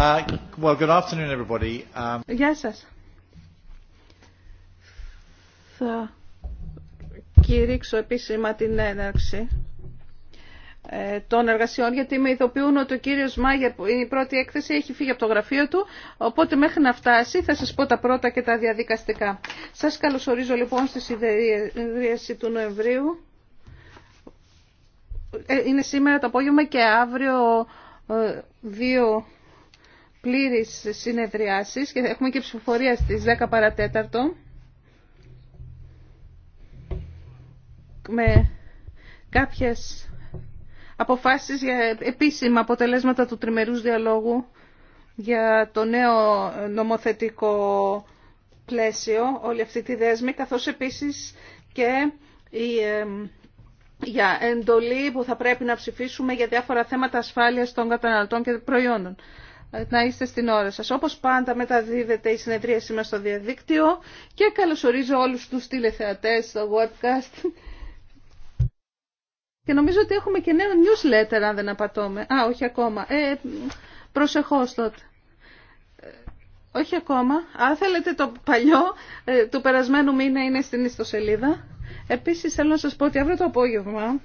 Uh, um, Γεια σας. Θα κηρύξω επίσημα την έναρξη ε, των εργασιών γιατί με ειδοποιούν ότι ο κύριος Μάγερ, που είναι η πρώτη έκθεση έχει φύγει από το γραφείο του οπότε μέχρι να φτάσει θα σας πω τα πρώτα και τα διαδικαστικά. Σας καλωσορίζω λοιπόν στη συνεδρίαση του Νοεμβρίου. Ε, είναι σήμερα το απόγευμα και αύριο ε, δύο πλήρης συνεδριάσεις και έχουμε και ψηφοφορία στις 10 παρατέταρτο με κάποιες αποφάσεις για επίσημα αποτελέσματα του τριμερούς διαλόγου για το νέο νομοθετικό πλαίσιο, όλη αυτή τη δέσμη, καθώς επίσης και για εντολή που θα πρέπει να ψηφίσουμε για διάφορα θέματα ασφάλειας των καταναλωτών και προϊόντων να είστε στην ώρα σας. Όπως πάντα μεταδίδεται η συνεδρίαση μας στο διαδίκτυο και καλωσορίζω όλους τους τηλεθεατές στο webcast. Και νομίζω ότι έχουμε και νέο newsletter αν δεν απατώμε. Α, όχι ακόμα. Ε, προσεχώς τότε. Ε, όχι ακόμα. Αν θέλετε το παλιό, ε, του περασμένου μήνα είναι στην ιστοσελίδα. Επίσης θέλω να σας πω ότι αύριο το απόγευμα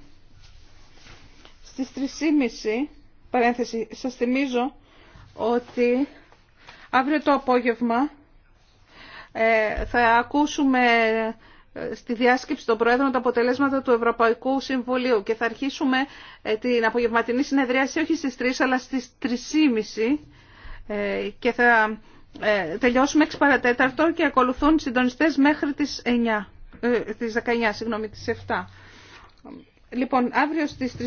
στις 3.30 παρένθεση σας θυμίζω ότι αύριο το απόγευμα ε, θα ακούσουμε ε, στη διάσκεψη των Προέδρων τα αποτελέσματα του Ευρωπαϊκού Συμβουλίου και θα αρχίσουμε ε, την απογευματινή συνεδρίαση όχι στις 3 αλλά στις 3.30 και θα τελειώσουμε 6 παρατέταρτο και ακολουθούν συντονιστές μέχρι τις 9 τις 19, συγγνώμη, τις 7. Λοιπόν, αύριο στις 3.30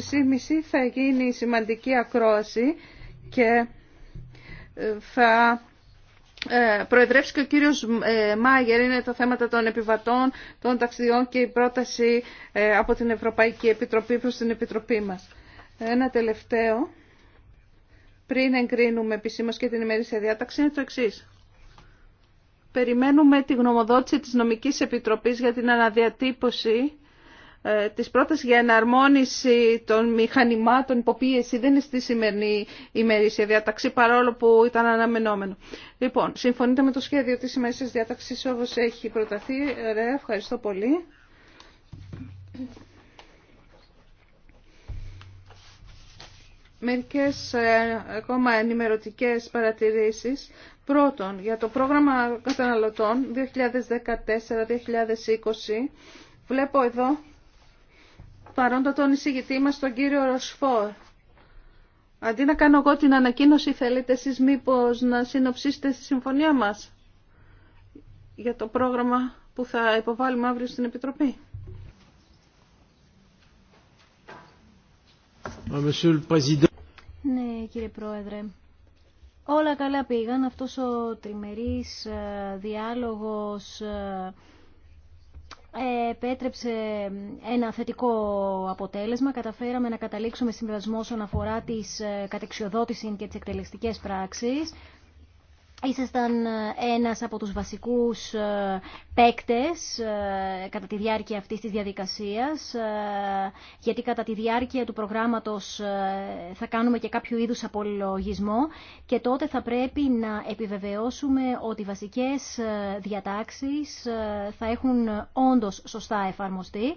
θα γίνει σημαντική ακρόαση και θα ε, προεδρεύσει και ο κύριος ε, Μάγερ, είναι τα θέματα των επιβατών, των ταξιδιών και η πρόταση ε, από την Ευρωπαϊκή Επιτροπή προς την Επιτροπή μας. Ένα τελευταίο, πριν εγκρίνουμε επισήμω και την ημερήσια διάταξη, είναι το εξή. Περιμένουμε τη γνωμοδότηση της Νομικής Επιτροπής για την αναδιατύπωση ε, της πρόταση για εναρμόνιση των μηχανημάτων υποπίεση δεν είναι στη σημερινή ημερήσια διάταξη παρόλο που ήταν αναμενόμενο. Λοιπόν, συμφωνείτε με το σχέδιο της ημερήσιας διάταξης όπως έχει προταθεί. Ωραία, ευχαριστώ πολύ. Μερικές ε, ακόμα ενημερωτικές παρατηρήσεις. Πρώτον, για το πρόγραμμα καταναλωτών 2014-2020 βλέπω εδώ παρόντα τον εισηγητή μας τον κύριο Ροσφόρ. Αντί να κάνω εγώ την ανακοίνωση, θέλετε εσείς μήπως να συνοψίσετε τη συμφωνία μας για το πρόγραμμα που θα υποβάλουμε αύριο στην Επιτροπή. Ah, ναι, κύριε Πρόεδρε. Όλα καλά πήγαν. Αυτός ο τριμερής ε, διάλογος ε, επέτρεψε ένα θετικό αποτέλεσμα. Καταφέραμε να καταλήξουμε συμβιβασμό όσον αφορά τις ε, κατεξιοδότηση και τις εκτελεστικές πράξεις. Ήσασταν ε, ένας από τους βασικούς ε, παίκτες ε, κατά τη διάρκεια αυτής της διαδικασίας, γιατί κατά τη διάρκεια του προγράμματος θα κάνουμε και κάποιο είδους απολογισμό και τότε θα πρέπει να επιβεβαιώσουμε ότι οι βασικές διατάξεις θα έχουν όντως σωστά εφαρμοστεί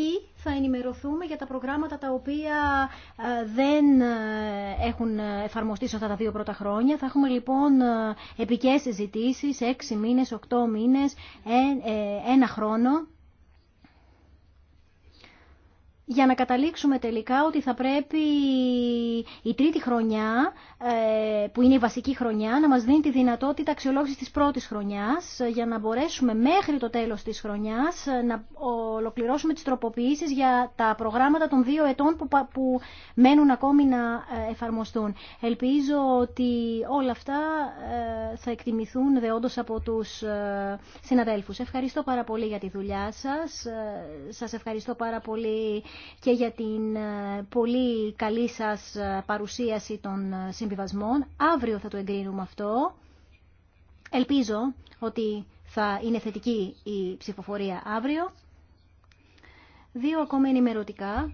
ή θα ενημερωθούμε για τα προγράμματα τα οποία ε, δεν ε, έχουν εφαρμοστεί αυτά τα δύο πρώτα χρόνια. Θα έχουμε λοιπόν ε, επικές συζητήσεις, έξι μήνες, οκτώ μήνες, ένα χρόνο για να καταλήξουμε τελικά ότι θα πρέπει η τρίτη χρονιά, ε, που είναι η βασική χρονιά, να μας δίνει τη δυνατότητα αξιολόγηση της πρώτης χρονιάς, ε, για να μπορέσουμε μέχρι το τέλος της χρονιάς ε, να ολοκληρώσουμε τις τροποποιήσεις για τα προγράμματα των δύο ετών που, μένουν ακόμη να εφαρμοστούν. Ελπίζω ότι όλα αυτά θα εκτιμηθούν δεόντως από τους συναδέλφους. Ευχαριστώ πάρα πολύ για τη δουλειά σας. Σας ευχαριστώ πάρα πολύ και για την ε, πολύ καλή σας ε, παρουσίαση των ε, συμβιβασμών. Αύριο θα το εγκρίνουμε αυτό. Ελπίζω ότι θα είναι θετική η ψηφοφορία αύριο. Δύο ακόμα ενημερωτικά.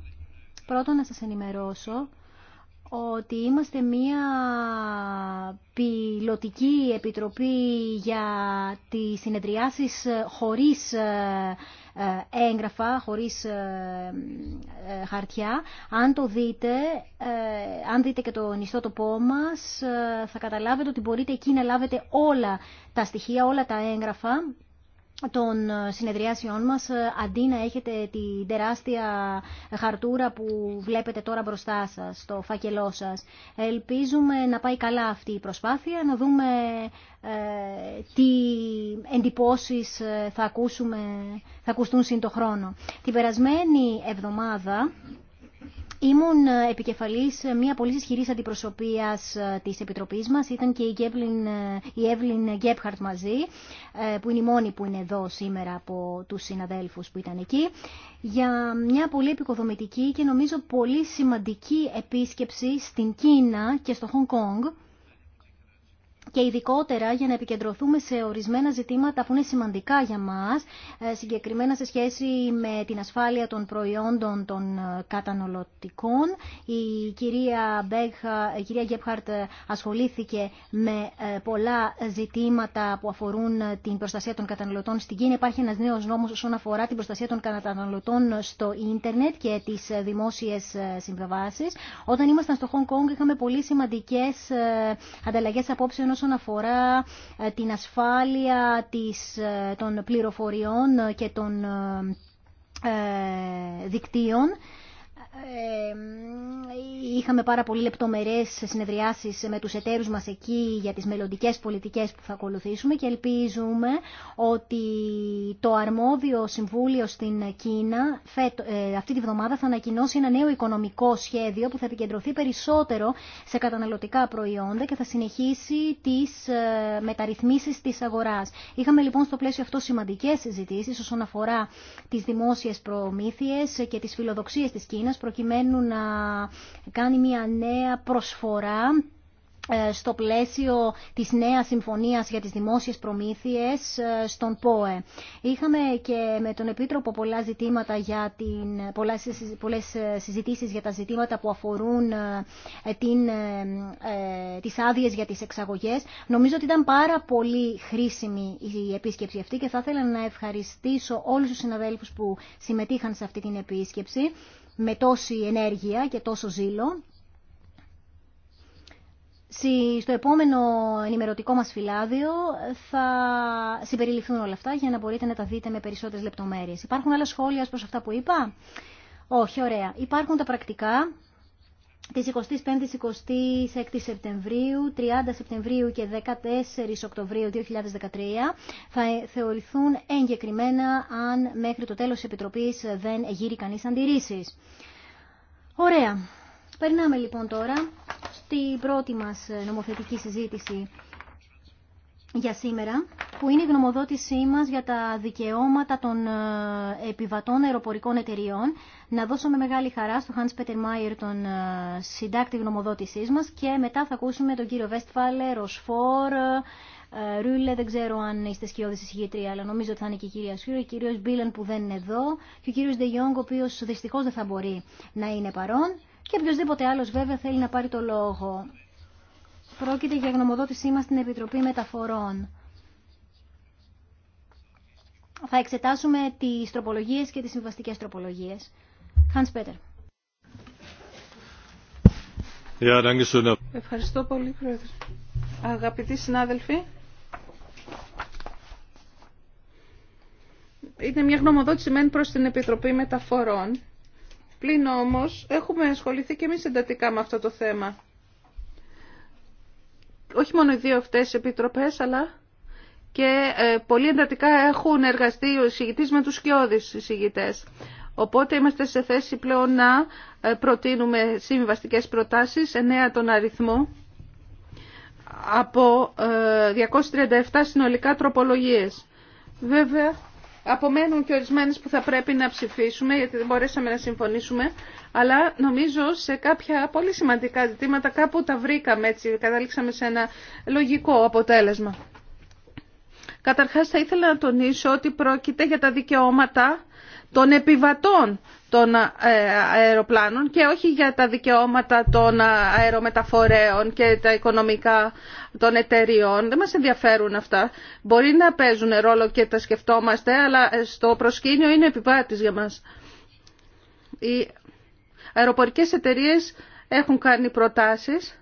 Πρώτον, να σας ενημερώσω ότι είμαστε μία πιλωτική επιτροπή για τις συνεδριάσεις χωρίς ε, έγγραφα χωρίς ε, ε, χαρτιά. Αν το δείτε, αν δείτε και το νηστό τοπό μας, θα καταλάβετε ότι μπορείτε εκεί να λάβετε όλα τα στοιχεία, όλα τα έγγραφα των ε, συνεδριάσεών μας ε, αντί να έχετε την τεράστια χαρτούρα που βλέπετε τώρα μπροστά σας, το φάκελό σας. Ελπίζουμε να πάει καλά αυτή η προσπάθεια, να δούμε ε, τι εντυπώσεις θα, ακούσουμε, θα ακουστούν σύντο χρόνο. Την περασμένη εβδομάδα Ήμουν ε, επικεφαλής ε, μια πολύ ισχυρή αντιπροσωπείας ε, της Επιτροπής μας. Ήταν και η, η Εύλιν Γκέπχαρτ μαζί, που είναι η μόνη που είναι εδώ σήμερα από τους συναδέλφους που ήταν εκεί, για μια πολύ επικοδομητική και νομίζω πολύ σημαντική επίσκεψη στην Κίνα και στο Χονγκ Κόνγκ και ειδικότερα για να επικεντρωθούμε σε ορισμένα ζητήματα που είναι σημαντικά για μας, ε, συγκεκριμένα σε σχέση με την ασφάλεια των προϊόντων των ε, καταναλωτικών. Η κυρία, Μπέγχα, κυρία Γεπχαρτ ε, ασχολήθηκε με πολλά ζητήματα που αφορούν την προστασία των καταναλωτών στην Κίνα. Υπάρχει ένας νέος νόμος όσον αφορά την προστασία των καταναλωτών στο ίντερνετ και τις δημόσιες συμβεβάσεις. Όταν ήμασταν στο Χονγκ Κόνγκ είχαμε πολύ σημαντικές ανταλλαγές απόψεων όσον όσον αφορά ε, την ασφάλεια της, ε, των πληροφοριών και των ε, δικτύων ε, είχαμε πάρα πολύ λεπτομερές συνεδριάσεις με τους εταίρους μας εκεί για τις μελλοντικέ πολιτικές που θα ακολουθήσουμε και ελπίζουμε ότι το αρμόδιο συμβούλιο στην Κίνα ε, αυτή τη βδομάδα θα ανακοινώσει ένα νέο οικονομικό σχέδιο που θα επικεντρωθεί περισσότερο σε καταναλωτικά προϊόντα και θα συνεχίσει τις ε, μεταρρυθμίσεις της αγοράς. Είχαμε λοιπόν στο πλαίσιο αυτό σημαντικές συζητήσεις όσον αφορά τις δημόσιες προμήθειες και τις φιλοδοξίες της Κίνας προκειμένου να κάνει μια νέα προσφορά ε, στο πλαίσιο της νέας συμφωνίας για τις δημόσιες προμήθειες ε, στον ΠΟΕ. Είχαμε και με τον Επίτροπο πολλά, ζητήματα για την, πολλές ε, συζητήσεις για τα ζητήματα που αφορούν την, τις άδειες για τις εξαγωγές. Νομίζω ότι ήταν πάρα πολύ χρήσιμη η επίσκεψη αυτή και θα ήθελα να ευχαριστήσω όλους τους συναδέλφους που συμμετείχαν σε αυτή την επίσκεψη με τόση ενέργεια και τόσο ζήλο. Στο επόμενο ενημερωτικό μας φυλάδιο θα συμπεριληφθούν όλα αυτά για να μπορείτε να τα δείτε με περισσότερες λεπτομέρειες. Υπάρχουν άλλα σχόλια προς αυτά που είπα? Όχι, ωραία. Υπάρχουν τα πρακτικά της 25ης-26ης Σεπτεμβρίου, 30 Σεπτεμβρίου και 14 Οκτωβρίου 2013 θα ε, θεωρηθούν εγκεκριμένα αν μέχρι το τέλος της Επιτροπής δεν γύρει κανείς αντιρρήσεις. Ωραία. Περνάμε λοιπόν τώρα στην πρώτη μας νομοθετική συζήτηση για σήμερα, που είναι η γνωμοδότησή μας για τα δικαιώματα των ε, επιβατών αεροπορικών εταιριών. Να δώσουμε μεγάλη χαρά στον Hans Peter Mayer τον ε, συντάκτη γνωμοδότησή μα, και μετά θα ακούσουμε τον κύριο Βέστφαλε, Ροσφόρ, Ρούλε, δεν ξέρω αν είστε σκιώδη εισηγήτρια, αλλά νομίζω ότι θα είναι και η κυρία Σούρο, ο κύριο Μπίλεν που δεν είναι εδώ και ο κύριο Ντεγιόγκ, ο οποίο δυστυχώ δεν θα μπορεί να είναι παρόν και οποιοδήποτε άλλο βέβαια θέλει να πάρει το λόγο. Πρόκειται για γνωμοδότησή μας στην Επιτροπή Μεταφορών. Θα εξετάσουμε τις τροπολογίες και τις συμβαστικές τροπολογίες. Hans Peter. Ευχαριστώ πολύ, Πρόεδρε. Αγαπητοί συνάδελφοι, είναι μια γνωμοδότηση μεν προς την Επιτροπή Μεταφορών. Πλην όμως έχουμε ασχοληθεί και εμείς εντατικά με αυτό το θέμα όχι μόνο οι δύο αυτές επιτροπές, αλλά και ε, πολύ εντατικά έχουν εργαστεί ο εισηγητής με τους σκιώδεις εισηγητές. Οπότε είμαστε σε θέση πλέον να ε, προτείνουμε συμβαστικές προτάσεις, εννέα τον αριθμό, από 237 ε, συνολικά τροπολογίες. Βέβαια, Απομένουν και ορισμένε που θα πρέπει να ψηφίσουμε, γιατί δεν μπορέσαμε να συμφωνήσουμε. Αλλά νομίζω σε κάποια πολύ σημαντικά ζητήματα κάπου τα βρήκαμε έτσι. Καταλήξαμε σε ένα λογικό αποτέλεσμα. Καταρχάς θα ήθελα να τονίσω ότι πρόκειται για τα δικαιώματα των επιβατών των ε, αεροπλάνων και όχι για τα δικαιώματα των αερομεταφορέων και τα οικονομικά των εταιριών. Δεν μας ενδιαφέρουν αυτά. Μπορεί να παίζουν ρόλο και τα σκεφτόμαστε, αλλά στο προσκήνιο είναι επιβάτης για μας. Οι αεροπορικές εταιρείες έχουν κάνει προτάσεις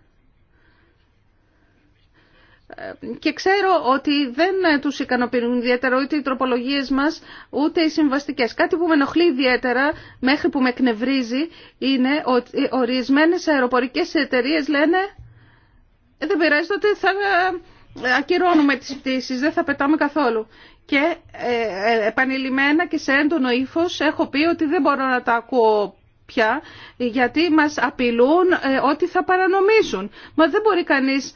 και ξέρω ότι δεν τους ικανοποιούν ιδιαίτερα ούτε οι τροπολογίες μας ούτε οι συμβαστικές. Κάτι που με ενοχλεί ιδιαίτερα μέχρι που με εκνευρίζει είναι ότι ορισμένες αεροπορικές εταιρείε λένε «Ε, δεν πειράζει τότε θα ε, ακυρώνουμε τις πτήσεις, δεν θα πετάμε καθόλου. Και ε, επανειλημμένα και σε έντονο ύφο έχω πει ότι δεν μπορώ να τα ακούω πια γιατί μας απειλούν ότι θα παρανομήσουν. Μα δεν μπορεί κανείς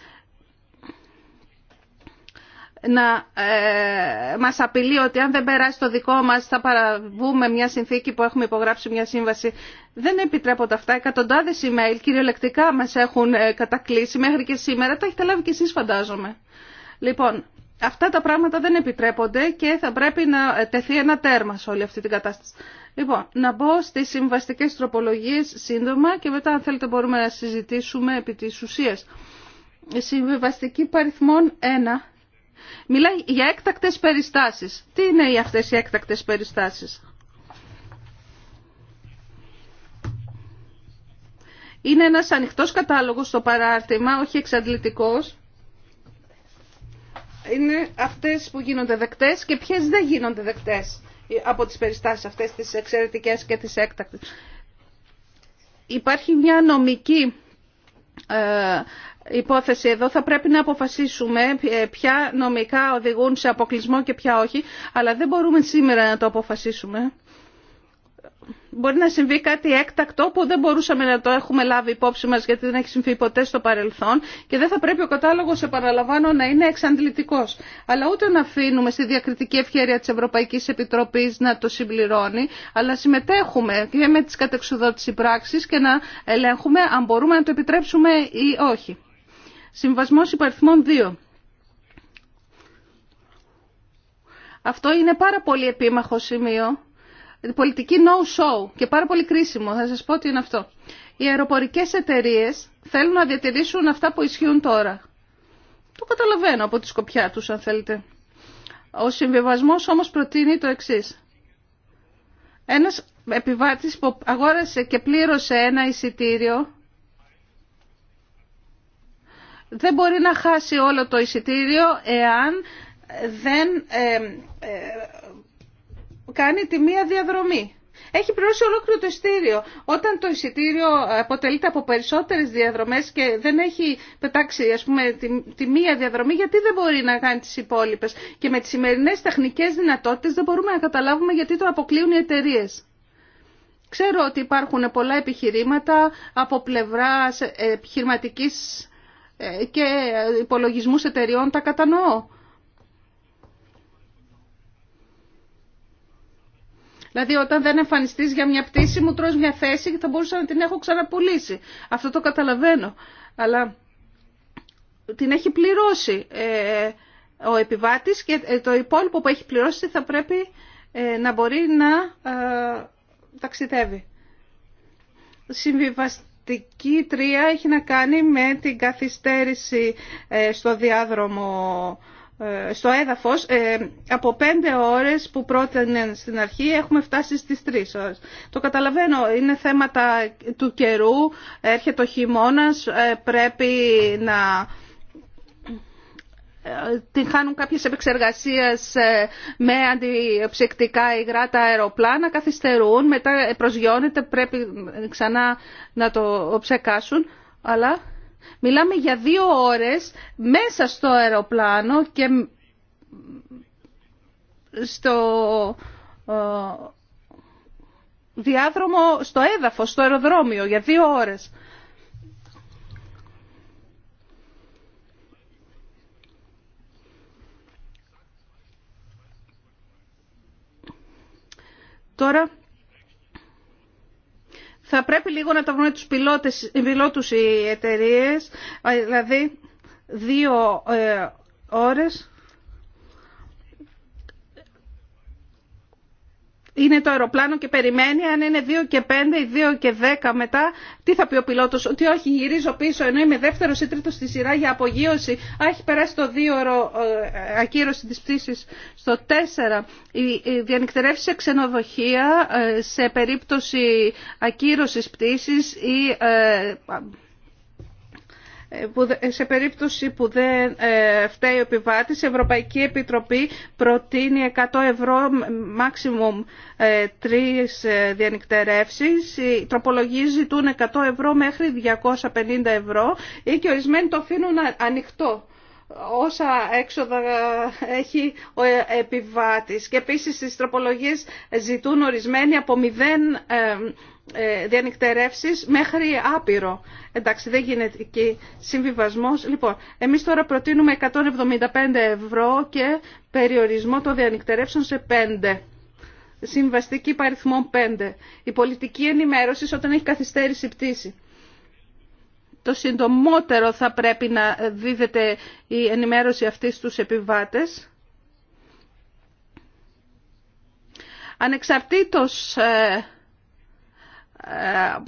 να ε, μας απειλεί ότι αν δεν περάσει το δικό μας θα παραβούμε μια συνθήκη που έχουμε υπογράψει μια σύμβαση. Δεν επιτρέπονται αυτά. Εκατοντάδες email κυριολεκτικά μας έχουν ε, κατακλείσει μέχρι και σήμερα. Τα έχετε λάβει και εσείς φαντάζομαι. Λοιπόν, αυτά τα πράγματα δεν επιτρέπονται και θα πρέπει να ε, τεθεί ένα τέρμα σε όλη αυτή την κατάσταση. Λοιπόν, να μπω στις συμβαστικές τροπολογίες σύντομα και μετά αν θέλετε μπορούμε να συζητήσουμε επί της ουσίας. Συμβιβαστική παριθμών 1 Μιλάει για έκτακτες περιστάσεις. Τι είναι αυτές οι έκτακτες περιστάσεις. Είναι ένας ανοιχτός κατάλογος στο παράρτημα, όχι εξαντλητικός. Είναι αυτές που γίνονται δεκτές και ποιες δεν γίνονται δεκτές από τις περιστάσεις αυτές, τις εξαιρετικές και τις έκτακτες. Υπάρχει μια νομική ε, υπόθεση εδώ θα πρέπει να αποφασίσουμε ποια νομικά οδηγούν σε αποκλεισμό και ποια όχι, αλλά δεν μπορούμε σήμερα να το αποφασίσουμε. Μπορεί να συμβεί κάτι έκτακτο που δεν μπορούσαμε να το έχουμε λάβει υπόψη μας γιατί δεν έχει συμβεί ποτέ στο παρελθόν και δεν θα πρέπει ο κατάλογος, επαναλαμβάνω, να είναι εξαντλητικός. Αλλά ούτε να αφήνουμε στη διακριτική ευχαίρεια της Ευρωπαϊκής Επιτροπής να το συμπληρώνει, αλλά συμμετέχουμε και με τις κατεξουδότηση πράξεις και να ελέγχουμε αν μπορούμε να το επιτρέψουμε ή όχι. Συμβασμός υπαριθμών 2. Αυτό είναι πάρα πολύ επίμαχο σημείο. πολιτική no-show και πάρα πολύ κρίσιμο. Θα σας πω τι είναι αυτό. Οι αεροπορικές εταιρείες θέλουν να διατηρήσουν αυτά που ισχύουν τώρα. Το καταλαβαίνω από τη σκοπιά τους αν θέλετε. Ο συμβιβασμός όμως προτείνει το εξής. Ένας επιβάτης που αγόρασε και πλήρωσε ένα εισιτήριο δεν μπορεί να χάσει όλο το εισιτήριο εάν δεν ε, ε, κάνει τη μία διαδρομή. Έχει πληρώσει ολόκληρο το εισιτήριο. Όταν το εισιτήριο αποτελείται από περισσότερες διαδρομές και δεν έχει πετάξει ας πούμε, τη, μία διαδρομή, γιατί δεν μπορεί να κάνει τις υπόλοιπε. Και με τις σημερινές τεχνικές δυνατότητες δεν μπορούμε να καταλάβουμε γιατί το αποκλείουν οι εταιρείε. Ξέρω ότι υπάρχουν πολλά επιχειρήματα από πλευρά επιχειρηματικής ε, και υπολογισμούς εταιριών τα κατανοώ. Δηλαδή όταν δεν εμφανιστείς για μια πτήση μου τρως μια θέση και θα μπορούσα να την έχω ξαναπουλήσει. Αυτό το καταλαβαίνω. Αλλά την έχει πληρώσει ε, ο επιβάτης και ε, το υπόλοιπο που έχει πληρώσει θα πρέπει να μπορεί να ταξιδεύει. Συμβιβασ ειδική τρία έχει να κάνει με την καθυστέρηση ε, στο διάδρομο ε, στο έδαφος ε, από πέντε ώρες που πρότεινε στην αρχή έχουμε φτάσει στις τρεις ώρες. Το καταλαβαίνω, είναι θέματα του καιρού, έρχεται ο χειμώνας, πρέπει να την χάνουν κάποιες επεξεργασίες ε, με αντιψυκτικά υγρά τα αεροπλάνα, καθυστερούν, μετά προσγειώνεται, πρέπει ξανά να το ψεκάσουν, αλλά μιλάμε για δύο ώρες μέσα στο αεροπλάνο και στο ε, διάδρομο, στο έδαφος, στο αεροδρόμιο για δύο ώρες. Τώρα θα πρέπει λίγο να τα βρουν τους πιλότες, πιλότους οι εταιρείε, δηλαδή δύο ε, ώρες είναι το αεροπλάνο και περιμένει αν είναι 2 και 5 ή 2 και 10 μετά τι θα πει ο πιλότος ότι όχι γυρίζω πίσω ενώ είμαι δεύτερος ή τρίτος στη σειρά για απογείωση α, έχει περάσει το 2ωρο ε, ακύρωση της πτήσης στο 4 η, η διανυκτερεύση σε ξενοδοχεία ε, σε περίπτωση ακύρωσης πτήσης ή ε, ε, σε περίπτωση που δεν ε, φταίει ο επιβάτης, η Ευρωπαϊκή Επιτροπή προτείνει 100 ευρώ maximum ε, τρεις διανυκτερεύσεις. Οι τροπολογίες ζητούν 100 ευρώ μέχρι 250 ευρώ ή και ορισμένοι το αφήνουν ανοιχτό όσα έξοδα έχει ο επιβάτης. Και επίσης στις τροπολογίες ζητούν ορισμένοι από 0 ε, διανυκτερεύσεις μέχρι άπειρο. Εντάξει, δεν γίνεται εκεί συμβιβασμός. Λοιπόν, εμείς τώρα προτείνουμε 175 ευρώ και περιορισμό των διανυκτερεύσεων σε 5. Συμβαστική παριθμό 5. Η πολιτική ενημέρωση όταν έχει καθυστέρηση πτήση. Το συντομότερο θα πρέπει να δίδεται η ενημέρωση αυτή στους επιβάτες. Ανεξαρτήτως ε, ε,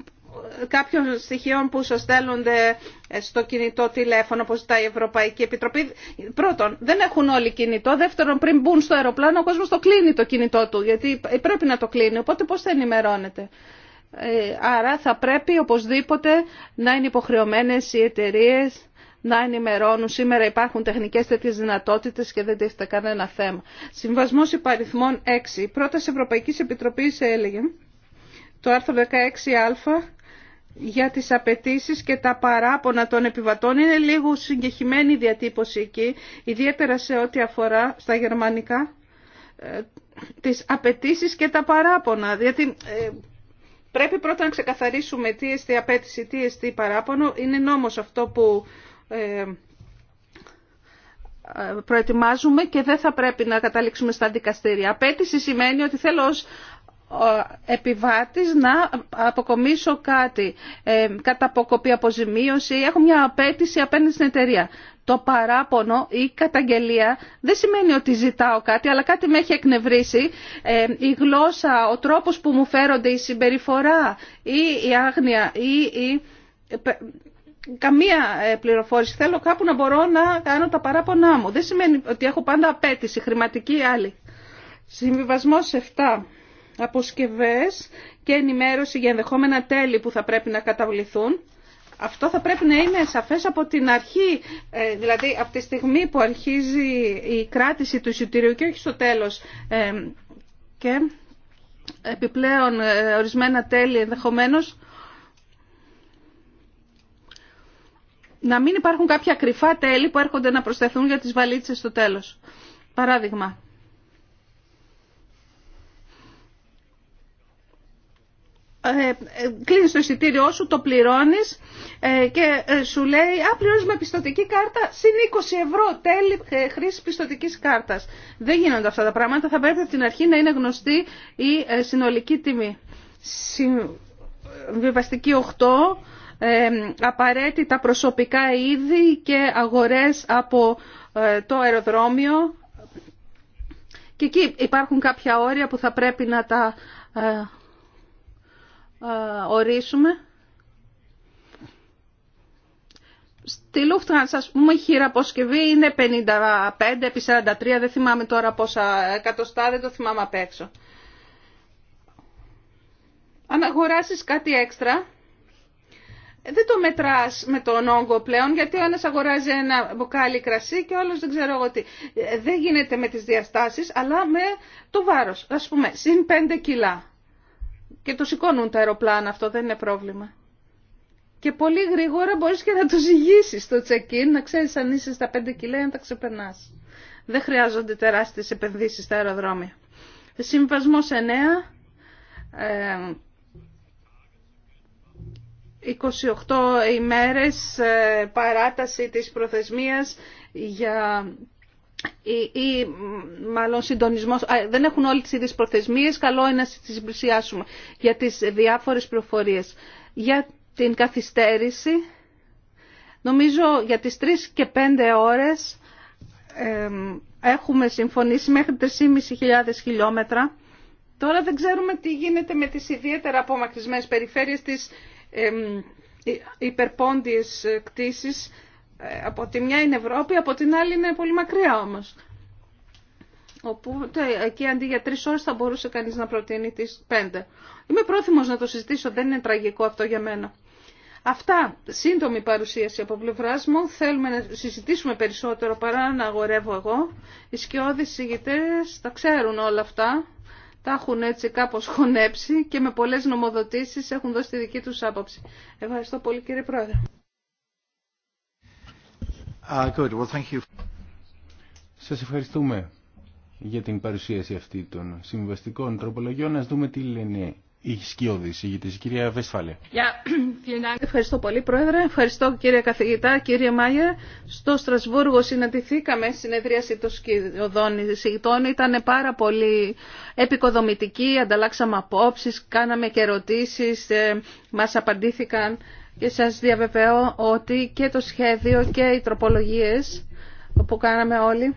κάποιων στοιχείων που σας στέλνονται στο κινητό τηλέφωνο που ζητάει η Ευρωπαϊκή Επιτροπή. Πρώτον, δεν έχουν όλοι κινητό. Δεύτερον, πριν μπουν στο αεροπλάνο, ο κόσμος το κλείνει το κινητό του, γιατί πρέπει να το κλείνει. Οπότε πώς θα ενημερώνεται. Ε, άρα θα πρέπει οπωσδήποτε να είναι υποχρεωμένες οι εταιρείε να ενημερώνουν. Σήμερα υπάρχουν τεχνικές τέτοιες δυνατότητες και δεν τίθεται κανένα θέμα. Συμβασμός υπαριθμών 6. Η πρόταση Ευρωπαϊκής Επιτροπής έλεγε το άρθρο 16α για τις απαιτήσει και τα παράπονα των επιβατών. Είναι λίγο συγκεχημένη η διατύπωση εκεί, ιδιαίτερα σε ό,τι αφορά στα γερμανικά ε, τις απαιτήσει και τα παράπονα. Γιατί ε, πρέπει πρώτα να ξεκαθαρίσουμε τι εστί απέτηση, τι εστί παράπονο. Είναι νόμος αυτό που ε, προετοιμάζουμε και δεν θα πρέπει να καταλήξουμε στα δικαστήρια. Απέτηση σημαίνει ότι θέλω ως επιβάτης να αποκομίσω κάτι ε, κατά αποκοπή αποζημίωση ή έχω μια απέτηση απέναντι στην εταιρεία. Το παράπονο ή καταγγελία δεν σημαίνει ότι ζητάω κάτι, αλλά κάτι με έχει εκνευρίσει. Ε, η γλώσσα, ο τρόπος που μου φέρονται, η συμπεριφορά ή η άγνοια ή η... καμία ε, πληροφόρηση. Θέλω κάπου να μπορώ να κάνω τα παράπονά μου. Δεν σημαίνει ότι έχω πάντα απέτηση χρηματική ή άλλη. Συμβιβασμός 7 αποσκευές και ενημέρωση για ενδεχόμενα τέλη που θα πρέπει να καταβληθούν. Αυτό θα πρέπει να είναι σαφές από την αρχή, ε, δηλαδή από τη στιγμή που αρχίζει η κράτηση του εισιτήριου και όχι στο τέλος. Ε, και επιπλέον ε, ορισμένα τέλη ενδεχομένως να μην υπάρχουν κάποια κρυφά τέλη που έρχονται να προσθεθούν για τις βαλίτσες στο τέλος. Παράδειγμα, Ε, ε, κλείνεις το εισιτήριό σου, το πληρώνεις ε, και ε, σου λέει «Α, πληρώνεις με πιστοτική κάρτα, συν 20 ευρώ τέλη ε, χρήση πιστοτικής κάρτας». Δεν γίνονται αυτά τα πράγματα, θα πρέπει από την αρχή να είναι γνωστή η ε, συνολική τιμή. Συμβιβαστική 8, απαραίτητα προσωπικά είδη και αγορές από το αεροδρόμιο. Και εκεί υπάρχουν κάποια όρια που θα πρέπει να τα ορίσουμε. Στη Lufthansa, ας πούμε, η χειραποσκευή είναι 55 επί 43, δεν θυμάμαι τώρα πόσα εκατοστά, δεν το θυμάμαι απ' έξω. Αν αγοράσεις κάτι έξτρα, δεν το μετράς με τον όγκο πλέον, γιατί ο ένας αγοράζει ένα μπουκάλι κρασί και όλος δεν ξέρω εγώ τι. Ε, δεν γίνεται με τις διαστάσεις, αλλά με το βάρος. Ας πούμε, συν 5 κιλά και το σηκώνουν τα αεροπλάνα, αυτό δεν είναι πρόβλημα. Και πολύ γρήγορα μπορείς και να το ζυγίσεις το check-in, να ξέρεις αν είσαι στα 5 κιλά ή αν τα ξεπερνάς. Δεν χρειάζονται τεράστιες επενδύσεις στα αεροδρόμια. Συμβασμός 9, 28 ημέρες ε, παράταση της προθεσμίας για ή, μάλλον συντονισμό. Δεν έχουν όλοι τι ίδιε προθεσμίε. Καλό είναι να τι συμπλησιάσουμε για τι διάφορε πληροφορίε. Για την καθυστέρηση, νομίζω για τι 3 και 5 ώρε έχουμε συμφωνήσει μέχρι 3.500 χιλιόμετρα. Τώρα δεν ξέρουμε τι γίνεται με τις ιδιαίτερα απομακρυσμένες περιφέρειες, της ε, υπερπόντιες ε, από τη μια είναι Ευρώπη, από την άλλη είναι πολύ μακριά όμως. Οπότε εκεί αντί για τρει ώρε θα μπορούσε κανεί να προτείνει τι πέντε. Είμαι πρόθυμο να το συζητήσω, δεν είναι τραγικό αυτό για μένα. Αυτά, σύντομη παρουσίαση από πλευρά μου. Θέλουμε να συζητήσουμε περισσότερο παρά να αγορεύω εγώ. Οι σκιώδει ηγητέ τα ξέρουν όλα αυτά. Τα έχουν έτσι κάπω χωνέψει και με πολλέ νομοδοτήσει έχουν δώσει τη δική του άποψη. Ευχαριστώ πολύ κύριε Πρόεδρε. Uh, Σας ευχαριστούμε για την παρουσίαση αυτή των συμβαστικών τροπολογιών. Ας δούμε τι λένε οι σκιώδεις, η κυρία Βεσφάλε. Ευχαριστώ πολύ Πρόεδρε, ευχαριστώ κύριε καθηγητά, κύριε Μάγερ. Στο Στρασβούργο συναντηθήκαμε συνεδρίαση των σκιωδών ηγητών. Ήταν πάρα πολύ επικοδομητική, ανταλλάξαμε απόψεις, κάναμε και ερωτήσεις, ε, μας απαντήθηκαν και σας διαβεβαιώ ότι και το σχέδιο και οι τροπολογίες που κάναμε όλοι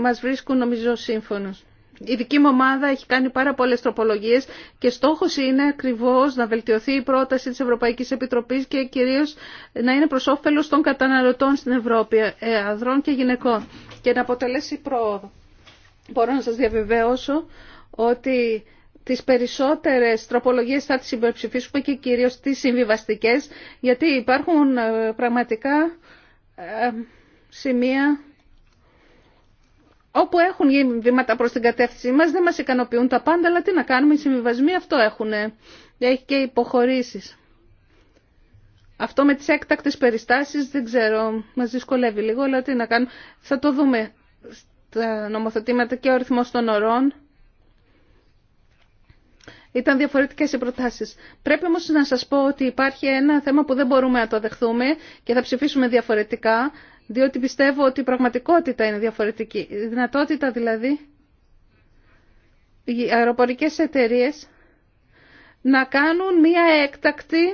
μας βρίσκουν νομίζω σύμφωνος. Η δική μου ομάδα έχει κάνει πάρα πολλές τροπολογίες και στόχος είναι ακριβώς να βελτιωθεί η πρόταση της Ευρωπαϊκής Επιτροπής και κυρίως να είναι προς όφελος των καταναλωτών στην Ευρώπη, ε, αδρών και γυναικών και να αποτελέσει πρόοδο. Μπορώ να σας διαβεβαιώσω ότι τις περισσότερες τροπολογίες θα τις υπερψηφίσουμε και κυρίως τις συμβιβαστικές, γιατί υπάρχουν ε, πραγματικά ε, σημεία όπου έχουν γίνει βήματα προς την κατεύθυνση μας, δεν μας ικανοποιούν τα πάντα, αλλά τι να κάνουμε, οι συμβιβασμοί αυτό έχουν, έχει και υποχωρήσεις. Αυτό με τις έκτακτες περιστάσεις δεν ξέρω, μας δυσκολεύει λίγο, αλλά τι να κάνουμε. Θα το δούμε στα νομοθετήματα και ο αριθμός των ορών. Ήταν διαφορετικέ οι προτάσει. Πρέπει όμω να σα πω ότι υπάρχει ένα θέμα που δεν μπορούμε να το δεχθούμε και θα ψηφίσουμε διαφορετικά, διότι πιστεύω ότι η πραγματικότητα είναι διαφορετική. Η δυνατότητα δηλαδή οι αεροπορικές εταιρείε να κάνουν μία έκτακτη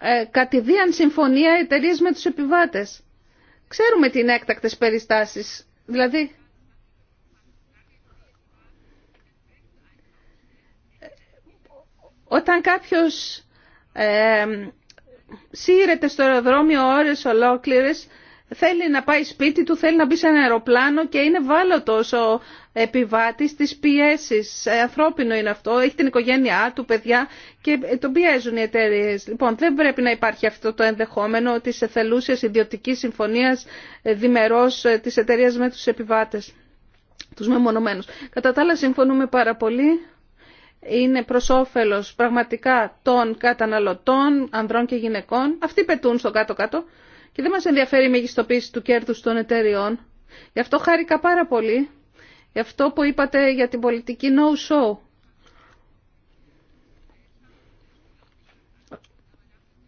ε, κατηδίαν συμφωνία εταιρείε με του επιβάτε. Ξέρουμε τι είναι έκτακτε περιστάσει. Δηλαδή, Όταν κάποιος ε, σύρεται στο αεροδρόμιο ώρες ολόκληρες, θέλει να πάει σπίτι του, θέλει να μπει σε ένα αεροπλάνο και είναι βάλωτος ο επιβάτης της πιέσης. Ε, ανθρώπινο είναι αυτό, έχει την οικογένειά του, παιδιά και ε, τον πιέζουν οι εταιρείε. Λοιπόν, δεν πρέπει να υπάρχει αυτό το ενδεχόμενο της εθελούσιας ιδιωτικής συμφωνίας ε, διμερός της εταιρεία με τους επιβάτες, τους μεμονωμένους. Κατά τα άλλα συμφωνούμε πάρα πολύ είναι προ όφελο πραγματικά των καταναλωτών, ανδρών και γυναικών. Αυτοί πετούν στο κάτω-κάτω και δεν μας ενδιαφέρει η μεγιστοποίηση του κέρδους των εταιριών. Γι' αυτό χάρηκα πάρα πολύ. Γι' αυτό που είπατε για την πολιτική no-show.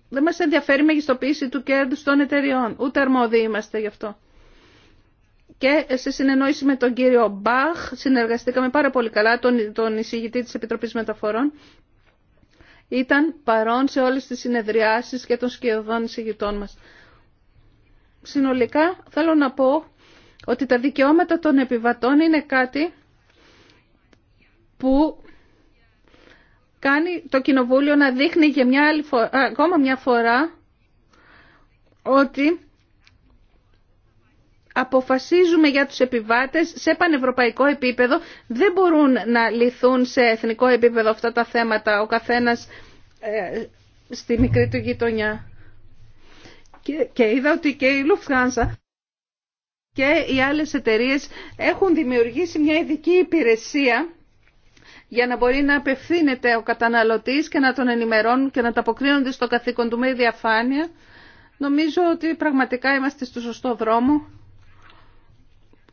Δεν μας ενδιαφέρει η μεγιστοποίηση του κέρδους των εταιριών. Ούτε αρμόδιοι είμαστε γι' αυτό και σε συνεννόηση με τον κύριο Μπαχ συνεργαστήκαμε πάρα πολύ καλά, τον, τον εισηγητή της Επιτροπής Μεταφορών. Ήταν παρόν σε όλες τις συνεδριάσεις και των σκιωδών εισηγητών μας. Συνολικά θέλω να πω ότι τα δικαιώματα των επιβατών είναι κάτι που κάνει το Κοινοβούλιο να δείχνει για μια ακόμα μια φορά ότι αποφασίζουμε για τους επιβάτες σε πανευρωπαϊκό επίπεδο. Δεν μπορούν να λυθούν σε εθνικό επίπεδο αυτά τα θέματα ο καθένας ε, στη μικρή του γειτονιά. Και, και είδα ότι και η Λουφθάνσα και οι άλλες εταιρείες έχουν δημιουργήσει μια ειδική υπηρεσία για να μπορεί να απευθύνεται ο καταναλωτής και να τον ενημερώνουν και να τα αποκρίνονται στο καθήκον του με διαφάνεια. Νομίζω ότι πραγματικά είμαστε στο σωστό δρόμο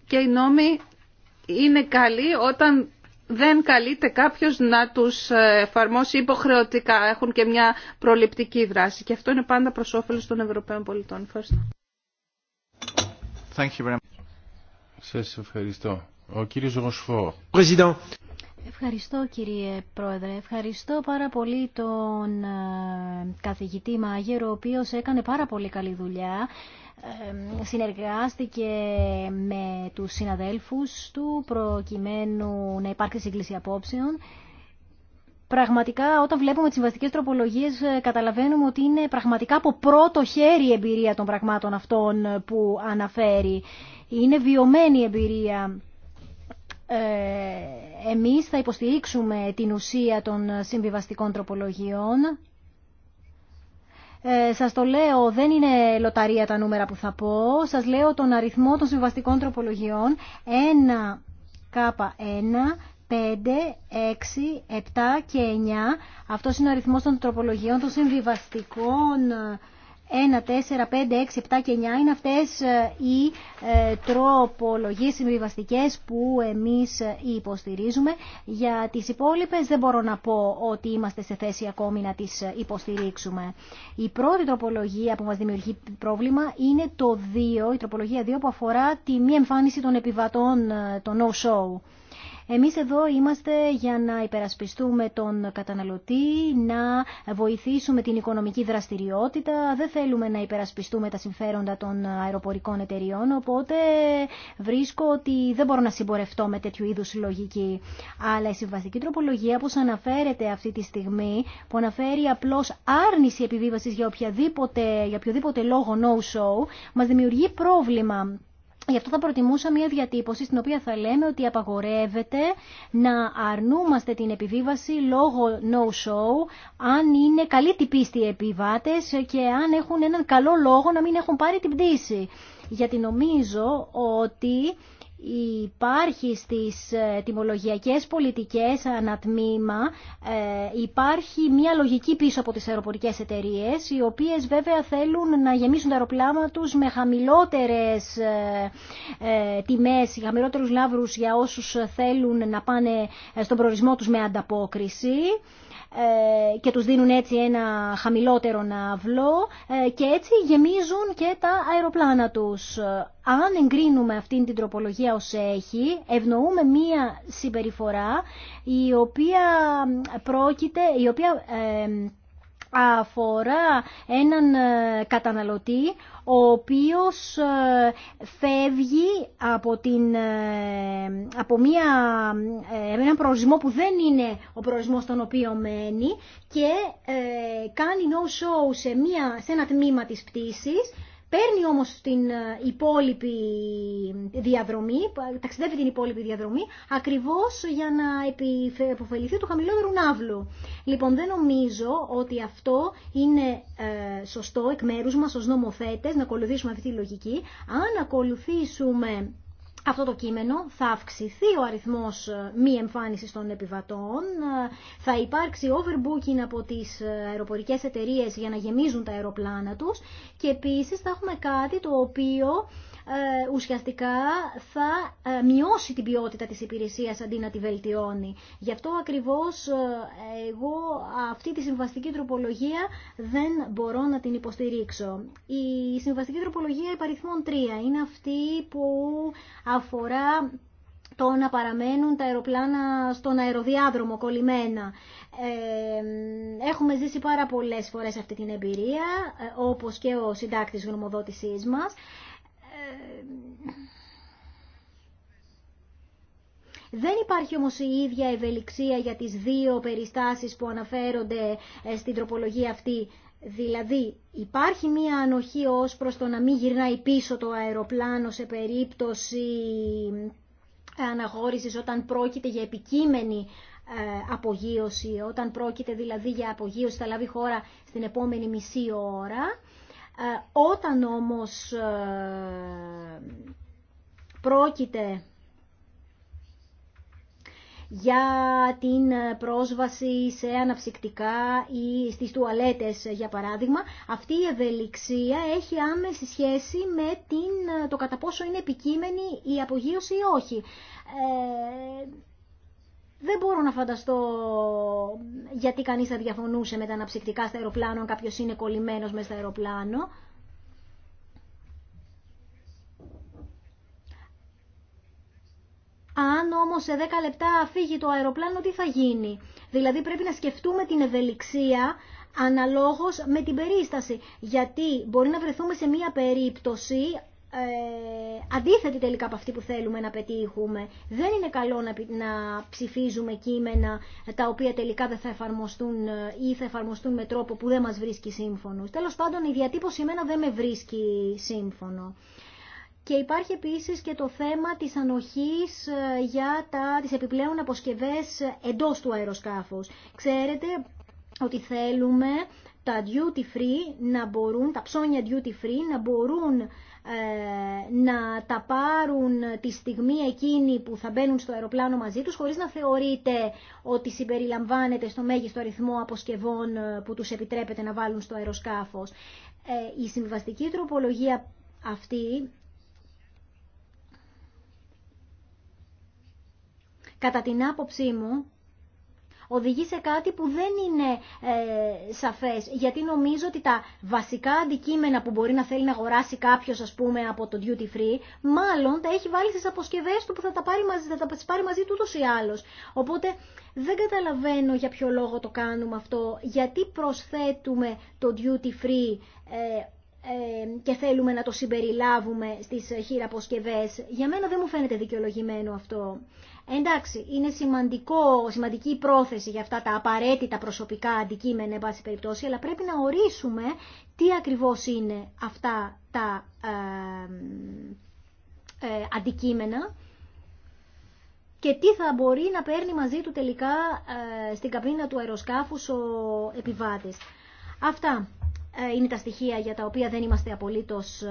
και οι νόμοι είναι καλοί όταν δεν καλείται κάποιος να τους ε, εφαρμόσει υποχρεωτικά. Έχουν και μια προληπτική δράση και αυτό είναι πάντα προς όφελος των Ευρωπαίων πολιτών. Ευχαριστώ. Thank ευχαριστώ. Ο κύριος Ροσφό. Ευχαριστώ κύριε Πρόεδρε. Ευχαριστώ πάρα πολύ τον ε, καθηγητή Μάγερο, ο οποίος έκανε πάρα πολύ καλή δουλειά. Ε, συνεργάστηκε με τους συναδέλφους του προκειμένου να υπάρξει σύγκληση απόψεων. Πραγματικά όταν βλέπουμε τις συμβαστικές τροπολογίες ε, καταλαβαίνουμε ότι είναι πραγματικά από πρώτο χέρι η εμπειρία των πραγμάτων αυτών που αναφέρει. Είναι βιωμένη η εμπειρία ε, εμείς θα υποστηρίξουμε την ουσία των συμβιβαστικών τροπολογιών. Ε, σας το λέω, δεν είναι λοταρία τα νούμερα που θα πω. Σας λέω τον αριθμό των συμβιβαστικών τροπολογιών. 1, K1, 5, 6, 7 και 9. Αυτός είναι ο αριθμός των τροπολογιών των συμβιβαστικών 1, 4, 5, 6, 7 και 9 είναι αυτές ε, οι ε, τροπολογίες συμβιβαστικέ που εμείς ε, υποστηρίζουμε. Για τις υπόλοιπες δεν μπορώ να πω ότι είμαστε σε θέση ακόμη να τις υποστηρίξουμε. Η πρώτη τροπολογία που μας δημιουργεί πρόβλημα είναι το 2, η τροπολογία 2 που αφορά τη μη εμφάνιση των επιβατών, το no-show. Εμείς εδώ είμαστε για να υπερασπιστούμε τον καταναλωτή, να βοηθήσουμε την οικονομική δραστηριότητα. Δεν θέλουμε να υπερασπιστούμε τα συμφέροντα των αεροπορικών εταιριών, οπότε βρίσκω ότι δεν μπορώ να συμπορευτώ με τέτοιου είδους λογική. Αλλά η συμβαστική τροπολογία που αναφέρεται αυτή τη στιγμή, που αναφέρει απλώς άρνηση επιβίβασης για, για οποιοδήποτε λόγο no-show, μας δημιουργεί πρόβλημα Γι' αυτό θα προτιμούσα μια διατύπωση στην οποία θα λέμε ότι απαγορεύεται να αρνούμαστε την επιβίβαση λόγω no-show αν είναι καλή την οι επιβάτες και αν έχουν έναν καλό λόγο να μην έχουν πάρει την πτήση. Γιατί νομίζω ότι υπάρχει στις ε, τιμολογιακές πολιτικές ανατμήμα ε, υπάρχει μια λογική πίσω από τις αεροπορικές εταιρείες οι οποίες βέβαια θέλουν να γεμίσουν τα αεροπλάνα τους με χαμηλότερες ε, τιμές, χαμηλότερους λάβρους για όσους θέλουν να πάνε στον προορισμό τους με ανταπόκριση ε, και τους δίνουν έτσι ένα χαμηλότερο ναυλό ε, και έτσι γεμίζουν και τα αεροπλάνα τους. Αν εγκρίνουμε αυτήν την τροπολογία ως έχει, ευνοούμε μία συμπεριφορά η οποία πρόκειται, η οποία... Ε, αφορά έναν ε, καταναλωτή ο οποίος ε, φεύγει από, την, ε, από μια, έναν προορισμό που δεν είναι ο προορισμός στον οποίο μένει και κάνει no-show σε, μια, σε ένα τμήμα της πτήσης Παίρνει όμω την ε, υπόλοιπη διαδρομή, ταξιδεύει την υπόλοιπη διαδρομή, ακριβώ για να αποφεληθεί του χαμηλότερου ναύλου. Λοιπόν, δεν νομίζω ότι αυτό είναι ε, σωστό εκ μέρου μα, ω νομοθέτε να ακολουθήσουμε αυτή τη λογική. Αν ακολουθήσουμε αυτό το κείμενο θα αυξηθεί ο αριθμός ε, μη εμφάνισης των επιβατών, ε, θα υπάρξει overbooking από τις ε, αεροπορικές εταιρείες για να γεμίζουν τα αεροπλάνα τους και επίσης θα έχουμε κάτι το οποίο ε, ουσιαστικά θα ε, μειώσει την ποιότητα της υπηρεσίας αντί να τη βελτιώνει. Γι' αυτό ακριβώς ε, εγώ αυτή τη συμβαστική τροπολογία δεν μπορώ να την υποστηρίξω. Η συμβαστική τροπολογία υπαριθμών 3 είναι αυτή που αφορά το να παραμένουν τα αεροπλάνα στον αεροδιάδρομο κολλημένα. έχουμε ζήσει πάρα πολλές φορές αυτή την εμπειρία, όπως και ο συντάκτης γνωμοδότησής μας. Δεν υπάρχει όμως η ίδια ευελιξία για τις δύο περιστάσεις που αναφέρονται ε, στην τροπολογία αυτή. Δηλαδή υπάρχει μία ανοχή ως προς το να μην γυρνάει πίσω το αεροπλάνο σε περίπτωση ε, αναχώρησης όταν πρόκειται για επικείμενη ε, απογείωση, όταν πρόκειται δηλαδή για απογείωση θα λάβει χώρα στην επόμενη μισή ώρα ε, όταν όμως ε, πρόκειται για την πρόσβαση σε αναψυκτικά ή στις τουαλέτες ε, για παράδειγμα. Αυτή η ευελιξία έχει άμεση σχέση με την, το κατά πόσο είναι επικείμενη η απογείωση ή όχι. Δεν μπορώ να φανταστώ γιατί κανεί θα διαφωνούσε με τα αναψυκτικά στα αεροπλάνο, αν κάποιο είναι κολλημένο με στα αεροπλάνο. Αν όμω σε 10 λεπτά φύγει το αεροπλάνο, τι θα γίνει. Δηλαδή πρέπει να σκεφτούμε την ευελιξία αναλόγως με την περίσταση. Γιατί μπορεί να βρεθούμε σε μία περίπτωση ε, αντίθετη τελικά από αυτή που θέλουμε να πετύχουμε. Δεν είναι καλό να, να ψηφίζουμε κείμενα τα οποία τελικά δεν θα εφαρμοστούν ε, ή θα εφαρμοστούν με τρόπο που δεν μας βρίσκει σύμφωνο. Τέλος πάντων η διατύπωση εμένα δεν με βρίσκει σύμφωνο. Και υπάρχει επίσης και το θέμα της ανοχής ε, για τα, τις επιπλέον αποσκευές ε, εντός του αεροσκάφους. Ξέρετε ότι θέλουμε τα duty free να μπορούν, τα ψώνια duty free να μπορούν ε, να τα πάρουν τη στιγμή εκείνη που θα μπαίνουν στο αεροπλάνο μαζί τους χωρίς να θεωρείται ότι συμπεριλαμβάνεται στο μέγιστο αριθμό αποσκευών ε, που τους επιτρέπεται να βάλουν στο αεροσκάφος. Ε, η συμβαστική τροπολογία αυτή κατά την άποψή μου οδηγεί σε κάτι που δεν είναι ε, σαφές. Γιατί νομίζω ότι τα βασικά αντικείμενα που μπορεί να θέλει να αγοράσει κάποιος ας πούμε από το duty free, μάλλον τα έχει βάλει στις αποσκευές του που θα τα πάρει μαζί, θα τα μαζί του ή άλλως. Οπότε δεν καταλαβαίνω για ποιο λόγο το κάνουμε αυτό, γιατί προσθέτουμε το duty free ε, ε και θέλουμε να το συμπεριλάβουμε στις ε, χειραποσκευές. Για μένα δεν μου φαίνεται δικαιολογημένο αυτό. Εντάξει, είναι σημαντικό, σημαντική πρόθεση για αυτά τα απαραίτητα προσωπικά αντικείμενα, εν πάση περιπτώσει, αλλά πρέπει να ορίσουμε τι ακριβώς είναι αυτά τα ε, αντικείμενα και τι θα μπορεί να παίρνει μαζί του τελικά ε, στην καμπίνα του αεροσκάφους ο επιβάτης. Αυτά ε, είναι τα στοιχεία για τα οποία δεν είμαστε απολύτως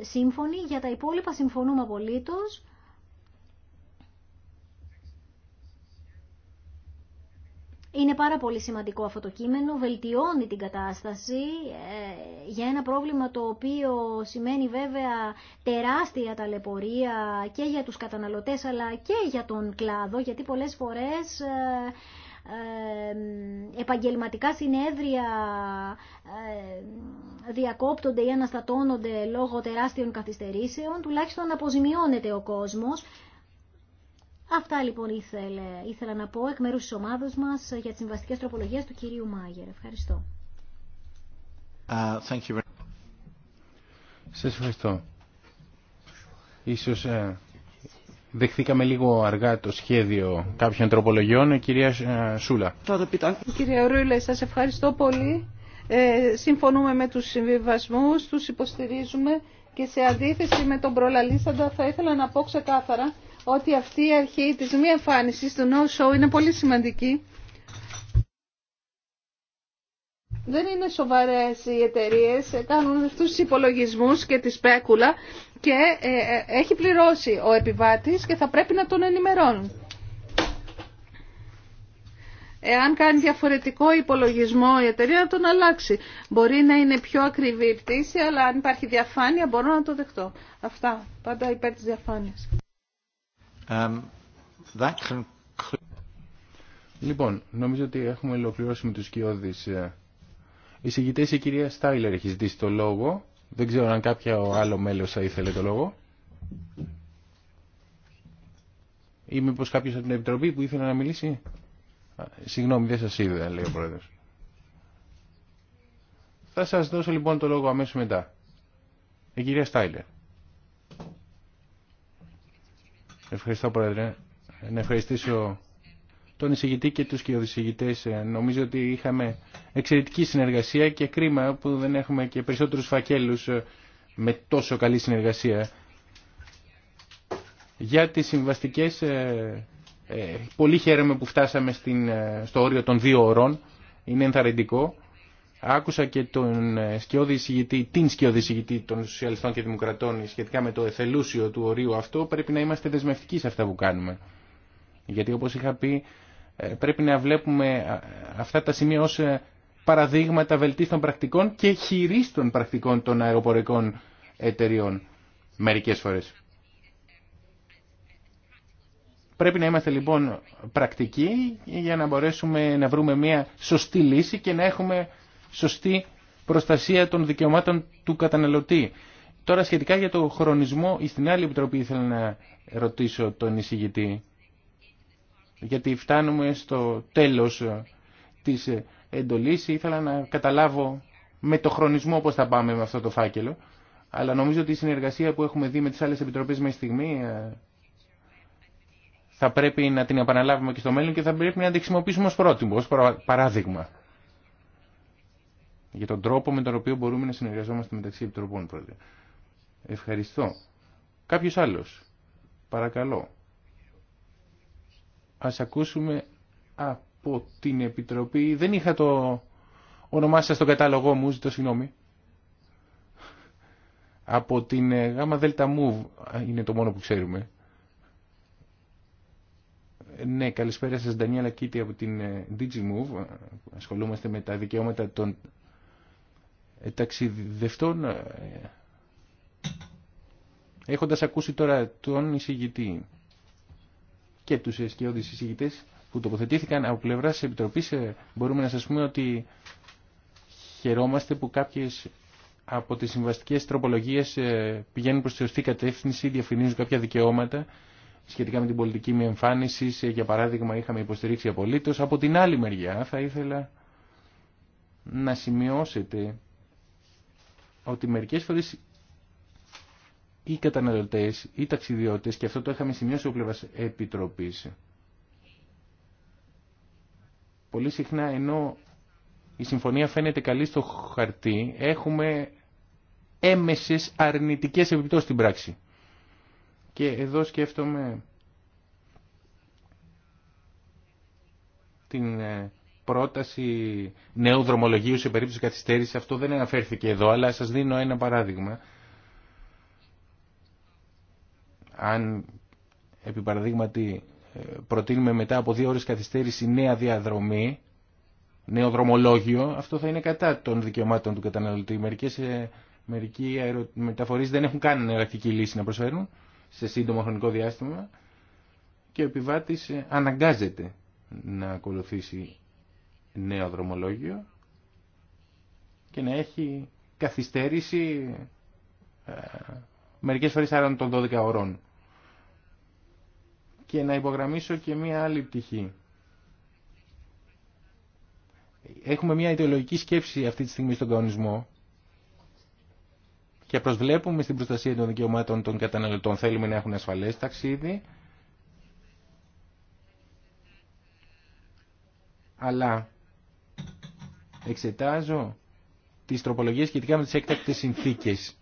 σύμφωνοι. Για τα υπόλοιπα συμφωνούμε απολύτως. Είναι πάρα πολύ σημαντικό αυτό το κείμενο, βελτιώνει την κατάσταση ε, για ένα πρόβλημα το οποίο σημαίνει βέβαια τεράστια ταλαιπωρία και για τους καταναλωτές αλλά και για τον κλάδο γιατί πολλές φορές ε, ε, επαγγελματικά συνέδρια διακόπτονται ή αναστατώνονται λόγω τεράστιων καθυστερήσεων, τουλάχιστον αποζημιώνεται ο κόσμος Αυτά λοιπόν ήθελα να πω εκ μέρου τη ομάδα μας για τις συμβαστικέ τροπολογίες του κυρίου Μάγερ. Ευχαριστώ. Uh, thank you very... Σας ευχαριστώ. Ίσως ε, δεχθήκαμε λίγο αργά το σχέδιο κάποιων τροπολογιών. Ε, κυρία ε, Σούλα. Κυρία Ρούλε, σας ευχαριστώ πολύ. Ε, συμφωνούμε με τους συμβιβασμούς, τους υποστηρίζουμε και σε αντίθεση με τον προλαλήσαντα θα ήθελα να πω ξεκάθαρα ότι αυτή η αρχή της μη εμφάνισή του no-show, είναι πολύ σημαντική. Δεν είναι σοβαρές οι εταιρείε, κάνουν αυτούς τους υπολογισμούς και τη σπέκουλα και ε, ε, έχει πληρώσει ο επιβάτης και θα πρέπει να τον ενημερώνουν. Εάν κάνει διαφορετικό υπολογισμό η εταιρεία να τον αλλάξει. Μπορεί να είναι πιο ακριβή η πτήση, αλλά αν υπάρχει διαφάνεια μπορώ να το δεχτώ. Αυτά, πάντα υπέρ της διαφάνειας. Um, λοιπόν, νομίζω ότι έχουμε ολοκληρώσει με τους κοιόδης. Ε, η η κυρία Στάιλερ έχει ζητήσει το λόγο. Δεν ξέρω αν κάποιο άλλο μέλος θα ήθελε το λόγο. Ή μήπως κάποιος από την Επιτροπή που ήθελε να μιλήσει. Συγγνώμη, δεν σας είδα, λέει ο Πρόεδρος. Θα σας δώσω λοιπόν το λόγο αμέσως μετά. Η κυρία Στάιλερ. Ευχαριστώ Πρόεδρε. Να ευχαριστήσω τον εισηγητή και τους και ε, Νομίζω ότι είχαμε εξαιρετική συνεργασία και κρίμα που δεν έχουμε και περισσότερους φακέλους ε, με τόσο καλή συνεργασία. Για τις συμβαστικές, ε, πολύ χαίρομαι που φτάσαμε στο όριο των δύο ωρών. Είναι ενθαρρυντικό. Άκουσα και τον ε, σκιώδη συγητή, την σκιώδη συγητή των Σοσιαλιστών και Δημοκρατών σχετικά με το εθελούσιο του ορίου αυτό. Πρέπει να είμαστε δεσμευτικοί σε αυτά που κάνουμε. Γιατί όπως είχα πει ε, πρέπει να βλέπουμε ε, αυτά τα σημεία ως παραδείγματα βελτίστων πρακτικών και χειρίστων πρακτικών των αεροπορικών εταιριών μερικές φορές. Πρέπει να είμαστε λοιπόν πρακτικοί για να μπορέσουμε να βρούμε μια σωστή λύση και να έχουμε σωστή προστασία των δικαιωμάτων του καταναλωτή. Τώρα σχετικά για το χρονισμό, στην άλλη επιτροπή ήθελα να ρωτήσω τον εισηγητή, γιατί φτάνουμε στο τέλος της εντολής, ήθελα να καταλάβω με το χρονισμό πώς θα πάμε με αυτό το φάκελο, αλλά νομίζω ότι η συνεργασία που έχουμε δει με τις άλλες επιτροπές με στιγμή ε, θα πρέπει να την επαναλάβουμε και στο μέλλον και θα πρέπει να την χρησιμοποιήσουμε ως πρότυπο, ως παράδειγμα για τον τρόπο με τον οποίο μπορούμε να συνεργαζόμαστε μεταξύ επιτροπών, πρόεδρε. Ευχαριστώ. Κάποιος άλλος. Παρακαλώ. Ας ακούσουμε από την Επιτροπή. Δεν είχα το όνομά σας στον κατάλογό μου, ζητώ συγγνώμη. Από την ε, γάμα δελτα μουβ είναι το μόνο που ξέρουμε. Ναι, καλησπέρα σας Ντανιέλα Κίτη από την ε, Digimove. Ασχολούμαστε με τα δικαιώματα των ταξιδευτών ε, έχοντας ακούσει τώρα τον εισηγητή και τους εσκαιώδεις εισηγητές που τοποθετήθηκαν από πλευρά τη Επιτροπή, ε, μπορούμε να σας πούμε ότι χαιρόμαστε που κάποιες από τι συμβαστικέ τροπολογίε ε, πηγαίνουν προς τη σωστή κατεύθυνση, διαφημίζουν κάποια δικαιώματα σχετικά με την πολιτική με εμφάνιση. Για παράδειγμα, είχαμε υποστηρίξει απολύτω. Από την άλλη μεριά, θα ήθελα να σημειώσετε ότι μερικές φορές οι καταναλωτές, οι ταξιδιώτες, και αυτό το είχαμε σημειώσει ο πλευράς επιτροπής, πολύ συχνά ενώ η συμφωνία φαίνεται καλή στο χαρτί, έχουμε έμεσες αρνητικές επιπτώσεις στην πράξη. Και εδώ σκέφτομαι την ε, πρόταση νέου δρομολογίου σε περίπτωση καθυστέρηση. Αυτό δεν αναφέρθηκε εδώ, αλλά σας δίνω ένα παράδειγμα. Αν, επί παραδείγματι, ε, προτείνουμε μετά από δύο ώρες καθυστέρηση νέα διαδρομή, νέο δρομολόγιο, αυτό θα είναι κατά των δικαιωμάτων του καταναλωτή. Μερικές, ε, μερικοί μεταφορείς δεν έχουν καν εναλλακτική λύση να προσφέρουν σε σύντομο χρονικό διάστημα και ο επιβάτης ε, αναγκάζεται να ακολουθήσει νέο δρομολόγιο και να έχει καθυστέρηση ε, μερικές φορές άραν των 12 ωρών. Και να υπογραμμίσω και μία άλλη πτυχή. Έχουμε μία ιδεολογική σκέψη αυτή τη στιγμή στον κανονισμό και προσβλέπουμε στην προστασία των δικαιωμάτων των καταναλωτών. Θέλουμε να έχουν ασφαλές ταξίδι, αλλά εξετάζω τις τροπολογίες σχετικά με τις έκτακτες συνθήκες.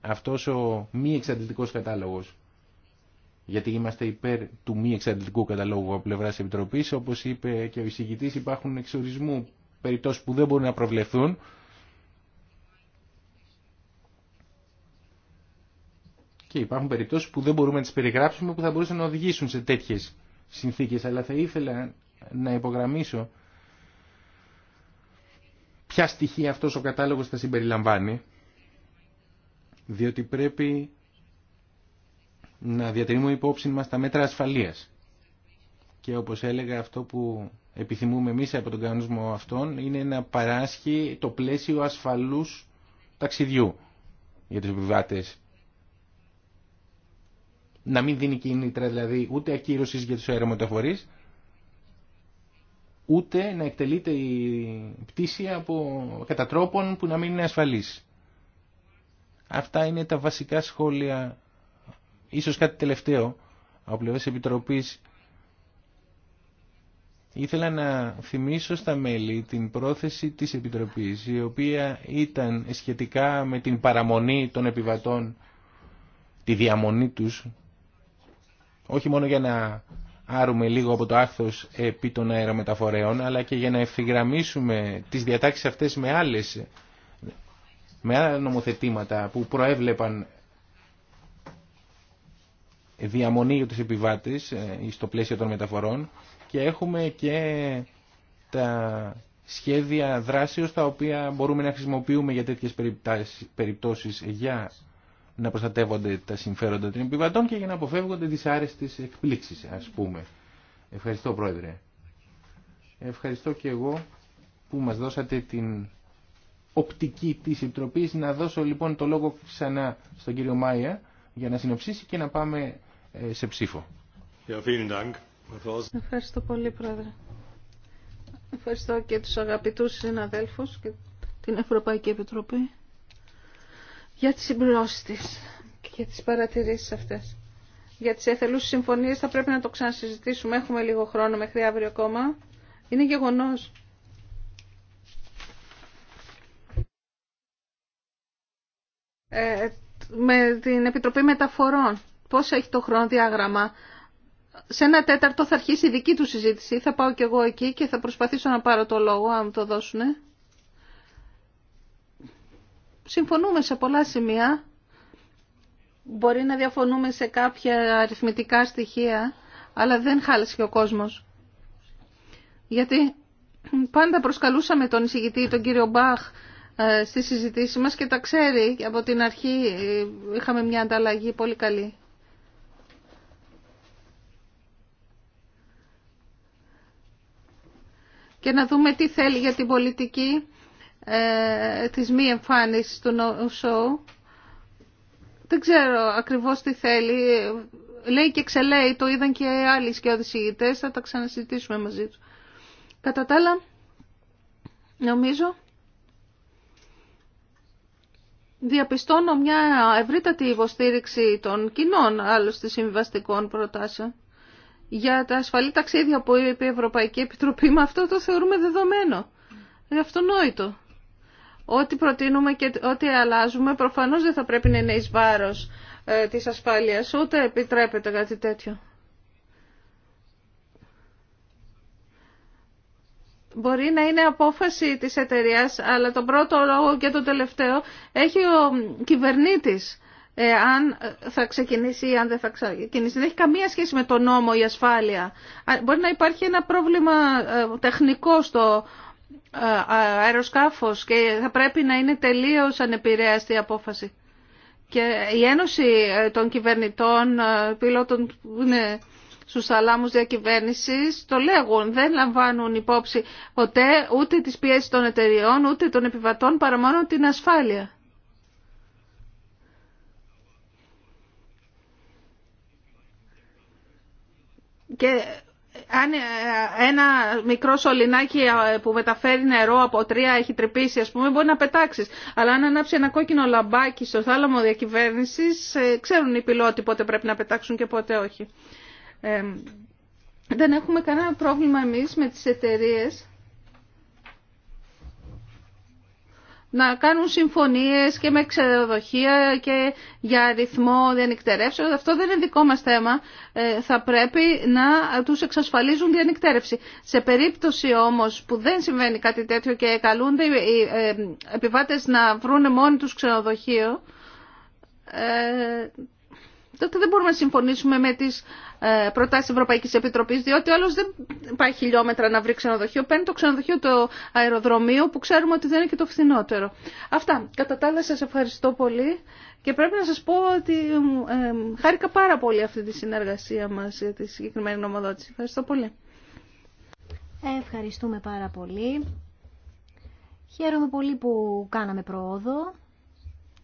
Αυτός ο μη εξαντλητικός κατάλογος. Γιατί είμαστε υπέρ του μη εξαντλητικού καταλόγου από πλευρά τη Επιτροπή. Όπω είπε και ο εισηγητή, υπάρχουν εξορισμού περιπτώσει που δεν μπορούν να προβλεφθούν. Και υπάρχουν περιπτώσει που δεν μπορούμε να τι περιγράψουμε που θα μπορούσαν να οδηγήσουν σε τέτοιε συνθήκε. Αλλά θα ήθελα να υπογραμμίσω ποια στοιχεία αυτός ο κατάλογος θα συμπεριλαμβάνει, διότι πρέπει να διατηρούμε υπόψη μας τα μέτρα ασφαλείας. Και όπως έλεγα αυτό που επιθυμούμε εμείς από τον κανονισμό αυτόν είναι να παράσχει το πλαίσιο ασφαλούς ταξιδιού για τους επιβάτες. Να μην δίνει κίνητρα δηλαδή ούτε ακύρωσης για τους αερομεταφορείς, ούτε να εκτελείται η πτήση από κατά που να μην είναι ασφαλής. Αυτά είναι τα βασικά σχόλια, ίσως κάτι τελευταίο από πλευρές Επιτροπής. Ήθελα να θυμίσω στα μέλη την πρόθεση της Επιτροπής, η οποία ήταν σχετικά με την παραμονή των επιβατών, τη διαμονή τους, όχι μόνο για να άρουμε λίγο από το άχθος επί των αερομεταφορέων, αλλά και για να ευθυγραμμίσουμε τις διατάξεις αυτές με άλλες, με άλλα νομοθετήματα που προέβλεπαν διαμονή για τους επιβάτες ε, στο πλαίσιο των μεταφορών και έχουμε και τα σχέδια δράσεως τα οποία μπορούμε να χρησιμοποιούμε για τέτοιες περιπτώσεις για να προστατεύονται τα συμφέροντα των επιβατών και για να αποφεύγονται δυσάρεστες εκπλήξεις, ας πούμε. Ευχαριστώ, Πρόεδρε. Ευχαριστώ και εγώ που μας δώσατε την οπτική της Επιτροπής. Να δώσω λοιπόν το λόγο ξανά στον κύριο Μάια για να συνοψίσει και να πάμε ε, σε ψήφο. Ευχαριστώ πολύ, Πρόεδρε. Ευχαριστώ και τους αγαπητούς συναδέλφους και την Ευρωπαϊκή Επιτροπή για τις συμπληρώσεις της και για τις παρατηρήσεις αυτές. Για τις εθελούς συμφωνίες θα πρέπει να το ξανασυζητήσουμε. Έχουμε λίγο χρόνο μέχρι αύριο ακόμα. Είναι γεγονός. Ε, με την Επιτροπή Μεταφορών. Πώς έχει το διάγραμμα. Σε ένα τέταρτο θα αρχίσει η δική του συζήτηση. Θα πάω κι εγώ εκεί και θα προσπαθήσω να πάρω το λόγο, αν μου το δώσουνε συμφωνούμε σε πολλά σημεία. Μπορεί να διαφωνούμε σε κάποια αριθμητικά στοιχεία, αλλά δεν χάλασε και ο κόσμος. Γιατί πάντα προσκαλούσαμε τον εισηγητή, τον κύριο Μπαχ, ε, στη συζητήση μας και τα ξέρει. Από την αρχή ε, είχαμε μια ανταλλαγή πολύ καλή. Και να δούμε τι θέλει για την πολιτική ε, της μη εμφάνισης του no Δεν ξέρω ακριβώς τι θέλει. Λέει και ξελέει, το είδαν και άλλοι σκιώδησηγητές, θα τα ξανασυζητήσουμε μαζί του. Κατά τα νομίζω, διαπιστώνω μια ευρύτατη υποστήριξη των κοινών άλλωστε συμβιβαστικών προτάσεων. Για τα ασφαλή ταξίδια που είπε η Ευρωπαϊκή Επιτροπή, με αυτό το θεωρούμε δεδομένο. Είναι αυτονόητο. Ό,τι προτείνουμε και ό,τι αλλάζουμε προφανώς δεν θα πρέπει να είναι εις βάρος ε, της ασφάλειας, ούτε επιτρέπεται κάτι τέτοιο. Μπορεί να είναι απόφαση της εταιρείας, αλλά τον πρώτο λόγο και τον τελευταίο έχει ο κυβερνήτης. αν θα ξεκινήσει ή αν δεν θα ξεκινήσει. Δεν έχει καμία σχέση με τον νόμο η ασφάλεια. Μπορεί να υπάρχει ένα πρόβλημα ε, τεχνικό στο αεροσκάφος και θα πρέπει να είναι τελείως ανεπηρέαστη η απόφαση. Και η Ένωση ε, των Κυβερνητών ε, Πιλότων που είναι στους θαλάμους διακυβέρνησης το λέγουν, δεν λαμβάνουν υπόψη ποτέ ούτε τις πιέσεις των εταιριών ούτε των επιβατών παρά μόνο την ασφάλεια. Και αν ε, ένα μικρό σωληνάκι ε, που μεταφέρει νερό από τρία έχει τρυπήσει, ας πούμε, μπορεί να πετάξεις. Αλλά αν ανάψει ένα κόκκινο λαμπάκι στο θάλαμο διακυβέρνησης, ε, ξέρουν οι πιλότοι πότε πρέπει να πετάξουν και πότε όχι. δεν έχουμε κανένα πρόβλημα εμείς με τις εταιρείες να κάνουν συμφωνίες και με ξενοδοχεία και για αριθμό διανυκτερεύσεων. Αυτό δεν είναι δικό μας θέμα. Ε, θα πρέπει να τους εξασφαλίζουν διανυκτέρευση. Σε περίπτωση όμως που δεν συμβαίνει κάτι τέτοιο και καλούνται οι ε, επιβάτες να βρουν μόνοι τους ξενοδοχείο, ε, τότε δεν μπορούμε να συμφωνήσουμε με τις ε, Προτάσει Ευρωπαϊκή Επιτροπή, διότι όλο δεν πάει χιλιόμετρα να βρει ξενοδοχείο, παίρνει το ξενοδοχείο του αεροδρομίου που ξέρουμε ότι δεν είναι και το φθηνότερο. Αυτά. Κατά τα άλλα σας ευχαριστώ πολύ και πρέπει να σας πω ότι χάρηκα πάρα πολύ αυτή τη συνεργασία μας για τη συγκεκριμένη νομοδότηση. Ευχαριστώ πολύ. Ευχαριστούμε πάρα πολύ. Χαίρομαι πολύ που κάναμε πρόοδο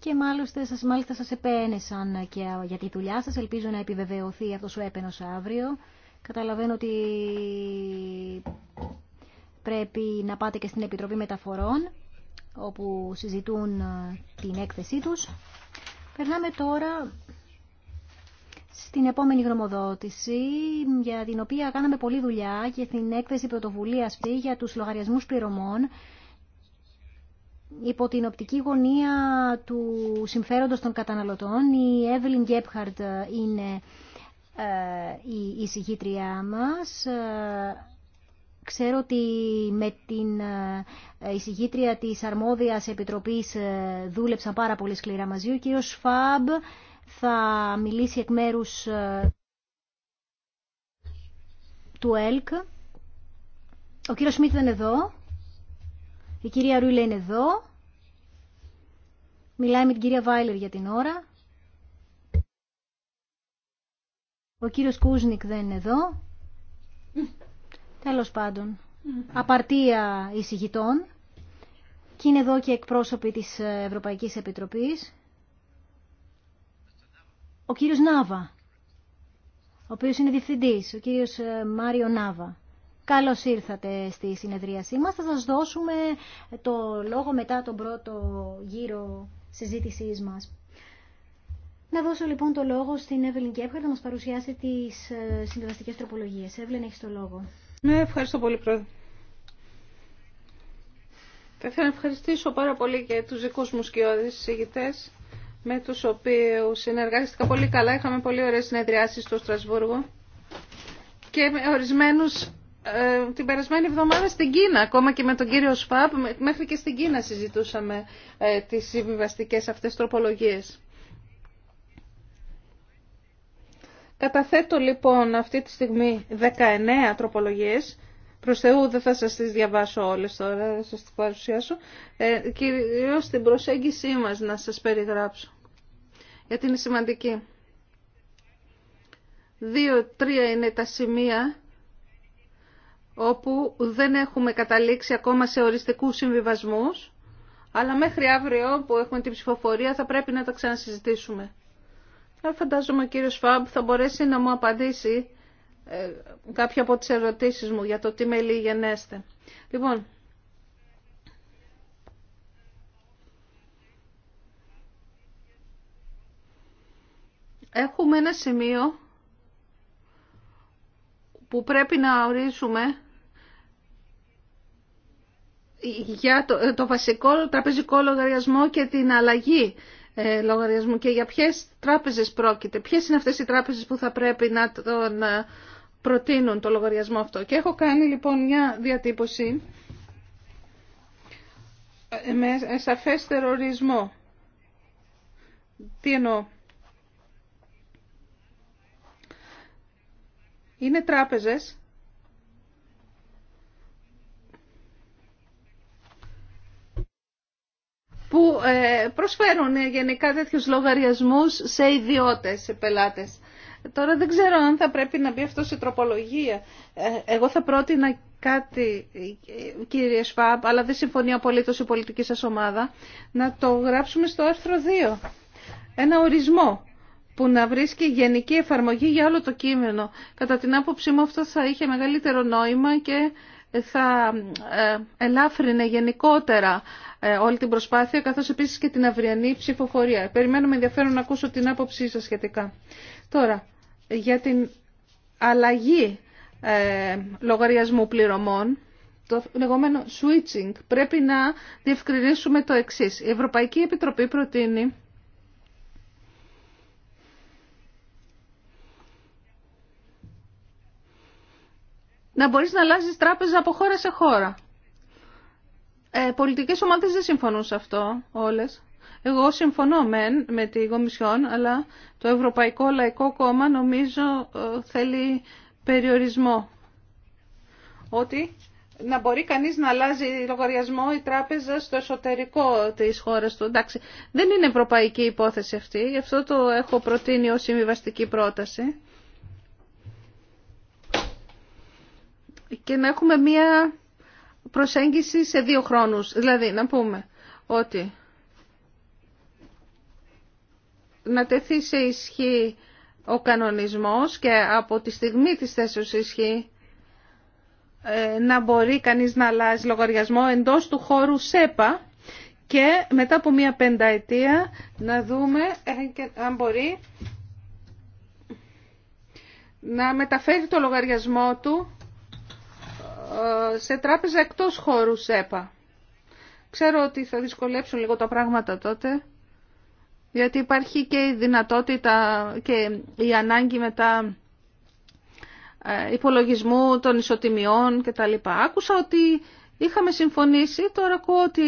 και μάλιστα σας, μάλιστα σας επένεσαν και για τη δουλειά σας. Ελπίζω να επιβεβαιωθεί αυτός ο έπαινος αύριο. Καταλαβαίνω ότι πρέπει να πάτε και στην Επιτροπή Μεταφορών όπου συζητούν την έκθεσή τους. Περνάμε τώρα στην επόμενη γνωμοδότηση, για την οποία κάναμε πολλή δουλειά και την έκθεση πρωτοβουλίας αυτή για τους λογαριασμούς πληρωμών υπό την οπτική γωνία του συμφέροντος των καταναλωτών. Η Evelyn Γκέπχαρτ είναι ε, η εισηγήτριά μας. Ε, ξέρω ότι με την ε, εισηγήτρια της Αρμόδιας Επιτροπής δούλεψα πάρα πολύ σκληρά μαζί. Ο κύριος Φαμπ θα μιλήσει εκ μέρους του ΕΛΚ. Ο κύριος Σμίτ δεν είναι εδώ. Η κυρία Ρούλε είναι εδώ. Μιλάει με την κυρία Βάιλερ για την ώρα. Ο κύριος Κούσνικ δεν είναι εδώ. Τέλος πάντων. Απαρτία εισηγητών. Και είναι εδώ και εκπρόσωποι της Ευρωπαϊκής Επιτροπής. Ο κύριος Νάβα, ο οποίος είναι διευθυντής, ο κύριος ε, Μάριο Νάβα. Καλώς ήρθατε στη συνεδρίασή μας. Θα σας δώσουμε το λόγο μετά τον πρώτο γύρο συζήτησής μας. Να δώσω λοιπόν το λόγο στην Εύελιν Κέπχαρ να μας παρουσιάσει τις ε, συμβαστικές τροπολογίες. Εύελιν, έχεις το λόγο. Ναι, ευχαριστώ πολύ, Πρόεδρε. Θα ήθελα να ευχαριστήσω πάρα πολύ και τους δικούς μου σκιώδεις συζητητές με τους οποίους συνεργάστηκα πολύ καλά. Είχαμε πολύ ωραίες συνεδριάσεις στο Στρασβούργο και με ορισμένους ε, την περασμένη εβδομάδα στην Κίνα, ακόμα και με τον κύριο Σφάπ, μέχρι και στην Κίνα συζητούσαμε ε, τις συμβιβαστικές αυτές τροπολογίες. Καταθέτω λοιπόν αυτή τη στιγμή 19 τροπολογίες. Προς Θεού δεν θα σας τις διαβάσω όλες τώρα, θα σας τις παρουσιάσω. Ε, κυρίως την προσέγγισή μας να σας περιγράψω, γιατί είναι σημαντική. Δύο-τρία είναι τα σημεία όπου δεν έχουμε καταλήξει ακόμα σε οριστικούς συμβιβασμούς, αλλά μέχρι αύριο που έχουμε την ψηφοφορία θα πρέπει να τα ξανασυζητήσουμε. φαντάζομαι ο κύριος Φαμπ θα μπορέσει να μου απαντήσει ε, κάποια από τις ερωτήσεις μου για το τι μελή γενέστε. Λοιπόν, έχουμε ένα σημείο που πρέπει να ορίσουμε για το, ε, το βασικό τραπεζικό λογαριασμό και την αλλαγή ε, λογαριασμού και για ποιες τράπεζες πρόκειται, ποιες είναι αυτές οι τράπεζες που θα πρέπει να τον ε, προτείνουν το λογαριασμό αυτό. Και έχω κάνει λοιπόν μια διατύπωση ε, με σαφέστερο ορισμό. Τι εννοώ. είναι τράπεζες που ε, προσφέρουν ε, γενικά τέτοιους λογαριασμούς σε ιδιώτες, σε πελάτες. Τώρα δεν ξέρω αν θα πρέπει να μπει αυτό σε τροπολογία. Ε, εγώ θα πρότεινα κάτι, κύριε Σφάμπ, αλλά δεν συμφωνεί απολύτως η πολιτική σας ομάδα, να το γράψουμε στο άρθρο 2. Ένα ορισμό που να βρίσκει γενική εφαρμογή για όλο το κείμενο. Κατά την άποψή μου αυτό θα είχε μεγαλύτερο νόημα και θα ε, ελάφρυνε γενικότερα ε, όλη την προσπάθεια, καθώς επίσης και την αυριανή ψηφοφορία. Περιμένουμε με ενδιαφέρον να ακούσω την άποψή σας σχετικά. Τώρα, για την αλλαγή ε, λογαριασμού πληρωμών, το λεγόμενο switching, πρέπει να διευκρινίσουμε το εξής. Η Ευρωπαϊκή Επιτροπή προτείνει να μπορείς να αλλάζεις τράπεζα από χώρα σε χώρα. Ε, πολιτικές ομάδες δεν συμφωνούν σε αυτό όλες. Εγώ συμφωνώ μεν με τη Κομισιόν, αλλά το Ευρωπαϊκό Λαϊκό Κόμμα νομίζω ε, θέλει περιορισμό. Ότι να μπορεί κανείς να αλλάζει λογαριασμό η τράπεζα στο εσωτερικό της χώρας του. Εντάξει, δεν είναι ευρωπαϊκή υπόθεση αυτή, γι' αυτό το έχω προτείνει ως συμβιβαστική πρόταση. και να έχουμε μία προσέγγιση σε δύο χρόνους. Δηλαδή, να πούμε ότι να τεθεί σε ισχύ ο κανονισμός και από τη στιγμή της θέσεως ισχύ ε, να μπορεί κανείς να αλλάζει λογαριασμό εντός του χώρου ΣΕΠΑ και μετά από μία πενταετία να δούμε ε, αν μπορεί να μεταφέρει το λογαριασμό του ε, σε τράπεζα εκτός χώρου ΣΕΠΑ. Ξέρω ότι θα δυσκολέψουν λίγο τα πράγματα τότε, γιατί υπάρχει και η δυνατότητα και η ανάγκη μετά ε, υπολογισμού των ισοτιμιών κτλ. Άκουσα ότι είχαμε συμφωνήσει, τώρα ακούω ότι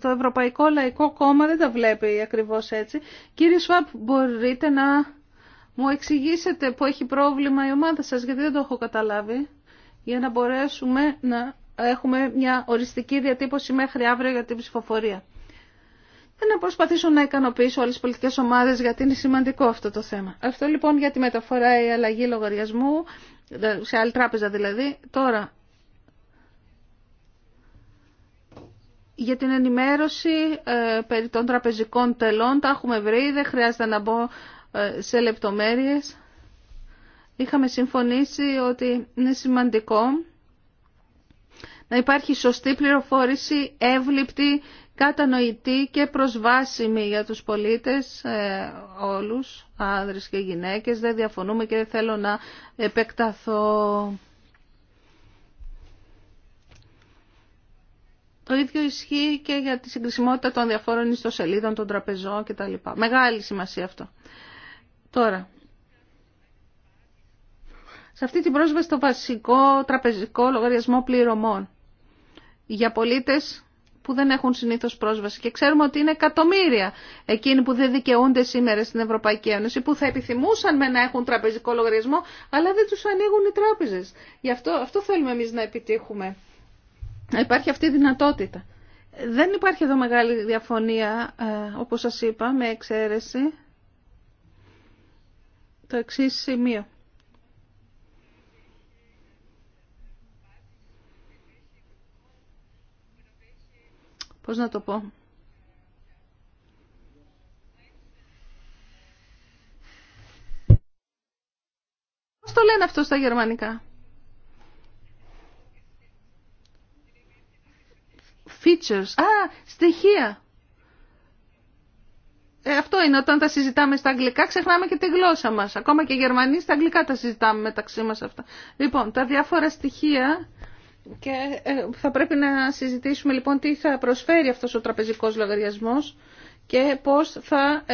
το Ευρωπαϊκό Λαϊκό Κόμμα δεν τα βλέπει ακριβώς έτσι. Κύριε Σουάπ, μπορείτε να μου εξηγήσετε που έχει πρόβλημα η ομάδα σας, γιατί δεν το έχω καταλάβει για να μπορέσουμε να έχουμε μια οριστική διατύπωση μέχρι αύριο για την ψηφοφορία. Και να προσπαθήσω να ικανοποιήσω όλες τις πολιτικές ομάδες γιατί είναι σημαντικό αυτό το θέμα. Αυτό λοιπόν για τη μεταφορά η αλλαγή λογαριασμού, σε άλλη τράπεζα δηλαδή. Τώρα, για την ενημέρωση ε, περί των τραπεζικών τελών, τα έχουμε βρει, δεν χρειάζεται να μπω ε, σε λεπτομέρειες είχαμε συμφωνήσει ότι είναι σημαντικό να υπάρχει σωστή πληροφόρηση, εύληπτη, κατανοητή και προσβάσιμη για τους πολίτες ε, όλους, άνδρες και γυναίκες. Δεν διαφωνούμε και δεν θέλω να επεκταθώ. Το ίδιο ισχύει και για τη συγκρισιμότητα των διαφόρων ιστοσελίδων, των τραπεζών κτλ. Μεγάλη σημασία αυτό. Τώρα, σε αυτή την πρόσβαση στο βασικό τραπεζικό λογαριασμό πληρωμών για πολίτες που δεν έχουν συνήθως πρόσβαση. Και ξέρουμε ότι είναι εκατομμύρια εκείνοι που δεν δικαιούνται σήμερα στην Ευρωπαϊκή Ένωση, που θα επιθυμούσαν με να έχουν τραπεζικό λογαριασμό, αλλά δεν τους ανοίγουν οι τράπεζες. Γι' αυτό, αυτό θέλουμε εμείς να επιτύχουμε. να Υπάρχει αυτή η δυνατότητα. Δεν υπάρχει εδώ μεγάλη διαφωνία, ε, όπως σας είπα, με εξαίρεση το εξή σημείο. πώς να το πω, Πώς το λένε αυτό στα γερμανικά. Features. Α, στοιχεία. Ε, αυτό είναι όταν τα συζητάμε στα αγγλικά, ξεχνάμε και τη γλώσσα μας. Ακόμα και οι Γερμανοί στα αγγλικά τα συζητάμε μεταξύ μας αυτά. Λοιπόν, τα διάφορα στοιχεία και ε, θα πρέπει να συζητήσουμε λοιπόν τι θα προσφέρει αυτός ο τραπεζικός λογαριασμός και πώς θα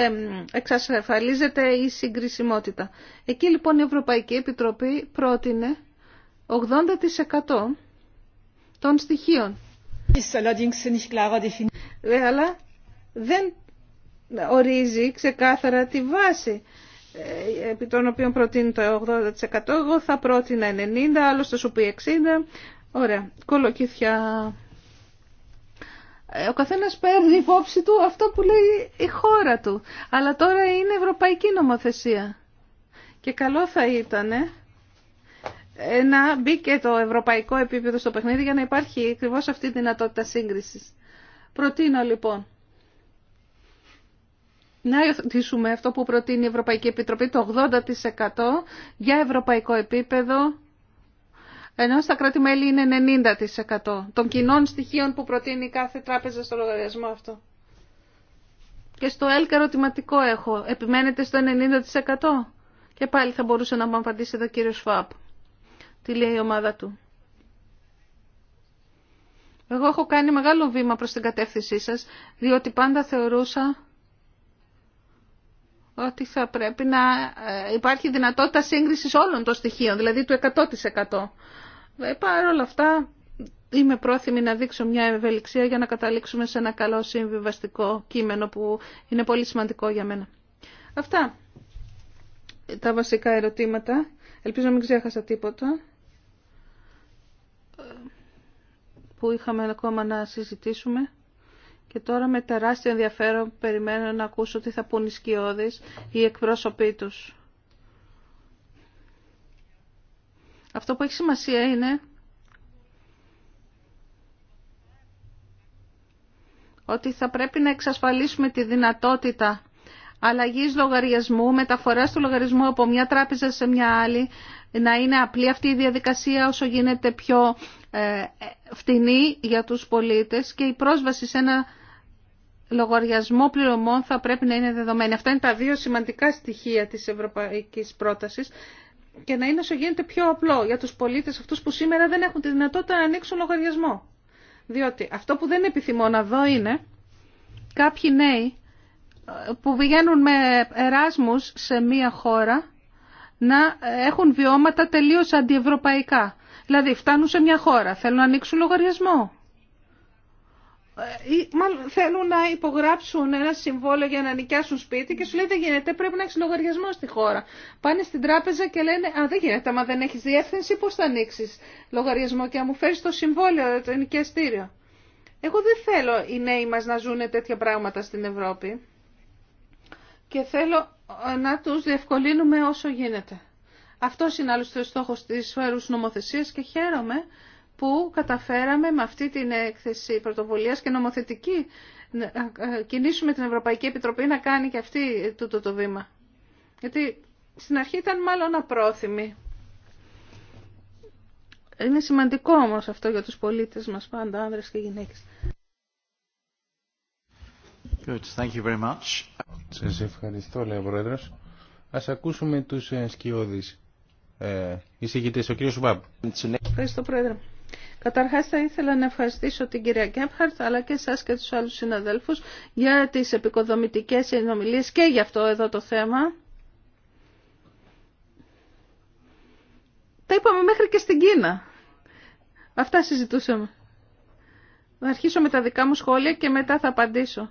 εξασφαλίζεται η συγκρισιμότητα. Εκεί λοιπόν η Ευρωπαϊκή Επιτροπή πρότεινε 80% των στοιχείων. Ε, αλλά δεν ορίζει ξεκάθαρα τη βάση ε, επί των οποίων προτείνει το 80%. Εγώ θα πρότεινα 90, άλλος θα σου πει 60, Ωραία. Κολοκυθιά. Ε, ο καθένας παίρνει υπόψη του αυτό που λέει η χώρα του. Αλλά τώρα είναι ευρωπαϊκή νομοθεσία. Και καλό θα ήταν ε, να μπει και το ευρωπαϊκό επίπεδο στο παιχνίδι για να υπάρχει ακριβώ αυτή η δυνατότητα σύγκρισης. Προτείνω λοιπόν να υιοθετήσουμε αυτό που προτείνει η Ευρωπαϊκή Επιτροπή, το 80% για ευρωπαϊκό επίπεδο ενώ στα κράτη-μέλη είναι 90% των κοινών στοιχείων που προτείνει κάθε τράπεζα στο λογαριασμό αυτό. Και στο ΕΛΚ ερωτηματικό έχω. Επιμένετε στο 90%? Και πάλι θα μπορούσε να μου απαντήσει εδώ ο κύριος Φαπ. Τι λέει η ομάδα του. Εγώ έχω κάνει μεγάλο βήμα προς την κατεύθυνσή σας, διότι πάντα θεωρούσα ότι θα πρέπει να ε, υπάρχει δυνατότητα σύγκρισης όλων των στοιχείων, δηλαδή του 100%. Ε, Παρ' όλα αυτά είμαι πρόθυμη να δείξω μια ευελιξία για να καταλήξουμε σε ένα καλό συμβιβαστικό κείμενο που είναι πολύ σημαντικό για μένα. Αυτά τα βασικά ερωτήματα. Ελπίζω να μην ξέχασα τίποτα που είχαμε ακόμα να συζητήσουμε. Και τώρα με τεράστιο ενδιαφέρον περιμένω να ακούσω τι θα πούν οι σκιώδεις ή εκπρόσωποι τους. Αυτό που έχει σημασία είναι ότι θα πρέπει να εξασφαλίσουμε τη δυνατότητα αλλαγής λογαριασμού, μεταφοράς του λογαριασμού από μια τράπεζα σε μια άλλη, να είναι απλή αυτή η διαδικασία όσο γίνεται πιο ε, φτηνή για τους πολίτες και η πρόσβαση σε ένα λογαριασμό πληρωμών θα πρέπει να είναι δεδομένη. Αυτά είναι τα δύο σημαντικά στοιχεία της ευρωπαϊκής πρότασης και να είναι όσο γίνεται πιο απλό για τους πολίτες αυτούς που σήμερα δεν έχουν τη δυνατότητα να ανοίξουν λογαριασμό. Διότι αυτό που δεν επιθυμώ να δω είναι κάποιοι νέοι ε, που βγαίνουν με εράσμους σε μία χώρα να έχουν βιώματα τελείως αντιευρωπαϊκά. Δηλαδή φτάνουν σε μια χώρα, θέλουν να ανοίξουν λογαριασμό. Ε, μάλλον θέλουν να υπογράψουν ένα συμβόλαιο για να νοικιάσουν σπίτι και σου λέει δεν γίνεται, πρέπει να έχει λογαριασμό στη χώρα. Πάνε στην τράπεζα και λένε Α, δεν γίνεται, άμα δεν έχει διεύθυνση, πώ θα ανοίξει λογαριασμό και να μου φέρει το συμβόλαιο, το νοικιαστήριο. Εγώ δεν θέλω οι νέοι μας να ζουν τέτοια πράγματα στην Ευρώπη και θέλω ε, να τους διευκολύνουμε όσο γίνεται. Αυτό είναι άλλωστε ο στόχος της φέρους νομοθεσίας και χαίρομαι που καταφέραμε με αυτή την έκθεση πρωτοβουλία και νομοθετική να κινήσουμε την Ευρωπαϊκή Επιτροπή να κάνει και αυτή τούτο το βήμα. Γιατί στην αρχή ήταν μάλλον απρόθυμη. Είναι σημαντικό όμως αυτό για τους πολίτες μας πάντα, άνδρες και γυναίκες. Good. Thank you very much. ευχαριστώ, λέει ο Πρόεδρος. Ας ακούσουμε τους ε, σκιώδεις ε, εισηγητές, ο κύριος Σουμπάμπ. Ευχαριστώ, Πρόεδρε. Καταρχάς θα ήθελα να ευχαριστήσω την κυρία Γκέμπχαρτ αλλά και εσάς και τους άλλους συναδέλφους για τις επικοδομητικές συνομιλίες και για αυτό εδώ το θέμα. Τα είπαμε μέχρι και στην Κίνα. Αυτά συζητούσαμε. Θα αρχίσω με τα δικά μου σχόλια και μετά θα απαντήσω.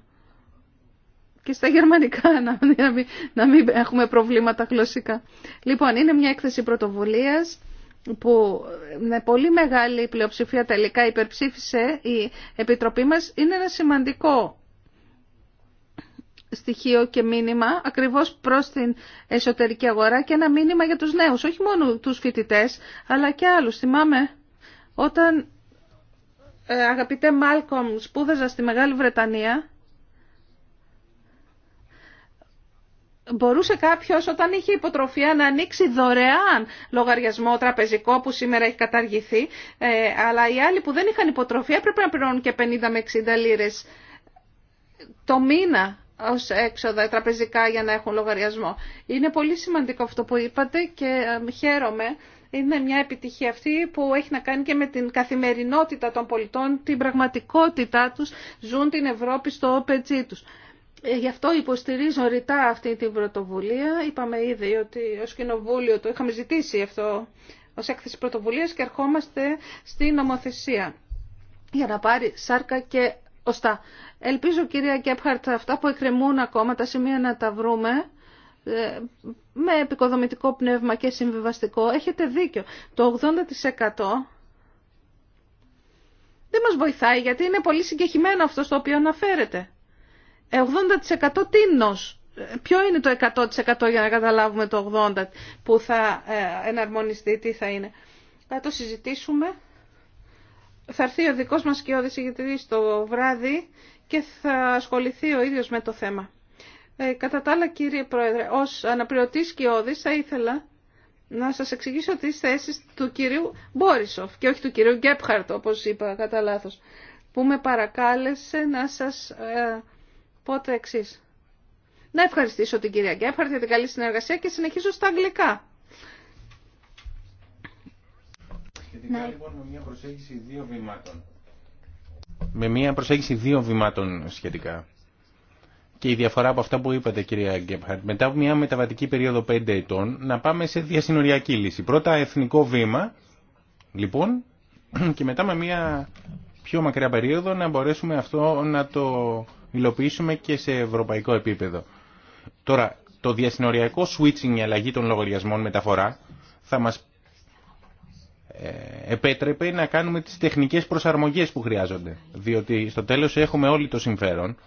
Και στα γερμανικά να μην, να μην έχουμε προβλήματα γλωσσικά. Λοιπόν, είναι μια έκθεση πρωτοβουλίας που με πολύ μεγάλη πλειοψηφία τελικά υπερψήφισε η Επιτροπή μας είναι ένα σημαντικό στοιχείο και μήνυμα ακριβώς προς την εσωτερική αγορά και ένα μήνυμα για τους νέους, όχι μόνο τους φοιτητές, αλλά και άλλους. Θυμάμαι όταν, ε, αγαπητέ Μάλκομ, σπούδαζα στη Μεγάλη Βρετανία, μπορούσε κάποιος όταν είχε υποτροφία να ανοίξει δωρεάν λογαριασμό τραπεζικό που σήμερα έχει καταργηθεί, ε, αλλά οι άλλοι που δεν είχαν υποτροφία πρέπει να πληρώνουν και 50 με 60 λίρες το μήνα ως έξοδα τραπεζικά για να έχουν λογαριασμό. Είναι πολύ σημαντικό αυτό που είπατε και ε, χαίρομαι. Είναι μια επιτυχία αυτή που έχει να κάνει και με την καθημερινότητα των πολιτών, την πραγματικότητά τους, ζουν την Ευρώπη στο πετσί τους. Ε, γι' αυτό υποστηρίζω ρητά αυτή την πρωτοβουλία. Είπαμε ήδη ότι ως Κοινοβούλιο το είχαμε ζητήσει αυτό ως έκθεση πρωτοβουλίας και ερχόμαστε στη νομοθεσία για να πάρει σάρκα και οστά. Ελπίζω κυρία Κέπχαρτ αυτά που εκκρεμούν ακόμα τα σημεία να τα βρούμε ε, με επικοδομητικό πνεύμα και συμβιβαστικό. Έχετε δίκιο. Το 80% δεν μας βοηθάει γιατί είναι πολύ συγκεχημένο αυτό στο οποίο αναφέρεται. 80% τίνος. Ποιο είναι το 100% για να καταλάβουμε το 80% που θα ε, εναρμονιστεί, τι θα είναι. Θα το συζητήσουμε. Θα έρθει ο δικός μας και ο το βράδυ και θα ασχοληθεί ο ίδιος με το θέμα. Ε, κατά τα άλλα, κύριε Πρόεδρε, ως αναπληρωτής Κιώδης θα ήθελα να σας εξηγήσω τις θέσεις του κυρίου Μπόρισοφ και όχι του κυρίου Γκέπχαρτ, όπως είπα κατά λάθος, που με παρακάλεσε να σας... Ε, Οπότε εξή. Να ευχαριστήσω την κυρία Γκέφαρτ για την καλή συνεργασία και συνεχίζω στα αγγλικά. Σχετικά ναι. λοιπόν με μια προσέγγιση δύο βημάτων. Με μια προσέγγιση δύο βημάτων σχετικά. Και η διαφορά από αυτά που είπατε κυρία Γκέπχαρτ, μετά από μια μεταβατική περίοδο 5 ετών, να πάμε σε διασυνοριακή λύση. Πρώτα εθνικό βήμα, λοιπόν, και μετά με μια πιο μακριά περίοδο να μπορέσουμε αυτό να το υλοποιήσουμε και σε ευρωπαϊκό επίπεδο. Τώρα, το διασυνοριακό switching, η αλλαγή των λογαριασμών μεταφορά, θα μας ε, επέτρεπε να κάνουμε τις τεχνικές προσαρμογές που χρειάζονται. Διότι στο τέλος έχουμε όλοι το συμφέρον.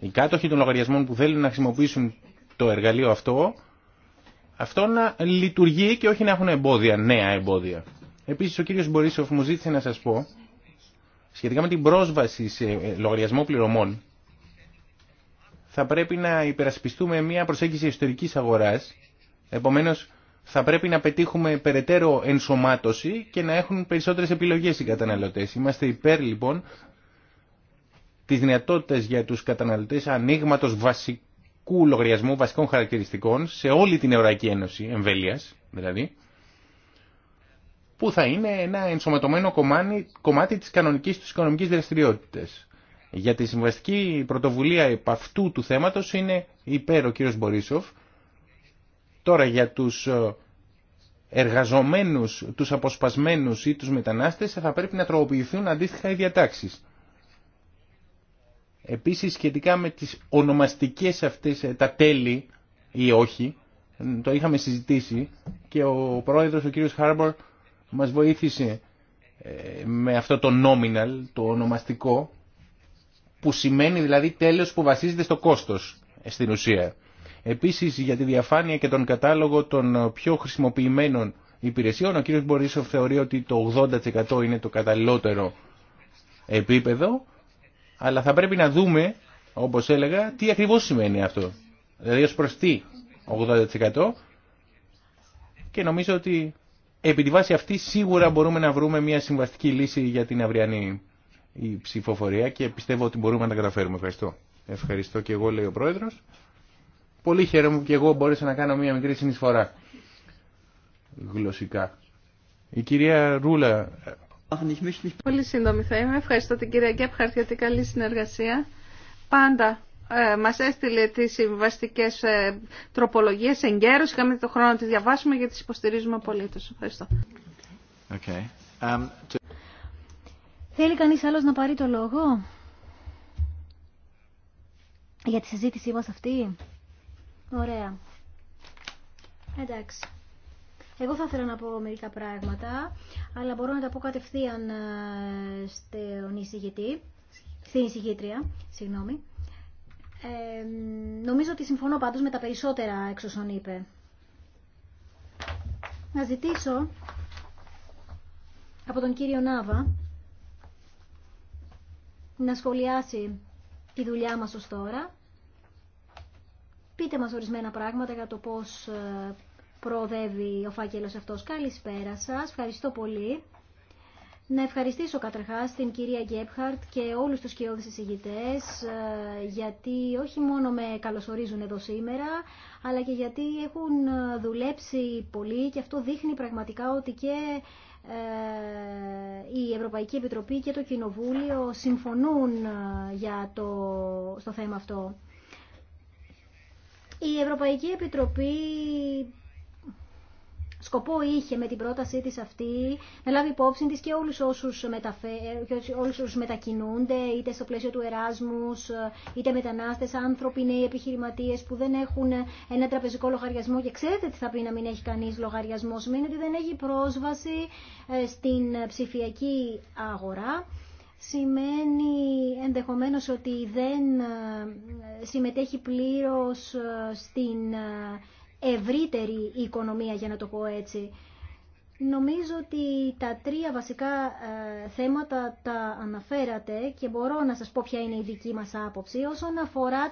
Οι κάτοχοι των λογαριασμών που θέλουν να χρησιμοποιήσουν το εργαλείο αυτό, αυτό να λειτουργεί και όχι να έχουν εμπόδια, νέα εμπόδια. Επίσης ο κύριος Μπορίσοφ μου ζήτησε να σας πω, σχετικά με την πρόσβαση σε ε, λογαριασμό πληρωμών, θα πρέπει να υπερασπιστούμε μια προσέγγιση ιστορικής αγοράς, επομένως θα πρέπει να πετύχουμε περαιτέρω ενσωμάτωση και να έχουν περισσότερες επιλογές οι καταναλωτές. Είμαστε υπέρ λοιπόν τις δυνατότητες για τους καταναλωτές ανοίγματο βασικού λογαριασμού, βασικών χαρακτηριστικών σε όλη την Ευρωπαϊκή Ένωση, εμβέλειας δηλαδή, που θα είναι ένα ενσωματωμένο κομμάτι, κομμάτι της κανονικής της οικονομικής δραστηριότητας. Για τη συμβαστική πρωτοβουλία επ' αυτού του θέματος είναι υπέρ ο κύριος Μπορίσοφ. Τώρα για τους ε, εργαζομένους, τους αποσπασμένους ή τους μετανάστες θα πρέπει να τροποποιηθούν αντίστοιχα οι διατάξεις. Επίσης σχετικά με τις ονομαστικές αυτές ε, τα τέλη ή όχι, το είχαμε συζητήσει και ο πρόεδρος ο κύριος Χάρμπορ μας βοήθησε ε, με αυτό το nominal, το ονομαστικό που σημαίνει δηλαδή τέλος που βασίζεται στο κόστος στην ουσία. Επίσης για τη διαφάνεια και τον κατάλογο των πιο χρησιμοποιημένων υπηρεσιών, ο κύριος Μπορίσοφ θεωρεί ότι το 80% είναι το καταλληλότερο επίπεδο, αλλά θα πρέπει να δούμε, όπως έλεγα, τι ακριβώς σημαίνει αυτό. Δηλαδή ως προς τι 80% και νομίζω ότι επί τη βάση αυτή σίγουρα μπορούμε να βρούμε μια συμβαστική λύση για την αυριανή η ψηφοφορία και πιστεύω ότι μπορούμε να τα καταφέρουμε. Ευχαριστώ. Ευχαριστώ και εγώ λέει ο πρόεδρο. Πολύ χαίρομαι που και εγώ μπόρεσα να κάνω μια μικρή συνεισφορά γλωσσικά. Η κυρία Ρούλα. Πολύ σύντομη θα είμαι. Ευχαριστώ την κυρία Γκέπχαρτ για την καλή συνεργασία. Πάντα ε, μας έστειλε τις συμβαστικέ ε, τροπολογίες εγκαίρως. Είχαμε το χρόνο να τις διαβάσουμε γιατί τις υποστηρίζουμε απολύτως. Ευχαριστώ. Okay. Um, to... Θέλει κανείς άλλος να πάρει το λόγο για τη συζήτησή μας αυτή. Ωραία. Εντάξει. Εγώ θα ήθελα να πω μερικά πράγματα, αλλά μπορώ να τα πω κατευθείαν ε, στον εισηγητή, στην εισηγήτρια, συγγνώμη. Ε, νομίζω ότι συμφωνώ πάντως με τα περισσότερα εξ είπε. Να ζητήσω από τον κύριο Νάβα να σχολιάσει τη δουλειά μας ως τώρα. Πείτε μας ορισμένα πράγματα για το πώς ε, προοδεύει ο φάκελος αυτός. Καλησπέρα σας, ευχαριστώ πολύ. Να ευχαριστήσω καταρχάς την κυρία Γκέπχαρτ και όλους τους κοιόδης εισηγητές ε, γιατί όχι μόνο με καλωσορίζουν εδώ σήμερα αλλά και γιατί έχουν ε, δουλέψει πολύ και αυτό δείχνει πραγματικά ότι και ε, η Ευρωπαϊκή Επιτροπή και το Κοινοβούλιο συμφωνούν ε, για το, στο θέμα αυτό. Η Ευρωπαϊκή Επιτροπή σκοπό είχε με την πρότασή της αυτή να λάβει υπόψη της και όλους όσους, μετακινούνται είτε στο πλαίσιο του Εράσμους, είτε μετανάστες, άνθρωποι, νέοι επιχειρηματίες που δεν έχουν ένα τραπεζικό λογαριασμό και ξέρετε τι θα πει να μην έχει κανείς λογαριασμό, σημαίνει ότι δεν έχει πρόσβαση ε, στην ψηφιακή αγορά σημαίνει ενδεχομένως ότι δεν ε, συμμετέχει πλήρως ε, στην ευρύτερη οικονομία, για να το πω έτσι. Νομίζω ότι τα τρία βασικά ε, θέματα τα αναφέρατε και μπορώ να σας πω ποια είναι η δική μας άποψη. Όσον αφορά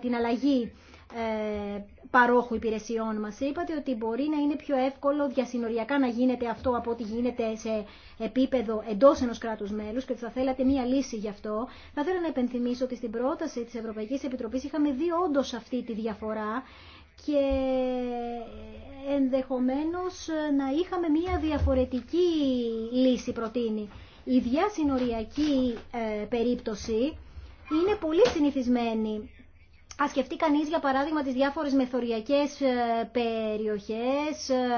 την αλλαγή ε, παρόχου υπηρεσιών μας, είπατε ότι μπορεί να είναι πιο εύκολο διασυνοριακά να γίνεται αυτό από ό,τι γίνεται σε επίπεδο εντός ενός κράτους μέλους και ότι θα θέλατε μία λύση γι' αυτό. Θα ήθελα να επενθυμίσω ότι στην πρόταση της Ευρωπαϊκής Επιτροπής είχαμε δει όντω αυτή τη διαφορά και ενδεχομένως να είχαμε μία διαφορετική λύση προτείνει. Η διασυνοριακή ε, περίπτωση είναι πολύ συνηθισμένη Α σκεφτεί κανεί για παράδειγμα τι διάφορε μεθοριακέ ε, περιοχέ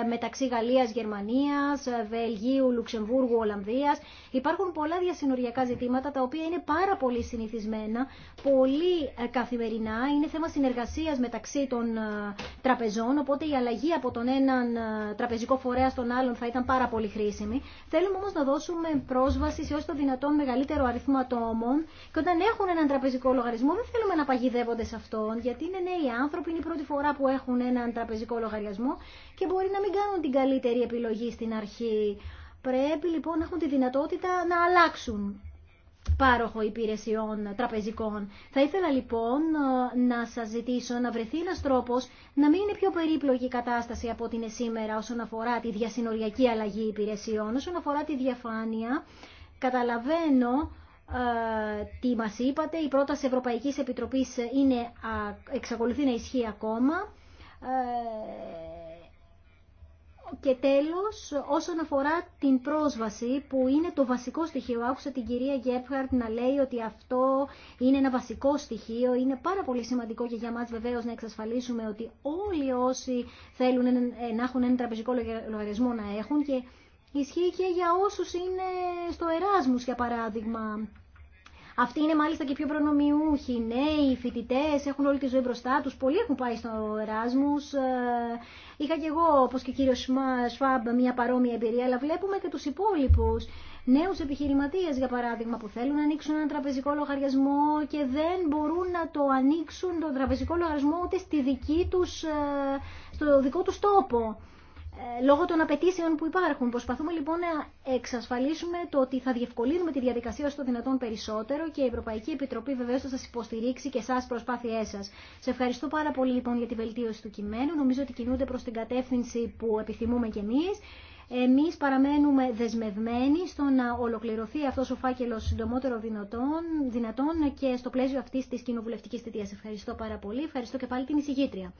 ε, μεταξύ Γαλλία, Γερμανία, ε, Βελγίου, Λουξεμβούργου, Ολλανδία. Υπάρχουν πολλά διασυνοριακά ζητήματα τα οποία είναι πάρα πολύ συνηθισμένα, πολύ καθημερινά. Είναι θέμα συνεργασία μεταξύ των τραπεζών, οπότε η αλλαγή από τον έναν τραπεζικό φορέα στον άλλον θα ήταν πάρα πολύ χρήσιμη. Θέλουμε όμω να δώσουμε πρόσβαση σε όσο το δυνατόν μεγαλύτερο αριθμό ατόμων και όταν έχουν έναν τραπεζικό λογαριασμό δεν θέλουμε να παγιδεύονται σε αυτό γιατί είναι νέοι άνθρωποι, είναι η πρώτη φορά που έχουν έναν τραπεζικό λογαριασμό και μπορεί να μην κάνουν την καλύτερη επιλογή στην αρχή. Πρέπει λοιπόν να έχουν τη δυνατότητα να αλλάξουν πάροχο υπηρεσιών τραπεζικών. Θα ήθελα λοιπόν να σας ζητήσω να βρεθεί ένας τρόπος να μην είναι πιο περίπλοκη η κατάσταση από ό,τι είναι σήμερα όσον αφορά τη διασυνοριακή αλλαγή υπηρεσιών, όσον αφορά τη διαφάνεια. Καταλαβαίνω ε, τι μας είπατε. Η πρόταση Ευρωπαϊκής Επιτροπής είναι, εξακολουθεί να ισχύει ακόμα. Ε, και τέλος, όσον αφορά την πρόσβαση που είναι το βασικό στοιχείο, άκουσα την κυρία Γκέπχαρτ να λέει ότι αυτό είναι ένα βασικό στοιχείο, είναι πάρα πολύ σημαντικό και για μας βεβαίως να εξασφαλίσουμε ότι όλοι όσοι θέλουν να έχουν ένα τραπεζικό λογαριασμό να έχουν και Ισχύει και για όσους είναι στο Εράσμους, για παράδειγμα. Αυτοί είναι μάλιστα και πιο προνομιούχοι. Νέοι, φοιτητέ, έχουν όλη τη ζωή μπροστά του. Πολλοί έχουν πάει στο Εράσμου. Ε, είχα και εγώ, όπω και ο κύριο Σφαμπ, μια παρόμοια εμπειρία. Αλλά βλέπουμε και του υπόλοιπου νέου επιχειρηματίε, για παράδειγμα, που θέλουν να ανοίξουν έναν τραπεζικό λογαριασμό και δεν μπορούν να το ανοίξουν τον τραπεζικό λογαριασμό ούτε στη δική τους, ε, στο δικό του τόπο. Ε, λόγω των απαιτήσεων που υπάρχουν. Προσπαθούμε λοιπόν να εξασφαλίσουμε το ότι θα διευκολύνουμε τη διαδικασία όσο δυνατόν περισσότερο και η Ευρωπαϊκή Επιτροπή βεβαίω θα σα υποστηρίξει και εσά προσπάθειέ σα. Σε ευχαριστώ πάρα πολύ λοιπόν για τη βελτίωση του κειμένου. Νομίζω ότι κινούνται προ την κατεύθυνση που επιθυμούμε κι εμεί εμείς παραμένουμε δεσμευμένοι στο να ολοκληρωθεί αυτός ο φάκελος συντομότερο δυνατόν, και στο πλαίσιο αυτής της κοινοβουλευτικής θητείας. Ευχαριστώ πάρα πολύ. Ευχαριστώ και πάλι την εισηγήτρια.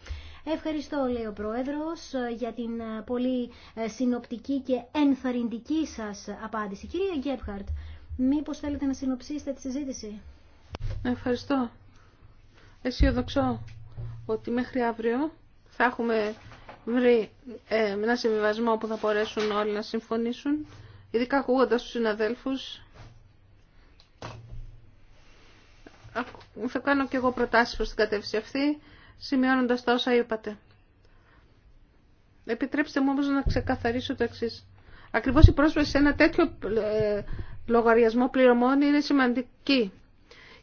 Ευχαριστώ, λέει ο Πρόεδρος, για την ε, πολύ ε, συνοπτική και ενθαρρυντική σας απάντηση. Κυρία Γκέπχαρτ, μήπως θέλετε να συνοψίσετε τη συζήτηση. Ευχαριστώ. Εσύ ότι μέχρι αύριο θα έχουμε βρει ε, ένα συμβιβασμό που θα μπορέσουν όλοι να συμφωνήσουν, ειδικά ακούγοντα του συναδέλφου, Θα κάνω και εγώ προτάσει προ την κατεύθυνση αυτή, σημειώνοντα τα όσα είπατε. Επιτρέψτε μου όμως να ξεκαθαρίσω το εξή. Ακριβώς η πρόσβαση σε ένα τέτοιο ε, λογαριασμό πληρωμών είναι σημαντική.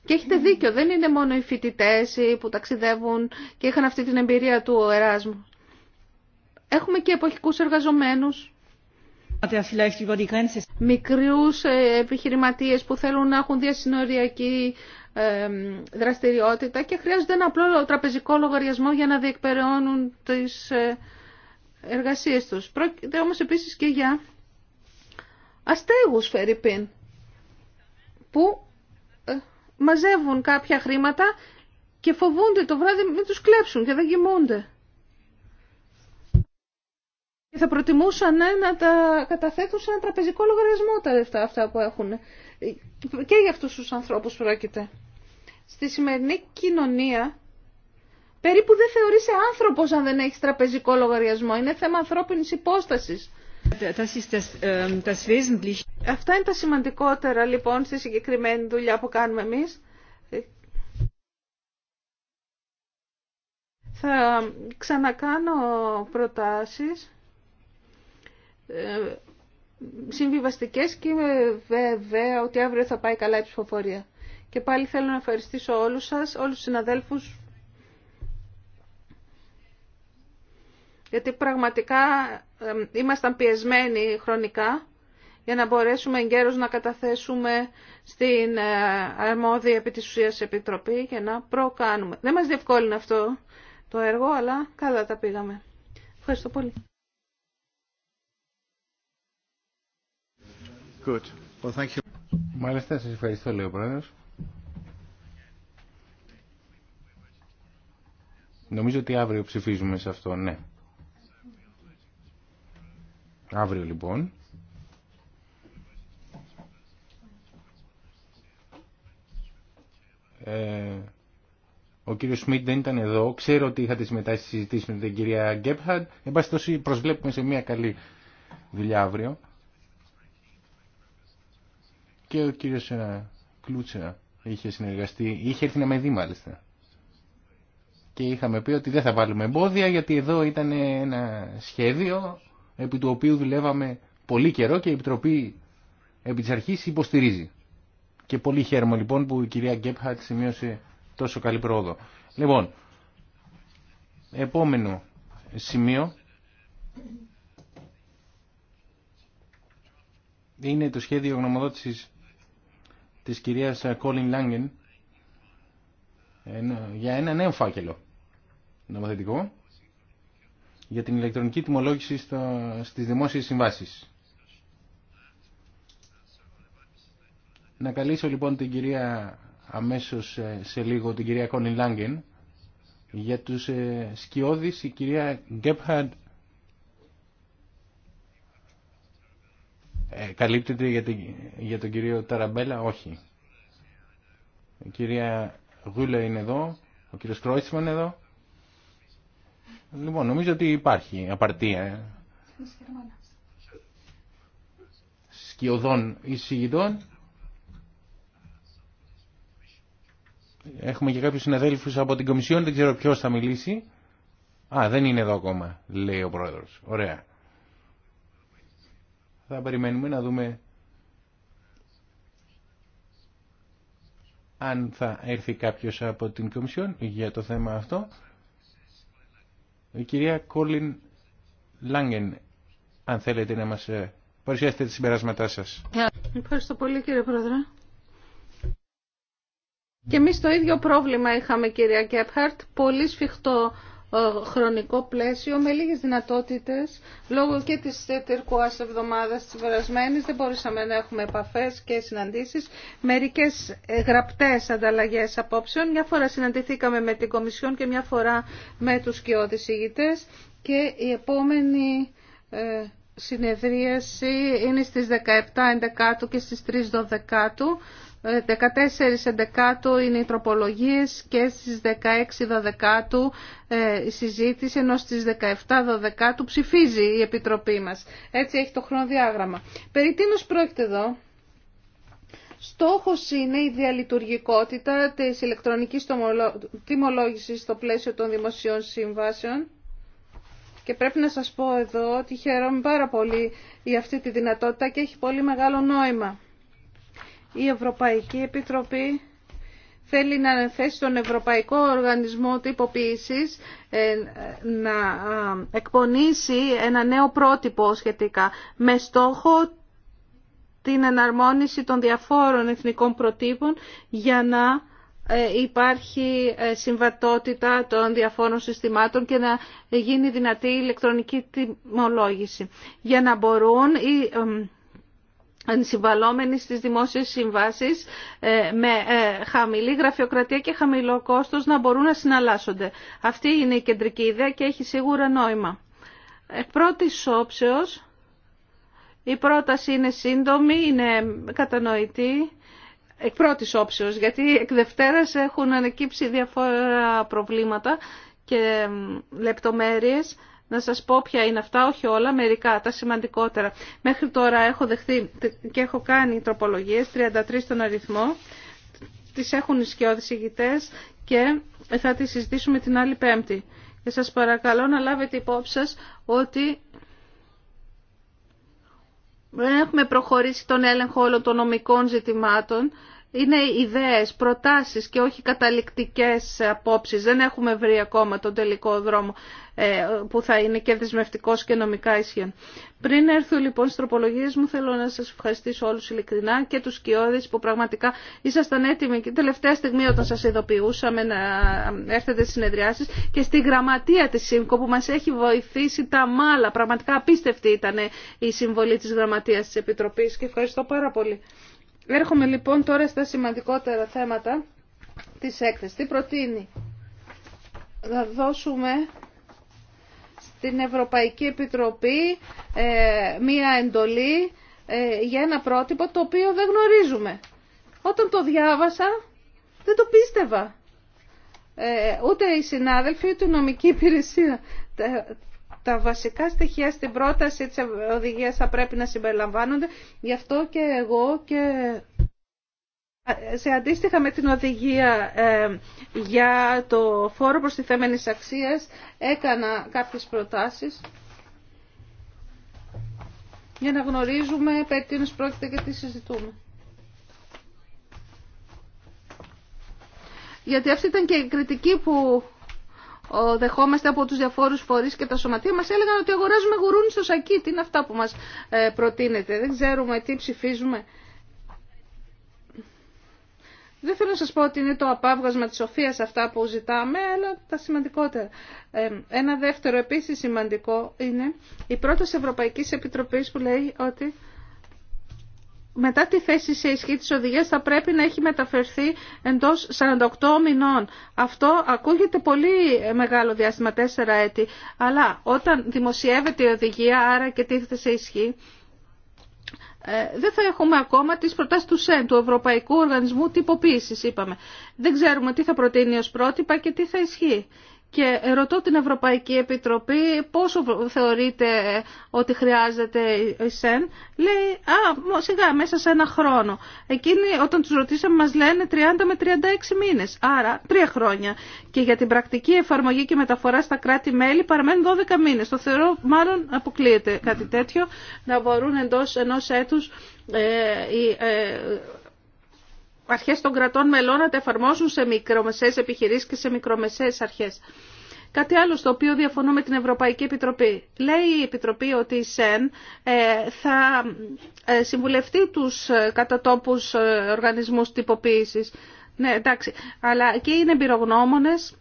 Και έχετε δίκιο, δεν είναι μόνο οι φοιτητέ που ταξιδεύουν και είχαν αυτή την εμπειρία του Εράσμου. Έχουμε και εποχικούς εργαζομένους. Μικρούς ε, επιχειρηματίες που θέλουν να έχουν διασυνοριακή δραστηριότητα και χρειάζονται ένα απλό τραπεζικό λογαριασμό για να διεκπεραιώνουν τις ε, εργασίες τους. Πρόκειται όμω επίσης και για αστέγους Φερρυπίν που ε, μαζεύουν κάποια χρήματα και φοβούνται το βράδυ μην τους κλέψουν και δεν κοιμούνται θα προτιμούσαν να τα καταθέτουν σε ένα τραπεζικό λογαριασμό τα λεφτά αυτά που έχουν. Και για αυτούς τους ανθρώπους πρόκειται. Στη σημερινή κοινωνία περίπου δεν θεωρείσαι άνθρωπος αν δεν έχεις τραπεζικό λογαριασμό. Είναι θέμα ανθρώπινης υπόστασης. Das ähm, Αυτά είναι τα σημαντικότερα λοιπόν στη συγκεκριμένη δουλειά που κάνουμε εμείς. Θα ξανακάνω προτάσεις ε, συμβιβαστικές και είμαι βέβαια ότι αύριο θα πάει καλά η ψηφοφορία. Και πάλι θέλω να ευχαριστήσω όλους σας, όλους τους συναδέλφους, γιατί πραγματικά ε, ήμασταν πιεσμένοι χρονικά για να μπορέσουμε εγκαίρως να καταθέσουμε στην ε, αρμόδια επί της ουσίας επιτροπή και να προκάνουμε. Δεν μας διευκόλυνε αυτό το έργο, αλλά καλά τα πήγαμε. Ευχαριστώ πολύ. Good. Well, thank you. Μάλιστα, σας ευχαριστώ, λέει ο Πρόεδρος. Νομίζω ότι αύριο ψηφίζουμε σε αυτό, ναι. Αύριο λοιπόν. Ε, ο κύριος Σμιτ δεν ήταν εδώ. Ξέρω ότι είχατε συμμετάσχει στη συζητήση με την κυρία Γκέπχαντ. Εν πάση προσβλέπουμε σε μια καλή δουλειά αύριο και ο κύριος ε, Κλούτσα είχε συνεργαστεί, είχε έρθει να με δει μάλιστα. Και είχαμε πει ότι δεν θα βάλουμε εμπόδια γιατί εδώ ήταν ένα σχέδιο επί του οποίου δουλεύαμε πολύ καιρό και η Επιτροπή επί της αρχής υποστηρίζει. Και πολύ χαίρομαι λοιπόν που η κυρία Γκέπχατ σημείωσε τόσο καλή πρόοδο. Λοιπόν, επόμενο σημείο είναι το σχέδιο γνωμοδότησης της κυρίας Κόλιν Λάγκεν για ένα νέο φάκελο νομοθετικό για την ηλεκτρονική τιμολόγηση στο, στις δημόσιες συμβάσεις. Να καλήσω λοιπόν την κυρία αμέσως ε, σε λίγο την κυρία Κόνιν Λάγκεν για τους ε, σκιώδεις η κυρία Γκέπχαρντ Ε, καλύπτεται για, την, για τον κύριο Ταραμπέλα, όχι. Η κυρία Γούλα είναι εδώ, ο κύριος Κρόιτσμαν είναι εδώ. Λοιπόν, νομίζω ότι υπάρχει απαρτία ε. σκιωδών εισηγητών. Έχουμε και κάποιους συναδέλφους από την Κομισιόν, δεν ξέρω ποιος θα μιλήσει. Α, δεν είναι εδώ ακόμα, λέει ο πρόεδρος. Ωραία θα περιμένουμε να δούμε αν θα έρθει κάποιος από την Κομισιόν για το θέμα αυτό. Η κυρία Κόλιν Λάγκεν, αν θέλετε να μας ε, παρουσιάσετε τις συμπεράσματά σας. Ευχαριστώ πολύ κύριε Πρόεδρε. Και εμείς το ίδιο πρόβλημα είχαμε κυρία Κέπχαρτ, πολύ σφιχτό ε, χρονικό πλαίσιο με λίγες δυνατότητες. Λόγω και της τερκουάς εβδομάδας της περασμένης δεν μπορούσαμε να έχουμε επαφές και συναντήσεις. Μερικές ε, γραπτές ανταλλαγές απόψεων. Μια φορά συναντηθήκαμε με την Κομισιόν και μια φορά με τους κοιόδης ηγητές. Και η επόμενη ε, συνεδρίαση είναι στις 17-11 και στις 3-12 14 Εντεκάτου είναι οι τροπολογίες και στις 16 Δωδεκάτου ε, η συζήτηση, ενώ στις 17 Δωδεκάτου ψηφίζει η Επιτροπή μας. Έτσι έχει το χρονοδιάγραμμα. Περί τίνος πρόκειται εδώ. Στόχος είναι η διαλειτουργικότητα της ηλεκτρονικής τιμολόγησης στο πλαίσιο των δημοσίων συμβάσεων. Και πρέπει να σας πω εδώ ότι χαίρομαι πάρα πολύ για αυτή τη δυνατότητα και έχει πολύ μεγάλο νόημα η Ευρωπαϊκή Επιτροπή θέλει να θέσει τον Ευρωπαϊκό Οργανισμό Τυποποίησης ε, να ε, εκπονήσει ένα νέο πρότυπο σχετικά με στόχο την εναρμόνιση των διαφόρων εθνικών προτύπων για να ε, υπάρχει συμβατότητα των διαφόρων συστημάτων και να γίνει δυνατή ηλεκτρονική τιμολόγηση για να μπορούν οι συμβαλόμενοι στις δημόσιες συμβάσεις ε, με ε, χαμηλή γραφειοκρατία και χαμηλό κόστος να μπορούν να συναλλάσσονται. Αυτή είναι η κεντρική ιδέα και έχει σίγουρα νόημα. Εκ πρώτη όψεως, η πρόταση είναι σύντομη, είναι κατανοητή, εκ πρώτης όψεως, γιατί εκ Δευτέρας έχουν ανακύψει διάφορα προβλήματα και λεπτομέρειες να σας πω ποια είναι αυτά, όχι όλα, μερικά, τα σημαντικότερα. Μέχρι τώρα έχω δεχθεί και έχω κάνει τροπολογίες, 33 στον αριθμό. Τις έχουν οι σκιώδεις και θα τις συζητήσουμε την άλλη πέμπτη. Και σας παρακαλώ να λάβετε υπόψη σας ότι δεν έχουμε προχωρήσει τον έλεγχο όλων των νομικών ζητημάτων είναι ιδέες, προτάσεις και όχι καταληκτικές απόψεις. Δεν έχουμε βρει ακόμα τον τελικό δρόμο ε, που θα είναι και δεσμευτικό και νομικά ισχυρό. Πριν έρθω λοιπόν στις τροπολογίες μου θέλω να σας ευχαριστήσω όλους ειλικρινά και τους κοιόδης που πραγματικά ήσασταν έτοιμοι και τελευταία στιγμή όταν σας ειδοποιούσαμε να έρθετε στις συνεδριάσεις και στη γραμματεία της ΣΥΜΚΟ που μας έχει βοηθήσει τα μάλα. Πραγματικά απίστευτη ήταν η συμβολή της γραμματείας της Επιτροπής και ευχαριστώ πάρα πολύ. Έρχομαι λοιπόν τώρα στα σημαντικότερα θέματα της έκθεσης. Τι προτείνει. να δώσουμε στην Ευρωπαϊκή Επιτροπή ε, μία εντολή ε, για ένα πρότυπο το οποίο δεν γνωρίζουμε. Όταν το διάβασα δεν το πίστευα. Ε, ούτε οι συνάδελφοι, ούτε η νομική υπηρεσία τα βασικά στοιχεία στην πρόταση της οδηγίας θα πρέπει να συμπεριλαμβάνονται. Γι' αυτό και εγώ και ε, σε αντίστοιχα με την οδηγία ε, για το φόρο προστιθέμενης αξίας έκανα κάποιες προτάσεις για να γνωρίζουμε περί τίνος πρόκειται και τι συζητούμε. Γιατί αυτή ήταν και η κριτική που δεχόμαστε από τους διαφόρους φορείς και τα σωματεία μας έλεγαν ότι αγοράζουμε γουρούνι στο σακί. Τι είναι αυτά που μας ε, προτείνεται. Δεν ξέρουμε τι ψηφίζουμε. Δεν θέλω να σας πω ότι είναι το απάβγασμα της σοφίας αυτά που ζητάμε, αλλά τα σημαντικότερα. Ε, ένα δεύτερο επίσης σημαντικό είναι η πρώτη Ευρωπαϊκής Επιτροπής που λέει ότι μετά τη θέση σε ισχύ της οδηγίας θα πρέπει να έχει μεταφερθεί εντός 48 μηνών. Αυτό ακούγεται πολύ μεγάλο διάστημα, 4 έτη, αλλά όταν δημοσιεύεται η οδηγία, άρα και τίθεται σε ισχύ, ε, δεν θα έχουμε ακόμα τις προτάσεις του ΣΕΝ, του Ευρωπαϊκού Οργανισμού Τυποποίησης, είπαμε. Δεν ξέρουμε τι θα προτείνει ως πρότυπα και τι θα ισχύει. Και ρωτώ την Ευρωπαϊκή Επιτροπή πόσο θεωρείτε ότι χρειάζεται η ΣΕΝ. Λέει, α, σιγά, μέσα σε ένα χρόνο. Εκείνοι όταν τους ρωτήσαμε μας λένε 30 με 36 μήνες, άρα τρία χρόνια. Και για την πρακτική εφαρμογή και μεταφορά στα κράτη-μέλη παραμένουν 12 μήνες. Το θεωρώ μάλλον αποκλείεται κάτι τέτοιο, να μπορούν εντός ενός έτους ε, ε αρχές των κρατών μελών να τα εφαρμόσουν σε μικρομεσαίε επιχειρήσεις και σε μικρομεσαίε αρχές. Κάτι άλλο στο οποίο διαφωνώ με την Ευρωπαϊκή Επιτροπή. Λέει η Επιτροπή ότι η ΣΕΝ ε, θα ε, συμβουλευτεί τους ε, κατατόπους οργανισμούς τυποποίησης. Ναι, εντάξει. Αλλά και είναι εμπειρογνώμονες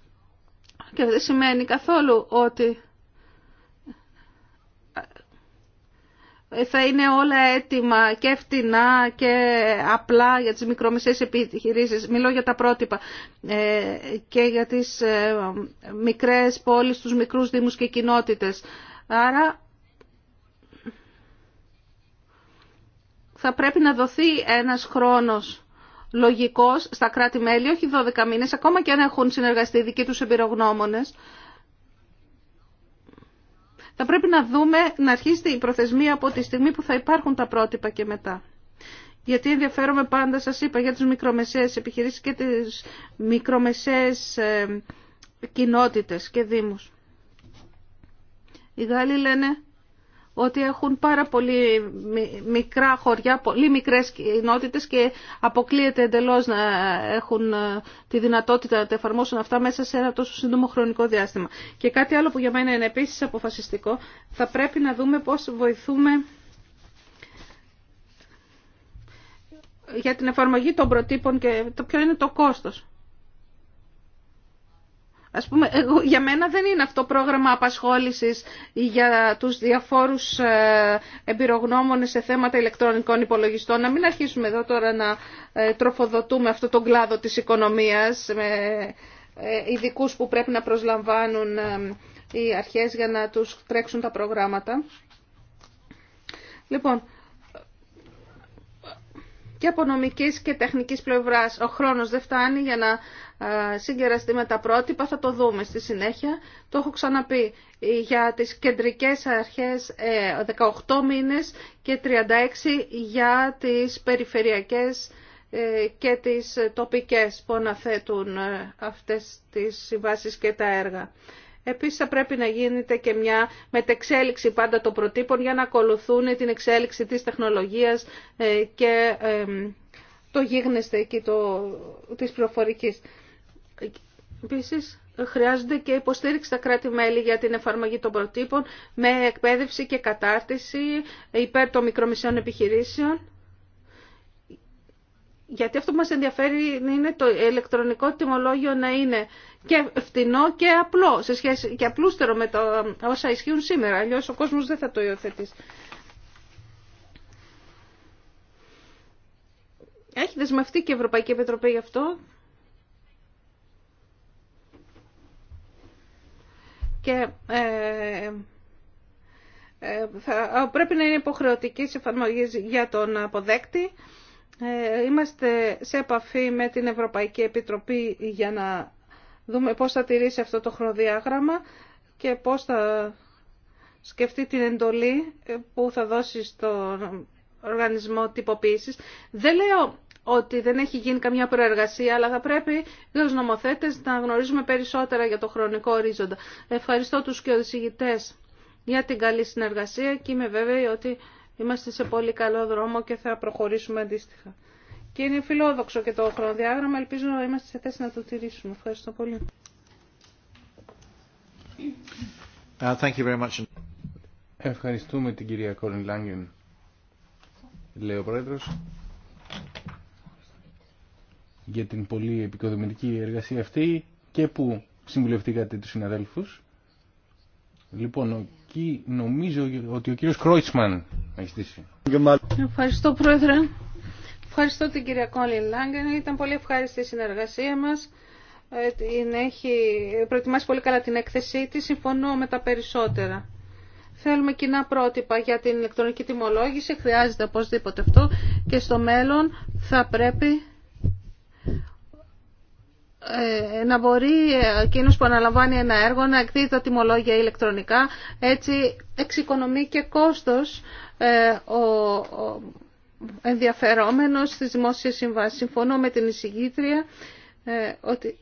και δεν σημαίνει καθόλου ότι θα είναι όλα έτοιμα και φτηνά και απλά για τις μικρομεσαίες επιχειρήσεις. Μιλώ για τα πρότυπα ε, και για τις ε, μικρές πόλεις, τους μικρούς δήμους και κοινότητες. Άρα θα πρέπει να δοθεί ένας χρόνος λογικός στα κράτη-μέλη, όχι 12 μήνες, ακόμα και αν έχουν συνεργαστεί δικοί τους εμπειρογνώμονες, θα πρέπει να δούμε να αρχίσει η προθεσμία από τη στιγμή που θα υπάρχουν τα πρότυπα και μετά. Γιατί ενδιαφέρομαι πάντα, σας είπα, για τις μικρομεσαίες επιχειρήσεις και τις μικρομεσαίες ε, κοινότητες και δήμους. Οι Γάλλοι λένε ότι έχουν πάρα πολύ μικρά χωριά, πολύ μικρές κοινότητε και αποκλείεται εντελώς να έχουν ε, τη δυνατότητα να τα εφαρμόσουν αυτά μέσα σε ένα τόσο σύντομο χρονικό διάστημα. Και κάτι άλλο που για μένα είναι επίσης αποφασιστικό, θα πρέπει να δούμε πώς βοηθούμε για την εφαρμογή των προτύπων και το ποιο είναι το κόστος. Ας πούμε, ε, για μένα δεν είναι αυτό πρόγραμμα απασχόλησης για τους διαφόρους ε, εμπειρογνώμονες σε θέματα ηλεκτρονικών υπολογιστών. Να μην αρχίσουμε εδώ τώρα να ε, τροφοδοτούμε αυτό τον κλάδο της οικονομίας με ειδικού που πρέπει να προσλαμβάνουν οι αρχές για να τους τρέξουν τα προγράμματα. Λοιπόν, και από νομική και τεχνική πλευράς. Ο χρόνος δεν φτάνει για να συγκεραστεί με τα πρότυπα, θα το δούμε στη συνέχεια. Το έχω ξαναπεί για τις κεντρικές αρχές 18 ε, μήνες και 36 για τις περιφερειακές ε, και τις τοπικές που αναθέτουν ε, αυτές τις συμβάσεις και τα έργα. Επίσης θα πρέπει να γίνεται και μια μετεξέλιξη πάντα των προτύπων για να ακολουθούν την εξέλιξη της τεχνολογίας ε, και το γίγνεσθε εκεί το, της προφορικής. Επίσης, χρειάζονται και υποστήριξη στα κράτη-μέλη για την εφαρμογή των προτύπων με εκπαίδευση και κατάρτιση υπέρ των μικρομεσαίων επιχειρήσεων γιατί αυτό που μας ενδιαφέρει είναι το ηλεκτρονικό τιμολόγιο να είναι και φτηνό και απλό σε σχέση, και απλούστερο με το, ε, όσα ισχύουν σήμερα. Αλλιώ ο κόσμος δεν θα το υιοθετήσει. Έχει δεσμευτεί και η Ευρωπαϊκή Επιτροπή γι' αυτό. Και ε, ε, ε πρέπει να είναι υποχρεωτική εφαρμογή για τον αποδέκτη. Ε, είμαστε σε επαφή με την Ευρωπαϊκή Επιτροπή για να δούμε πώς θα τηρήσει αυτό το χρονοδιάγραμμα και πώς θα σκεφτεί την εντολή που θα δώσει στον οργανισμό τυποποίησης. Δεν λέω ότι δεν έχει γίνει καμιά προεργασία, αλλά θα πρέπει ως νομοθέτες να γνωρίζουμε περισσότερα για το χρονικό ορίζοντα. Ευχαριστώ τους και οδησηγητές για την καλή συνεργασία και είμαι βέβαιη ότι Είμαστε σε πολύ καλό δρόμο και θα προχωρήσουμε αντίστοιχα. Και είναι φιλόδοξο και το χρονοδιάγραμμα. Ελπίζω να είμαστε σε θέση να το τηρήσουμε. Ευχαριστώ πολύ. Uh, thank you very much. Ευχαριστούμε την κυρία Κόριν Λάγκεν, λέει ο Πρόεδρος, για την πολύ επικοδομητική εργασία αυτή και που συμβουλευτήκατε τους συναδέλφους. Λοιπόν, νομίζω ότι ο κύριος Κρόιτσμαν έχει στήσει. Ευχαριστώ Πρόεδρε. Ευχαριστώ την κυρία Κόλλη Λάγκεν. Ήταν πολύ ευχάριστη η συνεργασία μας. Ε, έχει προετοιμάσει πολύ καλά την έκθεσή της. Συμφωνώ με τα περισσότερα. Θέλουμε κοινά πρότυπα για την ηλεκτρονική τιμολόγηση. Χρειάζεται οπωσδήποτε αυτό και στο μέλλον θα πρέπει ε, να μπορεί εκείνο που αναλαμβάνει ένα έργο να εκδίδει τα τιμολόγια ηλεκτρονικά. Έτσι εξοικονομεί και κόστος ε, ο ενδιαφερόμενος στις δημόσιες συμβάσεις. Συμφωνώ με την εισηγήτρια ε, ότι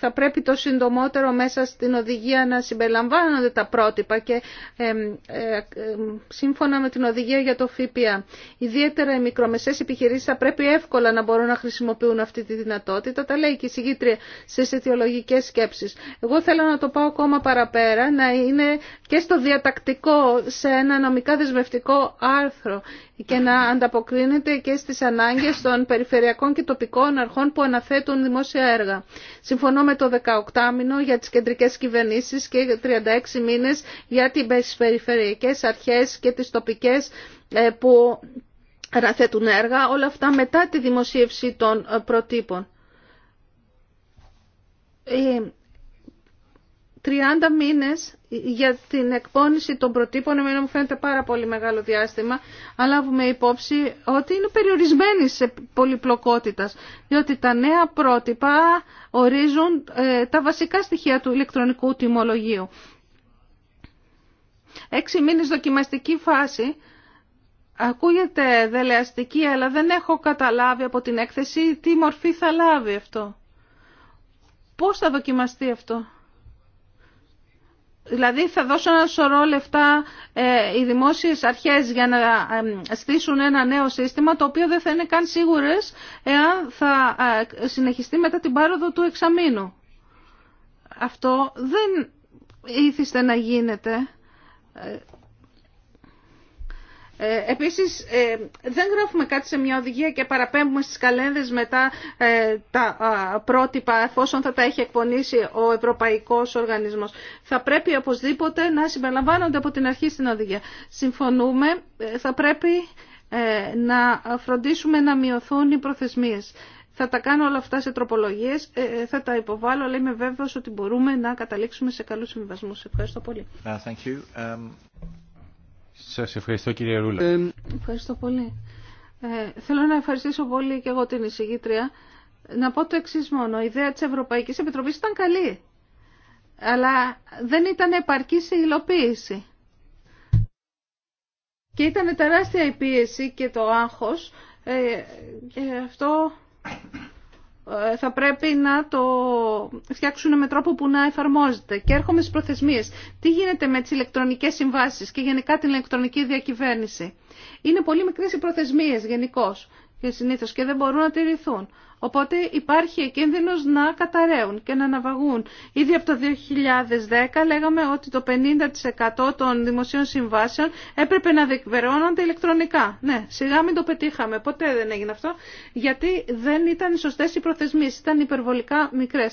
θα πρέπει το συντομότερο μέσα στην οδηγία να συμπεριλαμβάνονται τα πρότυπα και ε, ε, σύμφωνα με την οδηγία για το ΦΠΑ. Ιδιαίτερα οι μικρομεσαίες επιχειρήσεις θα πρέπει εύκολα να μπορούν να χρησιμοποιούν αυτή τη δυνατότητα. Τα λέει και η συγκήτρια στις αιτιολογικές σκέψεις. Εγώ θέλω να το πάω ακόμα παραπέρα, να είναι και στο διατακτικό σε ένα νομικά δεσμευτικό άρθρο και να ανταποκρίνεται και στις ανάγκε των περιφερειακών και τοπικών αρχών που αναθέτουν δημόσια έργα. Συμφωνώ με το 18 μήνο για τις κεντρικές κυβερνήσεις και 36 μήνες για τις περιφερειακές αρχές και τις τοπικές ε, που αναθέτουν έργα, όλα αυτά μετά τη δημοσίευση των ε, προτύπων. Ε, 30 μήνες για την εκπόνηση των προτύπων, εμένα μου φαίνεται πάρα πολύ μεγάλο διάστημα, αλλά λάβουμε υπόψη ότι είναι περιορισμένη σε πολυπλοκότητα, διότι τα νέα πρότυπα ορίζουν ε, τα βασικά στοιχεία του ηλεκτρονικού τιμολογίου. Έξι μήνες δοκιμαστική φάση, ακούγεται δελεαστική, αλλά δεν έχω καταλάβει από την έκθεση τι μορφή θα λάβει αυτό. Πώς θα δοκιμαστεί αυτό. Δηλαδή θα δώσω ένα σωρό λεφτά ε, οι δημόσιες αρχές για να στήσουν ένα νέο σύστημα το οποίο δεν θα είναι καν σίγουρες εάν θα ε, συνεχιστεί μετά την πάροδο του εξαμήνου. Αυτό δεν ήθιστε να γίνεται ε, ε, επίσης ε, δεν γράφουμε κάτι σε μια οδηγία και παραπέμπουμε στι καλένδε μετά ε, τα πρότυπα εφόσον θα τα έχει εκπονήσει ο Ευρωπαϊκό Οργανισμό. Θα πρέπει οπωσδήποτε να συμπεριλαμβάνονται από την αρχή στην οδηγία. Συμφωνούμε, θα πρέπει να φροντίσουμε να μειωθούν οι προθεσμίε. Θα τα κάνω όλα αυτά σε τροπολογίες, θα τα υποβάλω, αλλά είμαι βέβαιο ότι μπορούμε να καταλήξουμε σε καλού συμβιβασμού. Ευχαριστώ πολύ. Uh, thank um, σας ευχαριστώ κύριε Ρούλα. Ε, ευχαριστώ πολύ. Ε, θέλω να ευχαριστήσω πολύ και εγώ την εισηγήτρια. Να πω το εξή μόνο. Η ιδέα της Ευρωπαϊκής Επιτροπής ήταν καλή. Αλλά δεν ήταν επαρκή η υλοποίηση. Και ήταν τεράστια η πίεση και το άγχος. Ε, και αυτό ε, θα πρέπει να το φτιάξουν με τρόπο που να εφαρμόζεται. Και έρχομαι στις προθεσμίες. Τι γίνεται με τις ηλεκτρονικές συμβάσεις και γενικά την ηλεκτρονική διακυβέρνηση. Είναι πολύ μικρές οι προθεσμίες γενικώ και συνήθως και δεν μπορούν να τηρηθούν. Οπότε υπάρχει κίνδυνο να καταραίουν και να αναβαγούν. Ήδη από το 2010 λέγαμε ότι το 50% των δημοσίων συμβάσεων έπρεπε να διεκβερώνονται ηλεκτρονικά. Ναι, σιγά μην το πετύχαμε. Ποτέ δεν έγινε αυτό, γιατί δεν ήταν σωστέ οι προθεσμίε, ήταν υπερβολικά μικρέ.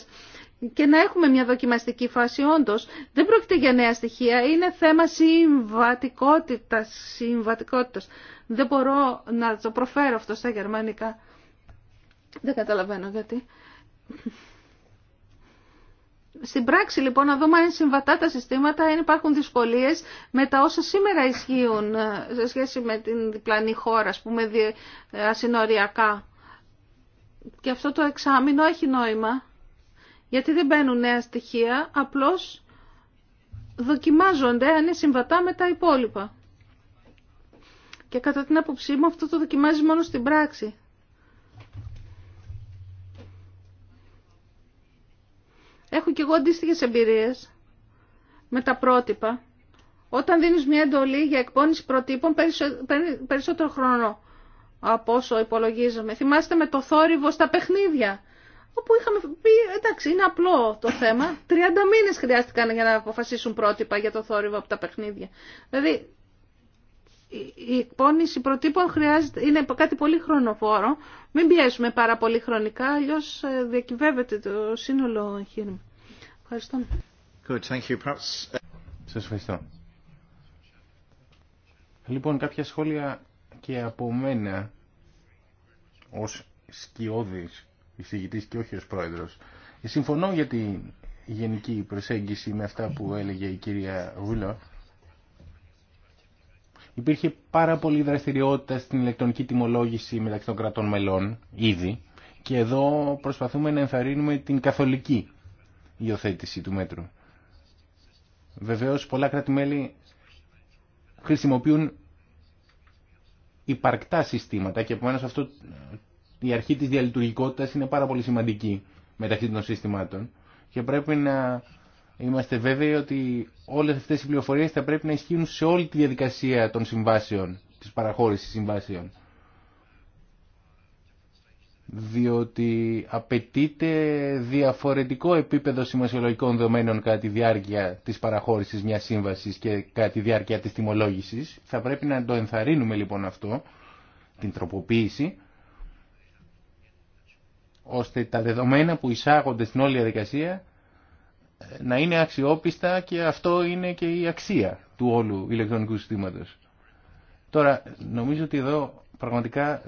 Και να έχουμε μια δοκιμαστική φάση όντω, Δεν πρόκειται για νέα στοιχεία, είναι θέμα συμβατικότητας. συμβατικότητας. Δεν μπορώ να το προφέρω αυτό στα γερμανικά. Δεν καταλαβαίνω γιατί. Στην πράξη λοιπόν, να δούμε αν είναι συμβατά τα συστήματα, αν υπάρχουν δυσκολίες με τα όσα σήμερα ισχύουν ε, σε σχέση με την διπλανή χώρα, ας πούμε, ε, ασυνοριακά. Και αυτό το εξάμεινο έχει νόημα, γιατί δεν μπαίνουν νέα στοιχεία, απλώς δοκιμάζονται αν είναι συμβατά με τα υπόλοιπα. Και κατά την άποψή μου αυτό το δοκιμάζει μόνο στην πράξη. Έχω και εγώ αντίστοιχε εμπειρίες με τα πρότυπα. Όταν δίνεις μια εντολή για εκπόνηση προτύπων περισσότερο χρόνο από όσο υπολογίζομαι. Θυμάστε με το θόρυβο στα παιχνίδια όπου είχαμε πει εντάξει είναι απλό το θέμα. 30 μήνε χρειάστηκαν για να αποφασίσουν πρότυπα για το θόρυβο από τα παιχνίδια. Δηλαδή η εκπόνηση προτύπων χρειάζεται, είναι κάτι πολύ χρονοφόρο. Μην πιέσουμε πάρα πολύ χρονικά, αλλιώ ε, διακυβεύεται το σύνολο εγχείρημα. Ευχαριστώ. Good, thank you. Perhaps... Ε, Σας ευχαριστώ. Λοιπόν, κάποια σχόλια και από μένα ως σκιώδης εισηγητής και όχι ως πρόεδρος. Συμφωνώ για τη γενική προσέγγιση με αυτά που έλεγε η κυρία Βούλα Υπήρχε πάρα πολλή δραστηριότητα στην ηλεκτρονική τιμολόγηση μεταξύ των κρατών μελών ήδη και εδώ προσπαθούμε να ενθαρρύνουμε την καθολική υιοθέτηση του μέτρου. Βεβαίως πολλά κράτη-μέλη χρησιμοποιούν υπαρκτά συστήματα και επομένως αυτό η αρχή της διαλειτουργικότητας είναι πάρα πολύ σημαντική μεταξύ των συστημάτων και πρέπει να Είμαστε βέβαιοι ότι όλες αυτές οι πληροφορίες θα πρέπει να ισχύουν σε όλη τη διαδικασία των συμβάσεων, της παραχώρησης συμβάσεων. Διότι απαιτείται διαφορετικό επίπεδο σημασιολογικών δεδομένων κατά τη διάρκεια της παραχώρησης μιας σύμβασης και κατά τη διάρκεια της τιμολόγησης. Θα πρέπει να το ενθαρρύνουμε λοιπόν αυτό, την τροποποίηση, ώστε τα δεδομένα που εισάγονται στην όλη διαδικασία να είναι αξιόπιστα και αυτό είναι και η αξία του όλου ηλεκτρονικού συστήματος. Τώρα, νομίζω ότι εδώ πραγματικά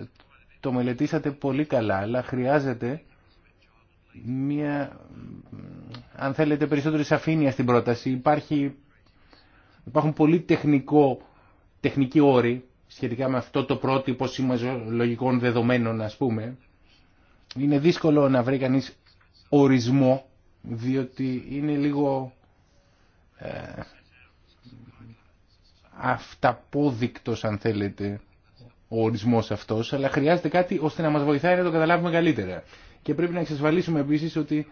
το μελετήσατε πολύ καλά, αλλά χρειάζεται μια, αν θέλετε, περισσότερη σαφήνεια στην πρόταση. Υπάρχει, υπάρχουν πολύ τεχνικό, τεχνικοί όροι σχετικά με αυτό το πρότυπο σημαζολογικών δεδομένων, ας πούμε. Είναι δύσκολο να βρει κανείς ορισμό διότι είναι λίγο ε, αυταπόδεικτος αν θέλετε ο ορισμός αυτός, αλλά χρειάζεται κάτι ώστε να μας βοηθάει να το καταλάβουμε καλύτερα. Και πρέπει να εξασφαλίσουμε επίσης ότι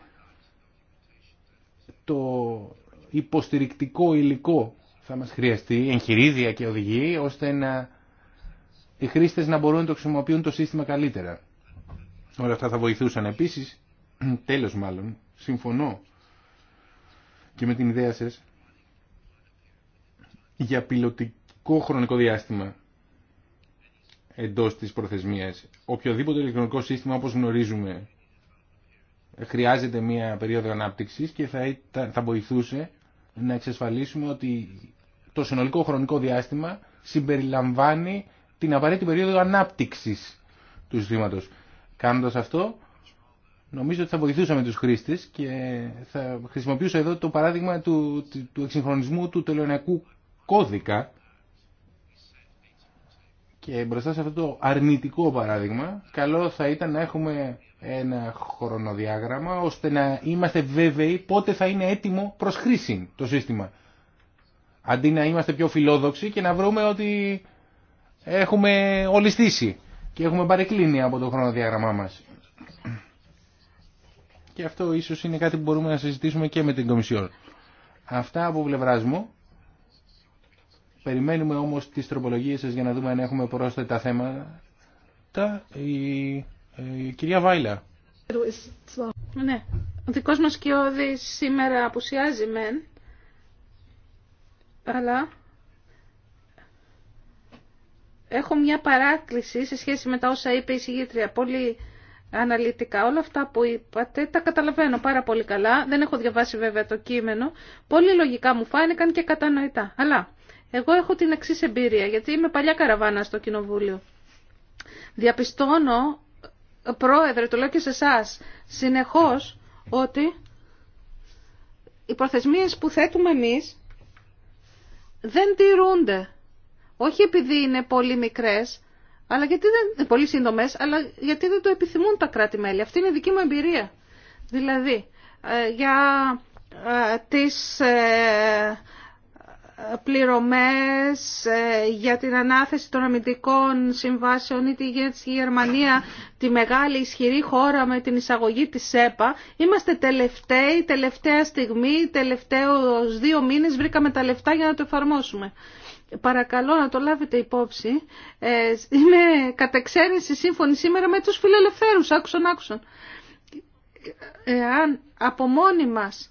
το υποστηρικτικό υλικό θα μας χρειαστεί, εγχειρίδια και οδηγοί, ώστε να οι χρήστες να μπορούν να το χρησιμοποιούν το σύστημα καλύτερα. Όλα αυτά θα βοηθούσαν επίσης, τέλος μάλλον, συμφωνώ και με την ιδέα σας για πιλωτικό χρονικό διάστημα εντός της προθεσμίας. Οποιοδήποτε ηλεκτρονικό σύστημα όπως γνωρίζουμε χρειάζεται μία περίοδο ανάπτυξης και θα, θα βοηθούσε να εξασφαλίσουμε ότι το συνολικό χρονικό διάστημα συμπεριλαμβάνει την απαραίτητη περίοδο ανάπτυξης του συστήματος. Κάνοντας αυτό Νομίζω ότι θα βοηθούσαμε τους χρήστες και θα χρησιμοποιήσω εδώ το παράδειγμα του, του εξυγχρονισμού του τελωνιακού κώδικα και μπροστά σε αυτό το αρνητικό παράδειγμα καλό θα ήταν να έχουμε ένα χρονοδιάγραμμα ώστε να είμαστε βέβαιοι πότε θα είναι έτοιμο προς χρήση το σύστημα. Αντί να είμαστε πιο φιλόδοξοι και να βρούμε ότι έχουμε ολιστήσει και έχουμε παρεκκλίνει από το χρονοδιάγραμμά μας και αυτό ίσως είναι κάτι που μπορούμε να συζητήσουμε και με την Κομισιόν. Αυτά από πλευρά μου. Περιμένουμε όμως τις τροπολογίες σας για να δούμε αν έχουμε πρόσθετα θέματα. Η, η κυρία Βάιλα. Ναι, ο δικός μας κοιόδης σήμερα απουσιάζει μεν, αλλά έχω μια παράκληση σε σχέση με τα όσα είπε η συγγήτρια. Πολύ αναλυτικά. Όλα αυτά που είπατε τα καταλαβαίνω πάρα πολύ καλά. Δεν έχω διαβάσει βέβαια το κείμενο. Πολύ λογικά μου φάνηκαν και κατανοητά. Αλλά εγώ έχω την εξή εμπειρία, γιατί είμαι παλιά καραβάνα στο Κοινοβούλιο. Διαπιστώνω, πρόεδρε, το λέω και σε εσά, συνεχώ ότι οι προθεσμίες που θέτουμε εμείς δεν τηρούνται. Όχι επειδή είναι πολύ μικρές, αλλά γιατί δεν, πολύ σύντομε, αλλά γιατί δεν το επιθυμούν τα κράτη-μέλη. Αυτή είναι η δική μου εμπειρία. Δηλαδή, ε, για ε, τις ε, πληρωμές για την ανάθεση των αμυντικών συμβάσεων ή για τη Γερμανία, τη μεγάλη ισχυρή χώρα με την εισαγωγή της ΕΠΑ. Είμαστε τελευταίοι, τελευταία στιγμή, τελευταίου δύο μήνες βρήκαμε τα λεφτά για να το εφαρμόσουμε. Παρακαλώ να το λάβετε υπόψη. Ε, είμαι κατ' εξαίρεση σύμφωνη σήμερα με τους φιλελευθέρους, άκουσαν, άκουσαν. Εάν από μόνοι μας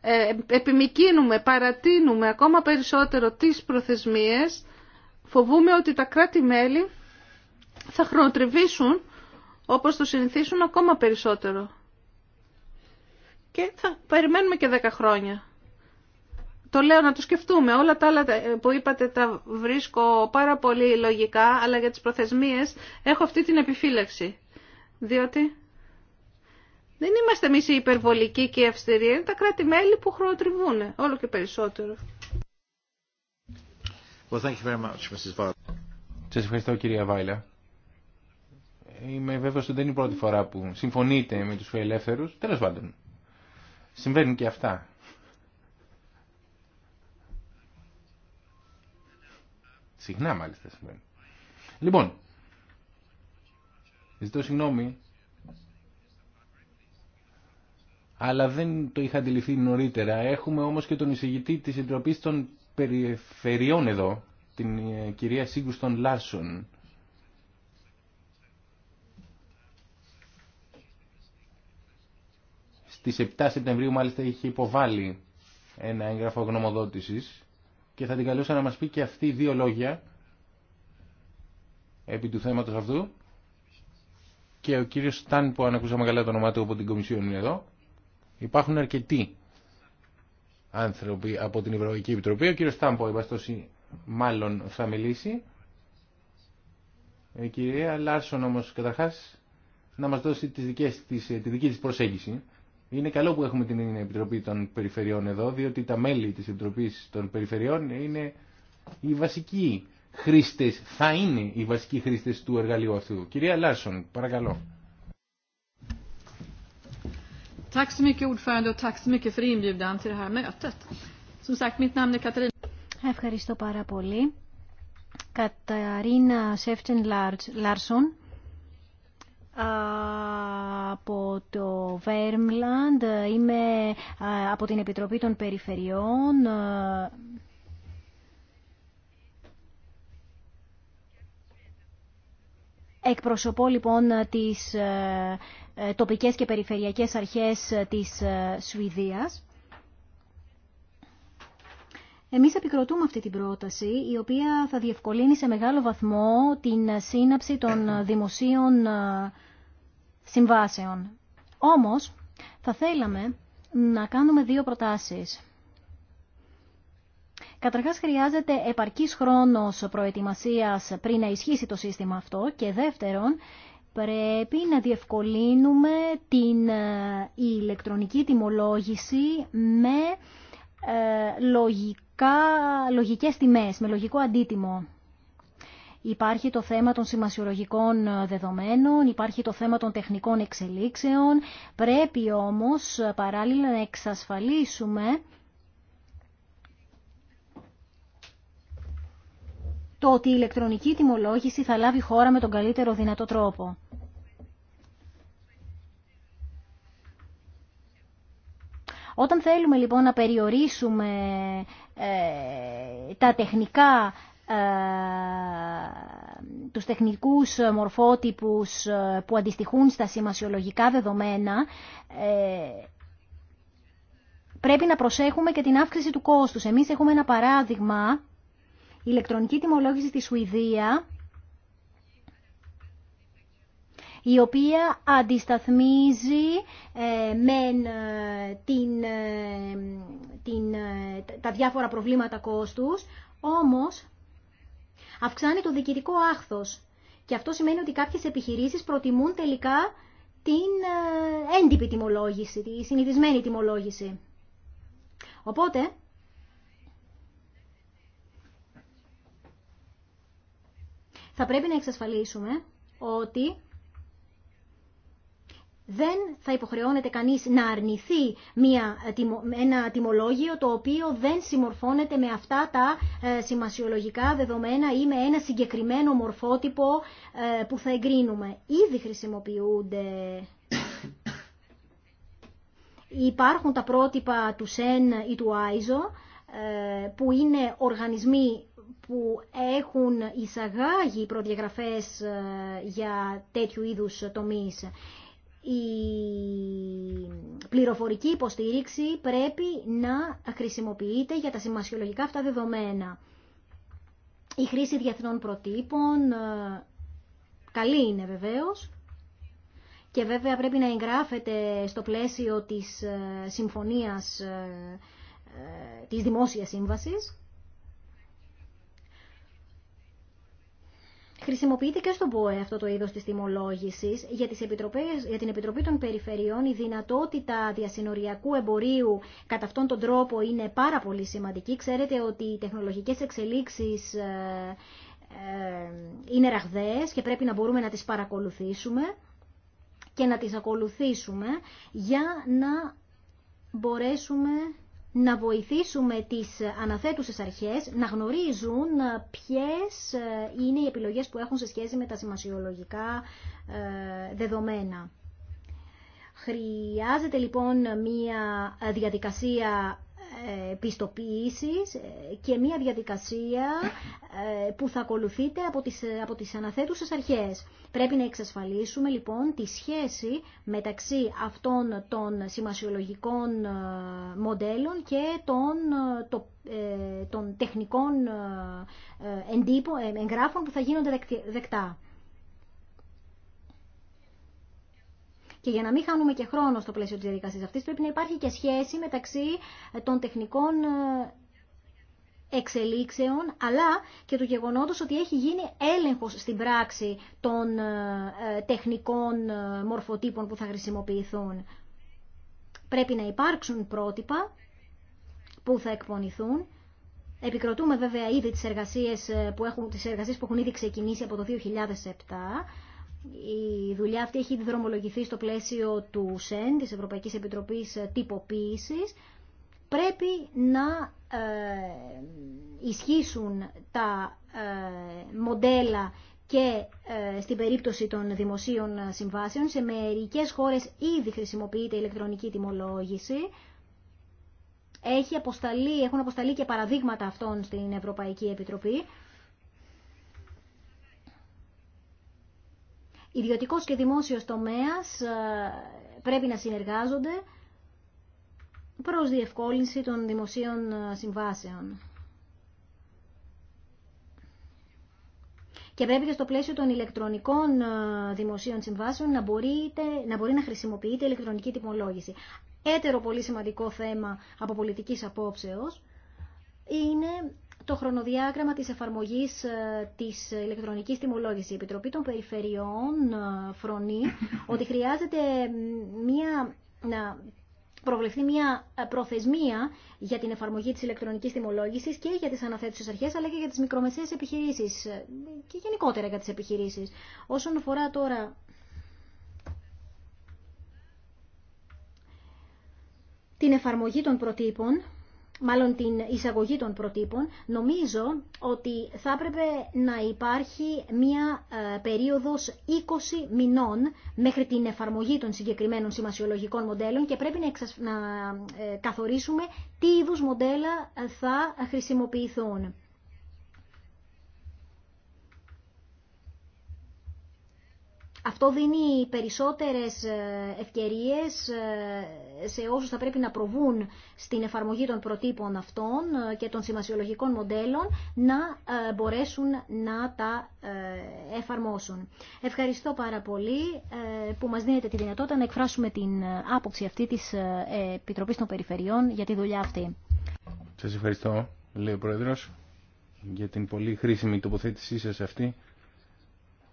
ε, επιμικίνουμε, παρατείνουμε ακόμα περισσότερο τις προθεσμίες, φοβούμε ότι τα κράτη-μέλη θα χρονοτριβήσουν όπως το συνηθίσουν ακόμα περισσότερο. Και θα περιμένουμε και 10 χρόνια. Το λέω να το σκεφτούμε. Όλα τα άλλα ε, που είπατε τα βρίσκω πάρα πολύ λογικά, αλλά για τις προθεσμίες έχω αυτή την επιφύλαξη. Διότι δεν είμαστε εμείς οι υπερβολικοί και οι αυστηροί, είναι τα κράτη-μέλη που χρονοτριβούν όλο και περισσότερο. Well, ευχαριστώ κυρία Βάιλα. Είμαι βέβαιος ότι δεν είναι η πρώτη φορά που συμφωνείτε με τους ελεύθερους. Τέλος πάντων, συμβαίνουν και αυτά. Συχνά μάλιστα συμβαίνει. Λοιπόν, ζητώ συγγνώμη, αλλά δεν το είχα αντιληφθεί νωρίτερα. Έχουμε όμως και τον εισηγητή της Εντροπής των Περιφερειών εδώ, την ε, κυρία Σίγκουστον Λάρσον. Στις 7 Σεπτεμβρίου μάλιστα είχε υποβάλει ένα έγγραφο γνωμοδότησης και θα την καλούσα να μας πει και αυτή δύο λόγια επί του θέματος αυτού και ο κύριος Σταν που αν ακούσαμε καλά το όνομά του από την Κομισιόν είναι εδώ υπάρχουν αρκετοί άνθρωποι από την Ευρωπαϊκή Επιτροπή ο κύριος Σταν που μάλλον θα μιλήσει η ε, κυρία Λάρσον όμως καταρχάς να μας δώσει τις δικές της, ε, τη δική της προσέγγιση είναι καλό που έχουμε την Επιτροπή των Περιφερειών εδώ, διότι τα μέλη της Επιτροπής των Περιφερειών είναι οι βασικοί χρήστες, θα είναι οι βασικοί χρήστες του εργαλείου αυτού. Κυρία Λάρσον, παρακαλώ. Ευχαριστώ πάρα πολύ. Καταρίνα Σέφτεν Λάρσον από το Βέρμλαντ, είμαι από την Επιτροπή των Περιφερειών. Εκπροσωπώ λοιπόν τις ε, τοπικές και περιφερειακές αρχές της ε, Σουηδίας. Εμείς επικροτούμε αυτή την πρόταση, η οποία θα διευκολύνει σε μεγάλο βαθμό την σύναψη των δημοσίων ε, συμβάσεων. Όμως, θα θέλαμε να κάνουμε δύο προτάσεις. Καταρχάς χρειάζεται επαρκής χρόνος προετοιμασίας πριν να ισχύσει το σύστημα αυτό και δεύτερον πρέπει να διευκολύνουμε την ε, ηλεκτρονική τιμολόγηση με ε, λογικά, λογικές τιμές, με λογικό αντίτιμο. Υπάρχει το θέμα των σημασιολογικών ε, δεδομένων, υπάρχει το θέμα των τεχνικών εξελίξεων. Πρέπει όμως ε, παράλληλα να εξασφαλίσουμε το ότι η ηλεκτρονική τιμολόγηση θα λάβει χώρα με τον καλύτερο δυνατό τρόπο. Όταν θέλουμε λοιπόν να περιορίσουμε ε, τα τεχνικά ε, τους τεχνικούς μορφότυπους ε, που αντιστοιχούν στα σημασιολογικά δεδομένα, πρέπει να προσέχουμε και την αύξηση του κόστους. Εμείς έχουμε ένα παράδειγμα, ηλεκτρονική τιμολόγηση στη Σουηδία, η οποία αντισταθμίζει ε, μεν ε, ε, τα διάφορα προβλήματα κόστους, όμως αυξάνει το διοικητικό άχθος. Και αυτό σημαίνει ότι κάποιες επιχειρήσεις προτιμούν τελικά την έντυπη τιμολόγηση, τη συνηθισμένη τιμολόγηση. Οπότε, θα πρέπει να εξασφαλίσουμε ότι δεν θα υποχρεώνεται κανείς να αρνηθεί μια, ένα τιμολόγιο το οποίο δεν συμμορφώνεται με αυτά τα ε, σημασιολογικά δεδομένα ή με ένα συγκεκριμένο μορφότυπο ε, που θα εγκρίνουμε. Ήδη χρησιμοποιούνται υπάρχουν τα πρότυπα του ΣΕΝ ή του ΆΙΖΟ ε, που είναι οργανισμοί που έχουν εισαγάγει προδιαγραφές για τέτοιου είδους τομείς η πληροφορική υποστήριξη πρέπει να χρησιμοποιείται για τα σημασιολογικά αυτά δεδομένα. Η χρήση διεθνών προτύπων ε, καλή είναι βεβαίως και βέβαια πρέπει να εγγράφεται στο πλαίσιο της ε, συμφωνίας ε, της δημόσιας σύμβασης Χρησιμοποιείται και στον ΠΟΕ αυτό το είδος της τιμολόγηση Για, για την Επιτροπή των Περιφερειών η δυνατότητα διασυνοριακού εμπορίου κατά αυτόν τον τρόπο είναι πάρα πολύ σημαντική. Ξέρετε ότι οι τεχνολογικές εξελίξεις ε, ε, είναι ραγδαίε και πρέπει να μπορούμε να τις παρακολουθήσουμε και να τις ακολουθήσουμε για να μπορέσουμε να βοηθήσουμε τις αναθέτουσες αρχές να γνωρίζουν ε, ποιες ε, είναι οι επιλογές που έχουν σε σχέση με τα σημασιολογικά ε, δεδομένα. Χρειάζεται λοιπόν μία διαδικασία ε, πιστοποίησης ε, και μια διαδικασία ε, που θα ακολουθείται από τις, από τις αναθέτουσες αρχές. Πρέπει να εξασφαλίσουμε λοιπόν τη σχέση μεταξύ αυτών των σημασιολογικών μοντέλων και των, των τεχνικών εντύπων, εγγράφων που θα γίνονται δεκτά. Και για να μην χάνουμε και χρόνο στο πλαίσιο τη διαδικασία αυτή, πρέπει να υπάρχει και σχέση μεταξύ ε, των τεχνικών ε, εξελίξεων, αλλά και του γεγονότος ότι έχει γίνει έλεγχος στην πράξη των ε, τεχνικών μορφοτύπων που θα χρησιμοποιηθούν. Πρέπει να υπάρξουν πρότυπα που θα εκπονηθούν. Επικροτούμε βέβαια ήδη τις εργασίες που έχουν, τις εργασίες που έχουν ήδη ξεκινήσει από το 2007, η δουλειά αυτή έχει δρομολογηθεί στο πλαίσιο του ΣΕΝ, της Ευρωπαϊκής Επιτροπής Τυποποίησης. Πρέπει να ε, ισχύσουν τα ε, μοντέλα και ε, στην περίπτωση των δημοσίων συμβάσεων. Σε μερικές χώρες ήδη χρησιμοποιείται ηλεκτρονική τιμολόγηση. Έχει αποσταλεί, έχουν αποσταλεί και παραδείγματα αυτών στην Ευρωπαϊκή Επιτροπή. ιδιωτικός και δημόσιος τομέας ε, πρέπει να συνεργάζονται προς διευκόλυνση των δημοσίων ε, συμβάσεων. Και πρέπει και στο πλαίσιο των ηλεκτρονικών ε, δημοσίων συμβάσεων να, μπορείτε, να μπορεί να χρησιμοποιείται ηλεκτρονική τιμολόγηση. Έτερο πολύ σημαντικό θέμα από πολιτικής απόψεως είναι το χρονοδιάγραμμα της εφαρμογής ε, της ηλεκτρονικής τιμολόγησης. Η Επιτροπή των Περιφερειών ε, φρονεί ότι χρειάζεται μια, να προβλεφθεί μια ε, προθεσμία για την εφαρμογή της ηλεκτρονικής τιμολόγησης και για τις αναθέτουσες αρχές αλλά και για τις μικρομεσαίες επιχειρήσεις και γενικότερα για τις επιχειρήσεις. Όσον αφορά τώρα την εφαρμογή των προτύπων, μάλλον την εισαγωγή των προτύπων, νομίζω ότι θα έπρεπε να υπάρχει μία ε, περίοδος 20 μηνών μέχρι την εφαρμογή των συγκεκριμένων σημασιολογικών μοντέλων και πρέπει να ε, καθορίσουμε τι είδους μοντέλα ε, θα χρησιμοποιηθούν. Αυτό δίνει περισσότερες ε, ευκαιρίες ε, σε όσους θα πρέπει να προβούν στην εφαρμογή των προτύπων αυτών ε, και των σημασιολογικών μοντέλων να μπορέσουν να τα εφαρμόσουν. Ευχαριστώ πάρα πολύ που μας δίνετε τη δυνατότητα να εκφράσουμε την άποψη αυτή της Επιτροπής των Περιφερειών για τη δουλειά αυτή. Σας ευχαριστώ, λέει ο Πρόεδρος, για την πολύ χρήσιμη τοποθέτησή σας αυτή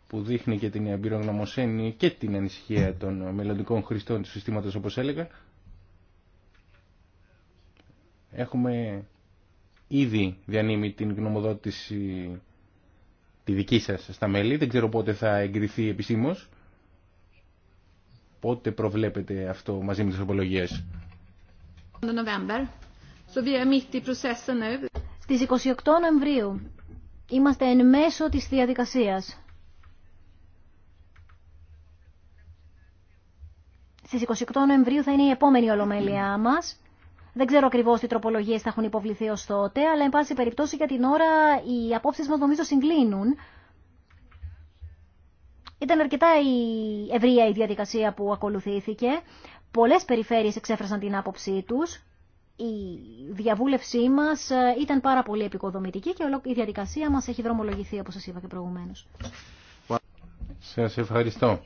που δείχνει και την εμπειρογνωμοσύνη και την ανησυχία των μελλοντικών χρηστών του συστήματος όπως έλεγα. Έχουμε ήδη διανύμει την γνωμοδότηση τη δική σας στα μέλη. Δεν ξέρω πότε θα εγκριθεί επισήμως. Πότε προβλέπετε αυτό μαζί με τις απολογίες. Er Στις 28 Νοεμβρίου είμαστε εν μέσω της διαδικασίας. Στι 28 Νοεμβρίου θα είναι η επόμενη ολομέλειά μα. Δεν ξέρω ακριβώ τι τροπολογίε θα έχουν υποβληθεί ω τότε, αλλά εν πάση περιπτώσει για την ώρα οι απόψει μα νομίζω συγκλίνουν. Ήταν αρκετά η ευρεία η διαδικασία που ακολουθήθηκε. Πολλέ περιφέρειες εξέφρασαν την άποψή του. Η διαβούλευσή μα ε, ήταν πάρα πολύ επικοδομητική και η διαδικασία μα έχει δρομολογηθεί, όπω σα είπα και προηγουμένω. Σα ευχαριστώ.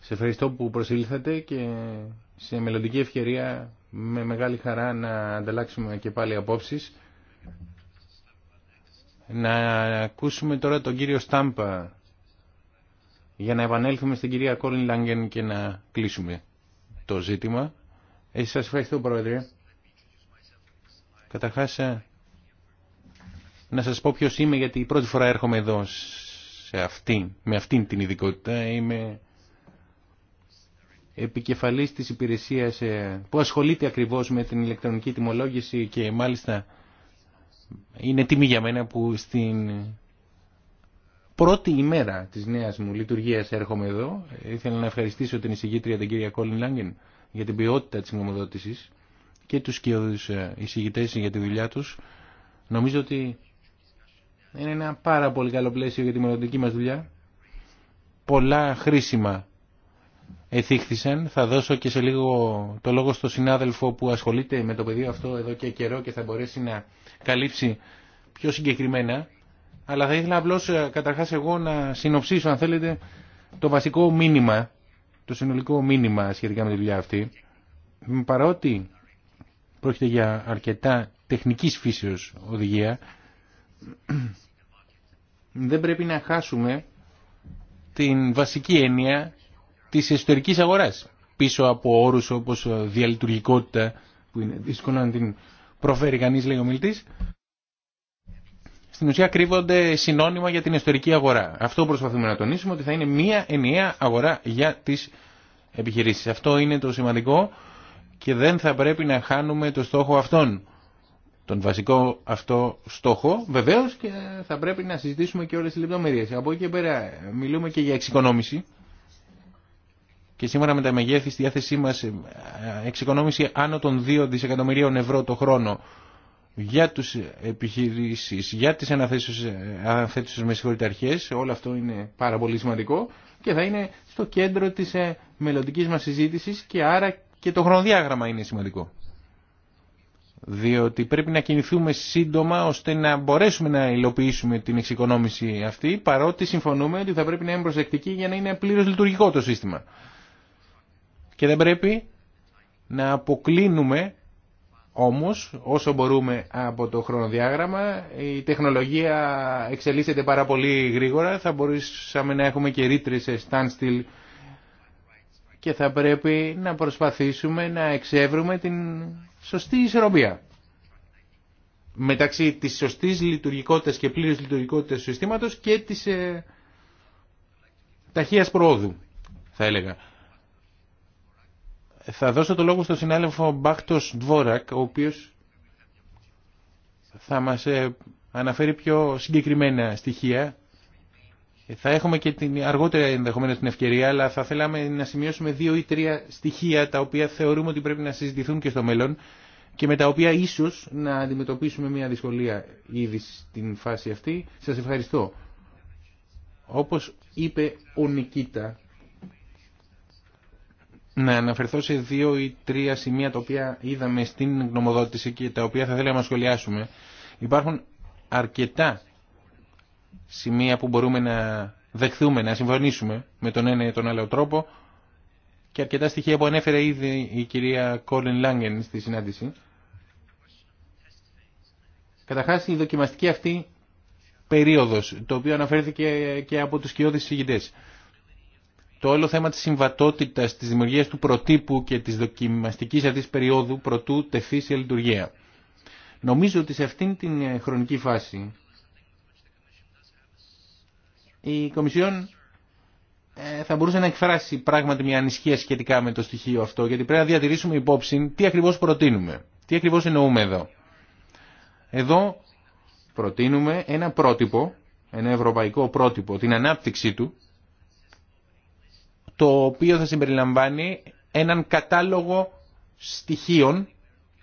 Σε ευχαριστώ που προσήλθατε και σε μελλοντική ευκαιρία με μεγάλη χαρά να ανταλλάξουμε και πάλι απόψεις. Να ακούσουμε τώρα τον κύριο Στάμπα για να επανέλθουμε στην κυρία Κόλλιν Λάγκεν και να κλείσουμε το ζήτημα. Εσείς σας ευχαριστώ Πρόεδρε. Καταρχάς ε, να σας πω ποιος είμαι γιατί η πρώτη φορά έρχομαι εδώ σε αυτή, με την ειδικότητα. Είμαι επικεφαλής της υπηρεσίας ε, που ασχολείται ακριβώς με την ηλεκτρονική τιμολόγηση και μάλιστα είναι τιμή για μένα που στην πρώτη ημέρα της νέας μου λειτουργίας έρχομαι εδώ. Ήθελα να ευχαριστήσω την εισηγήτρια την κυρία Κόλλιν Λάγκεν για την ποιότητα της νομοδότησης και τους κοιόδους ε, εισηγητές για τη δουλειά τους. Νομίζω ότι είναι ένα πάρα πολύ καλό πλαίσιο για τη μελλοντική μας δουλειά. Πολλά χρήσιμα εθίχθησεν. Θα δώσω και σε λίγο το λόγο στο συνάδελφο που ασχολείται με το πεδίο αυτό εδώ και καιρό και θα μπορέσει να καλύψει πιο συγκεκριμένα. Αλλά θα ήθελα απλώς ε, καταρχάς εγώ να συνοψίσω αν θέλετε το βασικό μήνυμα, το συνολικό μήνυμα σχετικά με τη δουλειά αυτή. Παρότι πρόκειται για αρκετά τεχνικής φύσεως οδηγία, δεν πρέπει να χάσουμε την βασική έννοια τη εσωτερική αγορά, πίσω από όρου όπω ε, διαλειτουργικότητα που είναι δύσκολο να την προφέρει κανεί, λέει ο μιλητή. στην ουσία κρύβονται συνώνυμα για την εσωτερική αγορά. Αυτό προσπαθούμε να τονίσουμε ότι θα είναι μία ενιαία αγορά για τι επιχειρήσει. Αυτό είναι το σημαντικό και δεν θα πρέπει να χάνουμε το στόχο αυτόν. Τον βασικό αυτό στόχο βεβαίω, και θα πρέπει να συζητήσουμε και όλε τι λεπτομέρειε. Από εκεί και πέρα μιλούμε και για εξοικονόμηση και σήμερα με τα μεγέθη στη διάθεσή μα ε, εξοικονόμηση άνω των 2 δισεκατομμυρίων ευρώ το χρόνο για τους επιχειρήσει για τι ε, αναθέτουσε με συγχωρείτε όλο αυτό είναι πάρα πολύ σημαντικό και θα είναι στο κέντρο τη ε, μελλοντική μα συζήτηση και άρα και το χρονοδιάγραμμα είναι σημαντικό. Διότι πρέπει να κινηθούμε σύντομα ώστε να μπορέσουμε να υλοποιήσουμε την εξοικονόμηση αυτή παρότι συμφωνούμε ότι θα πρέπει να είναι προσεκτική για να είναι πλήρω λειτουργικό το σύστημα. Και δεν πρέπει να αποκλίνουμε όμως όσο μπορούμε από το χρονοδιάγραμμα. Η τεχνολογία εξελίσσεται πάρα πολύ γρήγορα. Θα μπορούσαμε να έχουμε και ρήτρες σε και θα πρέπει να προσπαθήσουμε να εξεύρουμε την σωστή ισορροπία μεταξύ της σωστής λειτουργικότητας και πλήρης λειτουργικότητας του συστήματος και της ε, ταχείας προόδου, θα έλεγα. Θα δώσω το λόγο στον συνάδελφο Μπάκτος Ντβόρακ, ο οποίος θα μας ε, αναφέρει πιο συγκεκριμένα στοιχεία. Θα έχουμε και την, αργότερα ενδεχομένω την ευκαιρία, αλλά θα θέλαμε να σημειώσουμε δύο ή τρία στοιχεία τα οποία θεωρούμε ότι πρέπει να συζητηθούν και στο μέλλον και με τα οποία ίσως να αντιμετωπίσουμε μια δυσκολία ήδη στην φάση αυτή. Σας ευχαριστώ. Όπως είπε ο Νικήτα, να αναφερθώ σε δύο ή τρία σημεία τα οποία είδαμε στην γνωμοδότηση και τα οποία θα θέλαμε να σχολιάσουμε. Υπάρχουν αρκετά σημεία που μπορούμε να δεχθούμε, να συμφωνήσουμε με τον ένα ή τον άλλο τρόπο και αρκετά στοιχεία που ανέφερε ήδη η κυρία Κόλεν Λάγκεν στη συνάντηση. Καταρχάς η δοκιμαστική αυτή περίοδος, το οποίο αναφέρθηκε και από τους κοιόδης συγγητές το όλο θέμα της συμβατότητας, της δημιουργίας του προτύπου και της δοκιμαστικής αυτής περίοδου προτού τεθεί σε λειτουργία. Νομίζω ότι σε αυτήν την ε, χρονική φάση η Κομισιόν ε, θα μπορούσε να εκφράσει πράγματι μια ανησυχία σχετικά με το στοιχείο αυτό, γιατί πρέπει να διατηρήσουμε υπόψη τι ακριβώς προτείνουμε, τι ακριβώς εννοούμε εδώ. Εδώ προτείνουμε ένα πρότυπο, ένα ευρωπαϊκό πρότυπο, την ανάπτυξή του, το οποίο θα συμπεριλαμβάνει έναν κατάλογο στοιχείων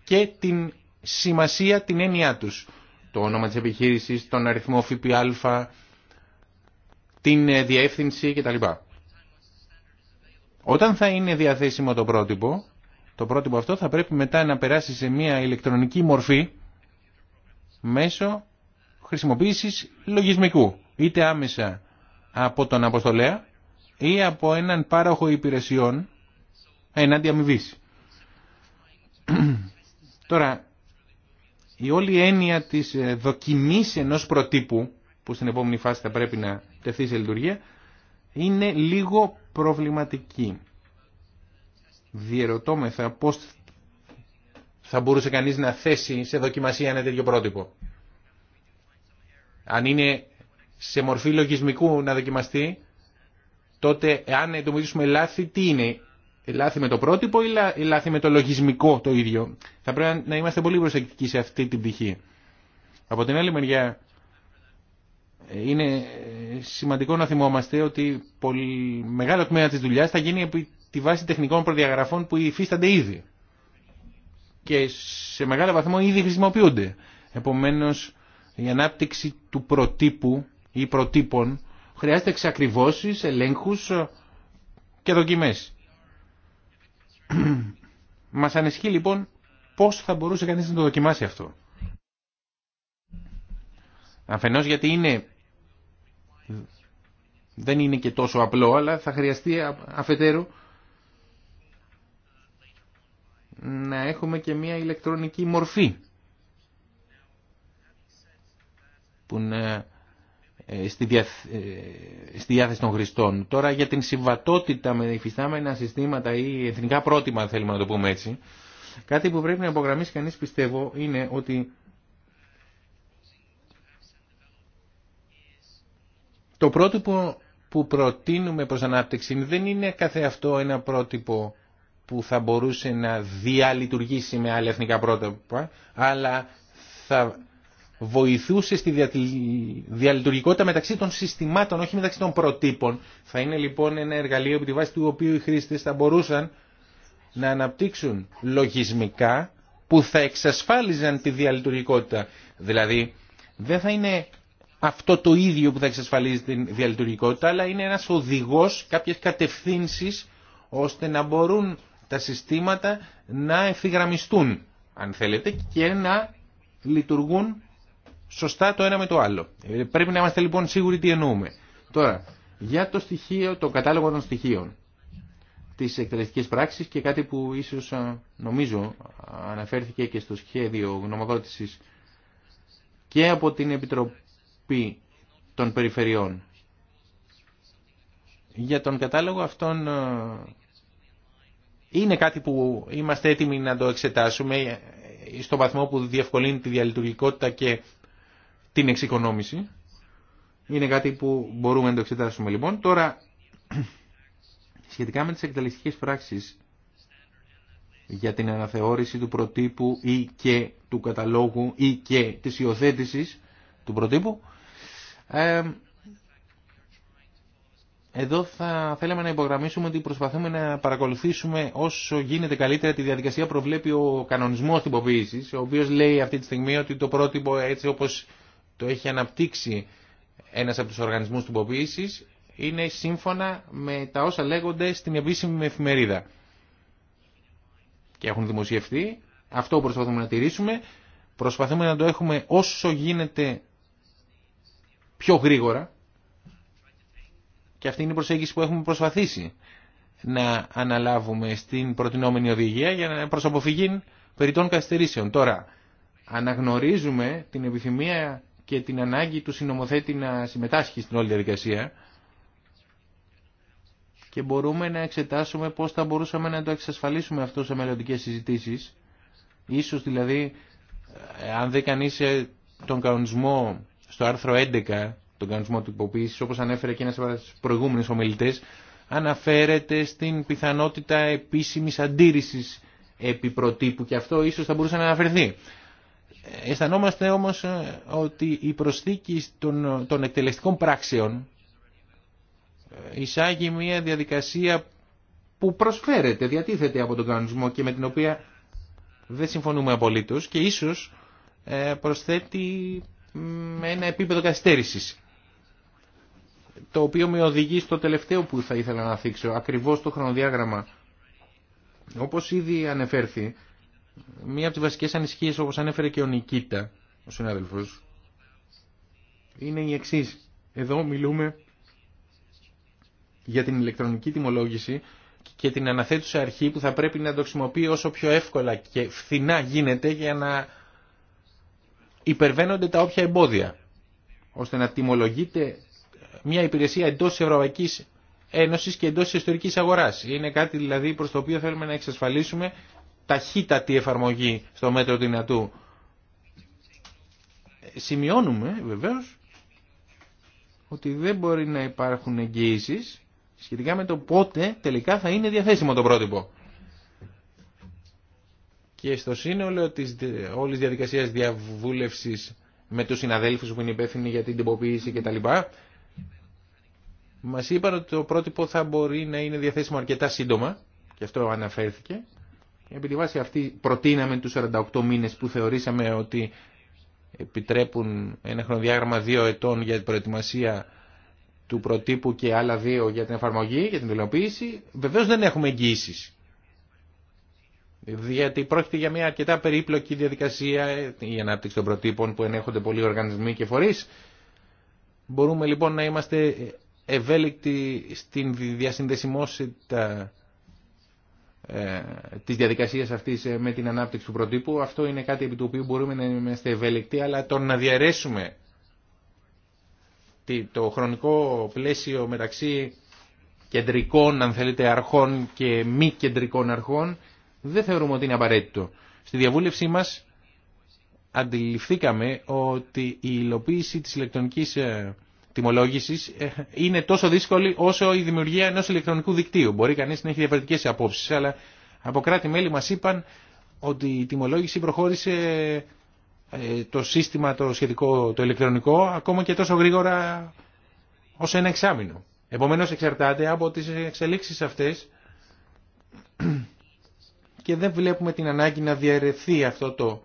και την σημασία την έννοιά τους. Το όνομα της επιχείρησης, τον αριθμό ΦΠΑ, την ε, διεύθυνση κτλ. Όταν θα είναι διαθέσιμο το πρότυπο, το πρότυπο αυτό θα πρέπει μετά να περάσει σε μια ηλεκτρονική μορφή μέσω χρησιμοποίησης λογισμικού, είτε άμεσα από τον αποστολέα, ή από έναν πάροχο υπηρεσιών ενάντια αμοιβή. Τώρα, η όλη έννοια της ε, δοκιμής ενός προτύπου, που στην επόμενη φάση θα πρέπει να τεθεί σε λειτουργία, είναι λίγο προβληματική. Διερωτώμεθα πώς θα μπορούσε κανείς να θέσει σε δοκιμασία ένα τέτοιο πρότυπο. Αν είναι σε μορφή λογισμικού να δοκιμαστεί, τότε αν εντομοδίσουμε λάθη, τι είναι, λάθη με το πρότυπο ή λάθη με το λογισμικό το ίδιο. Θα πρέπει να είμαστε πολύ προσεκτικοί σε αυτή την πτυχή. Από την άλλη μεριά, είναι σημαντικό να θυμόμαστε ότι πολύ μεγάλο τμήμα της δουλειάς θα γίνει επί τη βάση τεχνικών προδιαγραφών που υφίστανται ήδη και σε μεγάλο βαθμό ήδη χρησιμοποιούνται. Επομένως, η ανάπτυξη του προτύπου ή προτύπων χρειάζεται εξακριβώσεις, ελέγχους ε, και δοκιμές. Μας ανεσχεί λοιπόν πώς θα μπορούσε κανείς να το δοκιμάσει αυτό. Αφενός γιατί είναι... Δεν είναι και τόσο απλό, αλλά θα χρειαστεί αφετέρου να έχουμε και μια ηλεκτρονική μορφή που να ε, ε, στη διάθεση των χρηστών. Τώρα για την συμβατότητα με υφιστάμενα συστήματα ή εθνικά πρότυπα, αν θέλουμε να το πούμε έτσι, κάτι που πρέπει να απογραμμίσει κανεί πιστεύω είναι ότι το πρότυπο που προτείνουμε προς ανάπτυξη δεν είναι καθεαυτό ένα πρότυπο που θα μπορούσε να διαλειτουργήσει με άλλα εθνικά πρότυπα, αλλά θα βοηθούσε στη διαλειτουργικότητα μεταξύ των συστημάτων, όχι μεταξύ των προτύπων. Θα είναι λοιπόν ένα εργαλείο από τη βάση του οποίου οι χρήστες θα μπορούσαν να αναπτύξουν λογισμικά που θα εξασφάλιζαν τη διαλειτουργικότητα. Δηλαδή δεν θα είναι αυτό το ίδιο που θα εξασφαλίζει τη διαλειτουργικότητα, αλλά είναι ένας οδηγός, κάποιες κατευθύνσεις, ώστε να μπορούν τα συστήματα να ευθυγραμμιστούν, αν θέλετε, και να λειτουργούν σωστά το ένα με το άλλο. Ε, πρέπει να είμαστε λοιπόν σίγουροι τι εννοούμε. Τώρα, για το στοιχείο, το κατάλογο των στοιχείων τη εκτελεστική πράξη και κάτι που ίσως νομίζω αναφέρθηκε και στο σχέδιο γνωμοδότηση και από την Επιτροπή των Περιφερειών. Για τον κατάλογο αυτόν είναι κάτι που είμαστε έτοιμοι να το εξετάσουμε ε, ε, στον βαθμό που διευκολύνει τη διαλειτουργικότητα και την εξοικονόμηση. Είναι κάτι που μπορούμε να το εξετάσουμε λοιπόν. Τώρα, σχετικά με τις εκτελεστικές πράξεις για την αναθεώρηση του προτύπου ή και του καταλόγου ή και της υιοθέτηση του προτύπου, εδώ θα θέλαμε να υπογραμμίσουμε ότι προσπαθούμε να παρακολουθήσουμε όσο γίνεται καλύτερα τη διαδικασία προβλέπει ο κανονισμός τυποποίησης, ο οποίος λέει αυτή τη στιγμή ότι το πρότυπο έτσι όπως το έχει αναπτύξει ένας από τους οργανισμούς του τυποποίησης είναι σύμφωνα με τα όσα λέγονται στην επίσημη εφημερίδα και έχουν δημοσιευτεί. Αυτό προσπαθούμε να τηρήσουμε. Προσπαθούμε να το έχουμε όσο γίνεται πιο γρήγορα και αυτή είναι η προσέγγιση που έχουμε προσπαθήσει να αναλάβουμε στην προτινόμενη οδηγία για να προς αποφυγή περί Τώρα, αναγνωρίζουμε την επιθυμία και την ανάγκη του συνομοθέτη να συμμετάσχει στην όλη διαδικασία και μπορούμε να εξετάσουμε πώς θα μπορούσαμε να το εξασφαλίσουμε αυτό σε μελλοντικές συζητήσεις. Ίσως δηλαδή, ε, αν δεν κανεί ε, τον κανονισμό στο άρθρο 11, τον κανονισμό του υποποίησης, όπως ανέφερε και ένας από τους προηγούμενους ομιλητές, αναφέρεται στην πιθανότητα επίσημης αντίρρησης επί προτύπου και αυτό ίσως θα μπορούσε να αναφερθεί. Αισθανόμαστε όμως ε, ότι η προσθήκη των, των εκτελεστικών πράξεων ε, εισάγει μια διαδικασία που προσφέρεται, διατίθεται από τον κανονισμό και με την οποία δεν συμφωνούμε απολύτως και ίσως ε, προσθέτει ένα επίπεδο καθυστέρησης το οποίο με οδηγεί στο τελευταίο που θα ήθελα να θίξω, ακριβώς το χρονοδιάγραμμα. Όπως ήδη ανεφέρθη, Μία από τις βασικές ανησυχίες όπως ανέφερε και ο Νικήτα, ο συνάδελφος, είναι η εξή. Εδώ μιλούμε για την ηλεκτρονική τιμολόγηση και την αναθέτουσα αρχή που θα πρέπει να το χρησιμοποιεί όσο πιο εύκολα και φθηνά γίνεται για να υπερβαίνονται τα όποια εμπόδια ώστε να τιμολογείται μια υπηρεσία εντός της Ευρωπαϊκής Ένωσης και εντός της ιστορικής αγοράς. Είναι κάτι δηλαδή προς το οποίο θέλουμε να εξασφαλίσουμε ταχύτατη εφαρμογή στο μέτρο δυνατού. Σημειώνουμε βεβαίως ότι δεν μπορεί να υπάρχουν εγγύησει σχετικά με το πότε τελικά θα είναι διαθέσιμο το πρότυπο. Και στο σύνολο της όλης διαδικασίας διαβούλευσης με τους συναδέλφους που είναι υπεύθυνοι για την τυποποίηση κτλ. Μας είπαν ότι το πρότυπο θα μπορεί να είναι διαθέσιμο αρκετά σύντομα και αυτό αναφέρθηκε Επί τη βάση αυτή προτείναμε τους 48 μήνες που θεωρήσαμε ότι επιτρέπουν ένα χρονοδιάγραμμα δύο ετών για την προετοιμασία του προτύπου και άλλα δύο για την εφαρμογή, για την υλοποίηση. Βεβαίως δεν έχουμε εγγύησεις. Γιατί πρόκειται για μια αρκετά περίπλοκη διαδικασία η ανάπτυξη των προτύπων που ενέχονται πολλοί οργανισμοί και φορείς. Μπορούμε λοιπόν να είμαστε ευέλικτοι στην διασυνδεσιμότητα ε, τη διαδικασία αυτή ε, με την ανάπτυξη του προτύπου. Αυτό είναι κάτι επί του οποίου μπορούμε να είμαστε ευελικτοί, αλλά το να διαρρέσουμε το χρονικό πλαίσιο μεταξύ κεντρικών, αν θέλετε, αρχών και μη κεντρικών αρχών, δεν θεωρούμε ότι είναι απαραίτητο. Στη διαβούλευσή μας αντιληφθήκαμε ότι η υλοποίηση της ηλεκτρονικής ε, τιμολόγηση ε, είναι τόσο δύσκολη όσο η δημιουργία ενός ηλεκτρονικού δικτύου. Μπορεί κανείς να εχει διαφορετικέ απόψει, απόψεις, αλλά από κράτη-μέλη μας είπαν ότι η τιμολόγηση προχώρησε ε, το σύστημα το σχετικό, το ηλεκτρονικό, ακόμα και τόσο γρήγορα όσο ένα εξάμεινο. Επομένως εξαρτάται από τις εξελίξει αυτέ και δεν βλέπουμε την ανάγκη να διαρρευθεί αυτό το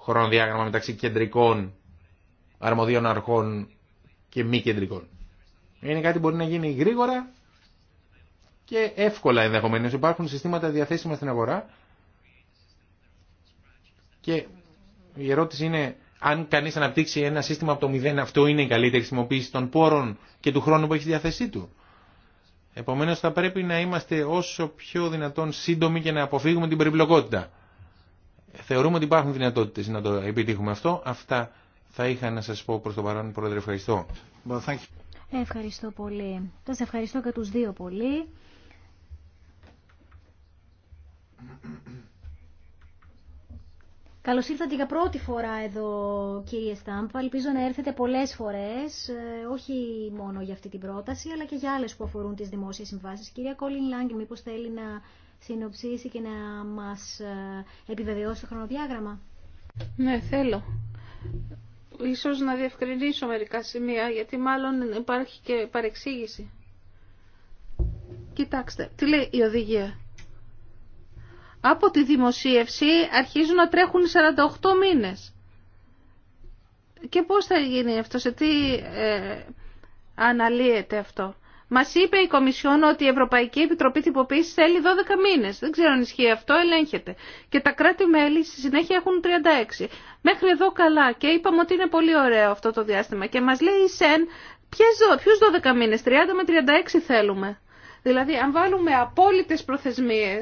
χρονοδιάγραμμα μεταξύ κεντρικών αρμοδίων αρχών και μη κεντρικών. Είναι κάτι που μπορεί να γίνει γρήγορα και εύκολα ενδεχομένω. Υπάρχουν συστήματα διαθέσιμα στην αγορά και η ερώτηση είναι αν κανείς αναπτύξει ένα σύστημα από το μηδέν αυτό είναι η καλύτερη χρησιμοποίηση των πόρων και του χρόνου που έχει στη διάθεσή του. Επομένως θα πρέπει να είμαστε όσο πιο δυνατόν σύντομοι και να αποφύγουμε την περιπλοκότητα. Θεωρούμε ότι υπάρχουν δυνατότητες να το επιτύχουμε αυτό. Αυτά θα είχα να σας πω προς τον παρόν, Πρόεδρε. Ευχαριστώ. Ευχαριστώ πολύ. Σας ευχαριστώ και τους δύο πολύ. Καλώ ήρθατε για πρώτη φορά εδώ, κύριε Στάμπα. Ελπίζω να έρθετε πολλές φορές, ε, όχι μόνο για αυτή την πρόταση, αλλά και για άλλε που αφορούν τι δημόσιε συμβάσεις. Κυρία Κόλλιν Λάγκ, μήπως θέλει να συνοψίσει και να μας ε, επιβεβαιώσει το χρονοδιάγραμμα. Ναι, θέλω ίσως να διευκρινίσω μερικά σημεία, γιατί μάλλον υπάρχει και παρεξήγηση. Κοιτάξτε, τι λέει η οδηγία. Από τη δημοσίευση αρχίζουν να τρέχουν 48 μήνες. Και πώς θα γίνει αυτό, σε τι ε, αναλύεται αυτό. Μα είπε η Κομισιόν ότι η Ευρωπαϊκή Επιτροπή τυποποίηση θέλει 12 μήνε. Δεν ξέρω αν ισχύει αυτό, ελέγχεται. Και τα κράτη-μέλη στη συνέχεια έχουν 36. Μέχρι εδώ καλά και είπαμε ότι είναι πολύ ωραίο αυτό το διάστημα. Και μα λέει η ΣΕΝ ποιους 12 μήνε, 30 με 36 θέλουμε. Δηλαδή αν βάλουμε απόλυτε προθεσμίε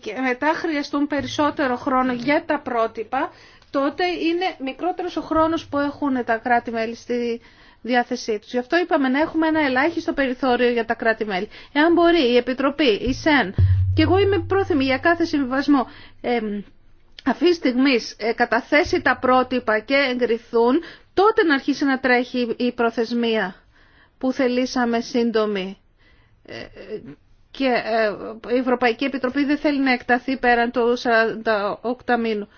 και μετά χρειαστούν περισσότερο χρόνο για τα πρότυπα, τότε είναι μικρότερο ο χρόνο που έχουν τα κράτη-μέλη στη διάθεσή Γι' αυτό είπαμε να έχουμε ένα ελάχιστο περιθώριο για τα κράτη-μέλη. Εάν μπορεί η Επιτροπή, η ΣΕΝ, και εγώ είμαι πρόθυμη για κάθε συμβιβασμό, ε, αυτή τη στιγμή ε, καταθέσει τα πρότυπα και εγκριθούν, τότε να αρχίσει να τρέχει η προθεσμία που θελήσαμε σύντομη. Ε, ε, και η Ευρωπαϊκή Επιτροπή δεν θέλει να εκταθεί πέραν του 48 μήνου.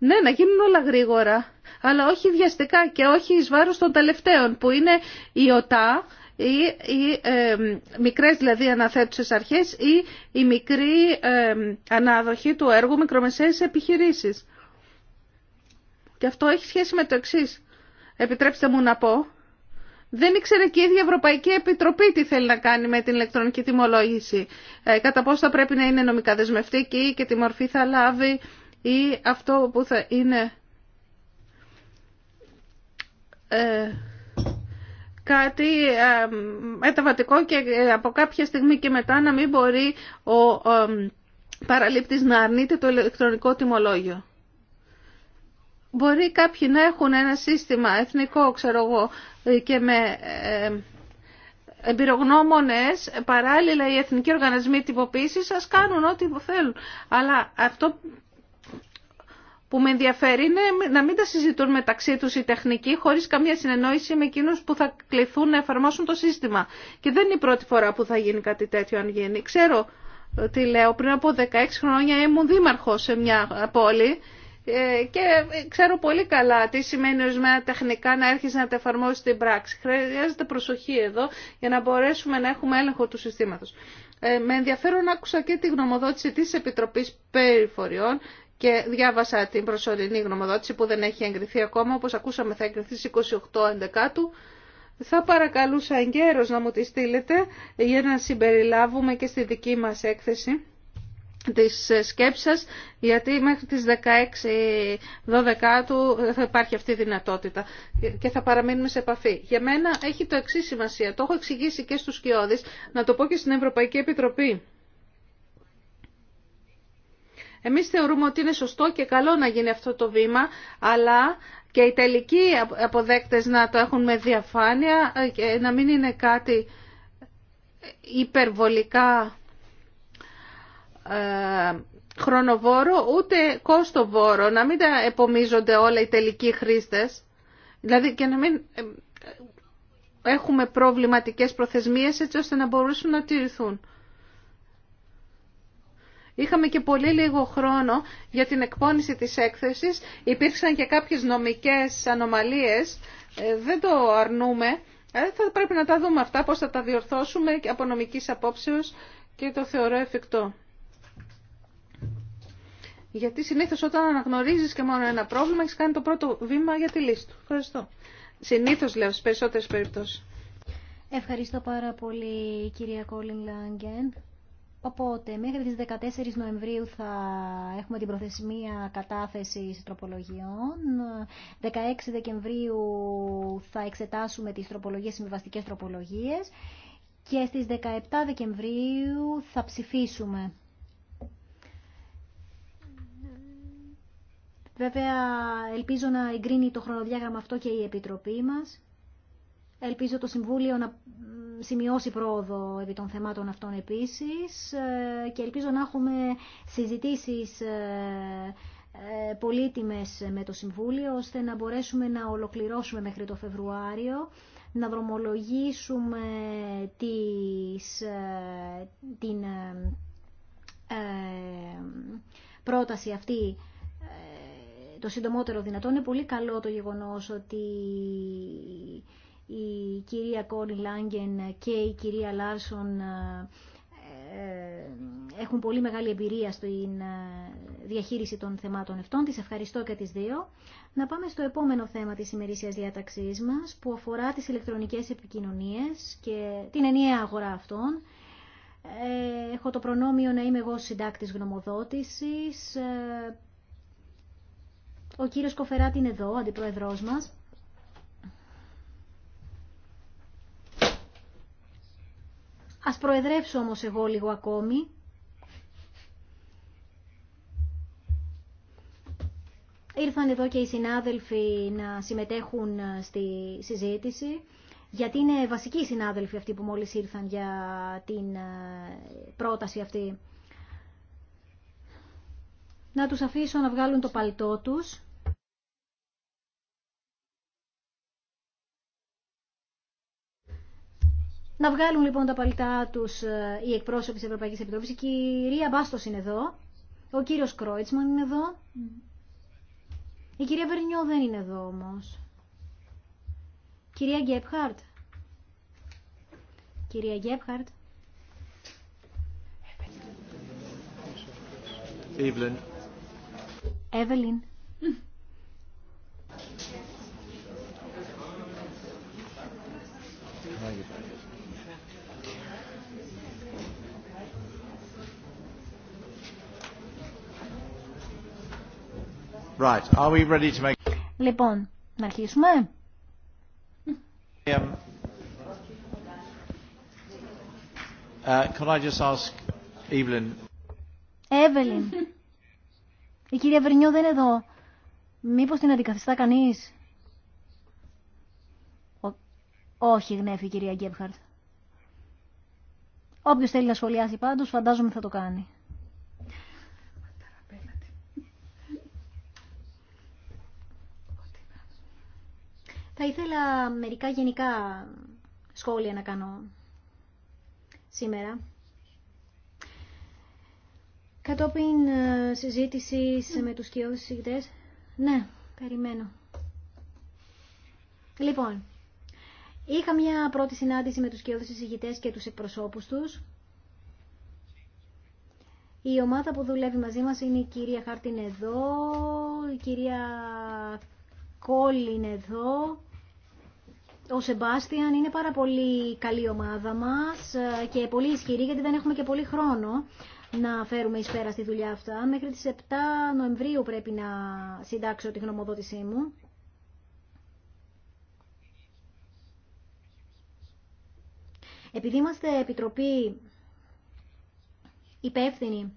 Ναι, να γίνουν όλα γρήγορα, αλλά όχι βιαστικά και όχι εις βάρος των τελευταίων που είναι η ΟΤΑ, ή οι ε, μικρές δηλαδή αναθέτουσες αρχές ή η μικρή αναδοχή του έργου μικρομεσαίες επιχειρήσεις. Και αυτό έχει σχέση με το εξή. Επιτρέψτε μου να πω. Δεν ήξερε και η ίδια Ευρωπαϊκή Επιτροπή τι θέλει να κάνει με την ηλεκτρονική τιμολόγηση. Ε, κατά πώς θα πρέπει να είναι νομικά δεσμευτική και τι μορφή θα λάβει ή αυτό που θα είναι ε, κάτι ε, μεταβατικό και ε, από κάποια στιγμή και μετά να μην μπορεί ο παραλήπτης να αρνείται το ηλεκτρονικό τιμολόγιο. Μπορεί κάποιοι να έχουν ένα σύστημα εθνικό, ξέρω εγώ, και με εμπειρογνώμονες, παράλληλα οι εθνικοί οργανισμοί τυποποίησης σας κάνουν ό,τι θέλουν. Αλλά αυτό που με ενδιαφέρει είναι να μην τα συζητούν μεταξύ τους οι τεχνικοί χωρίς καμία συνεννόηση με εκείνους που θα κληθούν να εφαρμόσουν το σύστημα. Και δεν είναι η πρώτη φορά που θα γίνει κάτι τέτοιο αν γίνει. Ξέρω ε, τι λέω, πριν από 16 χρόνια ήμουν δήμαρχος σε μια πόλη ε, και ξέρω πολύ καλά τι σημαίνει ορισμένα τεχνικά να έρχεσαι να τα εφαρμόσει στην πράξη. Χρειάζεται προσοχή εδώ για να μπορέσουμε να έχουμε έλεγχο του συστήματος. Ε, με ενδιαφέρον άκουσα και τη γνωμοδότηση της Επιτροπής Περιφοριών και διάβασα την προσωρινή γνωμοδότηση που δεν έχει εγκριθεί ακόμα, όπως ακούσαμε θα εγκριθεί στις 28 11 θα παρακαλούσα εγκαίρως να μου τη στείλετε για να συμπεριλάβουμε και στη δική μας έκθεση της σκέψης γιατί μέχρι τις 16-12 θα υπάρχει αυτή η δυνατότητα και θα παραμείνουμε σε επαφή. Για μένα έχει το εξή σημασία, το έχω εξηγήσει και στους Κιώδης, να το πω και στην Ευρωπαϊκή Επιτροπή. Εμείς θεωρούμε ότι είναι σωστό και καλό να γίνει αυτό το βήμα, αλλά και οι τελικοί αποδέκτες να το έχουν με διαφάνεια ε, και να μην είναι κάτι υπερβολικά ε, χρονοβόρο ούτε κόστοβόρο, να μην τα επομίζονται όλα οι τελικοί χρήστες, δηλαδή και να μην ε, έχουμε προβληματικές προθεσμίες έτσι ώστε να μπορούσαν να τηρηθούν. Είχαμε και πολύ λίγο χρόνο για την εκπόνηση της έκθεσης. Υπήρξαν και κάποιες νομικές ανομαλίες. Ε, δεν το αρνούμε. Ε, θα πρέπει να τα δούμε αυτά, πώς θα τα διορθώσουμε από νομικής απόψεως και το θεωρώ εφικτό. Γιατί συνήθως όταν αναγνωρίζεις και μόνο ένα πρόβλημα, έχει κάνει το πρώτο βήμα για τη λύση του. Ευχαριστώ. Συνήθω λέω στι περισσότερε περιπτώσει. Ευχαριστώ πάρα πολύ, κυρία Κόλιν Λάγκεν. Οπότε, μέχρι τις 14 Νοεμβρίου θα έχουμε την προθεσμία κατάθεσης τροπολογιών. 16 Δεκεμβρίου θα εξετάσουμε τις τροπολογίες, συμβιβαστικές τροπολογίες. Και στις 17 Δεκεμβρίου θα ψηφίσουμε. Βέβαια, ελπίζω να εγκρίνει το χρονοδιάγραμμα αυτό και η Επιτροπή μας. Ελπίζω το Συμβούλιο να σημειώσει πρόοδο επί των θεμάτων αυτών επίσης ε, και ελπίζω να έχουμε συζητήσεις ε, ε, πολύτιμες με το Συμβούλιο ώστε να μπορέσουμε να ολοκληρώσουμε μέχρι το Φεβρουάριο να δρομολογήσουμε τις, την πρόταση αυτή το συντομότερο δυνατόν. Είναι πολύ καλό το γεγονός ότι η κυρία Κόρι Λάγκεν και η κυρία Λάρσον ε, ε, έχουν πολύ μεγάλη εμπειρία στην ε, διαχείριση των θεμάτων αυτών. Τις ευχαριστώ και τις δύο. Να πάμε στο επόμενο θέμα της ημερήσιας διάταξής μας που αφορά τις ηλεκτρονικές επικοινωνίες και την ενιαία αγορά αυτών. Έχω το προνόμιο να είμαι εγώ συντάκτης γνωμοδότησης. Ο κύριος Κοφεράτη είναι εδώ, αντιπρόεδρός μας. Ας προεδρεύσω όμως εγώ λίγο ακόμη. Ήρθαν εδώ και οι συνάδελφοι να συμμετέχουν στη συζήτηση, γιατί είναι βασικοί συνάδελφοι αυτοί που μόλις ήρθαν για την ε, πρόταση αυτή. Να τους αφήσω να βγάλουν το παλτό τους. Να βγάλουν λοιπόν τα παλιτά τους ε, οι εκπρόσωποι της ευρωπαϊκή Επιτροπής. Η κυρία Μπάστο είναι εδώ. Ο κύριος Κρόιτσμαν είναι εδώ. Η κυρία Βερνιό δεν είναι εδώ όμως. Κυρία Γκέπχαρτ. Κυρία Γκέπχαρτ. Evelyn. Evelyn. Λοιπόν, να αρχίσουμε. Um, uh, Η κυρία Βερνιό δεν είναι εδώ. Μήπως την αντικαθιστά κανείς. Όχι, γνέφει η κυρία Γκέμπχαρτ. Όποιος θέλει να σχολιάσει πάντως, φαντάζομαι θα το κάνει. Θα ήθελα μερικά γενικά σχόλια να κάνω σήμερα. Κατόπιν ε, συζήτησης ναι. με τους κοιόδους συζητητές. Ναι, περιμένω. Λοιπόν, είχα μια πρώτη συνάντηση με τους κοιόδους συζητητές και τους εκπροσώπους τους. Η ομάδα που δουλεύει μαζί μας είναι η κυρία Χάρτιν εδώ, η κυρία Κόλλη εδώ, ο Σεμπάστιαν είναι πάρα πολύ καλή ομάδα μας ε, και πολύ ισχυρή γιατί δεν έχουμε και πολύ χρόνο να φέρουμε εις πέρα στη δουλειά αυτά. Μέχρι τις 7 Νοεμβρίου πρέπει να συντάξω τη γνωμοδότησή μου. Επειδή είμαστε επιτροπή υπεύθυνη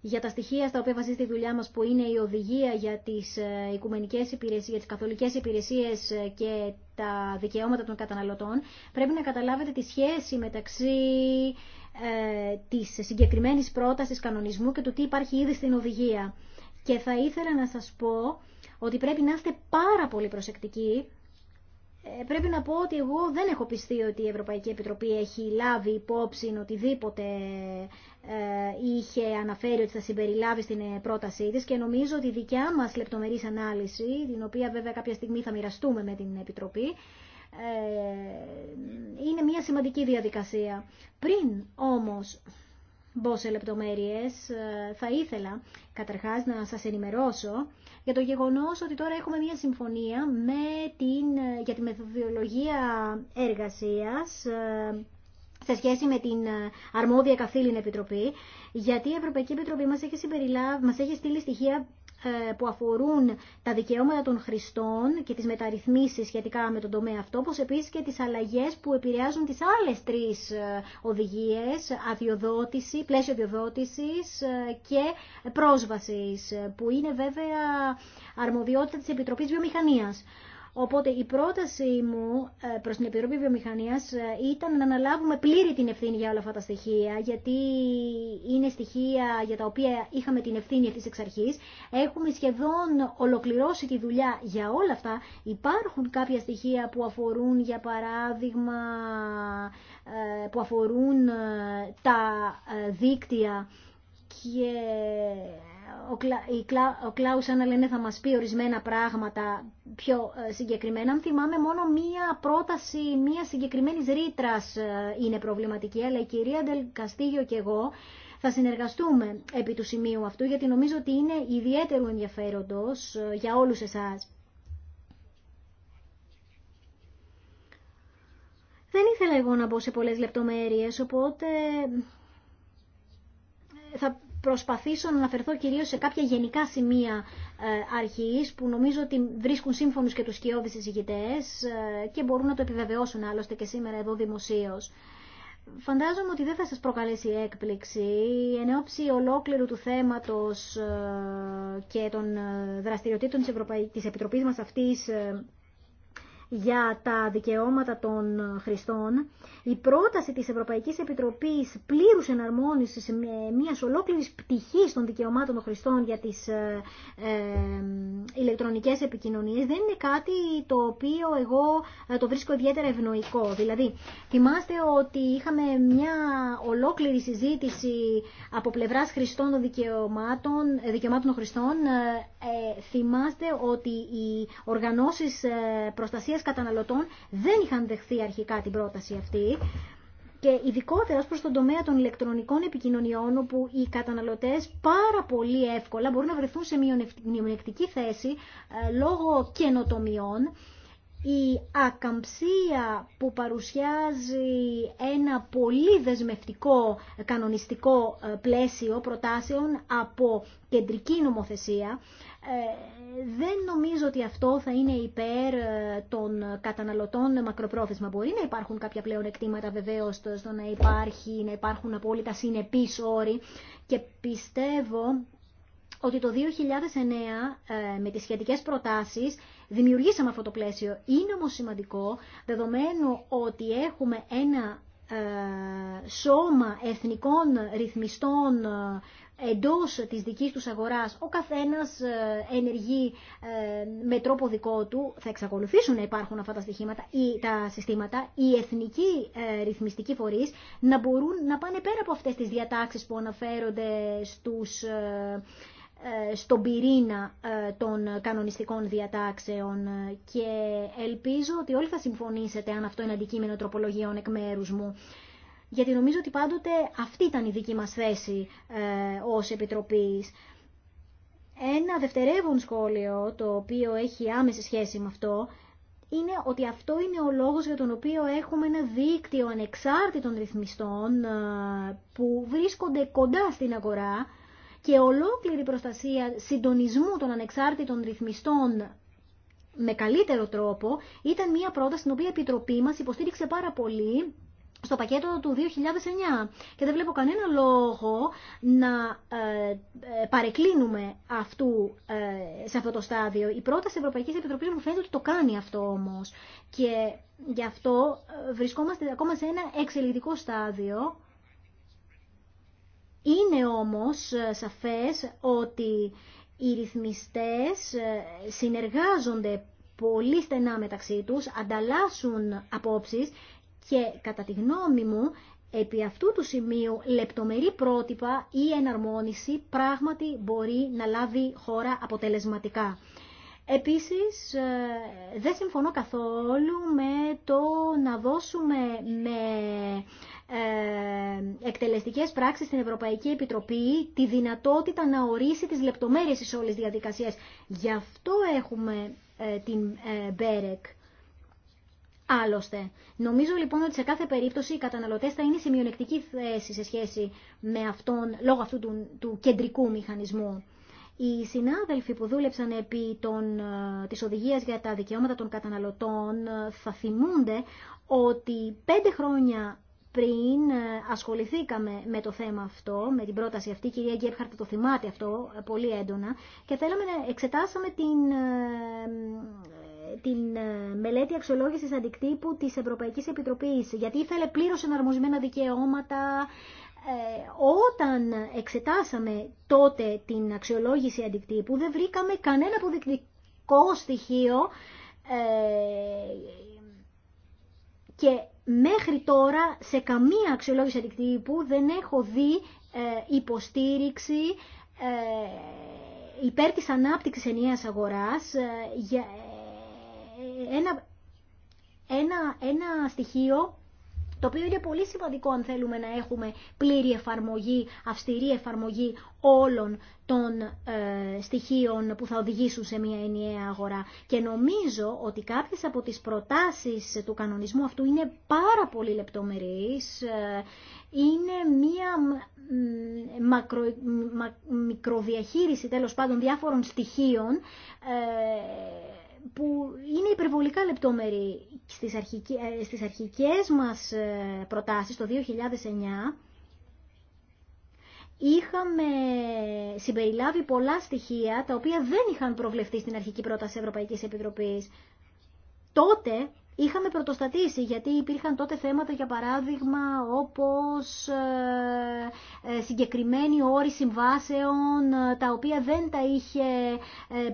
για τα στοιχεία στα οποία βασίζεται η δουλειά μας που είναι η οδηγία για τις, ε, οικουμενικές υπηρεσίες, για τις καθολικές υπηρεσίες ε, και τα δικαιώματα των καταναλωτών, πρέπει να καταλάβετε τη σχέση μεταξύ ε, της συγκεκριμένης πρότασης κανονισμού και του τι υπάρχει ήδη στην οδηγία. Και θα ήθελα να σας πω ότι πρέπει να είστε πάρα πολύ προσεκτικοί ε, πρέπει να πω ότι εγώ δεν έχω πιστεί ότι η Ευρωπαϊκή Επιτροπή έχει λάβει υπόψη οτιδήποτε ε, είχε αναφέρει ότι θα συμπεριλάβει στην ε, πρότασή της και νομίζω ότι η δικιά μας λεπτομερής ανάλυση, την οποία βέβαια κάποια στιγμή θα μοιραστούμε με την Επιτροπή, είναι μια σημαντική διαδικασία. Πριν όμως μπω λεπτομέρειες. Ε, θα ήθελα καταρχάς να σας ενημερώσω για το γεγονός ότι τώρα έχουμε μια συμφωνία με την, για τη μεθοδιολογία εργασίας ε, σε σχέση με την ε, αρμόδια καθήλυνη επιτροπή, γιατί η Ευρωπαϊκή Επιτροπή μας έχει, μας έχει στείλει στοιχεία ε, που αφορούν τα δικαιώματα των χρηστών και τις μεταρρυθμίσεις σχετικά με τον τομέα αυτό, όπως επίσης και τις αλλαγές που επηρεάζουν τις άλλες τρεις ε, οδηγίες, αδειοδότηση, πλαίσιο αδειοδότησης ε, και πρόσβασης, που είναι βέβαια αρμοδιότητα της Επιτροπής Βιομηχανίας. Οπότε η πρόταση μου ε, προ την Επιτροπή Βιομηχανία ε, ήταν να αναλάβουμε πλήρη την ευθύνη για όλα αυτά τα στοιχεία, γιατί είναι στοιχεία για τα οποία είχαμε την ευθύνη αυτή εξ αρχή. Έχουμε σχεδόν ολοκληρώσει τη δουλειά για όλα αυτά. Υπάρχουν κάποια στοιχεία που αφορούν, για παράδειγμα, ε, που αφορούν τα δίκτυα και ο Κλάους λένε θα μας πει ορισμένα πράγματα πιο ε, συγκεκριμένα. Αν θυμάμαι μόνο μία πρόταση, μία συγκεκριμένη ρήτρα ε, είναι προβληματική, αλλά η κυρία Ντελκαστήγιο και εγώ θα συνεργαστούμε επί του σημείου αυτού, γιατί νομίζω ότι είναι ιδιαίτερου ενδιαφέροντος ε, για όλους εσάς. Δεν ήθελα εγώ να μπω σε πολλές λεπτομέρειες, οπότε θα προσπαθήσω να αναφερθώ κυρίως σε κάποια γενικά σημεία ε, αρχής που νομίζω ότι βρίσκουν σύμφωνους και τους σκιώδεις εισηγητές ε, και μπορούν να το επιβεβαιώσουν άλλωστε και σήμερα εδώ δημοσίως. Φαντάζομαι ότι δεν θα σας προκαλέσει έκπληξη. Εν όψη ολόκληρου του θέματος ε, και των δραστηριοτήτων της, Ευρωπαϊ... της Επιτροπής μας αυτής για τα δικαιώματα των χρηστών, η πρόταση της Ευρωπαϊκής Επιτροπής πλήρους εναρμόνισης μιας ολόκληρης πτυχής των δικαιωμάτων των χρηστών για τις ε, ε, ηλεκτρονικές επικοινωνίες δεν είναι κάτι το οποίο εγώ ε, το βρίσκω ιδιαίτερα ευνοϊκό. Δηλαδή, θυμάστε ότι είχαμε μια ολόκληρη συζήτηση από πλευράς χρηστών των δικαιωμάτων, ε, δικαιωμάτων των χρηστών. θυμάστε ότι οι οργανώσεις προστασίας καταναλωτών δεν είχαν δεχθεί αρχικά την πρόταση αυτή και ειδικότερα προς τον τομέα των ηλεκτρονικών επικοινωνιών όπου οι καταναλωτές πάρα πολύ εύκολα μπορούν να βρεθούν σε μειονεκτική θέση ε, λόγω καινοτομιών. Η ακαμψία που παρουσιάζει ένα πολύ δεσμευτικό κανονιστικό ε, πλαίσιο προτάσεων από κεντρική νομοθεσία δεν νομίζω ότι αυτό θα είναι υπέρ ε, των καταναλωτών μακροπρόθεσμα. Μπορεί να υπάρχουν κάποια πλέον εκτήματα βεβαίω στο να, υπάρχει, να υπάρχουν απόλυτα συνεπείς όροι και πιστεύω ότι το 2009 ε, με τις σχετικές προτάσεις δημιουργήσαμε αυτό το πλαίσιο. Είναι όμως σημαντικό, δεδομένου ότι έχουμε ένα ε, σώμα εθνικών ρυθμιστών εντός της δικής τους αγοράς ο καθένας ε, ενεργεί ε, με τρόπο δικό του, θα εξακολουθήσουν να υπάρχουν αυτά τα, στοιχήματα, ή τα συστήματα, οι εθνικοί ε, ρυθμιστικοί φορείς να μπορούν να πάνε πέρα από αυτές τις διατάξεις που αναφέρονται στους στον πυρήνα των κανονιστικών διατάξεων και ελπίζω ότι όλοι θα συμφωνήσετε αν αυτό είναι αντικείμενο τροπολογιών εκ μέρους μου γιατί νομίζω ότι πάντοτε αυτή ήταν η δική μας θέση ε, ως Επιτροπής. Ένα δευτερεύον σχόλιο, το οποίο έχει άμεση σχέση με αυτό, είναι ότι αυτό είναι ο λόγος για τον οποίο έχουμε ένα δίκτυο ανεξάρτητων ρυθμιστών ε, που βρίσκονται κοντά στην αγορά και ολόκληρη προστασία συντονισμού των ανεξάρτητων ρυθμιστών με καλύτερο τρόπο ήταν μια πρόταση την οποία η Επιτροπή μας υποστήριξε πάρα πολύ στο πακέτο του 2009 και δεν βλέπω κανένα λόγο να ε, ε παρεκκλίνουμε αυτού, ε, σε αυτό το στάδιο. Η πρόταση Ευρωπαϊκή Ευρωπαϊκής μου φαίνεται ότι το κάνει αυτό όμως και γι' αυτό ε, βρισκόμαστε ακόμα σε ένα εξελικτικό στάδιο. Είναι όμως σαφές ότι οι ρυθμιστές συνεργάζονται πολύ στενά μεταξύ τους, ανταλλάσσουν απόψεις και κατά τη γνώμη μου, επί αυτού του σημείου λεπτομερή πρότυπα ή εναρμόνιση πράγματι μπορεί να λάβει χώρα αποτελεσματικά. Επίσης, ε, δεν συμφωνώ καθόλου με το να δώσουμε με ε, εκτελεστικές πράξεις στην Ευρωπαϊκή Επιτροπή τη δυνατότητα να ορίσει τις λεπτομέρειες της όλης διαδικασίας. Γι' αυτό έχουμε ε, την Μπέρεκ. Άλλωστε, νομίζω λοιπόν ότι σε κάθε περίπτωση οι καταναλωτές θα είναι σε μειονεκτική θέση σε σχέση με αυτόν, λόγω αυτού του, του κεντρικού μηχανισμού. Οι συνάδελφοι που δούλεψαν επί των, ε, της οδηγίας για τα δικαιώματα των καταναλωτών ε, θα θυμούνται ότι πέντε χρόνια πριν ε, ασχοληθήκαμε με το θέμα αυτό, με την πρόταση αυτή, κυρία Γκέπχαρτ το θυμάται αυτό πολύ έντονα, και θέλαμε να εξετάσαμε την την ε, μελέτη αξιολόγησης αντικτύπου της Ευρωπαϊκής Επιτροπής, γιατί ήθελε πλήρως εναρμοσμένα δικαιώματα. Ε, όταν εξετάσαμε τότε την αξιολόγηση αντικτύπου, δεν βρήκαμε κανένα αποδεικτικό στοιχείο ε, και μέχρι τώρα σε καμία αξιολόγηση αντικτύπου δεν έχω δει υποστήριξη υπέρ της ανάπτυξης ενιαίας αγοράς ένα, ένα, ένα στοιχείο το οποίο είναι πολύ σημαντικό αν θέλουμε να έχουμε πλήρη εφαρμογή, αυστηρή εφαρμογή όλων των ε, στοιχείων που θα οδηγήσουν σε μια ενιαία αγορά. Και νομίζω ότι κάποιες από τις προτάσεις του κανονισμού αυτού είναι πάρα πολύ λεπτομερείς. Ε, είναι μια μακρο, μικροδιαχείριση τέλος πάντων διάφορων στοιχείων ε, που είναι υπερβολικά λεπτόμερη στις, αρχικές, ε, στις αρχικές μας ε, προτάσεις το 2009 είχαμε συμπεριλάβει πολλά στοιχεία τα οποία δεν είχαν προβλεφθεί στην αρχική πρόταση Ευρωπαϊκής Επιτροπής. Τότε είχαμε πρωτοστατήσει γιατί υπήρχαν τότε θέματα για παράδειγμα όπως ε, ε, συγκεκριμένοι όροι συμβάσεων ε, τα οποία δεν τα είχε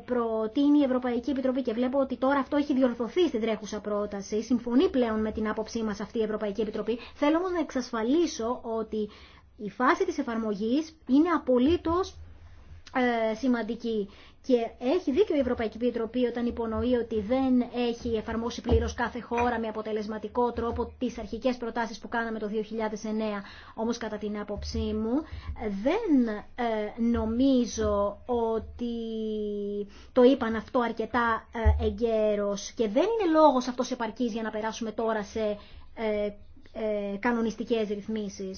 προτείνει η Ευρωπαϊκή Επιτροπή και βλέπω ότι τώρα αυτό έχει διορθωθεί στην τρέχουσα πρόταση. Συμφωνεί πλέον με την άποψή μας αυτή η Ευρωπαϊκή Επιτροπή. Θέλω όμως να εξασφαλίσω ότι η φάση της εφαρμογής είναι απολύτως σημαντική και έχει δίκιο η Ευρωπαϊκή Επιτροπή όταν υπονοεί ότι δεν έχει εφαρμόσει πλήρω κάθε χώρα με αποτελεσματικό τρόπο τι αρχικέ προτάσει που κάναμε το 2009. Όμω, κατά την άποψή μου, δεν ε, νομίζω ότι το είπαν αυτό αρκετά ε, και δεν είναι λόγο αυτό επαρκή για να περάσουμε τώρα σε ε, ε κανονιστικέ ρυθμίσει.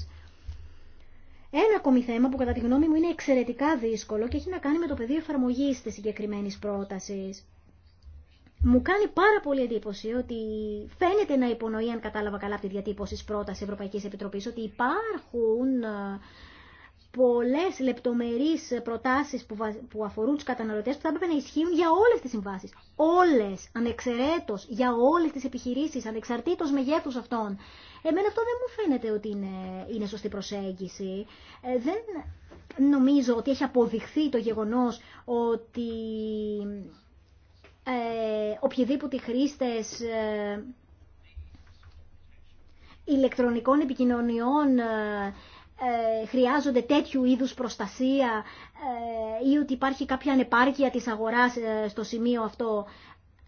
Ένα ακόμη θέμα που κατά τη γνώμη μου είναι εξαιρετικά δύσκολο και έχει να κάνει με το πεδίο εφαρμογή τη συγκεκριμένη πρόταση. Μου κάνει πάρα πολύ εντύπωση ότι φαίνεται να υπονοεί, αν κατάλαβα καλά από τη διατύπωση τη πρόταση Ευρωπαϊκή Επιτροπή, ότι υπάρχουν πολλές λεπτομερείς προτάσεις που αφορούν τους καταναλωτές που θα έπρεπε να ισχύουν για όλες τις συμβάσεις. Όλες, ανεξαιρέτως, για όλες τις επιχειρήσεις, ανεξαρτήτως μεγέθους αυτών. Εμένα αυτό δεν μου φαίνεται ότι είναι, είναι σωστή προσέγγιση. Ε, δεν νομίζω ότι έχει αποδειχθεί το γεγονός ότι ε, οποιοδήποτε χρήστες... Ε, ηλεκτρονικών επικοινωνιών ε, ε, χρειάζονται τέτοιου είδους προστασία ε, ή ότι υπάρχει κάποια ανεπάρκεια της αγοράς ε, στο σημείο αυτό.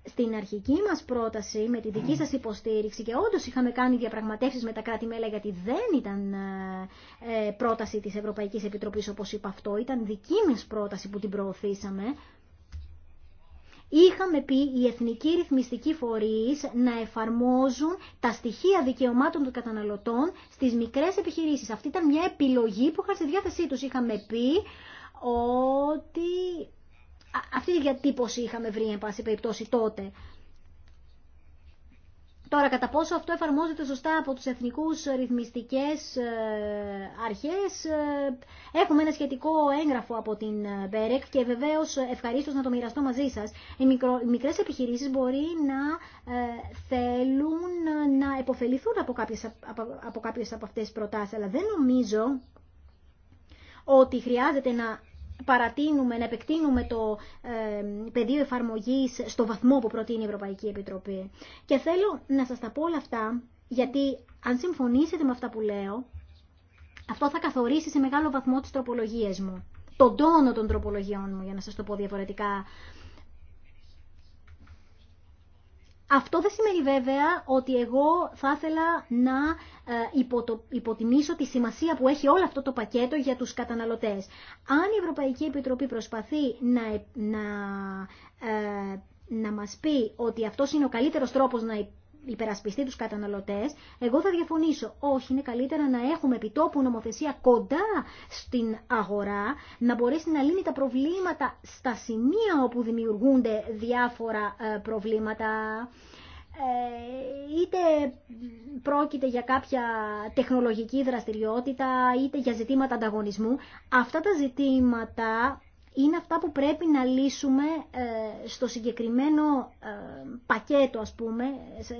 Στην αρχική μας πρόταση, με τη δική σας υποστήριξη και όντως είχαμε κάνει διαπραγματεύσεις με τα κράτη-μέλα γιατί δεν ήταν πρόταση της Ευρωπαϊκής Επιτροπής όπως είπα αυτό, ήταν δική μας πρόταση που την προωθήσαμε είχαμε πει οι εθνικοί ρυθμιστικοί φορείς να εφαρμόζουν τα στοιχεία δικαιωμάτων των καταναλωτών στις μικρές επιχειρήσεις. Αυτή ήταν μια επιλογή που είχαν στη διάθεσή τους. Είχαμε πει ότι αυτή η διατύπωση είχαμε βρει, εν πάση περιπτώσει, τότε. Τώρα, κατά πόσο αυτό εφαρμόζεται σωστά από τους εθνικούς ρυθμιστικές ε, αρχές, ε, έχουμε ένα σχετικό έγγραφο από την ε, Πέρεκ και βεβαίως ευχαρίστως να το μοιραστώ μαζί σας. Οι, μικρο, οι μικρές επιχειρήσεις μπορεί να θέλουν να επωφεληθούν από κάποιες από, από, κάποιες από αυτές τις προτάσεις, αλλά δεν νομίζω ότι χρειάζεται να παρατείνουμε, να επεκτείνουμε το πεδίο εφαρμογής στο βαθμό που προτείνει η Ευρωπαϊκή Επιτροπή. Και θέλω να σας τα πω όλα αυτά, γιατί αν συμφωνήσετε με αυτά που λέω, αυτό θα καθορίσει σε μεγάλο βαθμό τις τροπολογίες μου. Τον τόνο των τροπολογιών μου, για να σας το πω διαφορετικά. Αυτό δεν σημαίνει βέβαια ότι εγώ θα ήθελα να ε, υποτιμήσω τη σημασία που έχει όλο αυτό το πακέτο για τους καταναλωτές. Αν η Ευρωπαϊκή Επιτροπή προσπαθεί να, ε, να, ε, να μας πει ότι αυτός είναι ο καλύτερος τρόπος να υπερασπιστεί τους καταναλωτές, εγώ θα διαφωνήσω. Όχι, είναι καλύτερα να έχουμε επιτόπου νομοθεσία κοντά στην αγορά, να μπορέσει να λύνει τα προβλήματα στα σημεία όπου δημιουργούνται διάφορα ε, προβλήματα ε, είτε πρόκειται για κάποια τεχνολογική δραστηριότητα, είτε για ζητήματα ανταγωνισμού. Αυτά τα ζητήματα είναι αυτά που πρέπει να λύσουμε ε, στο συγκεκριμένο ε, πακέτο, ας πούμε,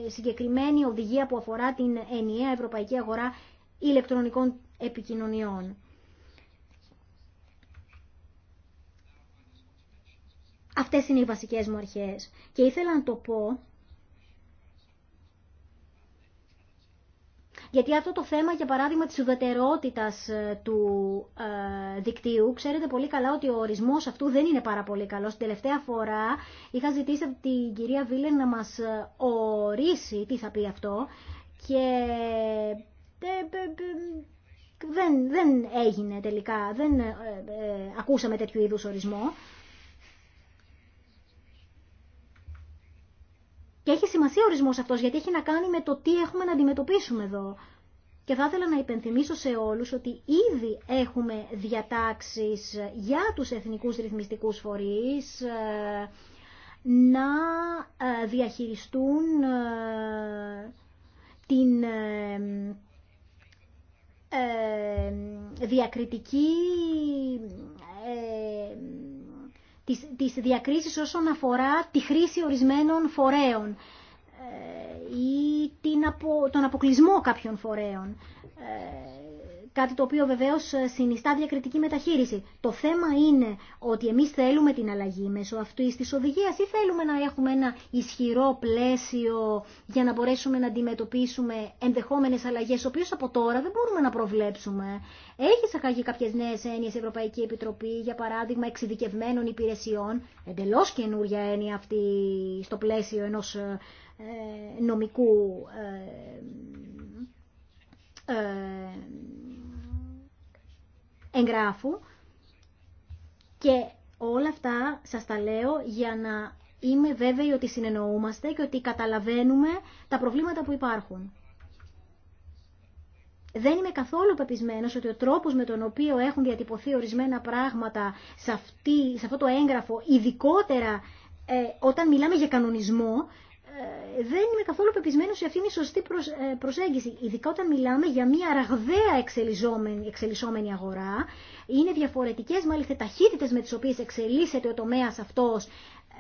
συγκεκριμένη οδηγία που αφορά την ενιαία ευρωπαϊκή αγορά ηλεκτρονικών επικοινωνιών. Αυτές είναι οι βασικές μου αρχές. Και ήθελα να το πω Γιατί αυτό το θέμα, για παράδειγμα, της ουδετερότητας ε, του ε, δικτύου, ξέρετε πολύ καλά ότι ο ορισμός αυτού δεν είναι πάρα πολύ καλός. Την τελευταία φορά είχα ζητήσει από την κυρία Βίλεν να μας ε, ορίσει τι θα πει αυτό και δεν, δεν έγινε τελικά, δεν ακούσαμε τέτοιου είδους ορισμό. Και έχει σημασία ο ορισμός αυτός, γιατί έχει να κάνει με το τι έχουμε να αντιμετωπίσουμε εδώ. Και θα ήθελα να υπενθυμίσω σε όλους ότι ήδη έχουμε διατάξεις για τους εθνικούς ρυθμιστικούς φορείς ε, να ε, διαχειριστούν ε, την διακριτική τις, τις διακρίσεις όσον αφορά τη χρήση ορισμένων φορέων ε, ή τον αποκλεισμό κάποιων φορέων. Ε, κάτι το οποίο βεβαίω ε, συνιστά διακριτική μεταχείριση. Το θέμα είναι ότι εμεί θέλουμε την αλλαγή μέσω αυτή τη οδηγία ή θέλουμε να έχουμε ένα ισχυρό πλαίσιο για να μπορέσουμε να αντιμετωπίσουμε ενδεχόμενες αλλαγές, οποίε από τώρα δεν μπορούμε να προβλέψουμε. Έχει σαχαγεί κάποιε νέε έννοιε η Ευρωπαϊκή Επιτροπή, για παράδειγμα εξειδικευμένων υπηρεσιών, Εντελώ καινούρια έννοια αυτή στο πλαίσιο ενό ε, ε, νομικού εγγράφου και όλα αυτά σας τα λέω για να είμαι βέβαιη ότι συνεννοούμαστε και ότι καταλαβαίνουμε τα προβλήματα που υπάρχουν. Δεν είμαι καθόλου πεπισμένος ότι ο τρόπος με τον οποίο έχουν διατυπωθεί ορισμένα πράγματα σε, αυτό το έγγραφο, ειδικότερα ε, όταν μιλάμε για κανονισμό, ε, δεν είμαι καθόλου πεπισμένο ότι αυτή είναι η σωστή ε, προσέγγιση. Ειδικά όταν μιλάμε για μια ραγδαία εξελισσόμενη αγορά, είναι διαφορετικέ, μάλιστα ταχύτητε με τι οποίε εξελίσσεται ο τομέα αυτό,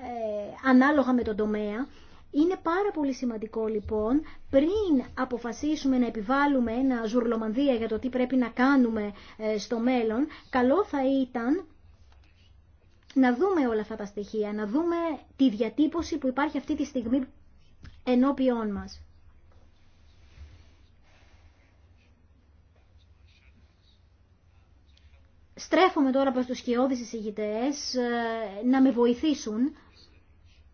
ε, ανάλογα με τον τομέα. Είναι πάρα πολύ σημαντικό λοιπόν πριν αποφασίσουμε να επιβάλλουμε ένα ζουρλομανδία για το τι πρέπει να κάνουμε ε, στο μέλλον, καλό θα ήταν να δούμε όλα αυτά τα στοιχεία, να δούμε τη διατύπωση που υπάρχει αυτή τη στιγμή ενώπιόν μας. Στρέφομαι τώρα προς τους σκιώδεις εισηγητές ε, να με βοηθήσουν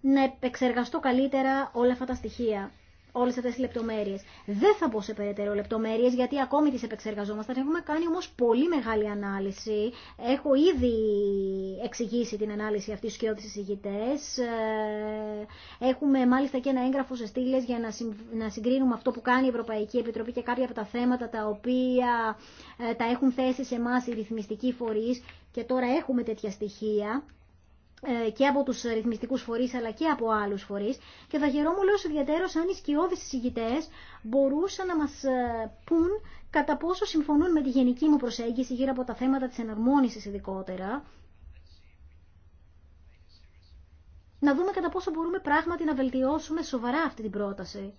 να επεξεργαστώ καλύτερα όλα αυτά τα στοιχεία όλες αυτές τις λεπτομέρειες. Δεν θα πω σε περαιτέρω λεπτομέρειες γιατί ακόμη τις επεξεργαζόμαστε. Έχουμε κάνει όμως πολύ μεγάλη ανάλυση. Έχω ήδη εξηγήσει την ανάλυση αυτή στους κοιότητες εισηγητές. Ε, έχουμε μάλιστα και ένα έγγραφο σε στήλες για να συγκρίνουμε αυτό που κάνει η Ευρωπαϊκή Επιτροπή και κάποια από τα θέματα τα οποία ε, τα έχουν θέσει σε εμά οι ρυθμιστικοί φορείς και τώρα έχουμε τέτοια στοιχεία ε, και από τους ρυθμιστικούς φορείς αλλά και από άλλους φορείς και θα χαιρόμουν όλος ιδιαίτερος αν οι σκιώδεις συζητητές μπορούσαν να μας ε, πούν κατά πόσο συμφωνούν με τη γενική μου προσέγγιση γύρω από τα θέματα της εναρμόνισης ειδικότερα να δούμε κατά πόσο μπορούμε πράγματι να βελτιώσουμε σοβαρά αυτή την πρόταση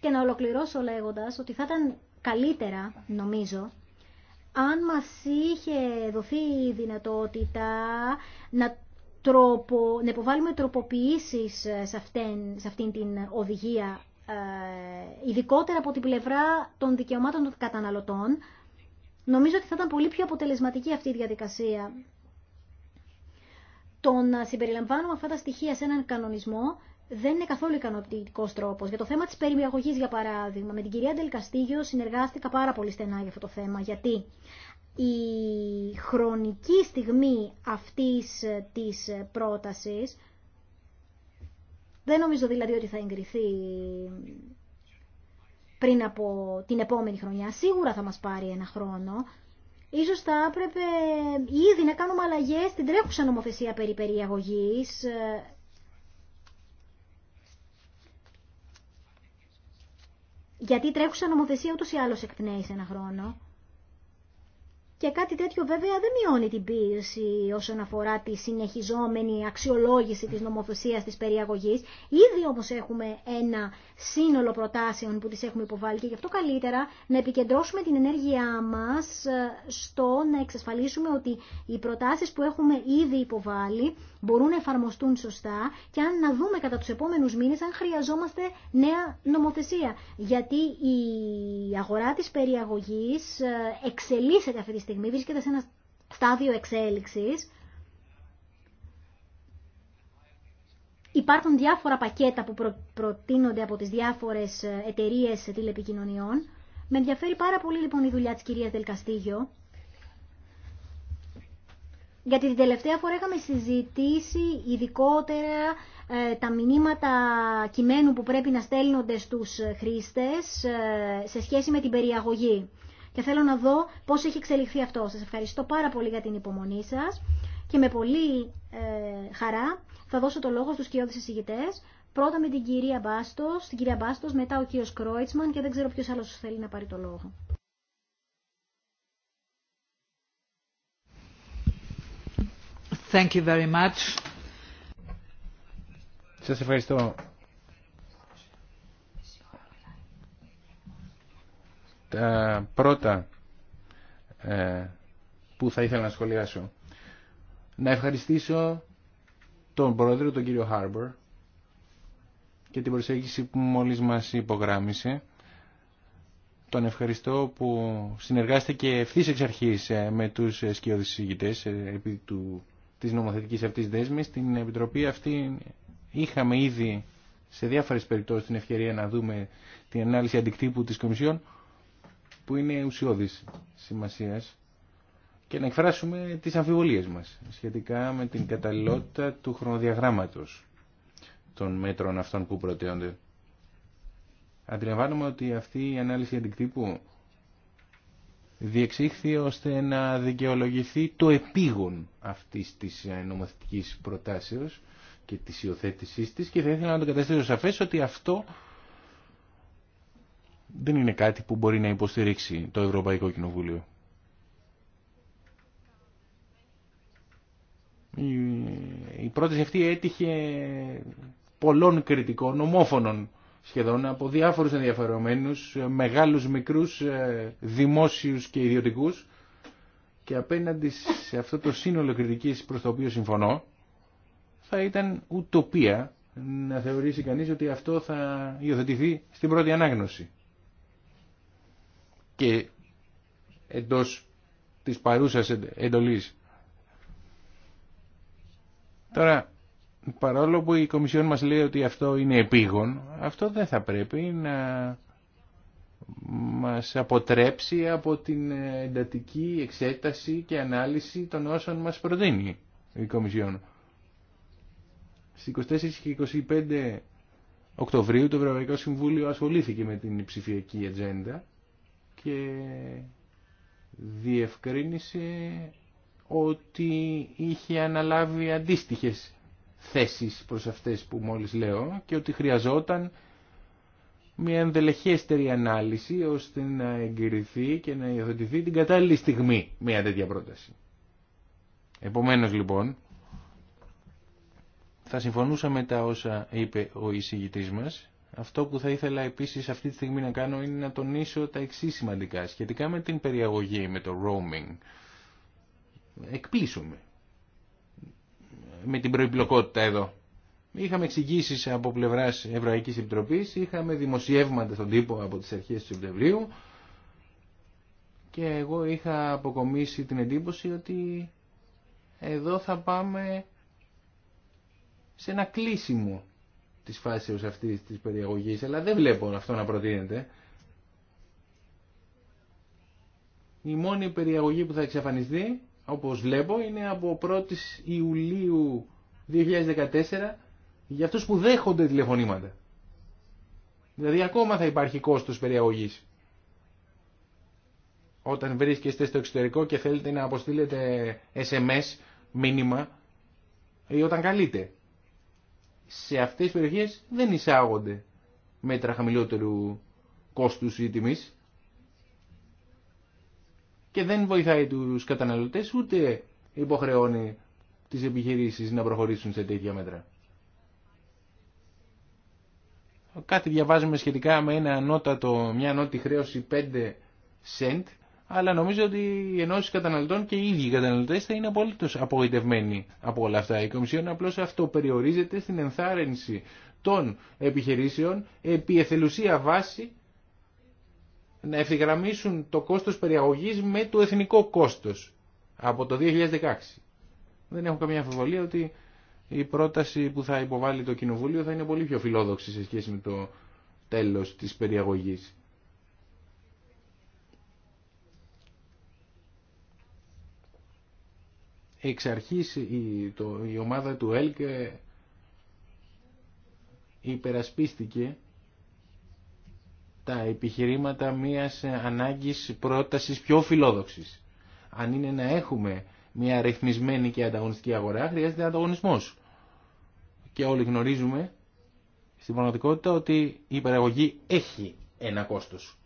και να ολοκληρώσω λέγοντας ότι θα ήταν καλύτερα νομίζω αν μας είχε δοθεί η δυνατότητα να, τροπο, να υποβάλουμε τροποποιήσεις σε, αυτήν, σε αυτήν την οδηγία, ε, ειδικότερα από την πλευρά των δικαιωμάτων των καταναλωτών, νομίζω ότι θα ήταν πολύ πιο αποτελεσματική αυτή η διαδικασία. Το να συμπεριλαμβάνουμε αυτά τα στοιχεία σε έναν κανονισμό δεν είναι καθόλου ικανοποιητικό τρόπο. Για το θέμα τη περιαγωγή, για παράδειγμα, με την κυρία Ντελκαστήγιο συνεργάστηκα πάρα πολύ στενά για αυτό το θέμα. Γιατί η χρονική στιγμή αυτής της πρότασης δεν νομίζω δηλαδή ότι θα εγκριθεί πριν από την επόμενη χρονιά. Σίγουρα θα μας πάρει ένα χρόνο. Ίσως θα έπρεπε ήδη να κάνουμε αλλαγές στην τρέχουσα νομοθεσία περί γιατί τρέχουσα νομοθεσία ούτω ή άλλως εκπνέει σε ένα χρόνο. Και κάτι τέτοιο βέβαια δεν μειώνει την πίεση όσον αφορά τη συνεχιζόμενη αξιολόγηση της νομοθεσίας της περιαγωγής. Ήδη όμως έχουμε ένα σύνολο προτάσεων που τις έχουμε υποβάλει και γι' αυτό καλύτερα να επικεντρώσουμε την ενέργειά μας ε, στο να εξασφαλίσουμε ότι οι προτάσεις που έχουμε ήδη υποβάλει μπορούν να εφαρμοστούν σωστά και αν να δούμε κατά τους επόμενους μήνες αν χρειαζόμαστε νέα νομοθεσία. Γιατί η αγορά της περιαγωγής ε, εξελίσσεται αυτή τη στιγμή βρίσκεται σε ένα στάδιο εξέλιξης. Υπάρχουν διάφορα πακέτα που προ... προτείνονται από τις διάφορες ε, εταιρείες τηλεπικοινωνιών. Με ενδιαφέρει πάρα πολύ λοιπόν η δουλειά της κυρίας Δελκαστήγιο. Γιατί την τελευταία φορά είχαμε συζητήσει ειδικότερα ε, τα μηνύματα κειμένου που πρέπει να στέλνονται στους χρήστες ε, σε σχέση με την περιαγωγή και θέλω να δω πώς έχει εξελιχθεί αυτό. Σας ευχαριστώ πάρα πολύ για την υπομονή σας και με πολύ ε, χαρά θα δώσω το λόγο στους κοιόδης εισηγητές. Πρώτα με την κυρία Μπάστος, την κυρία Μπάστος, μετά ο κύριος Κρόιτσμαν και δεν ξέρω ποιος άλλος θέλει να πάρει το λόγο. Thank you very much. Σας ευχαριστώ τα πρώτα ε, που θα ήθελα να σχολιάσω. Να ευχαριστήσω τον πρόεδρο, τον κύριο Χάρμπορ, και την προσέγγιση που μόλις μας υπογράμμισε. Τον ευχαριστώ που συνεργάστηκε ευθύ εξ αρχής ε, με τους σκιώδεις συζητητές ε, επί του, της νομοθετικής αυτής δέσμης. Την Επιτροπή αυτή είχαμε ήδη σε διάφορες περιπτώσεις την ευκαιρία να δούμε την ανάλυση αντικτύπου της Κομισιόν που είναι ουσιώδης σημασίας και να εκφράσουμε τις αμφιβολίες μας σχετικά με την καταλληλότητα του χρονοδιαγράμματος των μέτρων αυτών που προτείνονται. Αντιλαμβάνομαι ότι αυτή η ανάλυση αντικτύπου διεξήχθη ώστε να δικαιολογηθεί το επίγον αυτής της νομοθετικής προτάσεως και της υιοθέτησή της και θα ήθελα να το καταστήσω σαφές ότι αυτό δεν είναι κάτι που μπορεί να υποστηρίξει το Ευρωπαϊκό Κοινοβούλιο. Η πρόταση αυτή έτυχε πολλών κριτικών, ομόφωνων σχεδόν, από διάφορους ενδιαφερομένους, μεγάλους, μικρούς, ε, δημόσιους και ιδιωτικούς και απέναντι σε αυτό το σύνολο κριτικής προς το οποίο συμφωνώ θα ήταν ουτοπία να θεωρήσει κανείς ότι αυτό θα υιοθετηθεί στην πρώτη ανάγνωση και εντός της παρούσας εντολής. Τώρα, παρόλο που η Κομισιόν μας λέει ότι αυτό είναι επίγον, αυτό δεν θα πρέπει να μας αποτρέψει από την ε, εντατική εξέταση και ανάλυση των όσων μας προτείνει η Κομισιόν. Στις 24 και 25 Οκτωβρίου το Ευρωπαϊκό Συμβούλιο ασχολήθηκε με την ψηφιακή ατζέντα και διευκρίνησε ότι είχε αναλάβει αντίστοιχες θέσεις προς αυτές που μόλις λέω και ότι χρειαζόταν μια ενδελεχέστερη ανάλυση ώστε να εγκριθεί και να υιοθετηθεί την κατάλληλη στιγμή μια τέτοια πρόταση. Επομένως λοιπόν θα συμφωνούσα με τα όσα είπε ο εισηγητής μας αυτό που θα ήθελα επίσης αυτή τη στιγμή να κάνω είναι να τονίσω τα εξή σημαντικά σχετικά με την περιαγωγή, με το roaming. Εκπλήσουμε με την προϋπλοκότητα εδώ. Είχαμε εξηγήσει από πλευρά Ευρωπαϊκή Επιτροπή, είχαμε δημοσιεύματα στον τύπο από τι αρχέ του Σεπτεμβρίου και εγώ είχα αποκομίσει την εντύπωση ότι εδώ θα πάμε σε ένα κλείσιμο Τη φάση αυτή τη περιαγωγής, αλλά δεν βλέπω αυτό να προτείνεται. Η μόνη περιαγωγή που θα εξαφανιστει οπω όπως βλέπω, είναι από 1η Ιουλίου 2014 για αυτού που δέχονται τηλεφωνήματα. Δηλαδή ακόμα θα υπάρχει κόστος περιαγωγής. Όταν βρίσκεστε στο εξωτερικό και θέλετε να αποστείλετε SMS, μήνυμα, ή όταν καλείτε σε αυτές τις περιοχές δεν εισάγονται μέτρα χαμηλότερου κόστους ή τιμής και δεν βοηθάει τους καταναλωτές ούτε υποχρεώνει τις επιχειρήσεις να προχωρήσουν σε τέτοια μέτρα. Κάτι διαβάζουμε σχετικά με ένα μια νότη χρέωση 5 cent αλλά νομίζω ότι οι ενώσει καταναλωτών και οι ίδιοι καταναλωτέ θα είναι απολύτω απογοητευμένοι από όλα αυτά. Η Κομισιόν απλώ αυτό περιορίζεται στην ενθάρρυνση των επιχειρήσεων επί εθελουσία βάση να ευθυγραμμίσουν το κόστος περιαγωγή με το εθνικό κόστος από το 2016. Δεν έχω καμία αμφιβολία ότι η πρόταση που θα υποβάλει το Κοινοβούλιο θα είναι πολύ πιο φιλόδοξη σε σχέση με το τέλος της περιαγωγής. Εξ αρχής η, το, η ομάδα του ΕΛΚ ε, υπερασπίστηκε τα επιχειρήματα μιας ανάγκης πρότασης πιο φιλόδοξης. Αν είναι να έχουμε μια ρυθμισμένη και ανταγωνιστική αγορά, χρειάζεται ανταγωνισμός. Και όλοι γνωρίζουμε στην πραγματικότητα ότι η παραγωγή έχει ένα κόστος.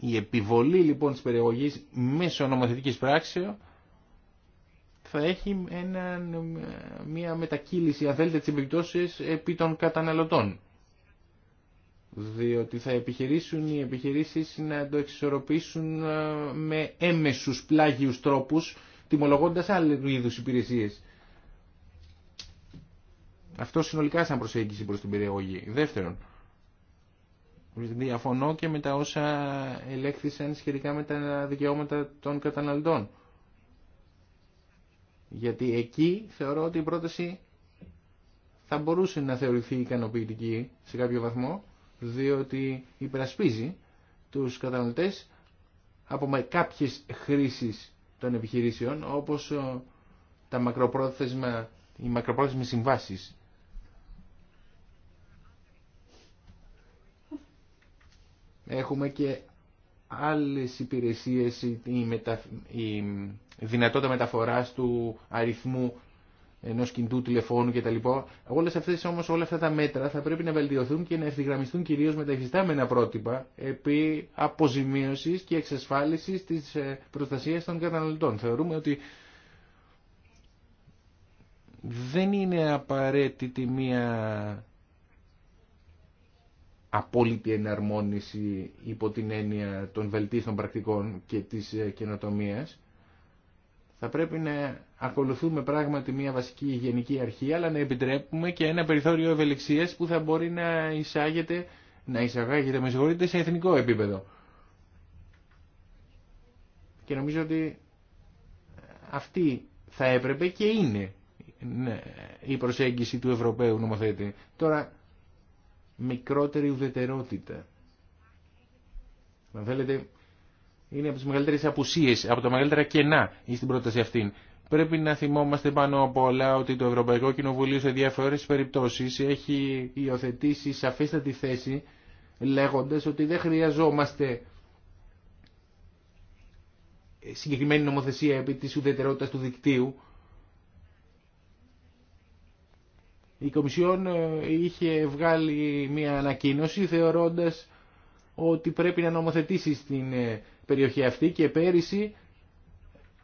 Η επιβολή λοιπόν της περιεγωγής μέσω νομοθετικής πράξεως θα έχει μια μετακύληση, αν θέλετε, τις επί των καταναλωτών. Διότι θα επιχειρήσουν οι επιχειρήσεις να το εξισορροπήσουν ε, με έμεσους πλάγιους τρόπους, τιμολογώντας άλλου είδους υπηρεσίες. Αυτό συνολικά σαν προσέγγιση προς την περιεγωγή. Δεύτερον, Διαφωνώ και με τα όσα ελέγχθησαν σχετικά με τα δικαιώματα των καταναλωτών. Γιατί εκεί θεωρώ ότι η πρόταση θα μπορούσε να θεωρηθεί ικανοποιητική σε κάποιο βαθμό, διότι υπερασπίζει τους καταναλωτές από κάποιες χρήσεις των επιχειρήσεων, όπως ε, τα μακροπρόθεσμα, οι μακροπρόθεσμες συμβάσεις Έχουμε και άλλες υπηρεσίες, η, μετα... η δυνατότητα μεταφοράς του αριθμού ενό κινητού τηλεφώνου κτλ. Όλε αυτέ όμω, όλα αυτά τα μέτρα θα πρέπει να βελτιωθούν και να ευθυγραμμιστούν κυρίω με τα υφιστάμενα πρότυπα επί αποζημίωση και εξασφάλιση τη ε, προστασία των καταναλωτών. Θεωρούμε ότι δεν είναι απαραίτητη μία απόλυτη εναρμόνιση υπό την έννοια των βελτίστων πρακτικών και της ε, καινοτομίας. Θα πρέπει να ακολουθούμε πράγματι μια βασική γενική αρχή, αλλά να επιτρέπουμε και ένα περιθώριο ευελιξίας που θα μπορεί να εισάγεται, να εισαγάγεται, με συγχωρείτε, σε εθνικό επίπεδο. Και νομίζω ότι αυτή θα έπρεπε και είναι ε, η προσέγγιση του Ευρωπαίου νομοθέτη. Τώρα, μικρότερη ουδετερότητα. Αν θέλετε, είναι από τις μεγαλύτερες απουσίες, από τα μεγαλύτερα κενά στην πρόταση αυτή. Πρέπει να θυμόμαστε πάνω από όλα ότι το Ευρωπαϊκό Κοινοβουλίο σε διάφορες περιπτώσεις έχει υιοθετήσει σαφέστατη θέση λέγοντας ότι δεν χρειαζόμαστε συγκεκριμένη νομοθεσία επί της ουδετερότητας του δικτύου Η Κομισιόν ε, είχε βγάλει μια ανακοίνωση θεωρώντας ότι πρέπει να νομοθετήσει στην ε, περιοχή αυτή και πέρυσι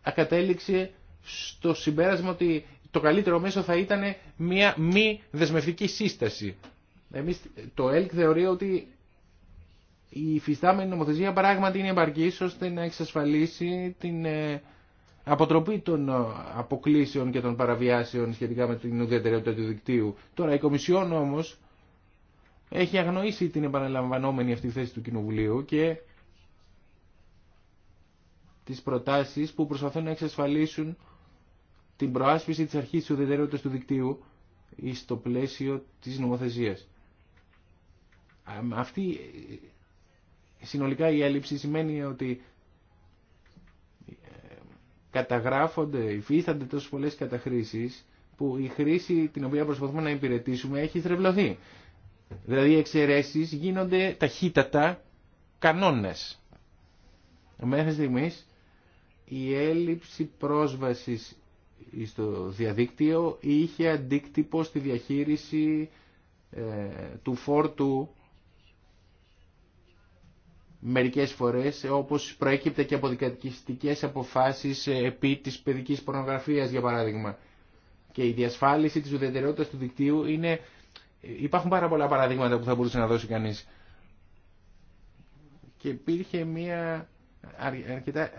ακατέληξε στο συμπέρασμα ότι το καλύτερο μέσο θα ήταν μια μη δεσμευτική σύσταση. Εμείς το ΕΛΚ θεωρεί ότι η φυστάμενη νομοθεσία πράγματι είναι επαρκή ώστε να εξασφαλίσει την ε, αποτροπή των ε, αποκλήσεων και των παραβιάσεων σχετικά με την ουδετερότητα του δικτύου. Τώρα η Κομισιόν όμως έχει αγνοήσει την επαναλαμβανόμενη αυτή θέση του Κοινοβουλίου και τις προτάσεις που προσπαθούν να εξασφαλίσουν την προάσπιση της αρχής της του δικτύου στο πλαίσιο της νομοθεσίας. Αυτή ε, συνολικά η έλλειψη σημαίνει ότι καταγράφονται, υφίστανται τόσε πολλές καταχρήσει που η χρήση την οποία προσπαθούμε να υπηρετήσουμε έχει θρεβλωθεί. Δηλαδή οι εξαιρέσει γίνονται ταχύτατα κανόνες. Μέχρι στιγμή η έλλειψη πρόσβασης στο διαδίκτυο είχε αντίκτυπο στη διαχείριση ε, του φόρτου μερικές φορές όπως προέκυπτε και από δικατικιστικές αποφάσεις ε, επί της παιδικής πορνογραφίας για παράδειγμα. Και η διασφάλιση της ουδετερότητας του δικτύου είναι... Υπάρχουν πάρα πολλά παραδείγματα που θα μπορούσε να δώσει κανείς. Και υπήρχε μια αρκετά ε,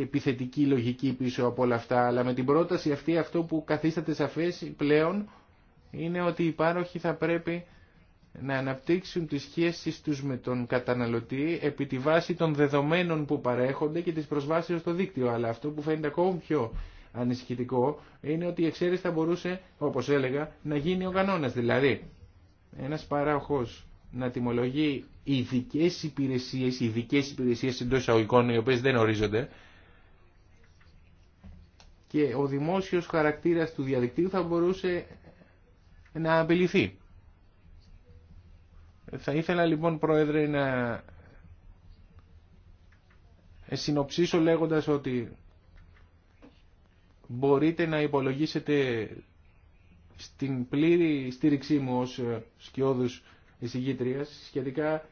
επιθετική λογική πίσω από όλα αυτά, αλλά με την πρόταση αυτή αυτό που καθίσταται σαφές πλέον είναι ότι οι πάροχοι θα πρέπει να αναπτύξουν τις σχέσεις τους με τον καταναλωτή επί τη βάση των δεδομένων που παρέχονται και της προσβάσεως στο δίκτυο. Αλλά αυτό που φαίνεται ακόμη πιο ανησυχητικό είναι ότι η εξαίρεση θα μπορούσε, όπως έλεγα, να γίνει ο κανόνας. Δηλαδή, ένας παράοχος να τιμολογεί ειδικέ υπηρεσίες, ειδικέ υπηρεσίες εντός εισαγωγικών, οι οποίες δεν ορίζονται, και ο δημόσιος χαρακτήρας του διαδικτύου θα μπορούσε να απειληθεί. Θα ήθελα λοιπόν Πρόεδρε να συνοψίσω λέγοντας ότι μπορείτε να υπολογίσετε στην πλήρη στήριξή μου ως ε, σκιώδους εισηγήτριας σχετικά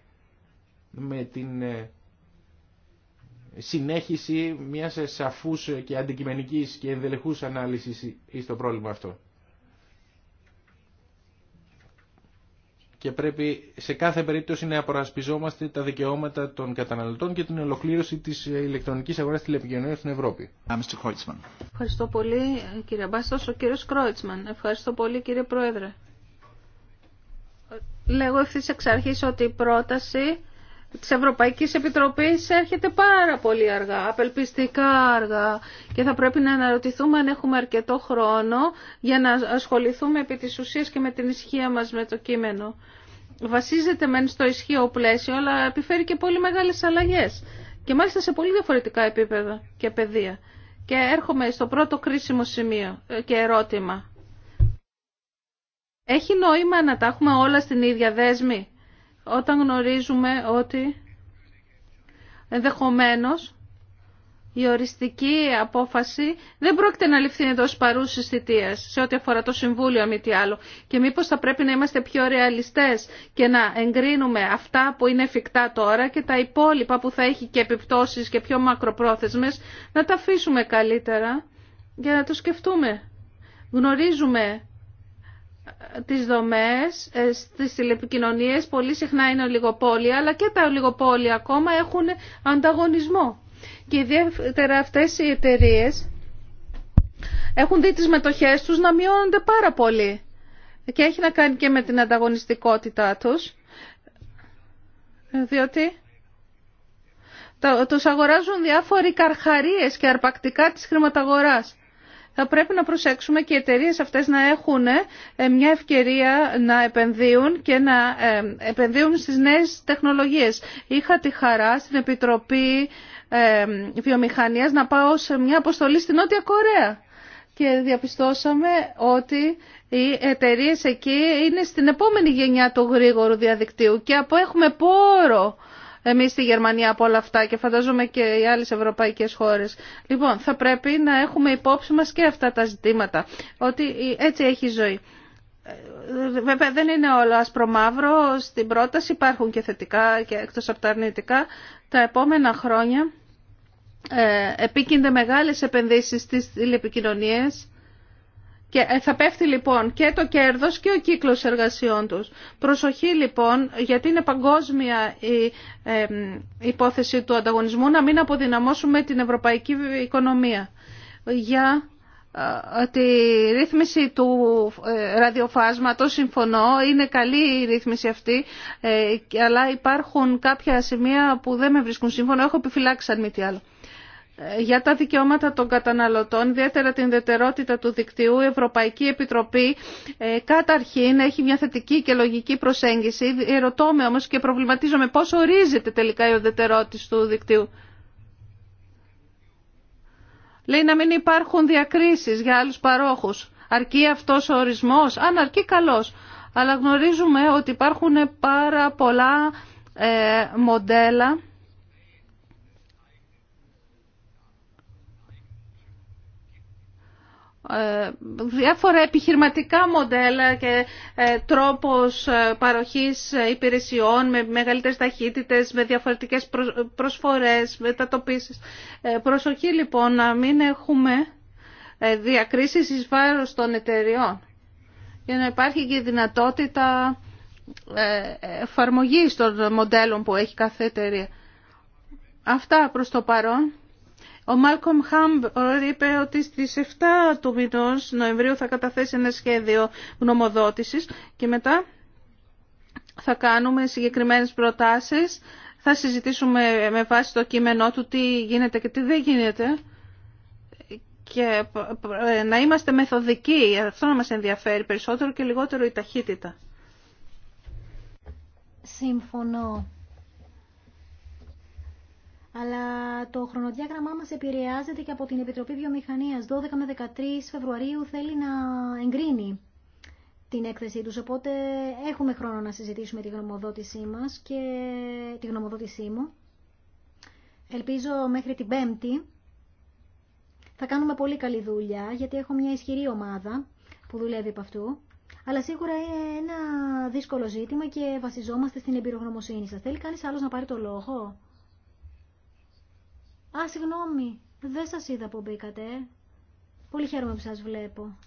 με την ε, συνέχιση μιας ε, σαφούς και αντικειμενικής και ενδελεχούς ανάλυσης στο πρόβλημα αυτό. και πρέπει σε κάθε περίπτωση να απορασπιζόμαστε τα δικαιώματα των καταναλωτών και την ολοκλήρωση της ηλεκτρονικής αγοράς τηλεπικοινωνίας στην Ευρώπη. Uh, Ευχαριστώ πολύ κύριε Μπάστος. Ο κύριος Κρόιτσμαν. Ευχαριστώ πολύ κύριε Πρόεδρε. Λέγω ευθύ εξ αρχής ότι η πρόταση της Ευρωπαϊκής Επιτροπής έρχεται πάρα πολύ αργά, απελπιστικά αργά και θα πρέπει να αναρωτηθούμε αν έχουμε αρκετό χρόνο για να ασχοληθούμε επί της ουσίας και με την ισχύα μας με το κείμενο. Βασίζεται μεν στο ισχύο πλαίσιο, αλλά επιφέρει και πολύ μεγάλες αλλαγές και μάλιστα σε πολύ διαφορετικά επίπεδα και πεδία. Και έρχομαι στο πρώτο κρίσιμο σημείο ε, και ερώτημα. Έχει νόημα να τα έχουμε όλα στην ίδια δέσμη όταν γνωρίζουμε ότι ενδεχομένως η οριστική απόφαση δεν πρόκειται να ληφθεί εντό παρούση θητεία σε ό,τι αφορά το Συμβούλιο, αν τι άλλο. Και μήπω θα πρέπει να είμαστε πιο ρεαλιστέ και να εγκρίνουμε αυτά που είναι εφικτά τώρα και τα υπόλοιπα που θα έχει και επιπτώσει και πιο μακροπρόθεσμε να τα αφήσουμε καλύτερα για να το σκεφτούμε. Γνωρίζουμε τις δομές ε, στις τηλεπικοινωνίες πολύ συχνά είναι ολιγοπόλια αλλά και τα ολιγοπόλια ακόμα έχουν ανταγωνισμό και ιδιαίτερα αυτές οι εταιρείε έχουν δει τις μετοχές τους να μειώνονται πάρα πολύ και έχει να κάνει και με την ανταγωνιστικότητά τους διότι τους αγοράζουν διάφοροι καρχαρίες και αρπακτικά της χρηματαγοράς θα πρέπει να προσέξουμε και οι εταιρείε αυτές να έχουν ε, μια ευκαιρία να επενδύουν και να ε, επενδύουν στις νέες τεχνολογίες. Είχα τη χαρά στην Επιτροπή ε, βιομηχανία, να πάω σε μια αποστολή στη Νότια Κορέα και διαπιστώσαμε ότι οι εταιρείε εκεί είναι στην επόμενη γενιά του γρήγορου διαδικτύου και από έχουμε πόρο εμείς στη Γερμανία από όλα αυτά και φαντάζομαι και οι άλλες ευρωπαϊκές χώρες. Λοιπόν, θα πρέπει να έχουμε υπόψη μας και αυτά τα ζητήματα, ότι έτσι έχει η ζωή. Ε, βέβαια δεν είναι όλο άσπρο μαύρο, στην πρόταση υπάρχουν και θετικά και εκτός από τα αρνητικά. Τα επόμενα χρόνια ε, επίκυνται μεγάλες επενδύσεις στις τηλεπικοινωνίες και ε, θα πέφτει λοιπόν και το κέρδος και ο κύκλος εργασιών τους. Προσοχή λοιπόν, γιατί είναι παγκόσμια η υπόθεση του ανταγωνισμού, να μην αποδυναμώσουμε την ευρωπαϊκή οικονομία. Για ε, τη ρύθμιση του ε, ραδιοφάσματος, συμφωνώ, είναι καλή η ρύθμιση αυτή, αλλά υπάρχουν κάποια σημεία που δεν με βρίσκουν σύμφωνο, έχω επιφυλάξει αν μη τι άλλο για τα δικαιώματα των καταναλωτών, ιδιαίτερα την δετερότητα του δικτύου, η Ευρωπαϊκή Επιτροπή ε, καταρχήν έχει μια θετική και λογική προσέγγιση. Ερωτώ όμως και προβληματίζομαι πώς ορίζεται τελικά η ιδιαιτερότητα του δικτύου. Λέει να μην υπάρχουν διακρίσεις για άλλους παρόχους. Αρκεί αυτός ο ορισμός. Αν αρκεί καλός. Αλλά γνωρίζουμε ότι υπάρχουν πάρα πολλά ε, μοντέλα Ε, διάφορα επιχειρηματικά μοντέλα και ε, τρόπος ε, παροχής υπηρεσιών με μεγαλύτερες ταχύτητες, με διαφορετικές προσφορές, μετατοπίσεις. Προσοχή λοιπόν να μην έχουμε διακρίσεις εις βάρος των εταιριών για να υπάρχει και δυνατότητα εφαρμογής των μοντέλων που έχει κάθε εταιρεία. Αυτά προς το παρόν. Ο Μάλκομ Χαμπ ε, είπε ότι στις 7 του μηνός Νοεμβρίου θα καταθέσει ένα σχέδιο γνωμοδότησης και μετά θα κάνουμε συγκεκριμένες προτάσεις. Θα συζητήσουμε με βάση το κείμενό του τι γίνεται και τι δεν γίνεται και ε, να είμαστε μεθοδικοί. Αυτό να μας ενδιαφέρει περισσότερο και λιγότερο η ταχύτητα. Συμφωνώ αλλά το χρονοδιάγραμμά μας επηρεάζεται και από την Επιτροπή Βιομηχανίας. 12 με 13 Φεβρουαρίου θέλει να εγκρίνει την έκθεσή τους, οπότε έχουμε χρόνο να συζητήσουμε τη γνωμοδότησή μας και τη γνωμοδότησή μου. Ελπίζω μέχρι την Πέμπτη θα κάνουμε πολύ καλή δουλειά, γιατί έχω μια ισχυρή ομάδα που δουλεύει από αυτού. Αλλά σίγουρα είναι ένα δύσκολο ζήτημα και βασιζόμαστε στην εμπειρογνωμοσύνη σας. Θέλει κανεί άλλος να πάρει το λόγο. Α, συγγνώμη, δεν σας είδα που μπήκατε. Ε. Πολύ χαίρομαι που σας βλέπω.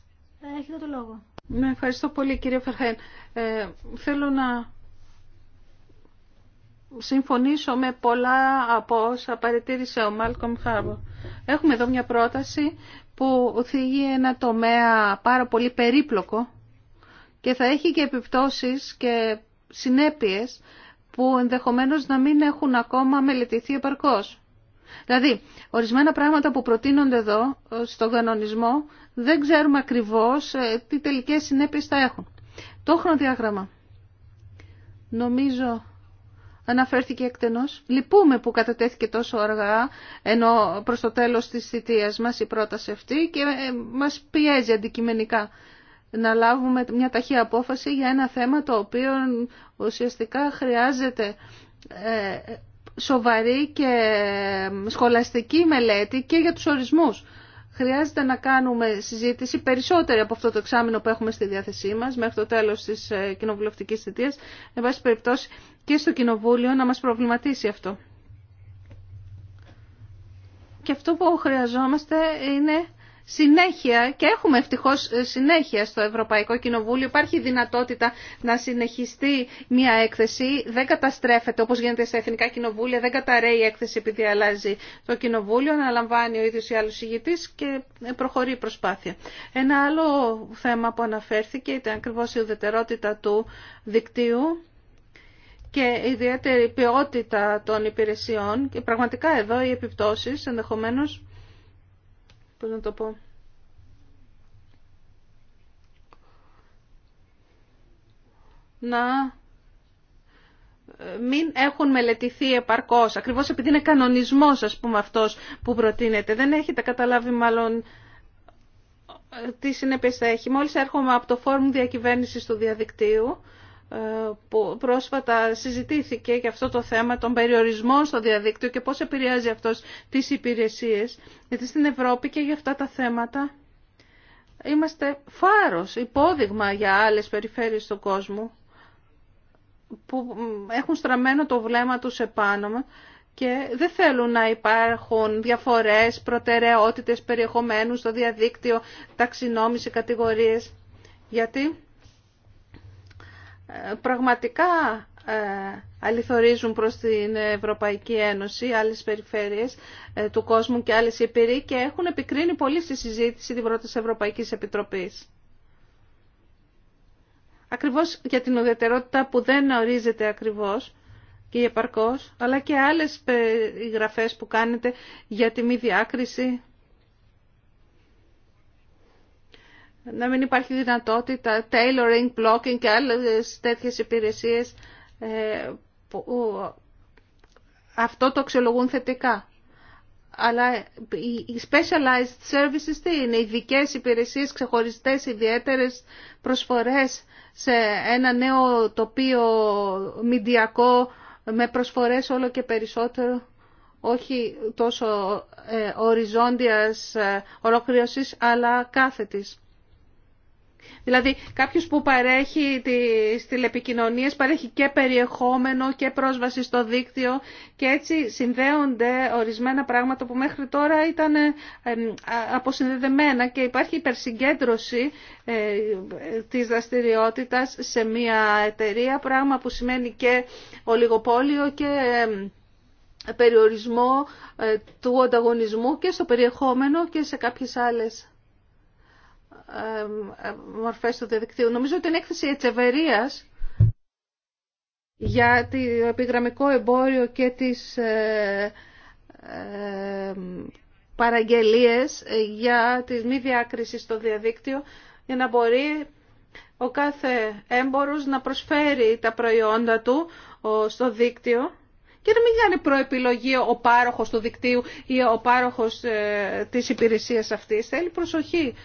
Ε, έχετε το λόγο. Ναι, ευχαριστώ πολύ κύριε Φερχέν. Ε, θέλω να συμφωνήσω με πολλά από όσα παρετήρησε ο Μάλκομ Χάρμπο. Έχουμε εδώ μια πρόταση που θίγει ένα τομέα πάρα πολύ περίπλοκο και θα έχει και επιπτώσεις και συνέπειες που ενδεχομένως να μην έχουν ακόμα μελετηθεί επαρκώς. Δηλαδή, ορισμένα πράγματα που προτείνονται εδώ ε, στον κανονισμό δεν ξέρουμε ακριβώς ε, τι τελικές συνέπειες θα έχουν. Το χρονοδιάγραμμα. Νομίζω αναφέρθηκε εκτενώς. Λυπούμε που κατατέθηκε τόσο αργά, ενώ προς το τέλος της θητείας μας η πρόταση αυτή και ε, μας πιέζει αντικειμενικά να λάβουμε μια ταχεία απόφαση για ένα θέμα το οποίο ουσιαστικά χρειάζεται σοβαρή και σχολαστική μελέτη και για τους ορισμούς. Χρειάζεται να κάνουμε συζήτηση περισσότερη από αυτό το εξάμεινο που έχουμε στη διάθεσή μας μέχρι το τέλος της ε, κοινοβουλευτικής θητείας, εν πάση περιπτώσει και στο Κοινοβούλιο να μας προβληματίσει αυτό. Και αυτό που χρειαζόμαστε είναι συνέχεια και έχουμε ευτυχώς ε, συνέχεια στο Ευρωπαϊκό Κοινοβούλιο. Υπάρχει δυνατότητα να συνεχιστεί μια έκθεση. Δεν καταστρέφεται όπως γίνεται στα Εθνικά Κοινοβούλια, δεν καταραίει η έκθεση επειδή αλλάζει το Κοινοβούλιο, Αναλαμβάνει ο ίδιος ή άλλος ηγητής και ε, προχωρεί η προσπάθεια. Ένα άλλο θέμα που αναφέρθηκε ήταν ακριβώς η ουδετερότητα του δικτύου και ιδιαίτερη ποιότητα των υπηρεσιών και πραγματικά εδώ οι επιπτώσεις ενδεχομένως πώς να να ε, μην έχουν μελετηθεί επαρκώς, ακριβώς επειδή είναι κανονισμός ας πούμε αυτός που προτείνεται. Δεν έχετε καταλάβει μάλλον ε, τι συνέπειες θα έχει. Μόλις έρχομαι από το φόρουμ διακυβέρνησης του διαδικτύου ε, που πρόσφατα συζητήθηκε για αυτό το θέμα των περιορισμών στο διαδίκτυο και πώς επηρεάζει αυτός τις υπηρεσίες, γιατί στην Ευρώπη και για αυτά τα θέματα είμαστε φάρος, υπόδειγμα για άλλες περιφέρειες του κόσμου που έχουν στραμμένο το βλέμμα τους επάνω και δεν θέλουν να υπάρχουν διαφορές, προτεραιότητες περιεχομένου στο διαδίκτυο, ταξινόμηση, κατηγορίες. Γιατί πραγματικά ε, αληθορίζουν προς την Ευρωπαϊκή Ένωση, άλλες περιφέρειες ε, του κόσμου και άλλες υπηροί και έχουν επικρίνει πολύ στη συζήτηση την πρώτη Ευρωπαϊκής Επιτροπής. Ακριβώς για την ουδετερότητα που δεν ορίζεται ακριβώς και επαρκώς, αλλά και άλλες γραφές που κάνετε για τη μη διάκριση να μην υπάρχει δυνατότητα tailoring, blocking και άλλες τέτοιες υπηρεσίες ε, που αυτό το αξιολογούν θετικά. Αλλά οι specialized services τι είναι, ειδικέ υπηρεσίες, ξεχωριστές ιδιαίτερες προσφορές σε ένα νέο τοπίο μηντιακό με προσφορές όλο και περισσότερο όχι τόσο ε, οριζόντιας ε, ολοκλήρωσης αλλά κάθετης. Δηλαδή κάποιος που παρέχει τις τηλεπικοινωνίες παρέχει και περιεχόμενο και πρόσβαση στο δίκτυο και έτσι συνδέονται ορισμένα πράγματα που μέχρι τώρα ήταν ε, ε, αποσυνδεδεμένα και υπάρχει υπερσυγκέντρωση ε, της δραστηριότητας σε μια εταιρεία, πράγμα που σημαίνει και ολιγοπόλιο και περιορισμό του ανταγωνισμού και στο περιεχόμενο και σε κάποιες άλλες μορφές του διαδικτύου. Νομίζω ότι είναι έκθεση ετσεβερίας για το επιγραμμικό εμπόριο και τις ε, παραγγελίες για τη μη διάκριση στο διαδίκτυο για να μπορεί ο κάθε έμπορος να προσφέρει τα προϊόντα του στο δίκτυο και να μην κάνει προεπιλογή ο πάροχος του δικτύου ή ο πάροχος ε, της υπηρεσίας αυτής. Θέλει προσοχή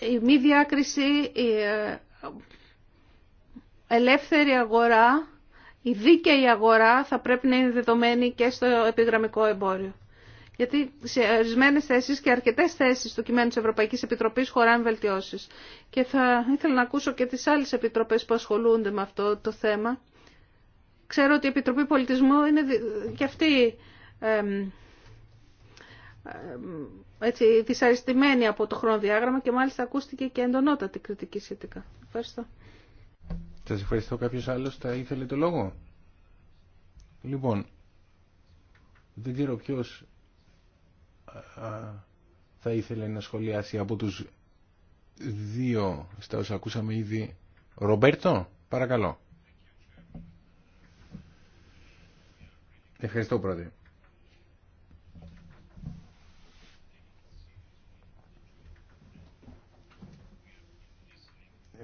η μη διάκριση, η ε, ελεύθερη αγορά, η δίκαιη αγορά θα πρέπει να είναι δεδομένη και στο επιγραμμικό εμπόριο. Γιατί σε ορισμένε θέσει και αρκετέ θέσει του κειμένου τη Ευρωπαϊκή Επιτροπή χωράνε βελτιώσει. Και θα ήθελα να ακούσω και τι άλλε επιτροπέ που ασχολούνται με αυτό το θέμα. Ξέρω ότι η Επιτροπή Πολιτισμού είναι και αυτή ε, έτσι, δυσαρεστημένη από το χρονοδιάγραμμα και μάλιστα ακούστηκε και εντονότατη κριτική σχετικά. Ευχαριστώ. Σα ευχαριστώ. Κάποιο άλλο θα ήθελε το λόγο. Λοιπόν, δεν ξέρω ποιο θα ήθελε να σχολιάσει από του δύο στα όσα ακούσαμε ήδη. Ρομπέρτο, παρακαλώ. Ευχαριστώ, Πρόεδρε.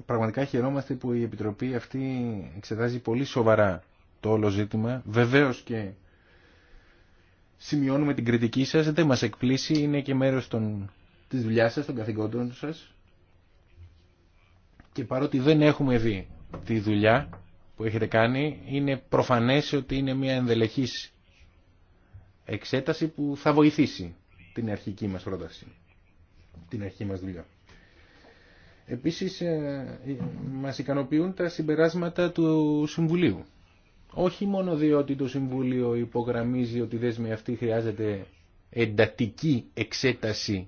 πραγματικά χαιρόμαστε που η Επιτροπή αυτή εξετάζει πολύ σοβαρά το όλο ζήτημα. Βεβαίως και σημειώνουμε την κριτική σας, δεν μας εκπλήσει, είναι και μέρος των, της δουλειά σας, των καθηγόντων σας. Και παρότι δεν έχουμε δει τη δουλειά που έχετε κάνει, είναι προφανές ότι είναι μια ενδελεχής εξέταση που θα βοηθήσει την αρχική μας πρόταση, την αρχή μας δουλειά. Επίσης ε, ε, μας ικανοποιούν τα συμπεράσματα του Συμβουλίου. Όχι μόνο διότι το Συμβούλιο υπογραμμίζει ότι η δέσμη αυτή χρειάζεται εντατική εξέταση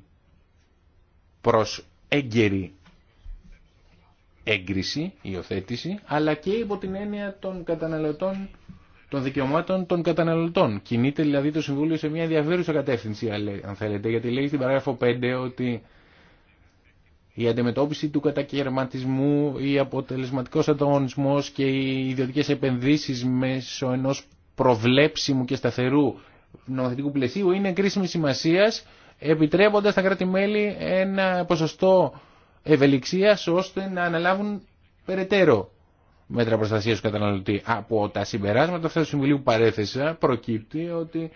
προς έγκαιρη έγκριση, υιοθέτηση, αλλά και υπό την έννοια των καταναλωτών των δικαιωμάτων των καταναλωτών. Κινείται δηλαδή το Συμβούλιο σε μια ενδιαφέρουσα κατεύθυνση, αν θέλετε, γιατί λέει στην παράγραφο 5 ότι η αντιμετώπιση του κατακαιρματισμού, η αποτελεσματικός ανταγωνισμός και οι ιδιωτικές επενδύσεις μέσω ενός προβλέψιμου και σταθερού νομοθετικού πλαισίου είναι κρίσιμη σημασία, επιτρέποντας στα κράτη-μέλη ένα ποσοστό ευελιξίας ώστε να αναλάβουν περαιτέρω μέτρα προστασίας του καταναλωτή. Από τα συμπεράσματα αυτού του συμβουλίου που παρέθεσα προκύπτει ότι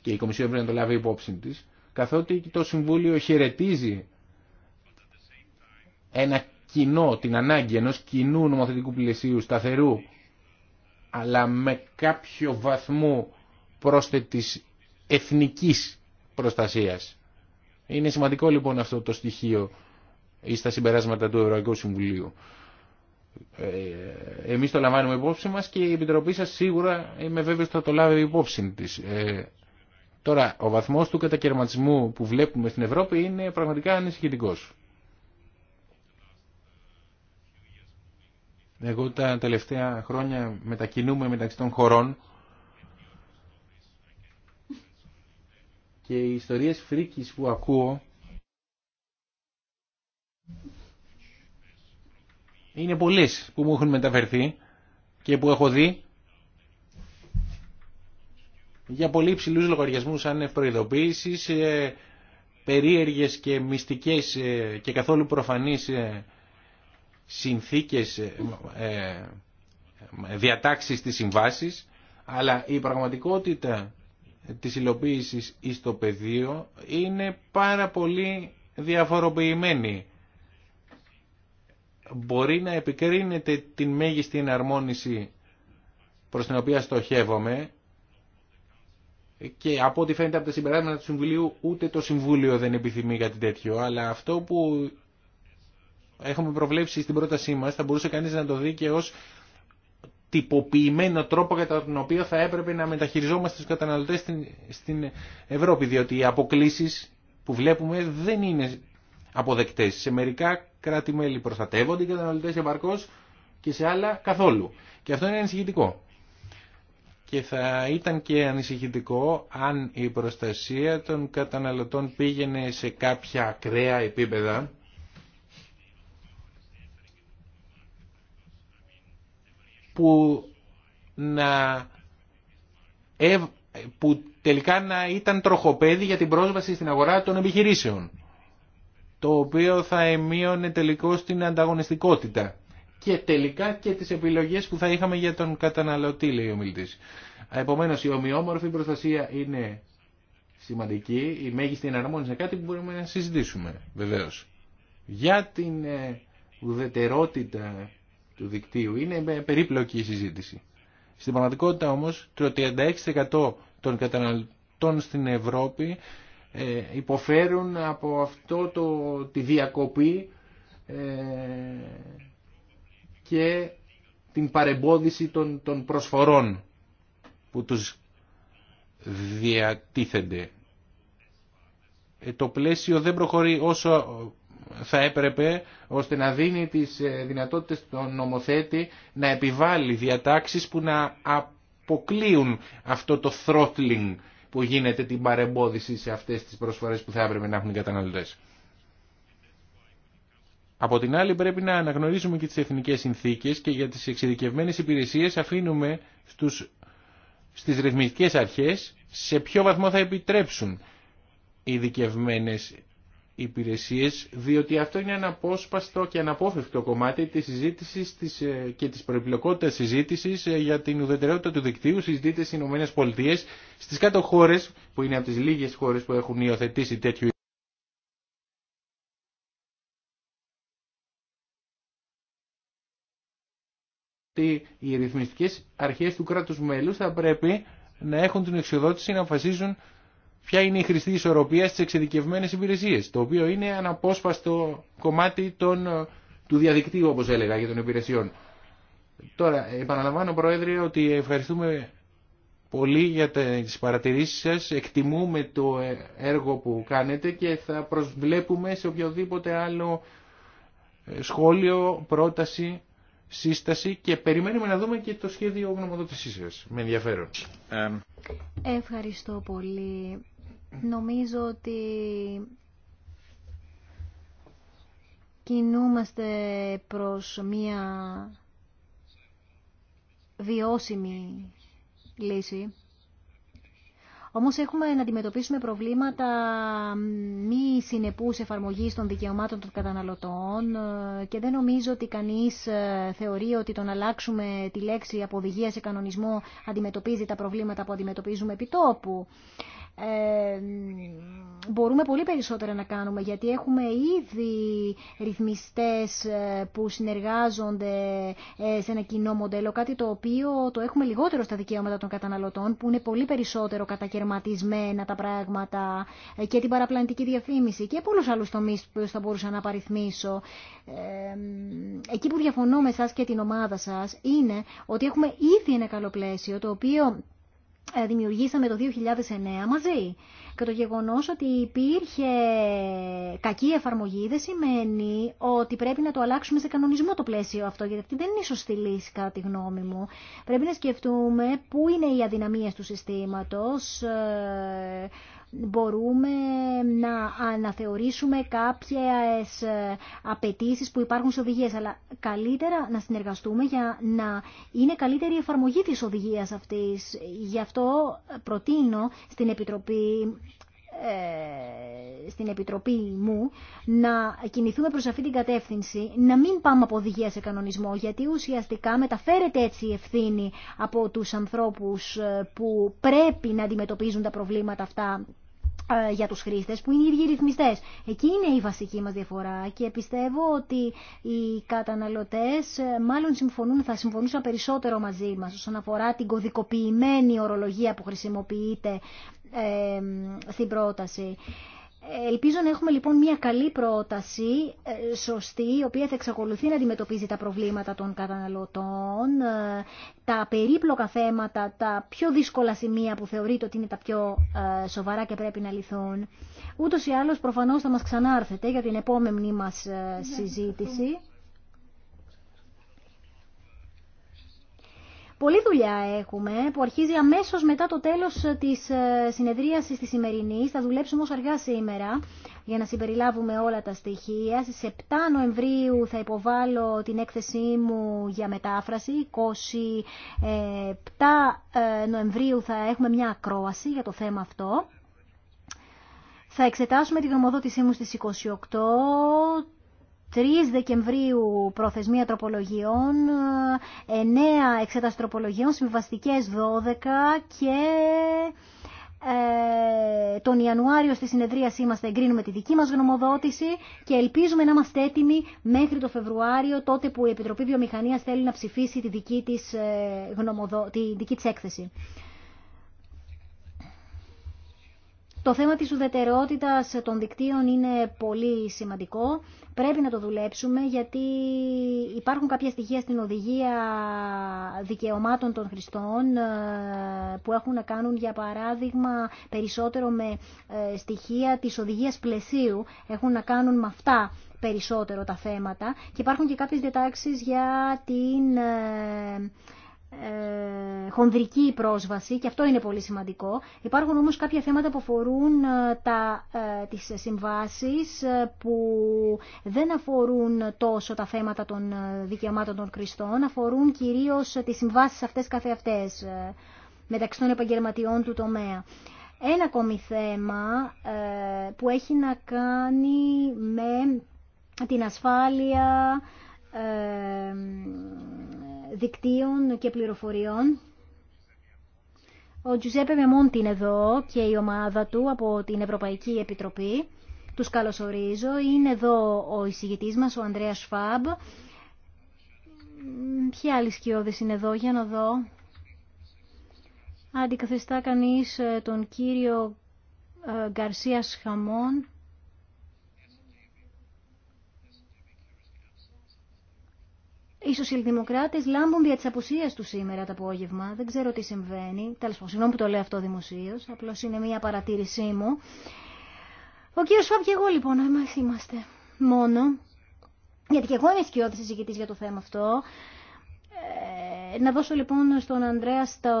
και η Κομισιόν πρέπει να το λάβει υπόψη τη, καθότι το Συμβούλιο χαιρετίζει ένα κοινό, την ανάγκη ενός κοινού νομοθετικού πλαισίου σταθερού, αλλά με κάποιο βαθμό πρόσθετης εθνικής προστασίας. Είναι σημαντικό λοιπόν αυτό το στοιχείο ή στα συμπεράσματα του Ευρωπαϊκού Συμβουλίου. Ε, εμείς το λαμβάνουμε υπόψη μας και η Επιτροπή σας σίγουρα είμαι βέβαιος θα το λάβει υπόψη της. Ε, τώρα, ο βαθμός του κατακαιρματισμού που βλέπουμε στην Ευρώπη είναι πραγματικά ανησυχητικός. Εγώ τα τελευταία χρόνια μετακινούμε μεταξύ των χωρών και οι ιστορίες φρίκης που ακούω είναι πολλές που μου έχουν μεταφερθεί και που έχω δει για πολύ υψηλού λογαριασμούς ανευπροειδοποίησης, ε, περίεργες και μυστικές ε, και καθόλου προφανείς ε, συνθήκες, ε, ε, ε, διατάξεις της συμβάσης, αλλά η πραγματικότητα της υλοποίησης εις το πεδίο είναι πάρα πολύ διαφοροποιημένη. Μπορεί να επικρίνεται την μέγιστη εναρμόνιση προς την οποία στοχεύομαι και από ό,τι φαίνεται από τα συμπεράσματα του Συμβουλίου ούτε το Συμβούλιο δεν επιθυμεί κάτι τέτοιο αλλά αυτό που έχουμε προβλέψει στην πρότασή μας, θα μπορούσε κανείς να το δει και ως τυποποιημένο τρόπο κατά τον οποίο θα έπρεπε να μεταχειριζόμαστε τους καταναλωτές στην, στην Ευρώπη, διότι οι αποκλήσεις που βλέπουμε δεν είναι αποδεκτές. Σε μερικά κράτη-μέλη προστατεύονται οι καταναλωτές επαρκώς και σε άλλα καθόλου. Και αυτό είναι ανησυχητικό. Και θα ήταν και ανησυχητικό αν η προστασία των καταναλωτών πήγαινε σε κάποια ακραία επίπεδα, που να που τελικά να ήταν τροχοπέδι για την πρόσβαση στην αγορά των επιχειρήσεων το οποίο θα εμείωνε τελικώς την ανταγωνιστικότητα και τελικά και τις επιλογές που θα είχαμε για τον καταναλωτή λέει ο μιλητής. Επομένως η ομοιόμορφη προστασία είναι σημαντική, η μέγιστη εναρμόνιση είναι κάτι που μπορούμε να συζητήσουμε βεβαίως. Για την ε, ουδετερότητα του δικτύου. Είναι περίπλοκη η συζήτηση. Στην πραγματικότητα όμως το 36% των καταναλωτών στην Ευρώπη ε, υποφέρουν από αυτό το, τη διακοπή ε, και την παρεμπόδιση των, των προσφορών που τους διατίθενται. Ε, το πλαίσιο δεν προχωρεί όσο θα έπρεπε ώστε να δίνει τις ε, δυνατότητες στον νομοθέτη να επιβάλλει διατάξεις που να αποκλείουν αυτό το throttling που γίνεται την παρεμπόδιση σε αυτές τις προσφορές που θα έπρεπε να έχουν οι καταναλωτές. Από την άλλη πρέπει να αναγνωρίζουμε και τις εθνικές συνθήκες και για τις εξειδικευμένες υπηρεσίες αφήνουμε στους, στις ρυθμιστικές αρχές σε ποιο βαθμό θα επιτρέψουν οι ειδικευμένες υπηρεσίες, διότι αυτό είναι ένα απόσπαστο και αναπόφευκτο κομμάτι της συζήτησης της, ε, και της προεπιλοκότητας συζήτησης ε, για την ουδετερότητα του δικτύου, συζητείται στις Ηνωμένες Πολιτείες, στις κάτω χώρες, που είναι από τις λίγες χώρες που έχουν υιοθετήσει τέτοιου ότι οι ρυθμιστικές αρχές του κράτους μέλους θα πρέπει να έχουν την εξοδότηση να αποφασίζουν ποια είναι η χρηστή ισορροπία στις εξειδικευμένες υπηρεσίες, το οποίο είναι αναπόσπαστο κομμάτι των, ε, του διαδικτύου, όπως έλεγα, για των υπηρεσιών. Τώρα, επαναλαμβάνω, Πρόεδρε, ότι ευχαριστούμε πολύ για τις παρατηρήσεις σας, εκτιμούμε το ε, έργο που κάνετε και θα προσβλέπουμε σε οποιοδήποτε άλλο ε, σχόλιο, πρόταση, σύσταση και περιμένουμε να δούμε και το σχέδιο γνωμοδότησής σας. Με ενδιαφέρον. Ευχαριστώ πολύ. Νομίζω ότι κινούμαστε προς μία βιώσιμη λύση. Όμως έχουμε να αντιμετωπίσουμε προβλήματα μη συνεπούς εφαρμογής των δικαιωμάτων των καταναλωτών και δεν νομίζω ότι κανείς θεωρεί ότι το να αλλάξουμε τη λέξη από σε κανονισμό αντιμετωπίζει τα προβλήματα που αντιμετωπίζουμε επιτόπου. Ε, μπορούμε πολύ περισσότερα να κάνουμε γιατί έχουμε ήδη ρυθμιστές ε, που συνεργάζονται ε, σε ένα κοινό μοντέλο, κάτι το οποίο το έχουμε λιγότερο στα δικαιώματα των καταναλωτών που είναι πολύ περισσότερο κατακαιρματισμένα τα πράγματα και την παραπλανητική διαφήμιση και πολλούς άλλους τομείς που θα μπορούσα να παριθμίσω. Εκεί που διαφωνώ με εσάς και την ομάδα σας είναι ότι έχουμε ήδη ένα καλό πλαίσιο το οποίο ε, δημιουργήσαμε το 2009 μαζί. Και το γεγονός ότι υπήρχε κακή εφαρμογή δεν σημαίνει ότι πρέπει να το αλλάξουμε σε κανονισμό το πλαίσιο αυτό, γιατί αυτή δεν είναι η σωστή λύση κατά τη γνώμη μου. Πρέπει να σκεφτούμε πού είναι οι αδυναμίες του συστήματος, ε, μπορούμε να αναθεωρήσουμε κάποιες ε, απαιτήσει που υπάρχουν στις οδηγίες, αλλά καλύτερα να συνεργαστούμε για να είναι καλύτερη η εφαρμογή της οδηγίας αυτής. Γι' αυτό προτείνω στην Επιτροπή ε, στην Επιτροπή μου να κινηθούμε προς αυτή την κατεύθυνση, να μην πάμε από οδηγία σε κανονισμό, γιατί ουσιαστικά μεταφέρεται έτσι η ευθύνη από τους ανθρώπους ε, που πρέπει να αντιμετωπίζουν τα προβλήματα αυτά ε, για τους χρήστες που είναι οι ίδιοι ρυθμιστές. Εκεί είναι η βασική μας διαφορά και πιστεύω ότι οι καταναλωτές ε, μάλλον συμφωνούν, θα συμφωνούσαν περισσότερο μαζί μας όσον αφορά την κωδικοποιημένη ορολογία που χρησιμοποιείται ε, στην πρόταση. Ελπίζω να έχουμε λοιπόν μια καλή πρόταση, ε, σωστή, η οποία θα εξακολουθεί να αντιμετωπίζει τα προβλήματα των καταναλωτών, ε, τα περίπλοκα θέματα, τα πιο δύσκολα σημεία που θεωρείται ότι είναι τα πιο ε, σοβαρά και πρέπει να λυθούν. Ούτως ή άλλως προφανώς θα μας ξανάρθετε για την επόμενή μας ναι. συζήτηση. Πολλή δουλειά έχουμε που αρχίζει αμέσως μετά το τέλος της ε, συνεδρίασης της σημερινής. Θα δουλέψουμε όσο αργά σήμερα για να συμπεριλάβουμε όλα τα στοιχεία. Στις 7 Νοεμβρίου θα υποβάλω την έκθεσή μου για μετάφραση. 27 ε, ε, Νοεμβρίου θα έχουμε μια ακρόαση για το θέμα αυτό. Θα εξετάσουμε τη γνωμοδότησή μου στις 28 3 Δεκεμβρίου προθεσμία τροπολογιών, 9 ε, εξέταση τροπολογιών, συμβαστικές 12 και ε, τον Ιανουάριο στη συνεδρίασή μας θα εγκρίνουμε τη δική μας γνωμοδότηση και ελπίζουμε να είμαστε έτοιμοι μέχρι το Φεβρουάριο, τότε που η Επιτροπή Βιομηχανίας θέλει να ψηφίσει τη δική της, ε, γνωμοδο... τη δική της έκθεση. Το θέμα της ουδετερότητας των δικτύων είναι πολύ σημαντικό. Πρέπει να το δουλέψουμε γιατί υπάρχουν κάποια στοιχεία στην οδηγία δικαιωμάτων των χρηστών ε, που έχουν να κάνουν για παράδειγμα περισσότερο με ε, στοιχεία της οδηγίας πλαισίου. Έχουν να κάνουν με αυτά περισσότερο τα θέματα και υπάρχουν και κάποιες διατάξεις για την ε, ε, χονδρική πρόσβαση και αυτό είναι πολύ σημαντικό. Υπάρχουν όμως κάποια θέματα που αφορούν ε, τα, ε, τις συμβάσεις που δεν αφορούν τόσο τα θέματα των δικαιωμάτων των κριστών, αφορούν κυρίως τις συμβάσεις αυτές καθεαυτές μεταξύ των επαγγελματιών του τομέα. Ένα ακόμη θέμα που έχει να κάνει με την ασφάλεια δικτύων και πληροφοριών. Ο Τζουζέπε Μεμόντι είναι εδώ και η ομάδα του από την Ευρωπαϊκή Επιτροπή. Τους καλωσορίζω. Είναι εδώ ο εισηγητής μας, ο Ανδρέας Φάμπ. Ποιοι άλλοι σκιώδες είναι εδώ, για να δω. Αντικαθεστά κανείς ε, τον κύριο ε, Γκαρσία Χαμόν. Οι Σοσιαλδημοκράτε λάμπουν δια τη απουσία του σήμερα το απόγευμα. Δεν ξέρω τι συμβαίνει. Τέλο πάντων, συγγνώμη που το λέω αυτό δημοσίω, απλώ είναι μια παρατήρησή μου. Ο κύριο Σφαμπ και εγώ λοιπόν, εμά είμαστε μόνο. Γιατί και εγώ είμαι σκιώδη συζητητή για το θέμα αυτό. Ε, να δώσω λοιπόν στον Ανδρέα το,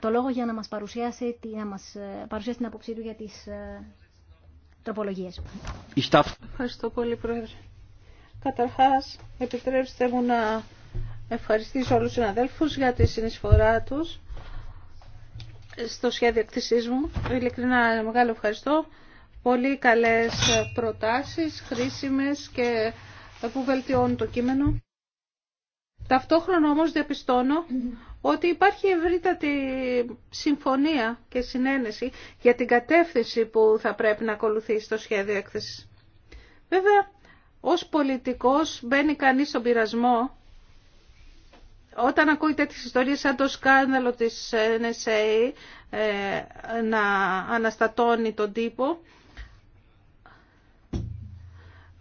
το λόγο για να μα παρουσιάσει, ε, παρουσιάσει την άποψή του για τι ε, τροπολογίες. Ευχαριστώ πολύ, Πρόεδρε. Καταρχάς, επιτρέψτε μου να ευχαριστήσω όλους τους συναδέλφους για τη συνεισφορά τους στο σχέδιο εκτισής μου. Ειλικρινά, μεγάλο ευχαριστώ. Πολύ καλές προτάσεις, χρήσιμες και που βελτιώνουν το κείμενο. Ταυτόχρονα όμως διαπιστώνω ότι υπάρχει ευρύτατη συμφωνία και συνένεση για την κατεύθυνση που θα πρέπει να ακολουθήσει το σχέδιο έκθεσης. Βέβαια, ως πολιτικός μπαίνει κανείς στον πειρασμό όταν ακούει τέτοιες ιστορίες σαν το σκάνδαλο της NSA ε, να αναστατώνει τον τύπο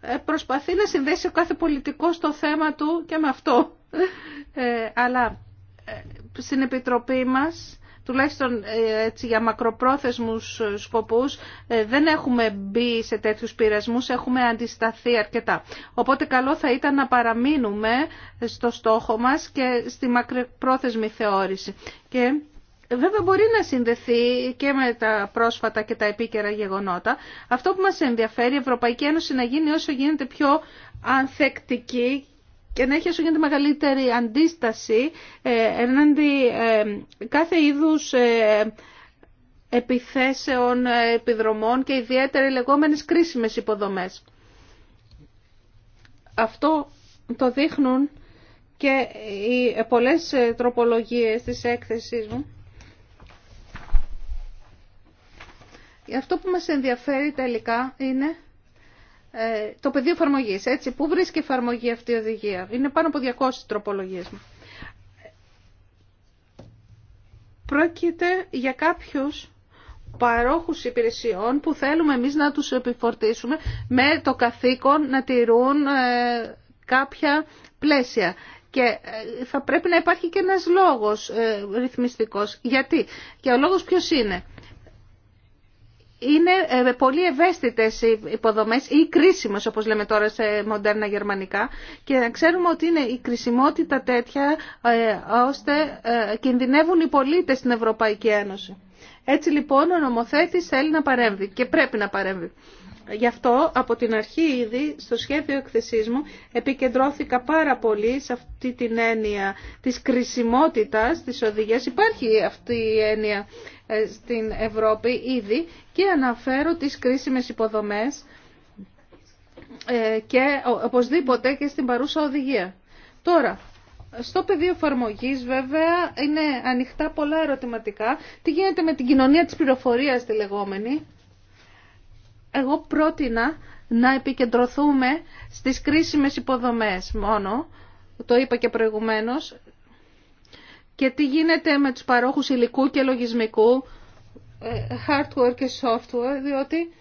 ε, προσπαθεί να συνδέσει ο κάθε πολιτικό το θέμα του και με αυτό. Ε, αλλά στην Επιτροπή μας τουλάχιστον ε, έτσι, για μακροπρόθεσμους ε, σκοπούς ε, δεν έχουμε μπει σε τέτοιους πειρασμούς, έχουμε αντισταθεί αρκετά. Οπότε καλό θα ήταν να παραμείνουμε στο στόχο μας και στη μακροπρόθεσμη θεώρηση. Και Βέβαια μπορεί να συνδεθεί και με τα πρόσφατα και τα επίκαιρα γεγονότα. Αυτό που μας ενδιαφέρει η Ευρωπαϊκή Ένωση να γίνει όσο γίνεται πιο ανθεκτική και να έχει όσο γίνεται μεγαλύτερη αντίσταση ε, εναντί ε, κάθε είδους ε, επιθέσεων, επιδρομών και ιδιαίτερα οι λεγόμενες κρίσιμες υποδομές. Αυτό το δείχνουν και οι πολλές τροπολογίες της έκθεσής μου. Αυτό που μας ενδιαφέρει τελικά είναι ε, το πεδίο εφαρμογή. Έτσι, πού βρίσκει εφαρμογή αυτή η οδηγία. Είναι πάνω από 200 τροπολογίες μου. Πρόκειται για κάποιους παρόχους υπηρεσιών που θέλουμε μου προκειται για καποιου παροχους υπηρεσιων που θελουμε εμεις να τους επιφορτήσουμε με το καθήκον να τηρούν ε, κάποια πλαίσια. Και ε, θα πρέπει να υπάρχει και ένας λόγος ρυθμιστικός. Γιατί. Και ο λόγος ποιος είναι είναι ε, πολύ ευαίσθητε οι υποδομές ή κρισμότητα τέτοια, όπως λέμε τώρα σε μοντέρνα γερμανικά και ξέρουμε ότι είναι η κρισιμότητα τέτοια ε, ώστε ε, κινδυνεύουν οι πολίτες στην Ευρωπαϊκή Ένωση. Έτσι λοιπόν ο νομοθέτης θέλει να παρέμβει και πρέπει να παρέμβει. Γι' αυτό από την αρχή ήδη στο σχέδιο εκθεσής μου επικεντρώθηκα πάρα πολύ σε αυτή την έννοια της κρισιμότητας της οδηγίας. Υπάρχει αυτή η έννοια ε, στην Ευρώπη ήδη και αναφέρω τις κρίσιμες υποδομές ε, και οπωσδήποτε και στην παρούσα οδηγία. Τώρα, στο πεδίο εφαρμογή, βέβαια, είναι ανοιχτά πολλά ερωτηματικά. Τι γίνεται με την κοινωνία της πληροφορίας τη λεγόμενη. Εγώ πρότεινα να επικεντρωθούμε στις κρίσιμες υποδομές μόνο, το είπα και προηγουμένως, και τι γίνεται με τους παρόχους υλικού και λογισμικού, ε, hardware και software, διότι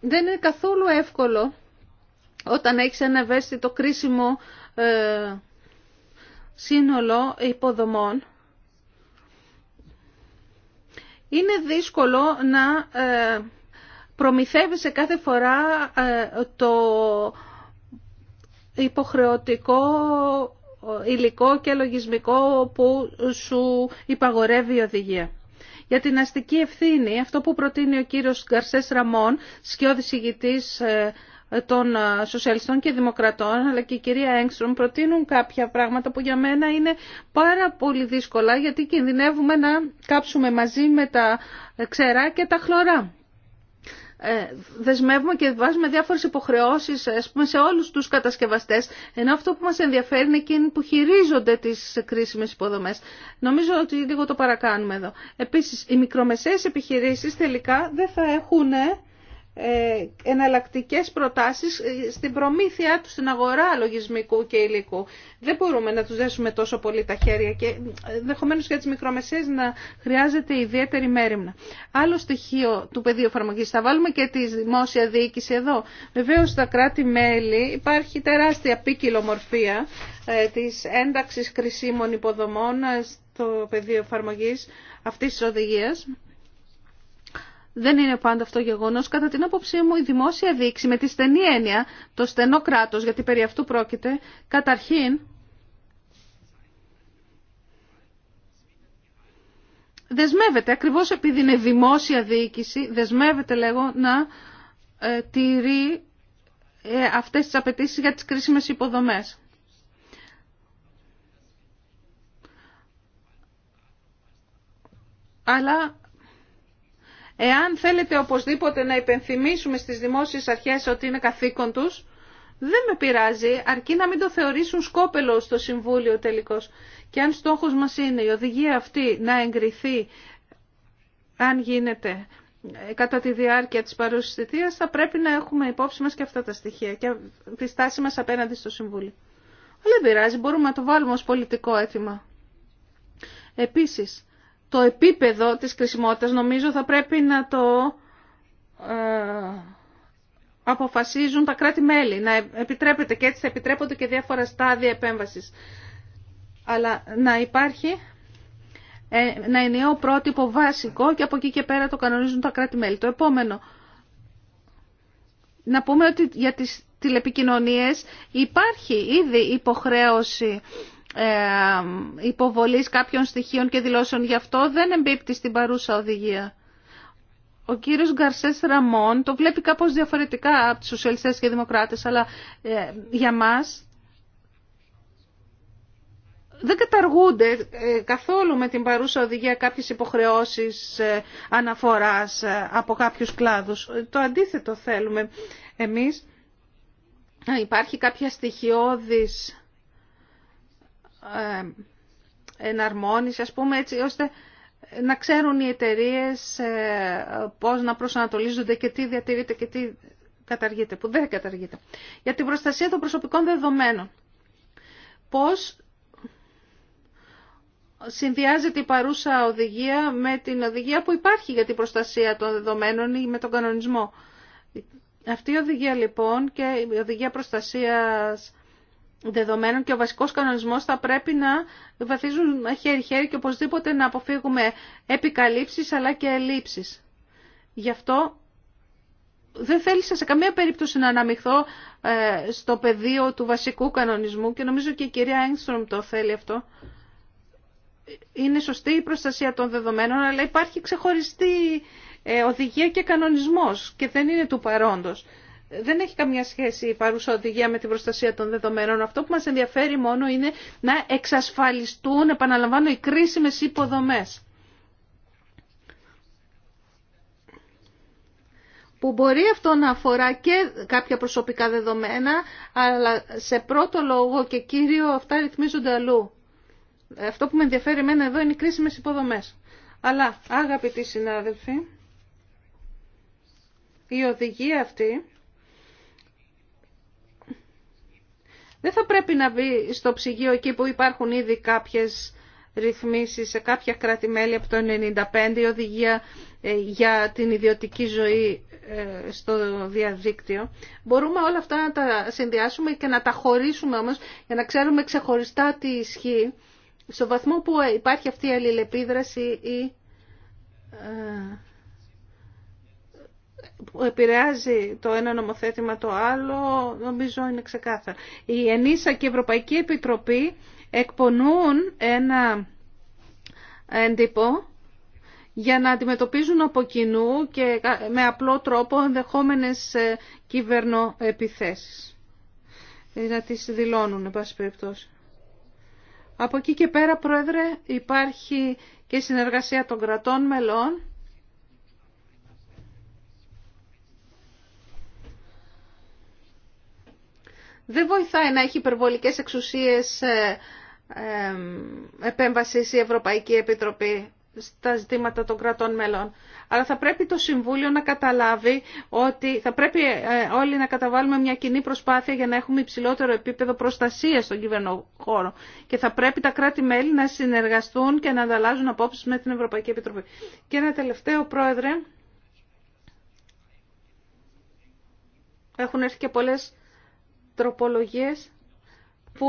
δεν είναι καθόλου εύκολο όταν έχεις ένα ευαίσθητο κρίσιμο ε, σύνολο υποδομών. Είναι δύσκολο να ε, προμηθεύεσαι κάθε φορά ε, το υποχρεωτικό ε, υλικό και λογισμικό που σου υπαγορεύει η οδηγία. Για την αστική ευθύνη, αυτό που προτείνει ο κύριος Γκαρσές Ραμόν, σκιώδης ηγητής ε, των σοσιαλιστών και δημοκρατών, αλλά και η κυρία Έγκστρομ, προτείνουν κάποια πράγματα που για μένα είναι πάρα πολύ δύσκολα, γιατί κινδυνεύουμε να κάψουμε μαζί με τα ξερά και τα χλωρά. Ε, δεσμεύουμε και βάζουμε διάφορες υποχρεώσεις σε όλους τους κατασκευαστές ενώ αυτό που μας ενδιαφέρει είναι εκείνοι που χειρίζονται τις κρίσιμες υποδομές. Νομίζω ότι λίγο το παρακάνουμε εδώ. Επίσης, οι μικρομεσαίες επιχειρήσεις τελικά δεν θα έχουν ε, εναλλακτικές προτάσεις ε, στην προμήθειά του στην αγορά λογισμικού και υλικού. Δεν μπορούμε να τους δέσουμε τόσο πολύ τα χέρια και ε, ενδεχομένω για τις μικρομεσαίες να χρειάζεται ιδιαίτερη μέρημνα. Άλλο στοιχείο του πεδίου εφαρμογή θα βάλουμε και τη δημόσια διοίκηση εδώ. Βεβαίω στα κράτη-μέλη υπάρχει τεράστια ποικιλομορφία της ένταξης κρισίμων υποδομών στο πεδίο εφαρμογή αυτής της οδηγίας. Δεν είναι πάντα αυτό γεγονός. Κατά την άποψή μου η δημόσια διοίκηση, με τη στενή έννοια, το στενό κράτος, γιατί περί αυτού πρόκειται, καταρχήν δεσμεύεται, ακριβώς επειδή είναι δημόσια διοίκηση, δεσμεύεται λέγω να ε, τηρεί ε, αυτές τις απαιτήσει για τις κρίσιμες υποδομές. Αλλά Εάν θέλετε οπωσδήποτε να υπενθυμίσουμε στις δημόσιες αρχές ότι είναι καθήκον τους, δεν με πειράζει, αρκεί να μην το θεωρήσουν σκόπελο στο Συμβούλιο τελικώς. Και αν στόχος μας είναι η οδηγία αυτή να εγκριθεί, αν γίνεται, ε, κατά τη διάρκεια της θητείας, θα πρέπει να έχουμε υπόψη μας και αυτά τα στοιχεία και τη στάση μας απέναντι στο Συμβούλιο. Αλλά δεν πειράζει, μπορούμε να το βάλουμε ως πολιτικό αίτημα. Επίσης, το επίπεδο της κρισιμότητας νομίζω θα πρέπει να το ε, αποφασίζουν τα κράτη-μέλη, να επιτρέπεται και έτσι θα επιτρέπονται και διάφορα στάδια επέμβασης. Αλλά να υπάρχει ένα ε, ενιαίο πρότυπο βασικό και από εκεί και πέρα το κανονίζουν τα κράτη-μέλη. Το επόμενο, να πούμε ότι για τις τηλεπικοινωνίες υπάρχει ήδη υποχρέωση ε, υποβολής κάποιων στοιχείων και δηλώσεων. Γι' αυτό δεν εμπίπτει στην παρούσα οδηγία. Ο κύριος Γκαρσές Ραμόν το βλέπει κάπως διαφορετικά από τους Σοσιαλιστέ και δημοκράτες, αλλά ε, για μας δεν καταργούνται ε, καθόλου με την παρούσα οδηγία κάποιες υποχρεώσεις αναφοράς από κάποιους κλάδους. Το αντίθετο θέλουμε εμείς. Υπάρχει κάποια στοιχειώδης ε, εναρμόνιση, ας πούμε, έτσι ώστε να ξέρουν οι εταιρείε ε, πώς να προσανατολίζονται και τι διατηρείται και τι καταργείται, που δεν καταργείται. Για την προστασία των προσωπικών δεδομένων. Πώς συνδυάζεται η παρούσα οδηγία με την οδηγία που υπάρχει για την προστασία των δεδομένων ή με τον κανονισμό. Αυτή η οδηγία λοιπόν και η οδηγία προστασίας δεδομένων και ο βασικός κανονισμός θα πρέπει να βαθίζουν χέρι-χέρι και οπωσδήποτε να αποφύγουμε επικαλύψεις αλλά και ελλείψεις. Γι' αυτό δεν θέλησα σε καμία περίπτωση να αναμειχθώ ε, στο πεδίο του βασικού κανονισμού και νομίζω και η κυρία Έγκστρομ το θέλει αυτό. Είναι σωστή η προστασία των δεδομένων, αλλά υπάρχει ξεχωριστή ε, οδηγία και κανονισμός και δεν είναι του παρόντος δεν έχει καμία σχέση η παρούσα οδηγία με την προστασία των δεδομένων. Αυτό που μας ενδιαφέρει μόνο είναι να εξασφαλιστούν, επαναλαμβάνω, οι κρίσιμες υποδομές. που μπορεί αυτό να αφορά και κάποια προσωπικά δεδομένα, αλλά σε πρώτο λόγο και κύριο αυτά ρυθμίζονται αλλού. Αυτό που με ενδιαφέρει εμένα εδώ είναι οι κρίσιμες υποδομές. Αλλά, αγαπητοί συνάδελφοι, η οδηγία αυτή δεν θα πρέπει να μπει στο ψυγείο εκεί που υπάρχουν ήδη κάποιες ρυθμίσεις σε κάποια κράτη-μέλη από το 1995 η οδηγία ε, για την ιδιωτική ζωή ε, στο διαδίκτυο. Μπορούμε όλα αυτά να τα συνδυάσουμε και να τα χωρίσουμε όμως για να ξέρουμε ξεχωριστά τι ισχύει στο βαθμό που υπάρχει αυτή η αλληλεπίδραση ή ε, που επηρεάζει το ένα νομοθέτημα το άλλο, νομίζω είναι ξεκάθαρα. Η ΕΝΙΣΑ και η Ευρωπαϊκή Επιτροπή εκπονούν ένα εντύπω για να αντιμετωπίζουν από κοινού και με απλό τρόπο ενδεχόμενες ε, κυβερνοεπιθέσεις. Ε, να τις δηλώνουν, εν πάση περιπτώσει. Από εκεί και πέρα, Πρόεδρε, υπάρχει και συνεργασία των κρατών μελών δεν βοηθάει να έχει υπερβολικές εξουσίες ε, επέμβασης η Ευρωπαϊκή Επιτροπή στα ζητήματα των κρατών μελών. Αλλά θα πρέπει το Συμβούλιο να καταλάβει ότι θα πρέπει ε, όλοι να καταβάλουμε μια κοινή προσπάθεια για να έχουμε υψηλότερο επίπεδο προστασίας στον κυβερνοχώρο. Και θα πρέπει τα κράτη-μέλη να συνεργαστούν και να ανταλλάζουν απόψεις με την Ευρωπαϊκή Επιτροπή. Και ένα τελευταίο, Πρόεδρε. Έχουν έρθει και πολλές τροπολογίες που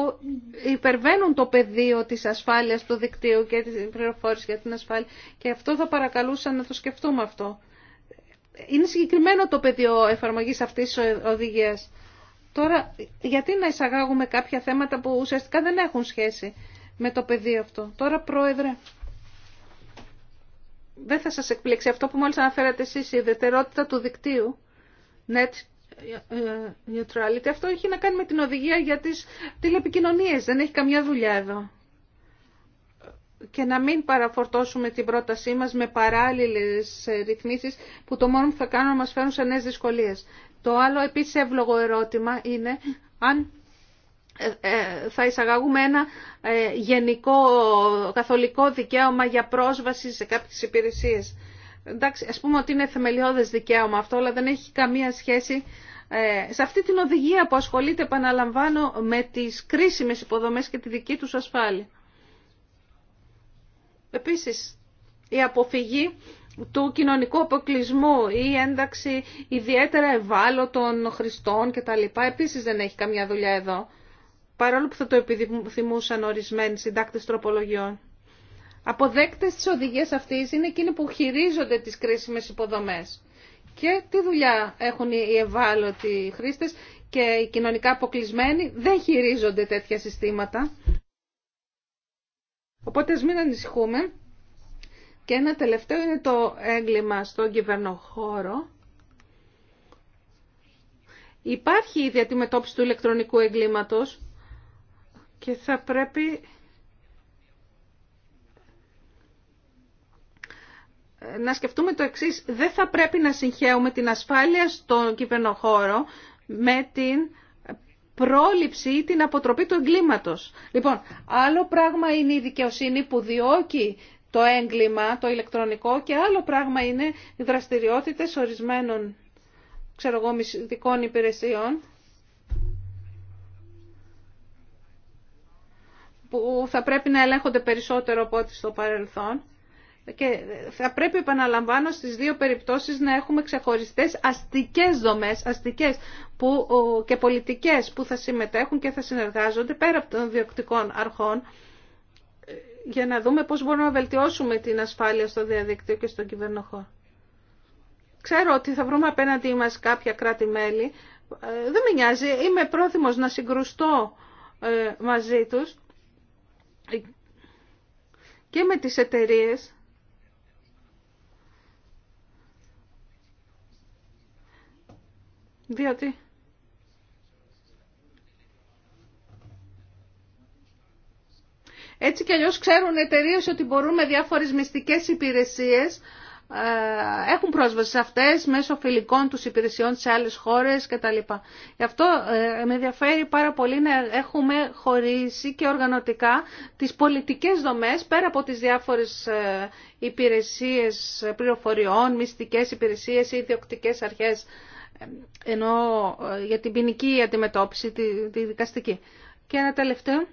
υπερβαίνουν το πεδίο της ασφάλειας του δικτύου και της πληροφόρηση για την ασφάλεια. Και αυτό θα παρακαλούσα να το σκεφτούμε αυτό. Είναι συγκεκριμένο το πεδίο εφαρμογής αυτής της οδηγίας. Τώρα, γιατί να εισαγάγουμε κάποια θέματα που ουσιαστικά δεν έχουν σχέση με το πεδίο αυτό. Τώρα, Πρόεδρε, δεν θα σας εκπλήξει αυτό που μόλις αναφέρατε εσείς, η ιδιαιτερότητα του δικτύου, net ε, ε, ε, neutrality. Αυτό έχει να κάνει με την οδηγία για τις τηλεπικοινωνίες. Δεν έχει καμιά δουλειά εδώ. Και να μην παραφορτώσουμε την πρότασή μας με παράλληλες ρυθμίσεις που το μόνο που θα κάνουν να μας φέρουν σε νέες δυσκολίες. Το άλλο επίσης εύλογο ερώτημα είναι αν θα εισαγάγουμε ένα γενικό καθολικό δικαίωμα για πρόσβαση σε κάποιες υπηρεσίες εντάξει, ας πούμε ότι είναι θεμελιώδες δικαίωμα αυτό, αλλά δεν έχει καμία σχέση ε, σε αυτή την οδηγία που ασχολείται, επαναλαμβάνω, με τις κρίσιμες υποδομές και τη δική τους ασφάλεια. Επίσης, η αποφυγή του κοινωνικού αποκλεισμού ή η ένταξη ιδιαίτερα ευάλωτων χρηστών κτλ. Επίσης δεν έχει καμιά δουλειά εδώ, παρόλο που θα το επιθυμούσαν ορισμένοι συντάκτες τροπολογιών. Αποδέκτες της οδηγίας αυτή είναι εκείνοι που χειρίζονται τις κρίσιμες υποδομές. Και τι δουλειά έχουν οι ευάλωτοι χρήστε και οι κοινωνικά αποκλεισμένοι δεν χειρίζονται τέτοια συστήματα. Οπότε ας μην ανησυχούμε. Και ένα τελευταίο είναι το έγκλημα στον κυβερνοχώρο. Υπάρχει η διατιμετώπιση του ηλεκτρονικού εγκλήματος και θα πρέπει να σκεφτούμε το εξής. Δεν θα πρέπει να συγχαίουμε την ασφάλεια στον κυβερνοχώρο με την πρόληψη ή την αποτροπή του εγκλήματος. Λοιπόν, άλλο πράγμα είναι η δικαιοσύνη που διώκει το έγκλημα, το ηλεκτρονικό και άλλο πράγμα είναι οι δραστηριότητες ορισμένων ξέρω εγώ, μυστικών υπηρεσιών που θα πρέπει να ελέγχονται περισσότερο από ό,τι στο παρελθόν και θα πρέπει, επαναλαμβάνω, στις δύο περιπτώσεις να έχουμε ξεχωριστές αστικές δομές, αστικές που, και πολιτικές που θα συμμετέχουν και θα συνεργάζονται πέρα από των διοκτικών αρχών ε, για να δούμε πώς μπορούμε να βελτιώσουμε την ασφάλεια στο διαδίκτυο και στον κυβερνοχώρο. Ξέρω ότι θα βρούμε απέναντί μας κάποια κράτη-μέλη. Ε, δεν με νοιάζει, είμαι πρόθυμος να συγκρουστώ ε, μαζί τους και με τις εταιρείες διότι έτσι κι αλλιώς ξέρουν εταιρείε ότι μπορούμε με διάφορες μυστικές υπηρεσίες ε, έχουν πρόσβαση σε αυτές μέσω φιλικών τους υπηρεσιών σε άλλες χώρες κτλ. Γι' αυτό ε, με ενδιαφέρει πάρα πολύ να έχουμε χωρίσει και οργανωτικά τις πολιτικές δομές πέρα από τις διάφορες ε, υπηρεσίες πληροφοριών, μυστικές υπηρεσίες ή ιδιοκτικές αρχές ενώ ε, για την ποινική αντιμετώπιση, τη, τη δικαστική. Και ένα τελευταίο.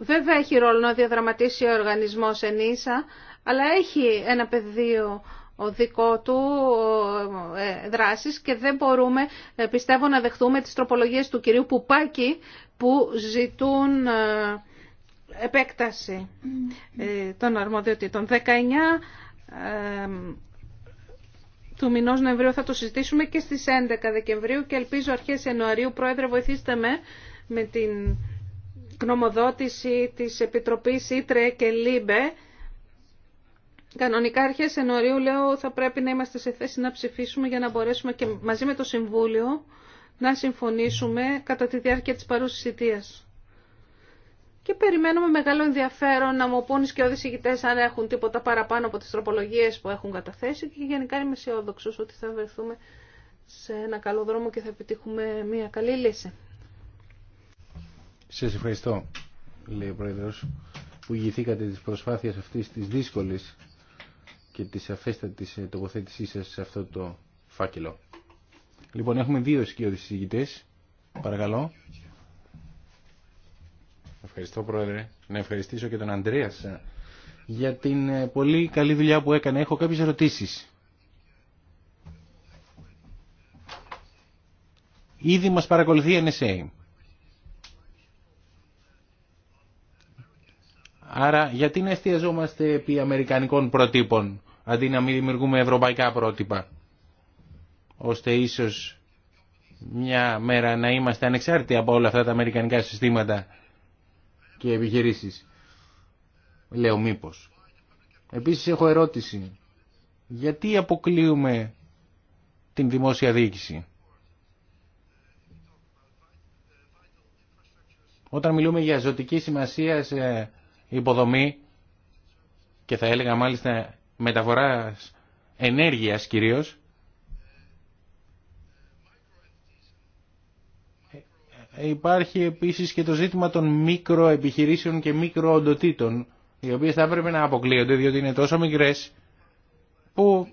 Βέβαια έχει ρόλο να διαδραματίσει ο οργανισμός ενίσα, αλλά έχει ένα πεδίο ο δικό του ε, ε, δράσης και δεν μπορούμε, πιστεύω, να δεχθούμε τις τροπολογίες του κυρίου Πουπάκη που ζητούν επέκταση των αρμοδιοτήτων. 19 του μηνό Νοεμβρίου θα το συζητήσουμε και στις 11 Δεκεμβρίου και ελπίζω αρχές Ιανουαρίου, Πρόεδρε, βοηθήστε με με την γνωμοδότηση της Επιτροπής Ήτρε και ΛΥΜΠΕ. Κανονικά αρχές Ιανουαρίου, λέω, θα πρέπει να είμαστε σε θέση να ψηφίσουμε για να μπορέσουμε και μαζί με το Συμβούλιο να συμφωνήσουμε κατά τη διάρκεια της παρούσης και περιμένουμε μεγάλο ενδιαφέρον να μου πούν και οι ηγητές αν έχουν τίποτα παραπάνω από τι τροπολογίε που έχουν καταθέσει και γενικά είμαι αισιόδοξο ότι θα βρεθούμε σε ένα καλό δρόμο και θα επιτύχουμε μια καλή λύση. Σα ευχαριστώ, λέει ο Πρόεδρο, που ηγηθήκατε τη προσπάθεια αυτή τη δύσκολη και τη αφέστατη ε, τοποθέτησή σα σε αυτό το φάκελο. Λοιπόν, έχουμε δύο σκιώδει συζητητέ. Παρακαλώ. Ευχαριστώ Πρόεδρε. Να ευχαριστήσω και τον Αντρέα ε, για την ε, πολύ καλή δουλειά που έκανε. Έχω κάποιες ερωτήσεις. Ήδη μας παρακολουθεί η NSA. Άρα γιατί να εστιαζόμαστε επί αμερικανικών προτύπων αντί να μην δημιουργούμε ευρωπαϊκά πρότυπα ώστε ίσως μια μέρα να είμαστε ανεξάρτητοι από όλα αυτά τα αμερικανικά συστήματα και επιχειρήσει, Λέω μήπω. Επίσης έχω ερώτηση. Γιατί αποκλείουμε την δημόσια διοίκηση. Όταν μιλούμε για ζωτική σημασία σε υποδομή και θα έλεγα μάλιστα μεταφοράς ενέργειας κυρίως, Υπάρχει επίσης και το ζήτημα των μικροεπιχειρήσεων και μικροοντοτήτων, οι οποίες θα έπρεπε να αποκλείονται διότι είναι τόσο μικρές που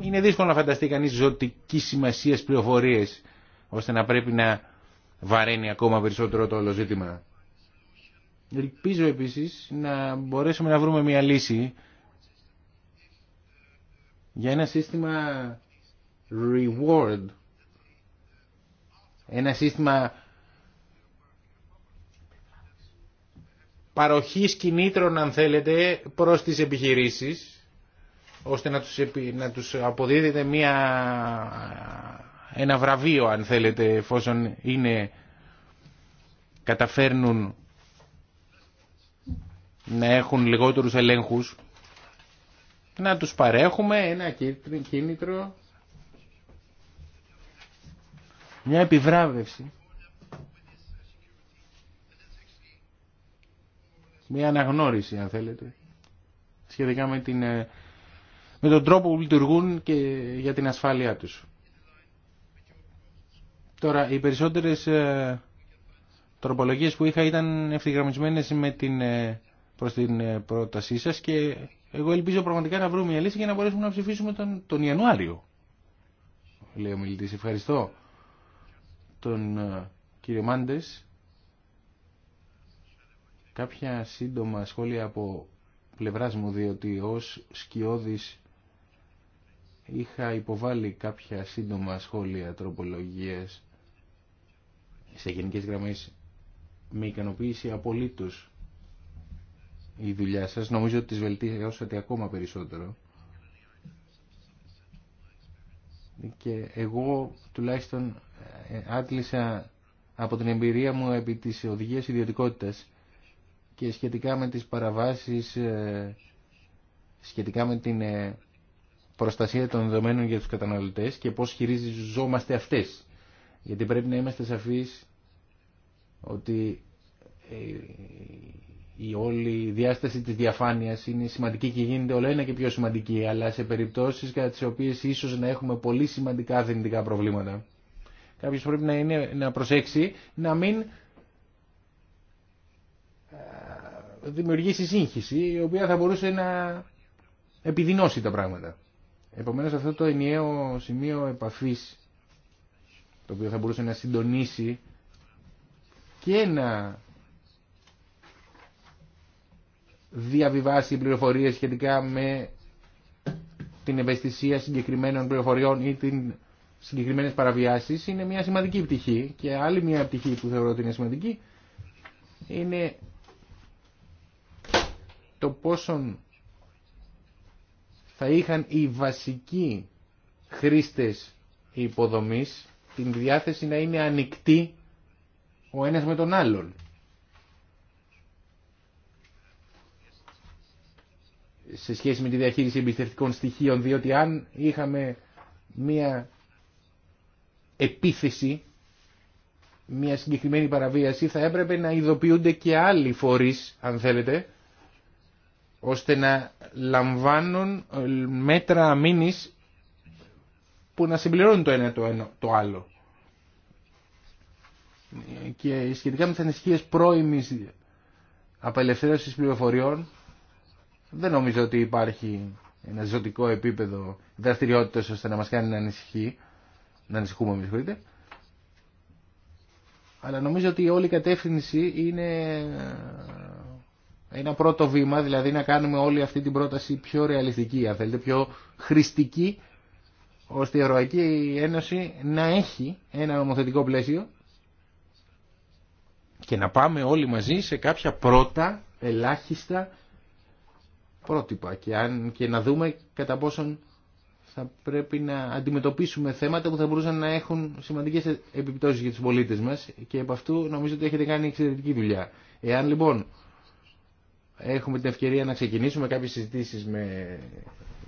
είναι δύσκολο να φανταστεί κανείς ζωτική σημασία πληροφορίες ώστε να πρέπει να βαραίνει ακόμα περισσότερο το όλο ζήτημα. Ελπίζω επίσης να μπορέσουμε να βρούμε μια λύση για ένα σύστημα reward ένα σύστημα παροχής κινήτρων αν θέλετε προς τις επιχειρήσεις ώστε να τους, να τους αποδίδεται μια, ένα βραβείο αν θέλετε εφόσον είναι, καταφέρνουν να έχουν λιγότερους ελέγχους να τους παρέχουμε ένα κίνητρο μια επιβράβευση, μια αναγνώριση αν θέλετε, σχετικά με, την, ε, με τον τρόπο που λειτουργούν και για την ασφάλειά τους. Τώρα, οι περισσότερες ε, τροπολογίες που είχα ήταν ευθυγραμμισμένες με την, ε, προς την πρότασή σας και εγώ ελπίζω πραγματικά να βρούμε μια λύση για να μπορέσουμε να ψηφίσουμε τον, τον Ιανουάριο. Λέω μιλητής, ευχαριστώ τον ε, κύριο Μάντες κάποια σύντομα σχόλια από πλευράς μου διότι ως σκιώδης είχα υποβάλει κάποια σύντομα σχόλια τροπολογίες σε γενικές γραμμές με ικανοποίηση απολύτως η δουλειά σας νομίζω ότι τις βελτίωσατε ακόμα περισσότερο και εγώ τουλάχιστον ε, άτλησα από την εμπειρία μου επί της οδηγίας ιδιωτικότητας και σχετικά με τις παραβάσεις, ε, σχετικά με την ε, προστασία των δεδομένων για τους καταναλωτές και πώς χειρίζομαστε αυτές. Γιατί πρέπει να είμαστε σαφείς ότι η όλη διάσταση της διαφάνειας είναι σημαντική και γίνεται όλο ένα και πιο σημαντική, αλλά σε περιπτώσεις κατά τις οποίες ίσως να έχουμε πολύ σημαντικά δυνητικά προβλήματα. Κάποιος πρέπει να, είναι, να προσέξει να μην ε, δημιουργήσει σύγχυση η οποία θα μπορούσε να επιδεινώσει τα πράγματα. Επομένως αυτό το ενιαίο σημείο επαφής το οποίο θα μπορούσε να συντονίσει και να διαβιβάσει πληροφορίε σχετικά με την ευαισθησία συγκεκριμένων πληροφοριών ή την συγκεκριμένε παραβιάσεις είναι μια σημαντική πτυχή και άλλη μια πτυχή που θεωρώ ότι είναι σημαντική είναι το πόσο θα είχαν οι βασικοί χρήστες υποδομής την διάθεση να είναι ανοιχτή ο ένας με τον άλλον. σε σχέση με τη διαχείριση εμπιστευτικών στοιχείων, διότι αν είχαμε μία επίθεση, μία συγκεκριμένη παραβίαση, θα έπρεπε να ειδοποιούνται και άλλοι φορείς, αν θέλετε, ώστε να λαμβάνουν ε, μέτρα αμήνης που να συμπληρώνουν το ένα το, άλλο. Και σχετικά με τις ανησυχίες πρώιμης απελευθέρωσης πληροφοριών, δεν νομίζω ότι υπάρχει ένα ζωτικό επίπεδο δραστηριότητα ώστε να μα κάνει να ανησυχεί, να ανησυχούμε, με συγχωρείτε. Αλλά νομίζω ότι όλη η κατεύθυνση είναι ε, ένα πρώτο βήμα, δηλαδή να κάνουμε όλη αυτή την πρόταση πιο ρεαλιστική, αν θέλετε, πιο χρηστική, ώστε η Ευρωπαϊκή Ένωση να έχει ένα νομοθετικό πλαίσιο και να πάμε όλοι μαζί σε κάποια πρώτα ελάχιστα πρότυπα και, αν, και να δούμε κατά πόσον θα πρέπει να αντιμετωπίσουμε θέματα που θα μπορούσαν να έχουν σημαντικές επιπτώσεις για τους πολίτες μας και από αυτού νομίζω ότι έχετε κάνει εξαιρετική δουλειά. Εάν λοιπόν έχουμε την ευκαιρία να ξεκινήσουμε κάποιες συζητήσεις με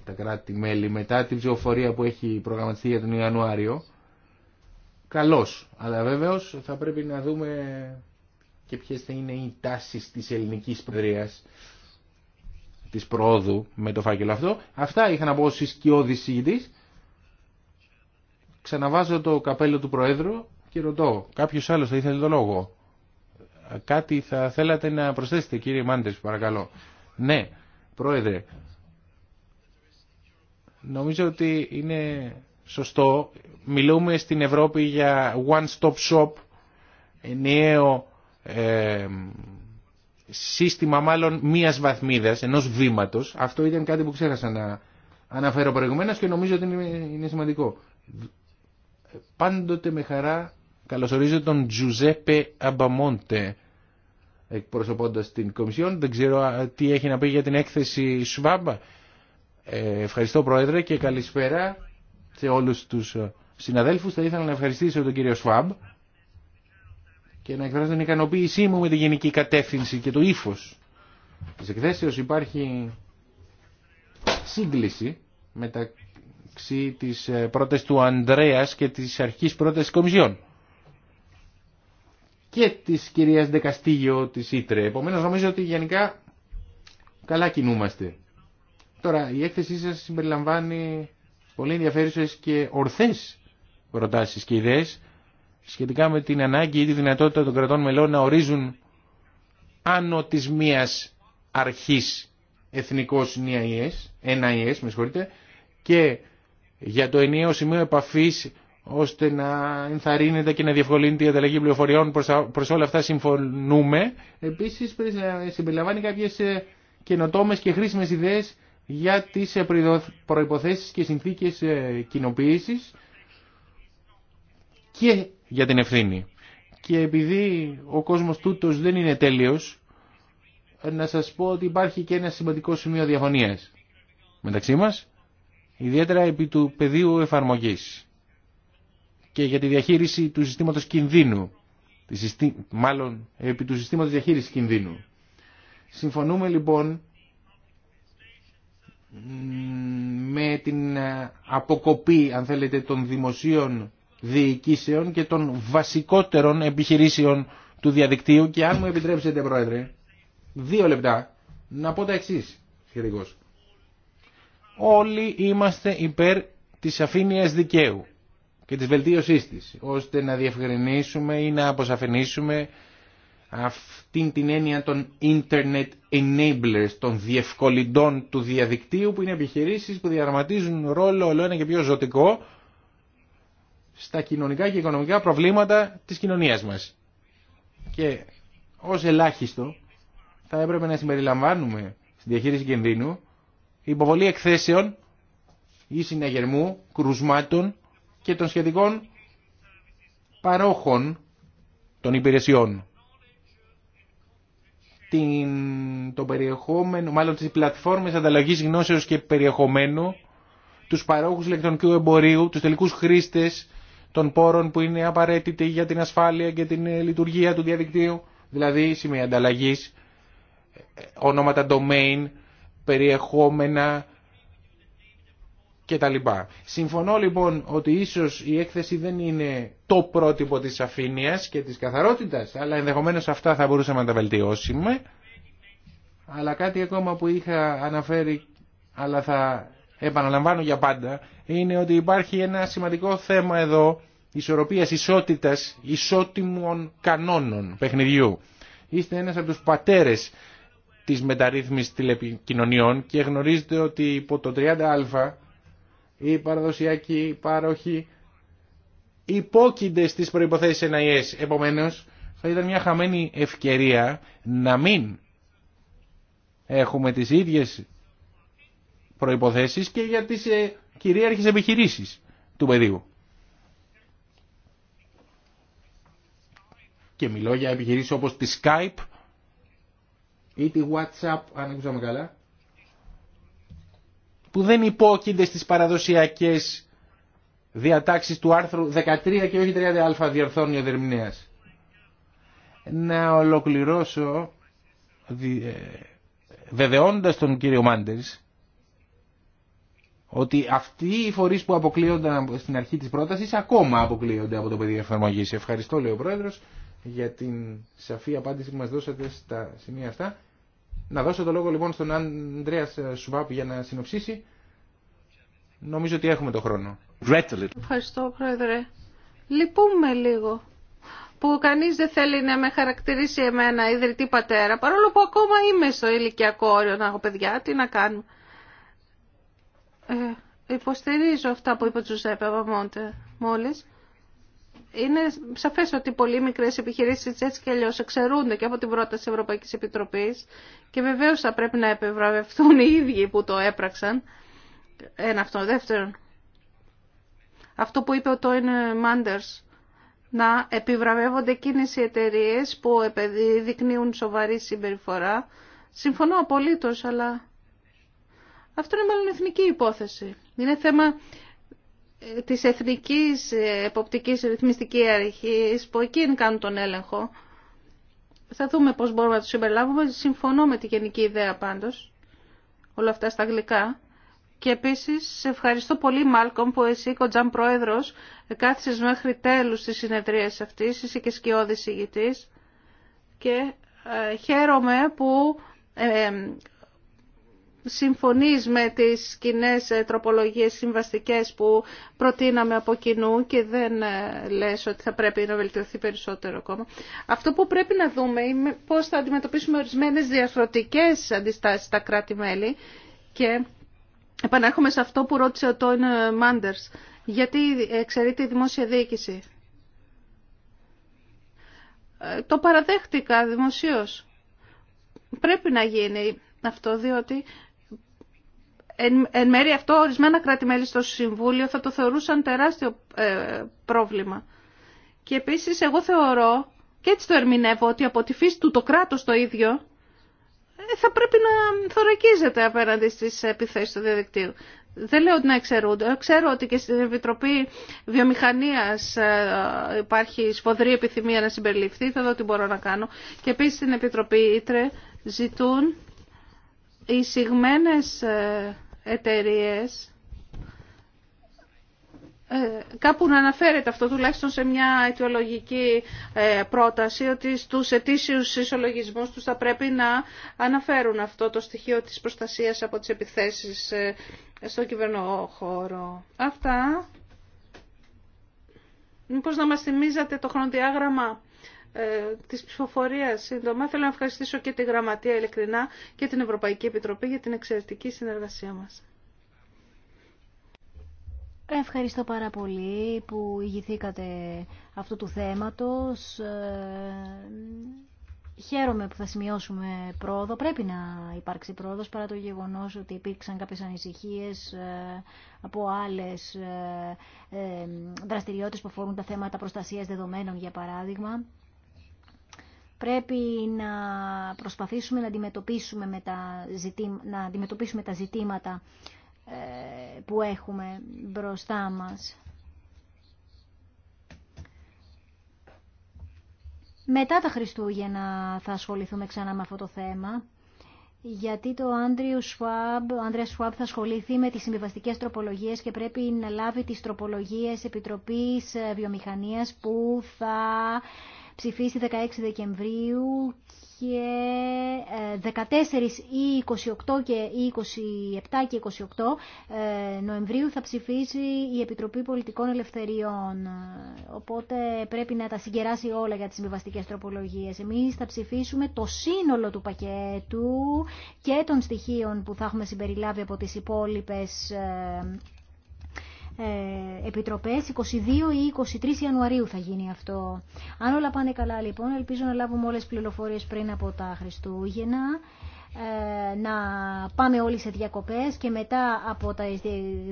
τα κράτη-μέλη μετά την ψηφοφορία που έχει προγραμματιστεί για τον Ιανουάριο, καλώς, Αλλά βέβαιως θα πρέπει να δούμε και ποιες θα είναι οι τάσεις της ελληνικής παιδείας της πρόοδου με το φάκελο αυτό. Αυτά είχα να πω ως ισκιώδης Ξαναβάζω το καπέλο του Προέδρου και ρωτώ, κάποιο άλλο θα ήθελε το λόγο. Ε, κάτι θα θέλατε να προσθέσετε κύριε Μάντες παρακαλώ. Ναι, Πρόεδρε, νομίζω ότι είναι σωστό. Μιλούμε στην Ευρώπη για one-stop shop, ενιαίο ε, σύστημα μάλλον μίας βαθμίδας, ενός βήματος. Αυτό ήταν κάτι που ξέχασα να αναφέρω προηγουμένως και νομίζω ότι είναι σημαντικό. Πάντοτε με χαρά καλωσορίζω τον Τζουζέπε Αμπαμόντε εκπροσωπώντας την Κομισιόν. Δεν ξέρω τι έχει να πει για την έκθεση Σβάμπα. Ε, ευχαριστώ Πρόεδρε και καλησπέρα σε όλους τους ε, συναδέλφους. Θα ήθελα να ευχαριστήσω τον κύριο και να εκφράσω την ικανοποίησή μου με τη γενική κατεύθυνση και το ύφο τη εκθέσεω. Υπάρχει σύγκληση μεταξύ της ε, πρώτης του Ανδρέας και της αρχής πρώτης Κομισιόν και της κυρίας Δεκαστήγιο της Ήτρε. επομένω νομίζω ότι γενικά καλά κινούμαστε. Τώρα η έκθεσή σα, συμπεριλαμβάνει πολύ ενδιαφέρουσε και ορθέ προτάσει και ιδέε σχετικά με την ανάγκη ή τη δυνατότητα των κρατών μελών να ορίζουν άνω της μίας αρχής εθνικός NIS, με συγχωρείτε, και για το ενιαίο σημείο επαφής ώστε να ενθαρρύνεται και να διευκολύνεται η ανταλλαγή πληροφοριών προς, όλα αυτά συμφωνούμε. Επίσης ε, συμπεριλαμβάνει κάποιες ε, καινοτόμες και χρήσιμες ιδέες για τις ε, προϋποθέσεις και συνθήκες κοινοποίησης και για την ευθύνη. Και επειδή ο κόσμος τούτος δεν είναι τέλειος, να σας πω ότι υπάρχει και ένα σημαντικό σημείο διαφωνίας μεταξύ μας, ιδιαίτερα επί του πεδίου εφαρμογής και για τη διαχείριση του συστήματος κινδύνου, μάλλον επί του συστήματος διαχείρισης κινδύνου. Συμφωνούμε λοιπόν με την ε, αποκοπή, αν θέλετε, των δημοσίων διοικήσεων και των βασικότερων επιχειρήσεων του διαδικτύου και αν μου επιτρέψετε Πρόεδρε, δύο λεπτά, να πω τα εξή σχετικώς. Όλοι είμαστε υπέρ της αφήνειας δικαίου και της βελτίωσής της, ώστε να διευκρινίσουμε ή να αποσαφηνίσουμε αυτήν την έννοια των internet enablers, των διευκολυντών του διαδικτύου που είναι επιχειρήσεις που διαρματίζουν ρόλο όλο και πιο ζωτικό στα κοινωνικά και οικονομικά προβλήματα της κοινωνίας μας. Και ως ελάχιστο θα έπρεπε να συμπεριλαμβάνουμε στη διαχείριση κινδύνου υποβολή εκθέσεων ή συναγερμού, κρουσμάτων και των σχετικών παρόχων των υπηρεσιών. Την, το περιεχόμενο, μάλλον τις πλατφόρμες ανταλλαγής γνώσεως και περιεχομένου, τους παρόχους ηλεκτρονικού εμπορίου, τους τελικούς χρήστες, των πόρων που είναι απαραίτητοι για την ασφάλεια και την ε, λειτουργία του διαδικτύου, δηλαδή σημεία ανταλλαγή, ε, ονόματα domain, περιεχόμενα κτλ. Συμφωνώ λοιπόν ότι ίσως η έκθεση δεν είναι το πρότυπο της αφήνειας και της καθαρότητας, αλλά ενδεχομένως αυτά θα μπορούσαμε να τα βελτιώσουμε. Αλλά κάτι ακόμα που είχα αναφέρει, αλλά θα επαναλαμβάνω για πάντα, είναι ότι υπάρχει ένα σημαντικό θέμα εδώ ισορροπίας, ισότητας, ισότιμων κανόνων παιχνιδιού. Είστε ένας από τους πατέρες της μεταρρύθμισης τηλεπικοινωνιών και γνωρίζετε ότι υπό το 30α οι παραδοσιακοί πάροχοι υπόκεινται στις προϋποθέσεις NIS. Επομένως, θα ήταν μια χαμένη ευκαιρία να μην έχουμε τις ίδιες προϋποθέσεις και για τις ε, κυρίαρχες επιχειρήσεις του πεδίου. Και μιλώ για επιχειρήσεις όπως τη Skype ή τη WhatsApp, αν ακούσαμε καλά, που δεν υπόκεινται στις παραδοσιακές διατάξεις του άρθρου 13 και όχι 30α διορθώνει ο Δερμηνέας. Να ολοκληρώσω ε, βεβαιώντα τον κύριο Μάντερς ότι αυτοί οι φορεί που αποκλείονταν στην αρχή τη πρόταση ακόμα αποκλείονται από το πεδίο εφαρμογή. Ευχαριστώ, λέει ο πρόεδρο για την σαφή απάντηση που μα δώσατε στα σημεία αυτά. Να δώσω το λόγο λοιπόν στον Αντρέα Σουβάπ για να συνοψίσει. Νομίζω ότι έχουμε το χρόνο. Ευχαριστώ, Πρόεδρε. Λυπούμε λίγο που κανεί δεν θέλει να με χαρακτηρίσει εμένα ιδρυτή πατέρα, παρόλο που ακόμα είμαι στο ηλικιακό όριο να έχω παιδιά, τι να κάνουμε. Ε, υποστηρίζω αυτά που είπε ο Τζουζέπε Βαμόντε μόλις. Είναι σαφές ότι πολύ μικρές επιχειρήσεις έτσι και αλλιώς εξαιρούνται και από την πρόταση Ευρωπαϊκής Επιτροπής και βεβαίως θα πρέπει να επιβραβευτούν οι ίδιοι που το έπραξαν. Ένα αυτό. Δεύτερον, αυτό που είπε ο Τόιν Μάντερς, να επιβραβεύονται εκείνες οι εταιρείε που δεικνύουν σοβαρή συμπεριφορά. Συμφωνώ απολύτως, αλλά αυτό είναι μάλλον εθνική υπόθεση. Είναι θέμα ε, της εθνικής ε, εποπτικής ρυθμιστική αρχής που εκείνοι κάνουν τον έλεγχο. Θα δούμε πώς μπορούμε να τους συμπεριλάβουμε. Συμφωνώ με τη γενική ιδέα πάντως. Όλα αυτά στα αγγλικά. Και επίσης ευχαριστώ πολύ Μάλκομ που εσύ Κοντζάν Πρόεδρος κάθισες μέχρι τέλους της συνεδρίας αυτής. Είσαι και σκιώδης ηγητής. Και ε, χαίρομαι που συμφωνείς με τις κοινέ ε, τροπολογίες συμβαστικές που προτείναμε από κοινού και δεν ε, λες ότι θα πρέπει να βελτιωθεί περισσότερο ακόμα. Αυτό που πρέπει να δούμε είναι πώς θα αντιμετωπίσουμε ορισμένες διαφορετικέ αντιστάσεις στα κράτη-μέλη και επανέρχομαι σε αυτό που ρώτησε ο Τόιν ε, Μάντερς. Γιατί εξαιρείται η δημόσια διοίκηση. Το παραδέχτηκα δημοσίως. Πρέπει να γίνει αυτό διότι εν μέρει αυτό ορισμένα κράτη-μέλη στο Συμβούλιο θα το θεωρούσαν τεράστιο ε, πρόβλημα. Και επίσης εγώ θεωρώ, και έτσι το ερμηνεύω, ότι από τη φύση του το κράτος το ίδιο ε, θα πρέπει να θωρακίζεται απέναντι στις επιθέσεις του διαδικτύου. Δεν λέω ότι να εξαιρούνται. Ξέρω ότι και στην Επιτροπή Βιομηχανίας ε, υπάρχει σφοδρή επιθυμία να συμπεριληφθεί. Θα δω τι μπορώ να κάνω. Και επίσης στην Επιτροπή Ήτρε ζητούν οι συγμένες εταιρείες ε, κάπου να αναφέρεται αυτό τουλάχιστον σε μια αιτιολογική ε, πρόταση ότι στους ετήσιους ισολογισμούς τους θα πρέπει να αναφέρουν αυτό το στοιχείο της προστασίας από τις επιθέσεις ε, στο χώρο. Αυτά. Μήπως να μας θυμίζατε το χρονοδιάγραμμα ε, της ψηφοφορίας σύντομα. Θέλω να ευχαριστήσω και τη Γραμματεία Ελεκτρινά και την Ευρωπαϊκή Επιτροπή για την εξαιρετική συνεργασία μας. Ευχαριστώ πάρα πολύ που ηγηθήκατε αυτού του θέματος. Ε, χαίρομαι που θα σημειώσουμε πρόοδο. Πρέπει να υπάρξει πρόοδος παρά το γεγονός ότι υπήρξαν κάποιες ανησυχίες ε, από άλλες δραστηριότητες που αφορούν τα θέματα προστασίας δεδομένων, για παράδειγμα πρέπει να προσπαθήσουμε να αντιμετωπίσουμε, με τα, ζητήματα ε, που έχουμε μπροστά μας. Μετά τα Χριστούγεννα θα ασχοληθούμε ξανά με αυτό το θέμα, γιατί το Σφάμπ, ο θα ασχοληθεί με τις συμβιβαστικέ τροπολογίες και πρέπει να λάβει τις τροπολογίες Επιτροπής ε, Βιομηχανίας που θα ψηφίσει 16 Δεκεμβρίου και 14 ε, ή 28 και 27 και 28 ε, Νοεμβρίου θα ψηφίσει η Επιτροπή Πολιτικών Ελευθεριών. Οπότε πρέπει να τα συγκεράσει όλα για τις συμβιβαστικέ τροπολογίες. Εμείς θα ψηφίσουμε το σύνολο του πακέτου και των στοιχείων που θα έχουμε συμπεριλάβει από τις υπόλοιπες ε, ε, επιτροπές. 22 ή 23 Ιανουαρίου θα γίνει αυτό. Αν όλα πάνε καλά λοιπόν, ελπίζω να λάβουμε όλες τις πληροφορίες πριν από τα Χριστούγεννα ε, να πάμε όλοι σε διακοπές και μετά από τα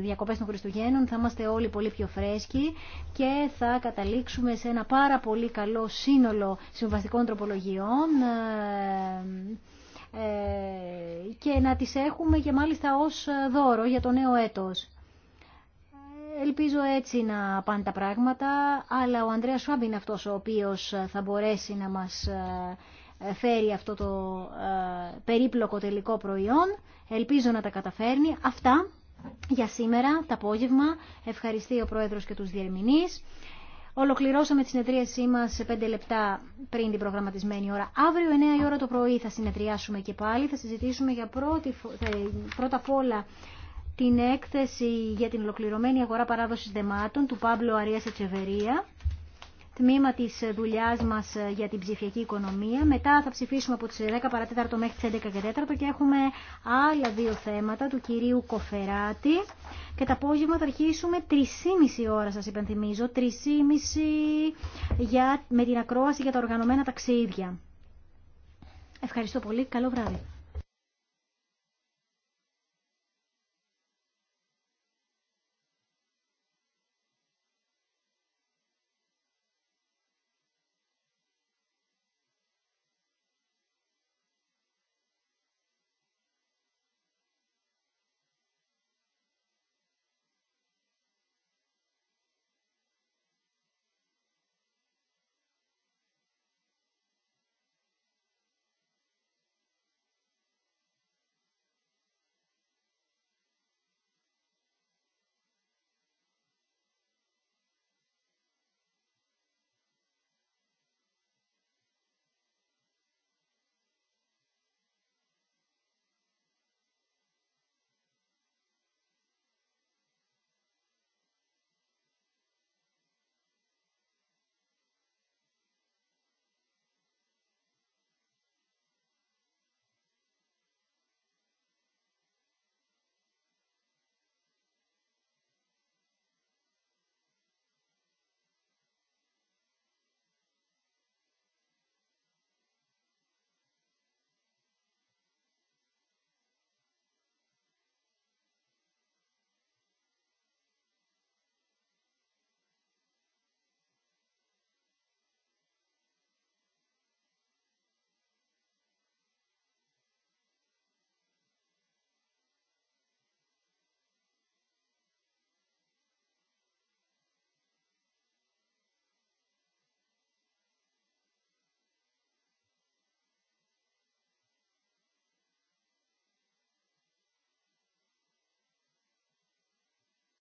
διακοπές των Χριστουγέννων θα είμαστε όλοι πολύ πιο φρέσκοι και θα καταλήξουμε σε ένα πάρα πολύ καλό σύνολο συμβαστικών τροπολογιών ε, και να τις έχουμε και μάλιστα ως δώρο για το νέο έτος ελπίζω έτσι να πάνε τα πράγματα, αλλά ο Ανδρέας Σουάμπ είναι αυτός ο οποίος θα μπορέσει να μας ε, φέρει αυτό το ε, περίπλοκο τελικό προϊόν. Ελπίζω να τα καταφέρνει. Αυτά για σήμερα, τα απόγευμα. Ευχαριστεί ο Πρόεδρος και τους διερμηνείς. Ολοκληρώσαμε τη συνεδρίασή μα σε 5 λεπτά πριν την προγραμματισμένη ώρα. Αύριο 9 η ώρα το πρωί θα συνεδριάσουμε και πάλι. Θα συζητήσουμε για ε, πρώτα απ' όλα την έκθεση για την ολοκληρωμένη αγορά παράδοσης δεμάτων του Πάμπλο Αρία Ετσεβερία, τμήμα της δουλειά μας για την ψηφιακή οικονομία. Μετά θα ψηφίσουμε από τις 10 παρατέταρτο μέχρι τις 11 και 4 και έχουμε άλλα δύο θέματα του κυρίου Κοφεράτη. Και το απόγευμα θα αρχίσουμε 3,5 ώρα σας υπενθυμίζω, 3,5 για, με την ακρόαση για τα οργανωμένα ταξίδια. Ευχαριστώ πολύ. Καλό βράδυ.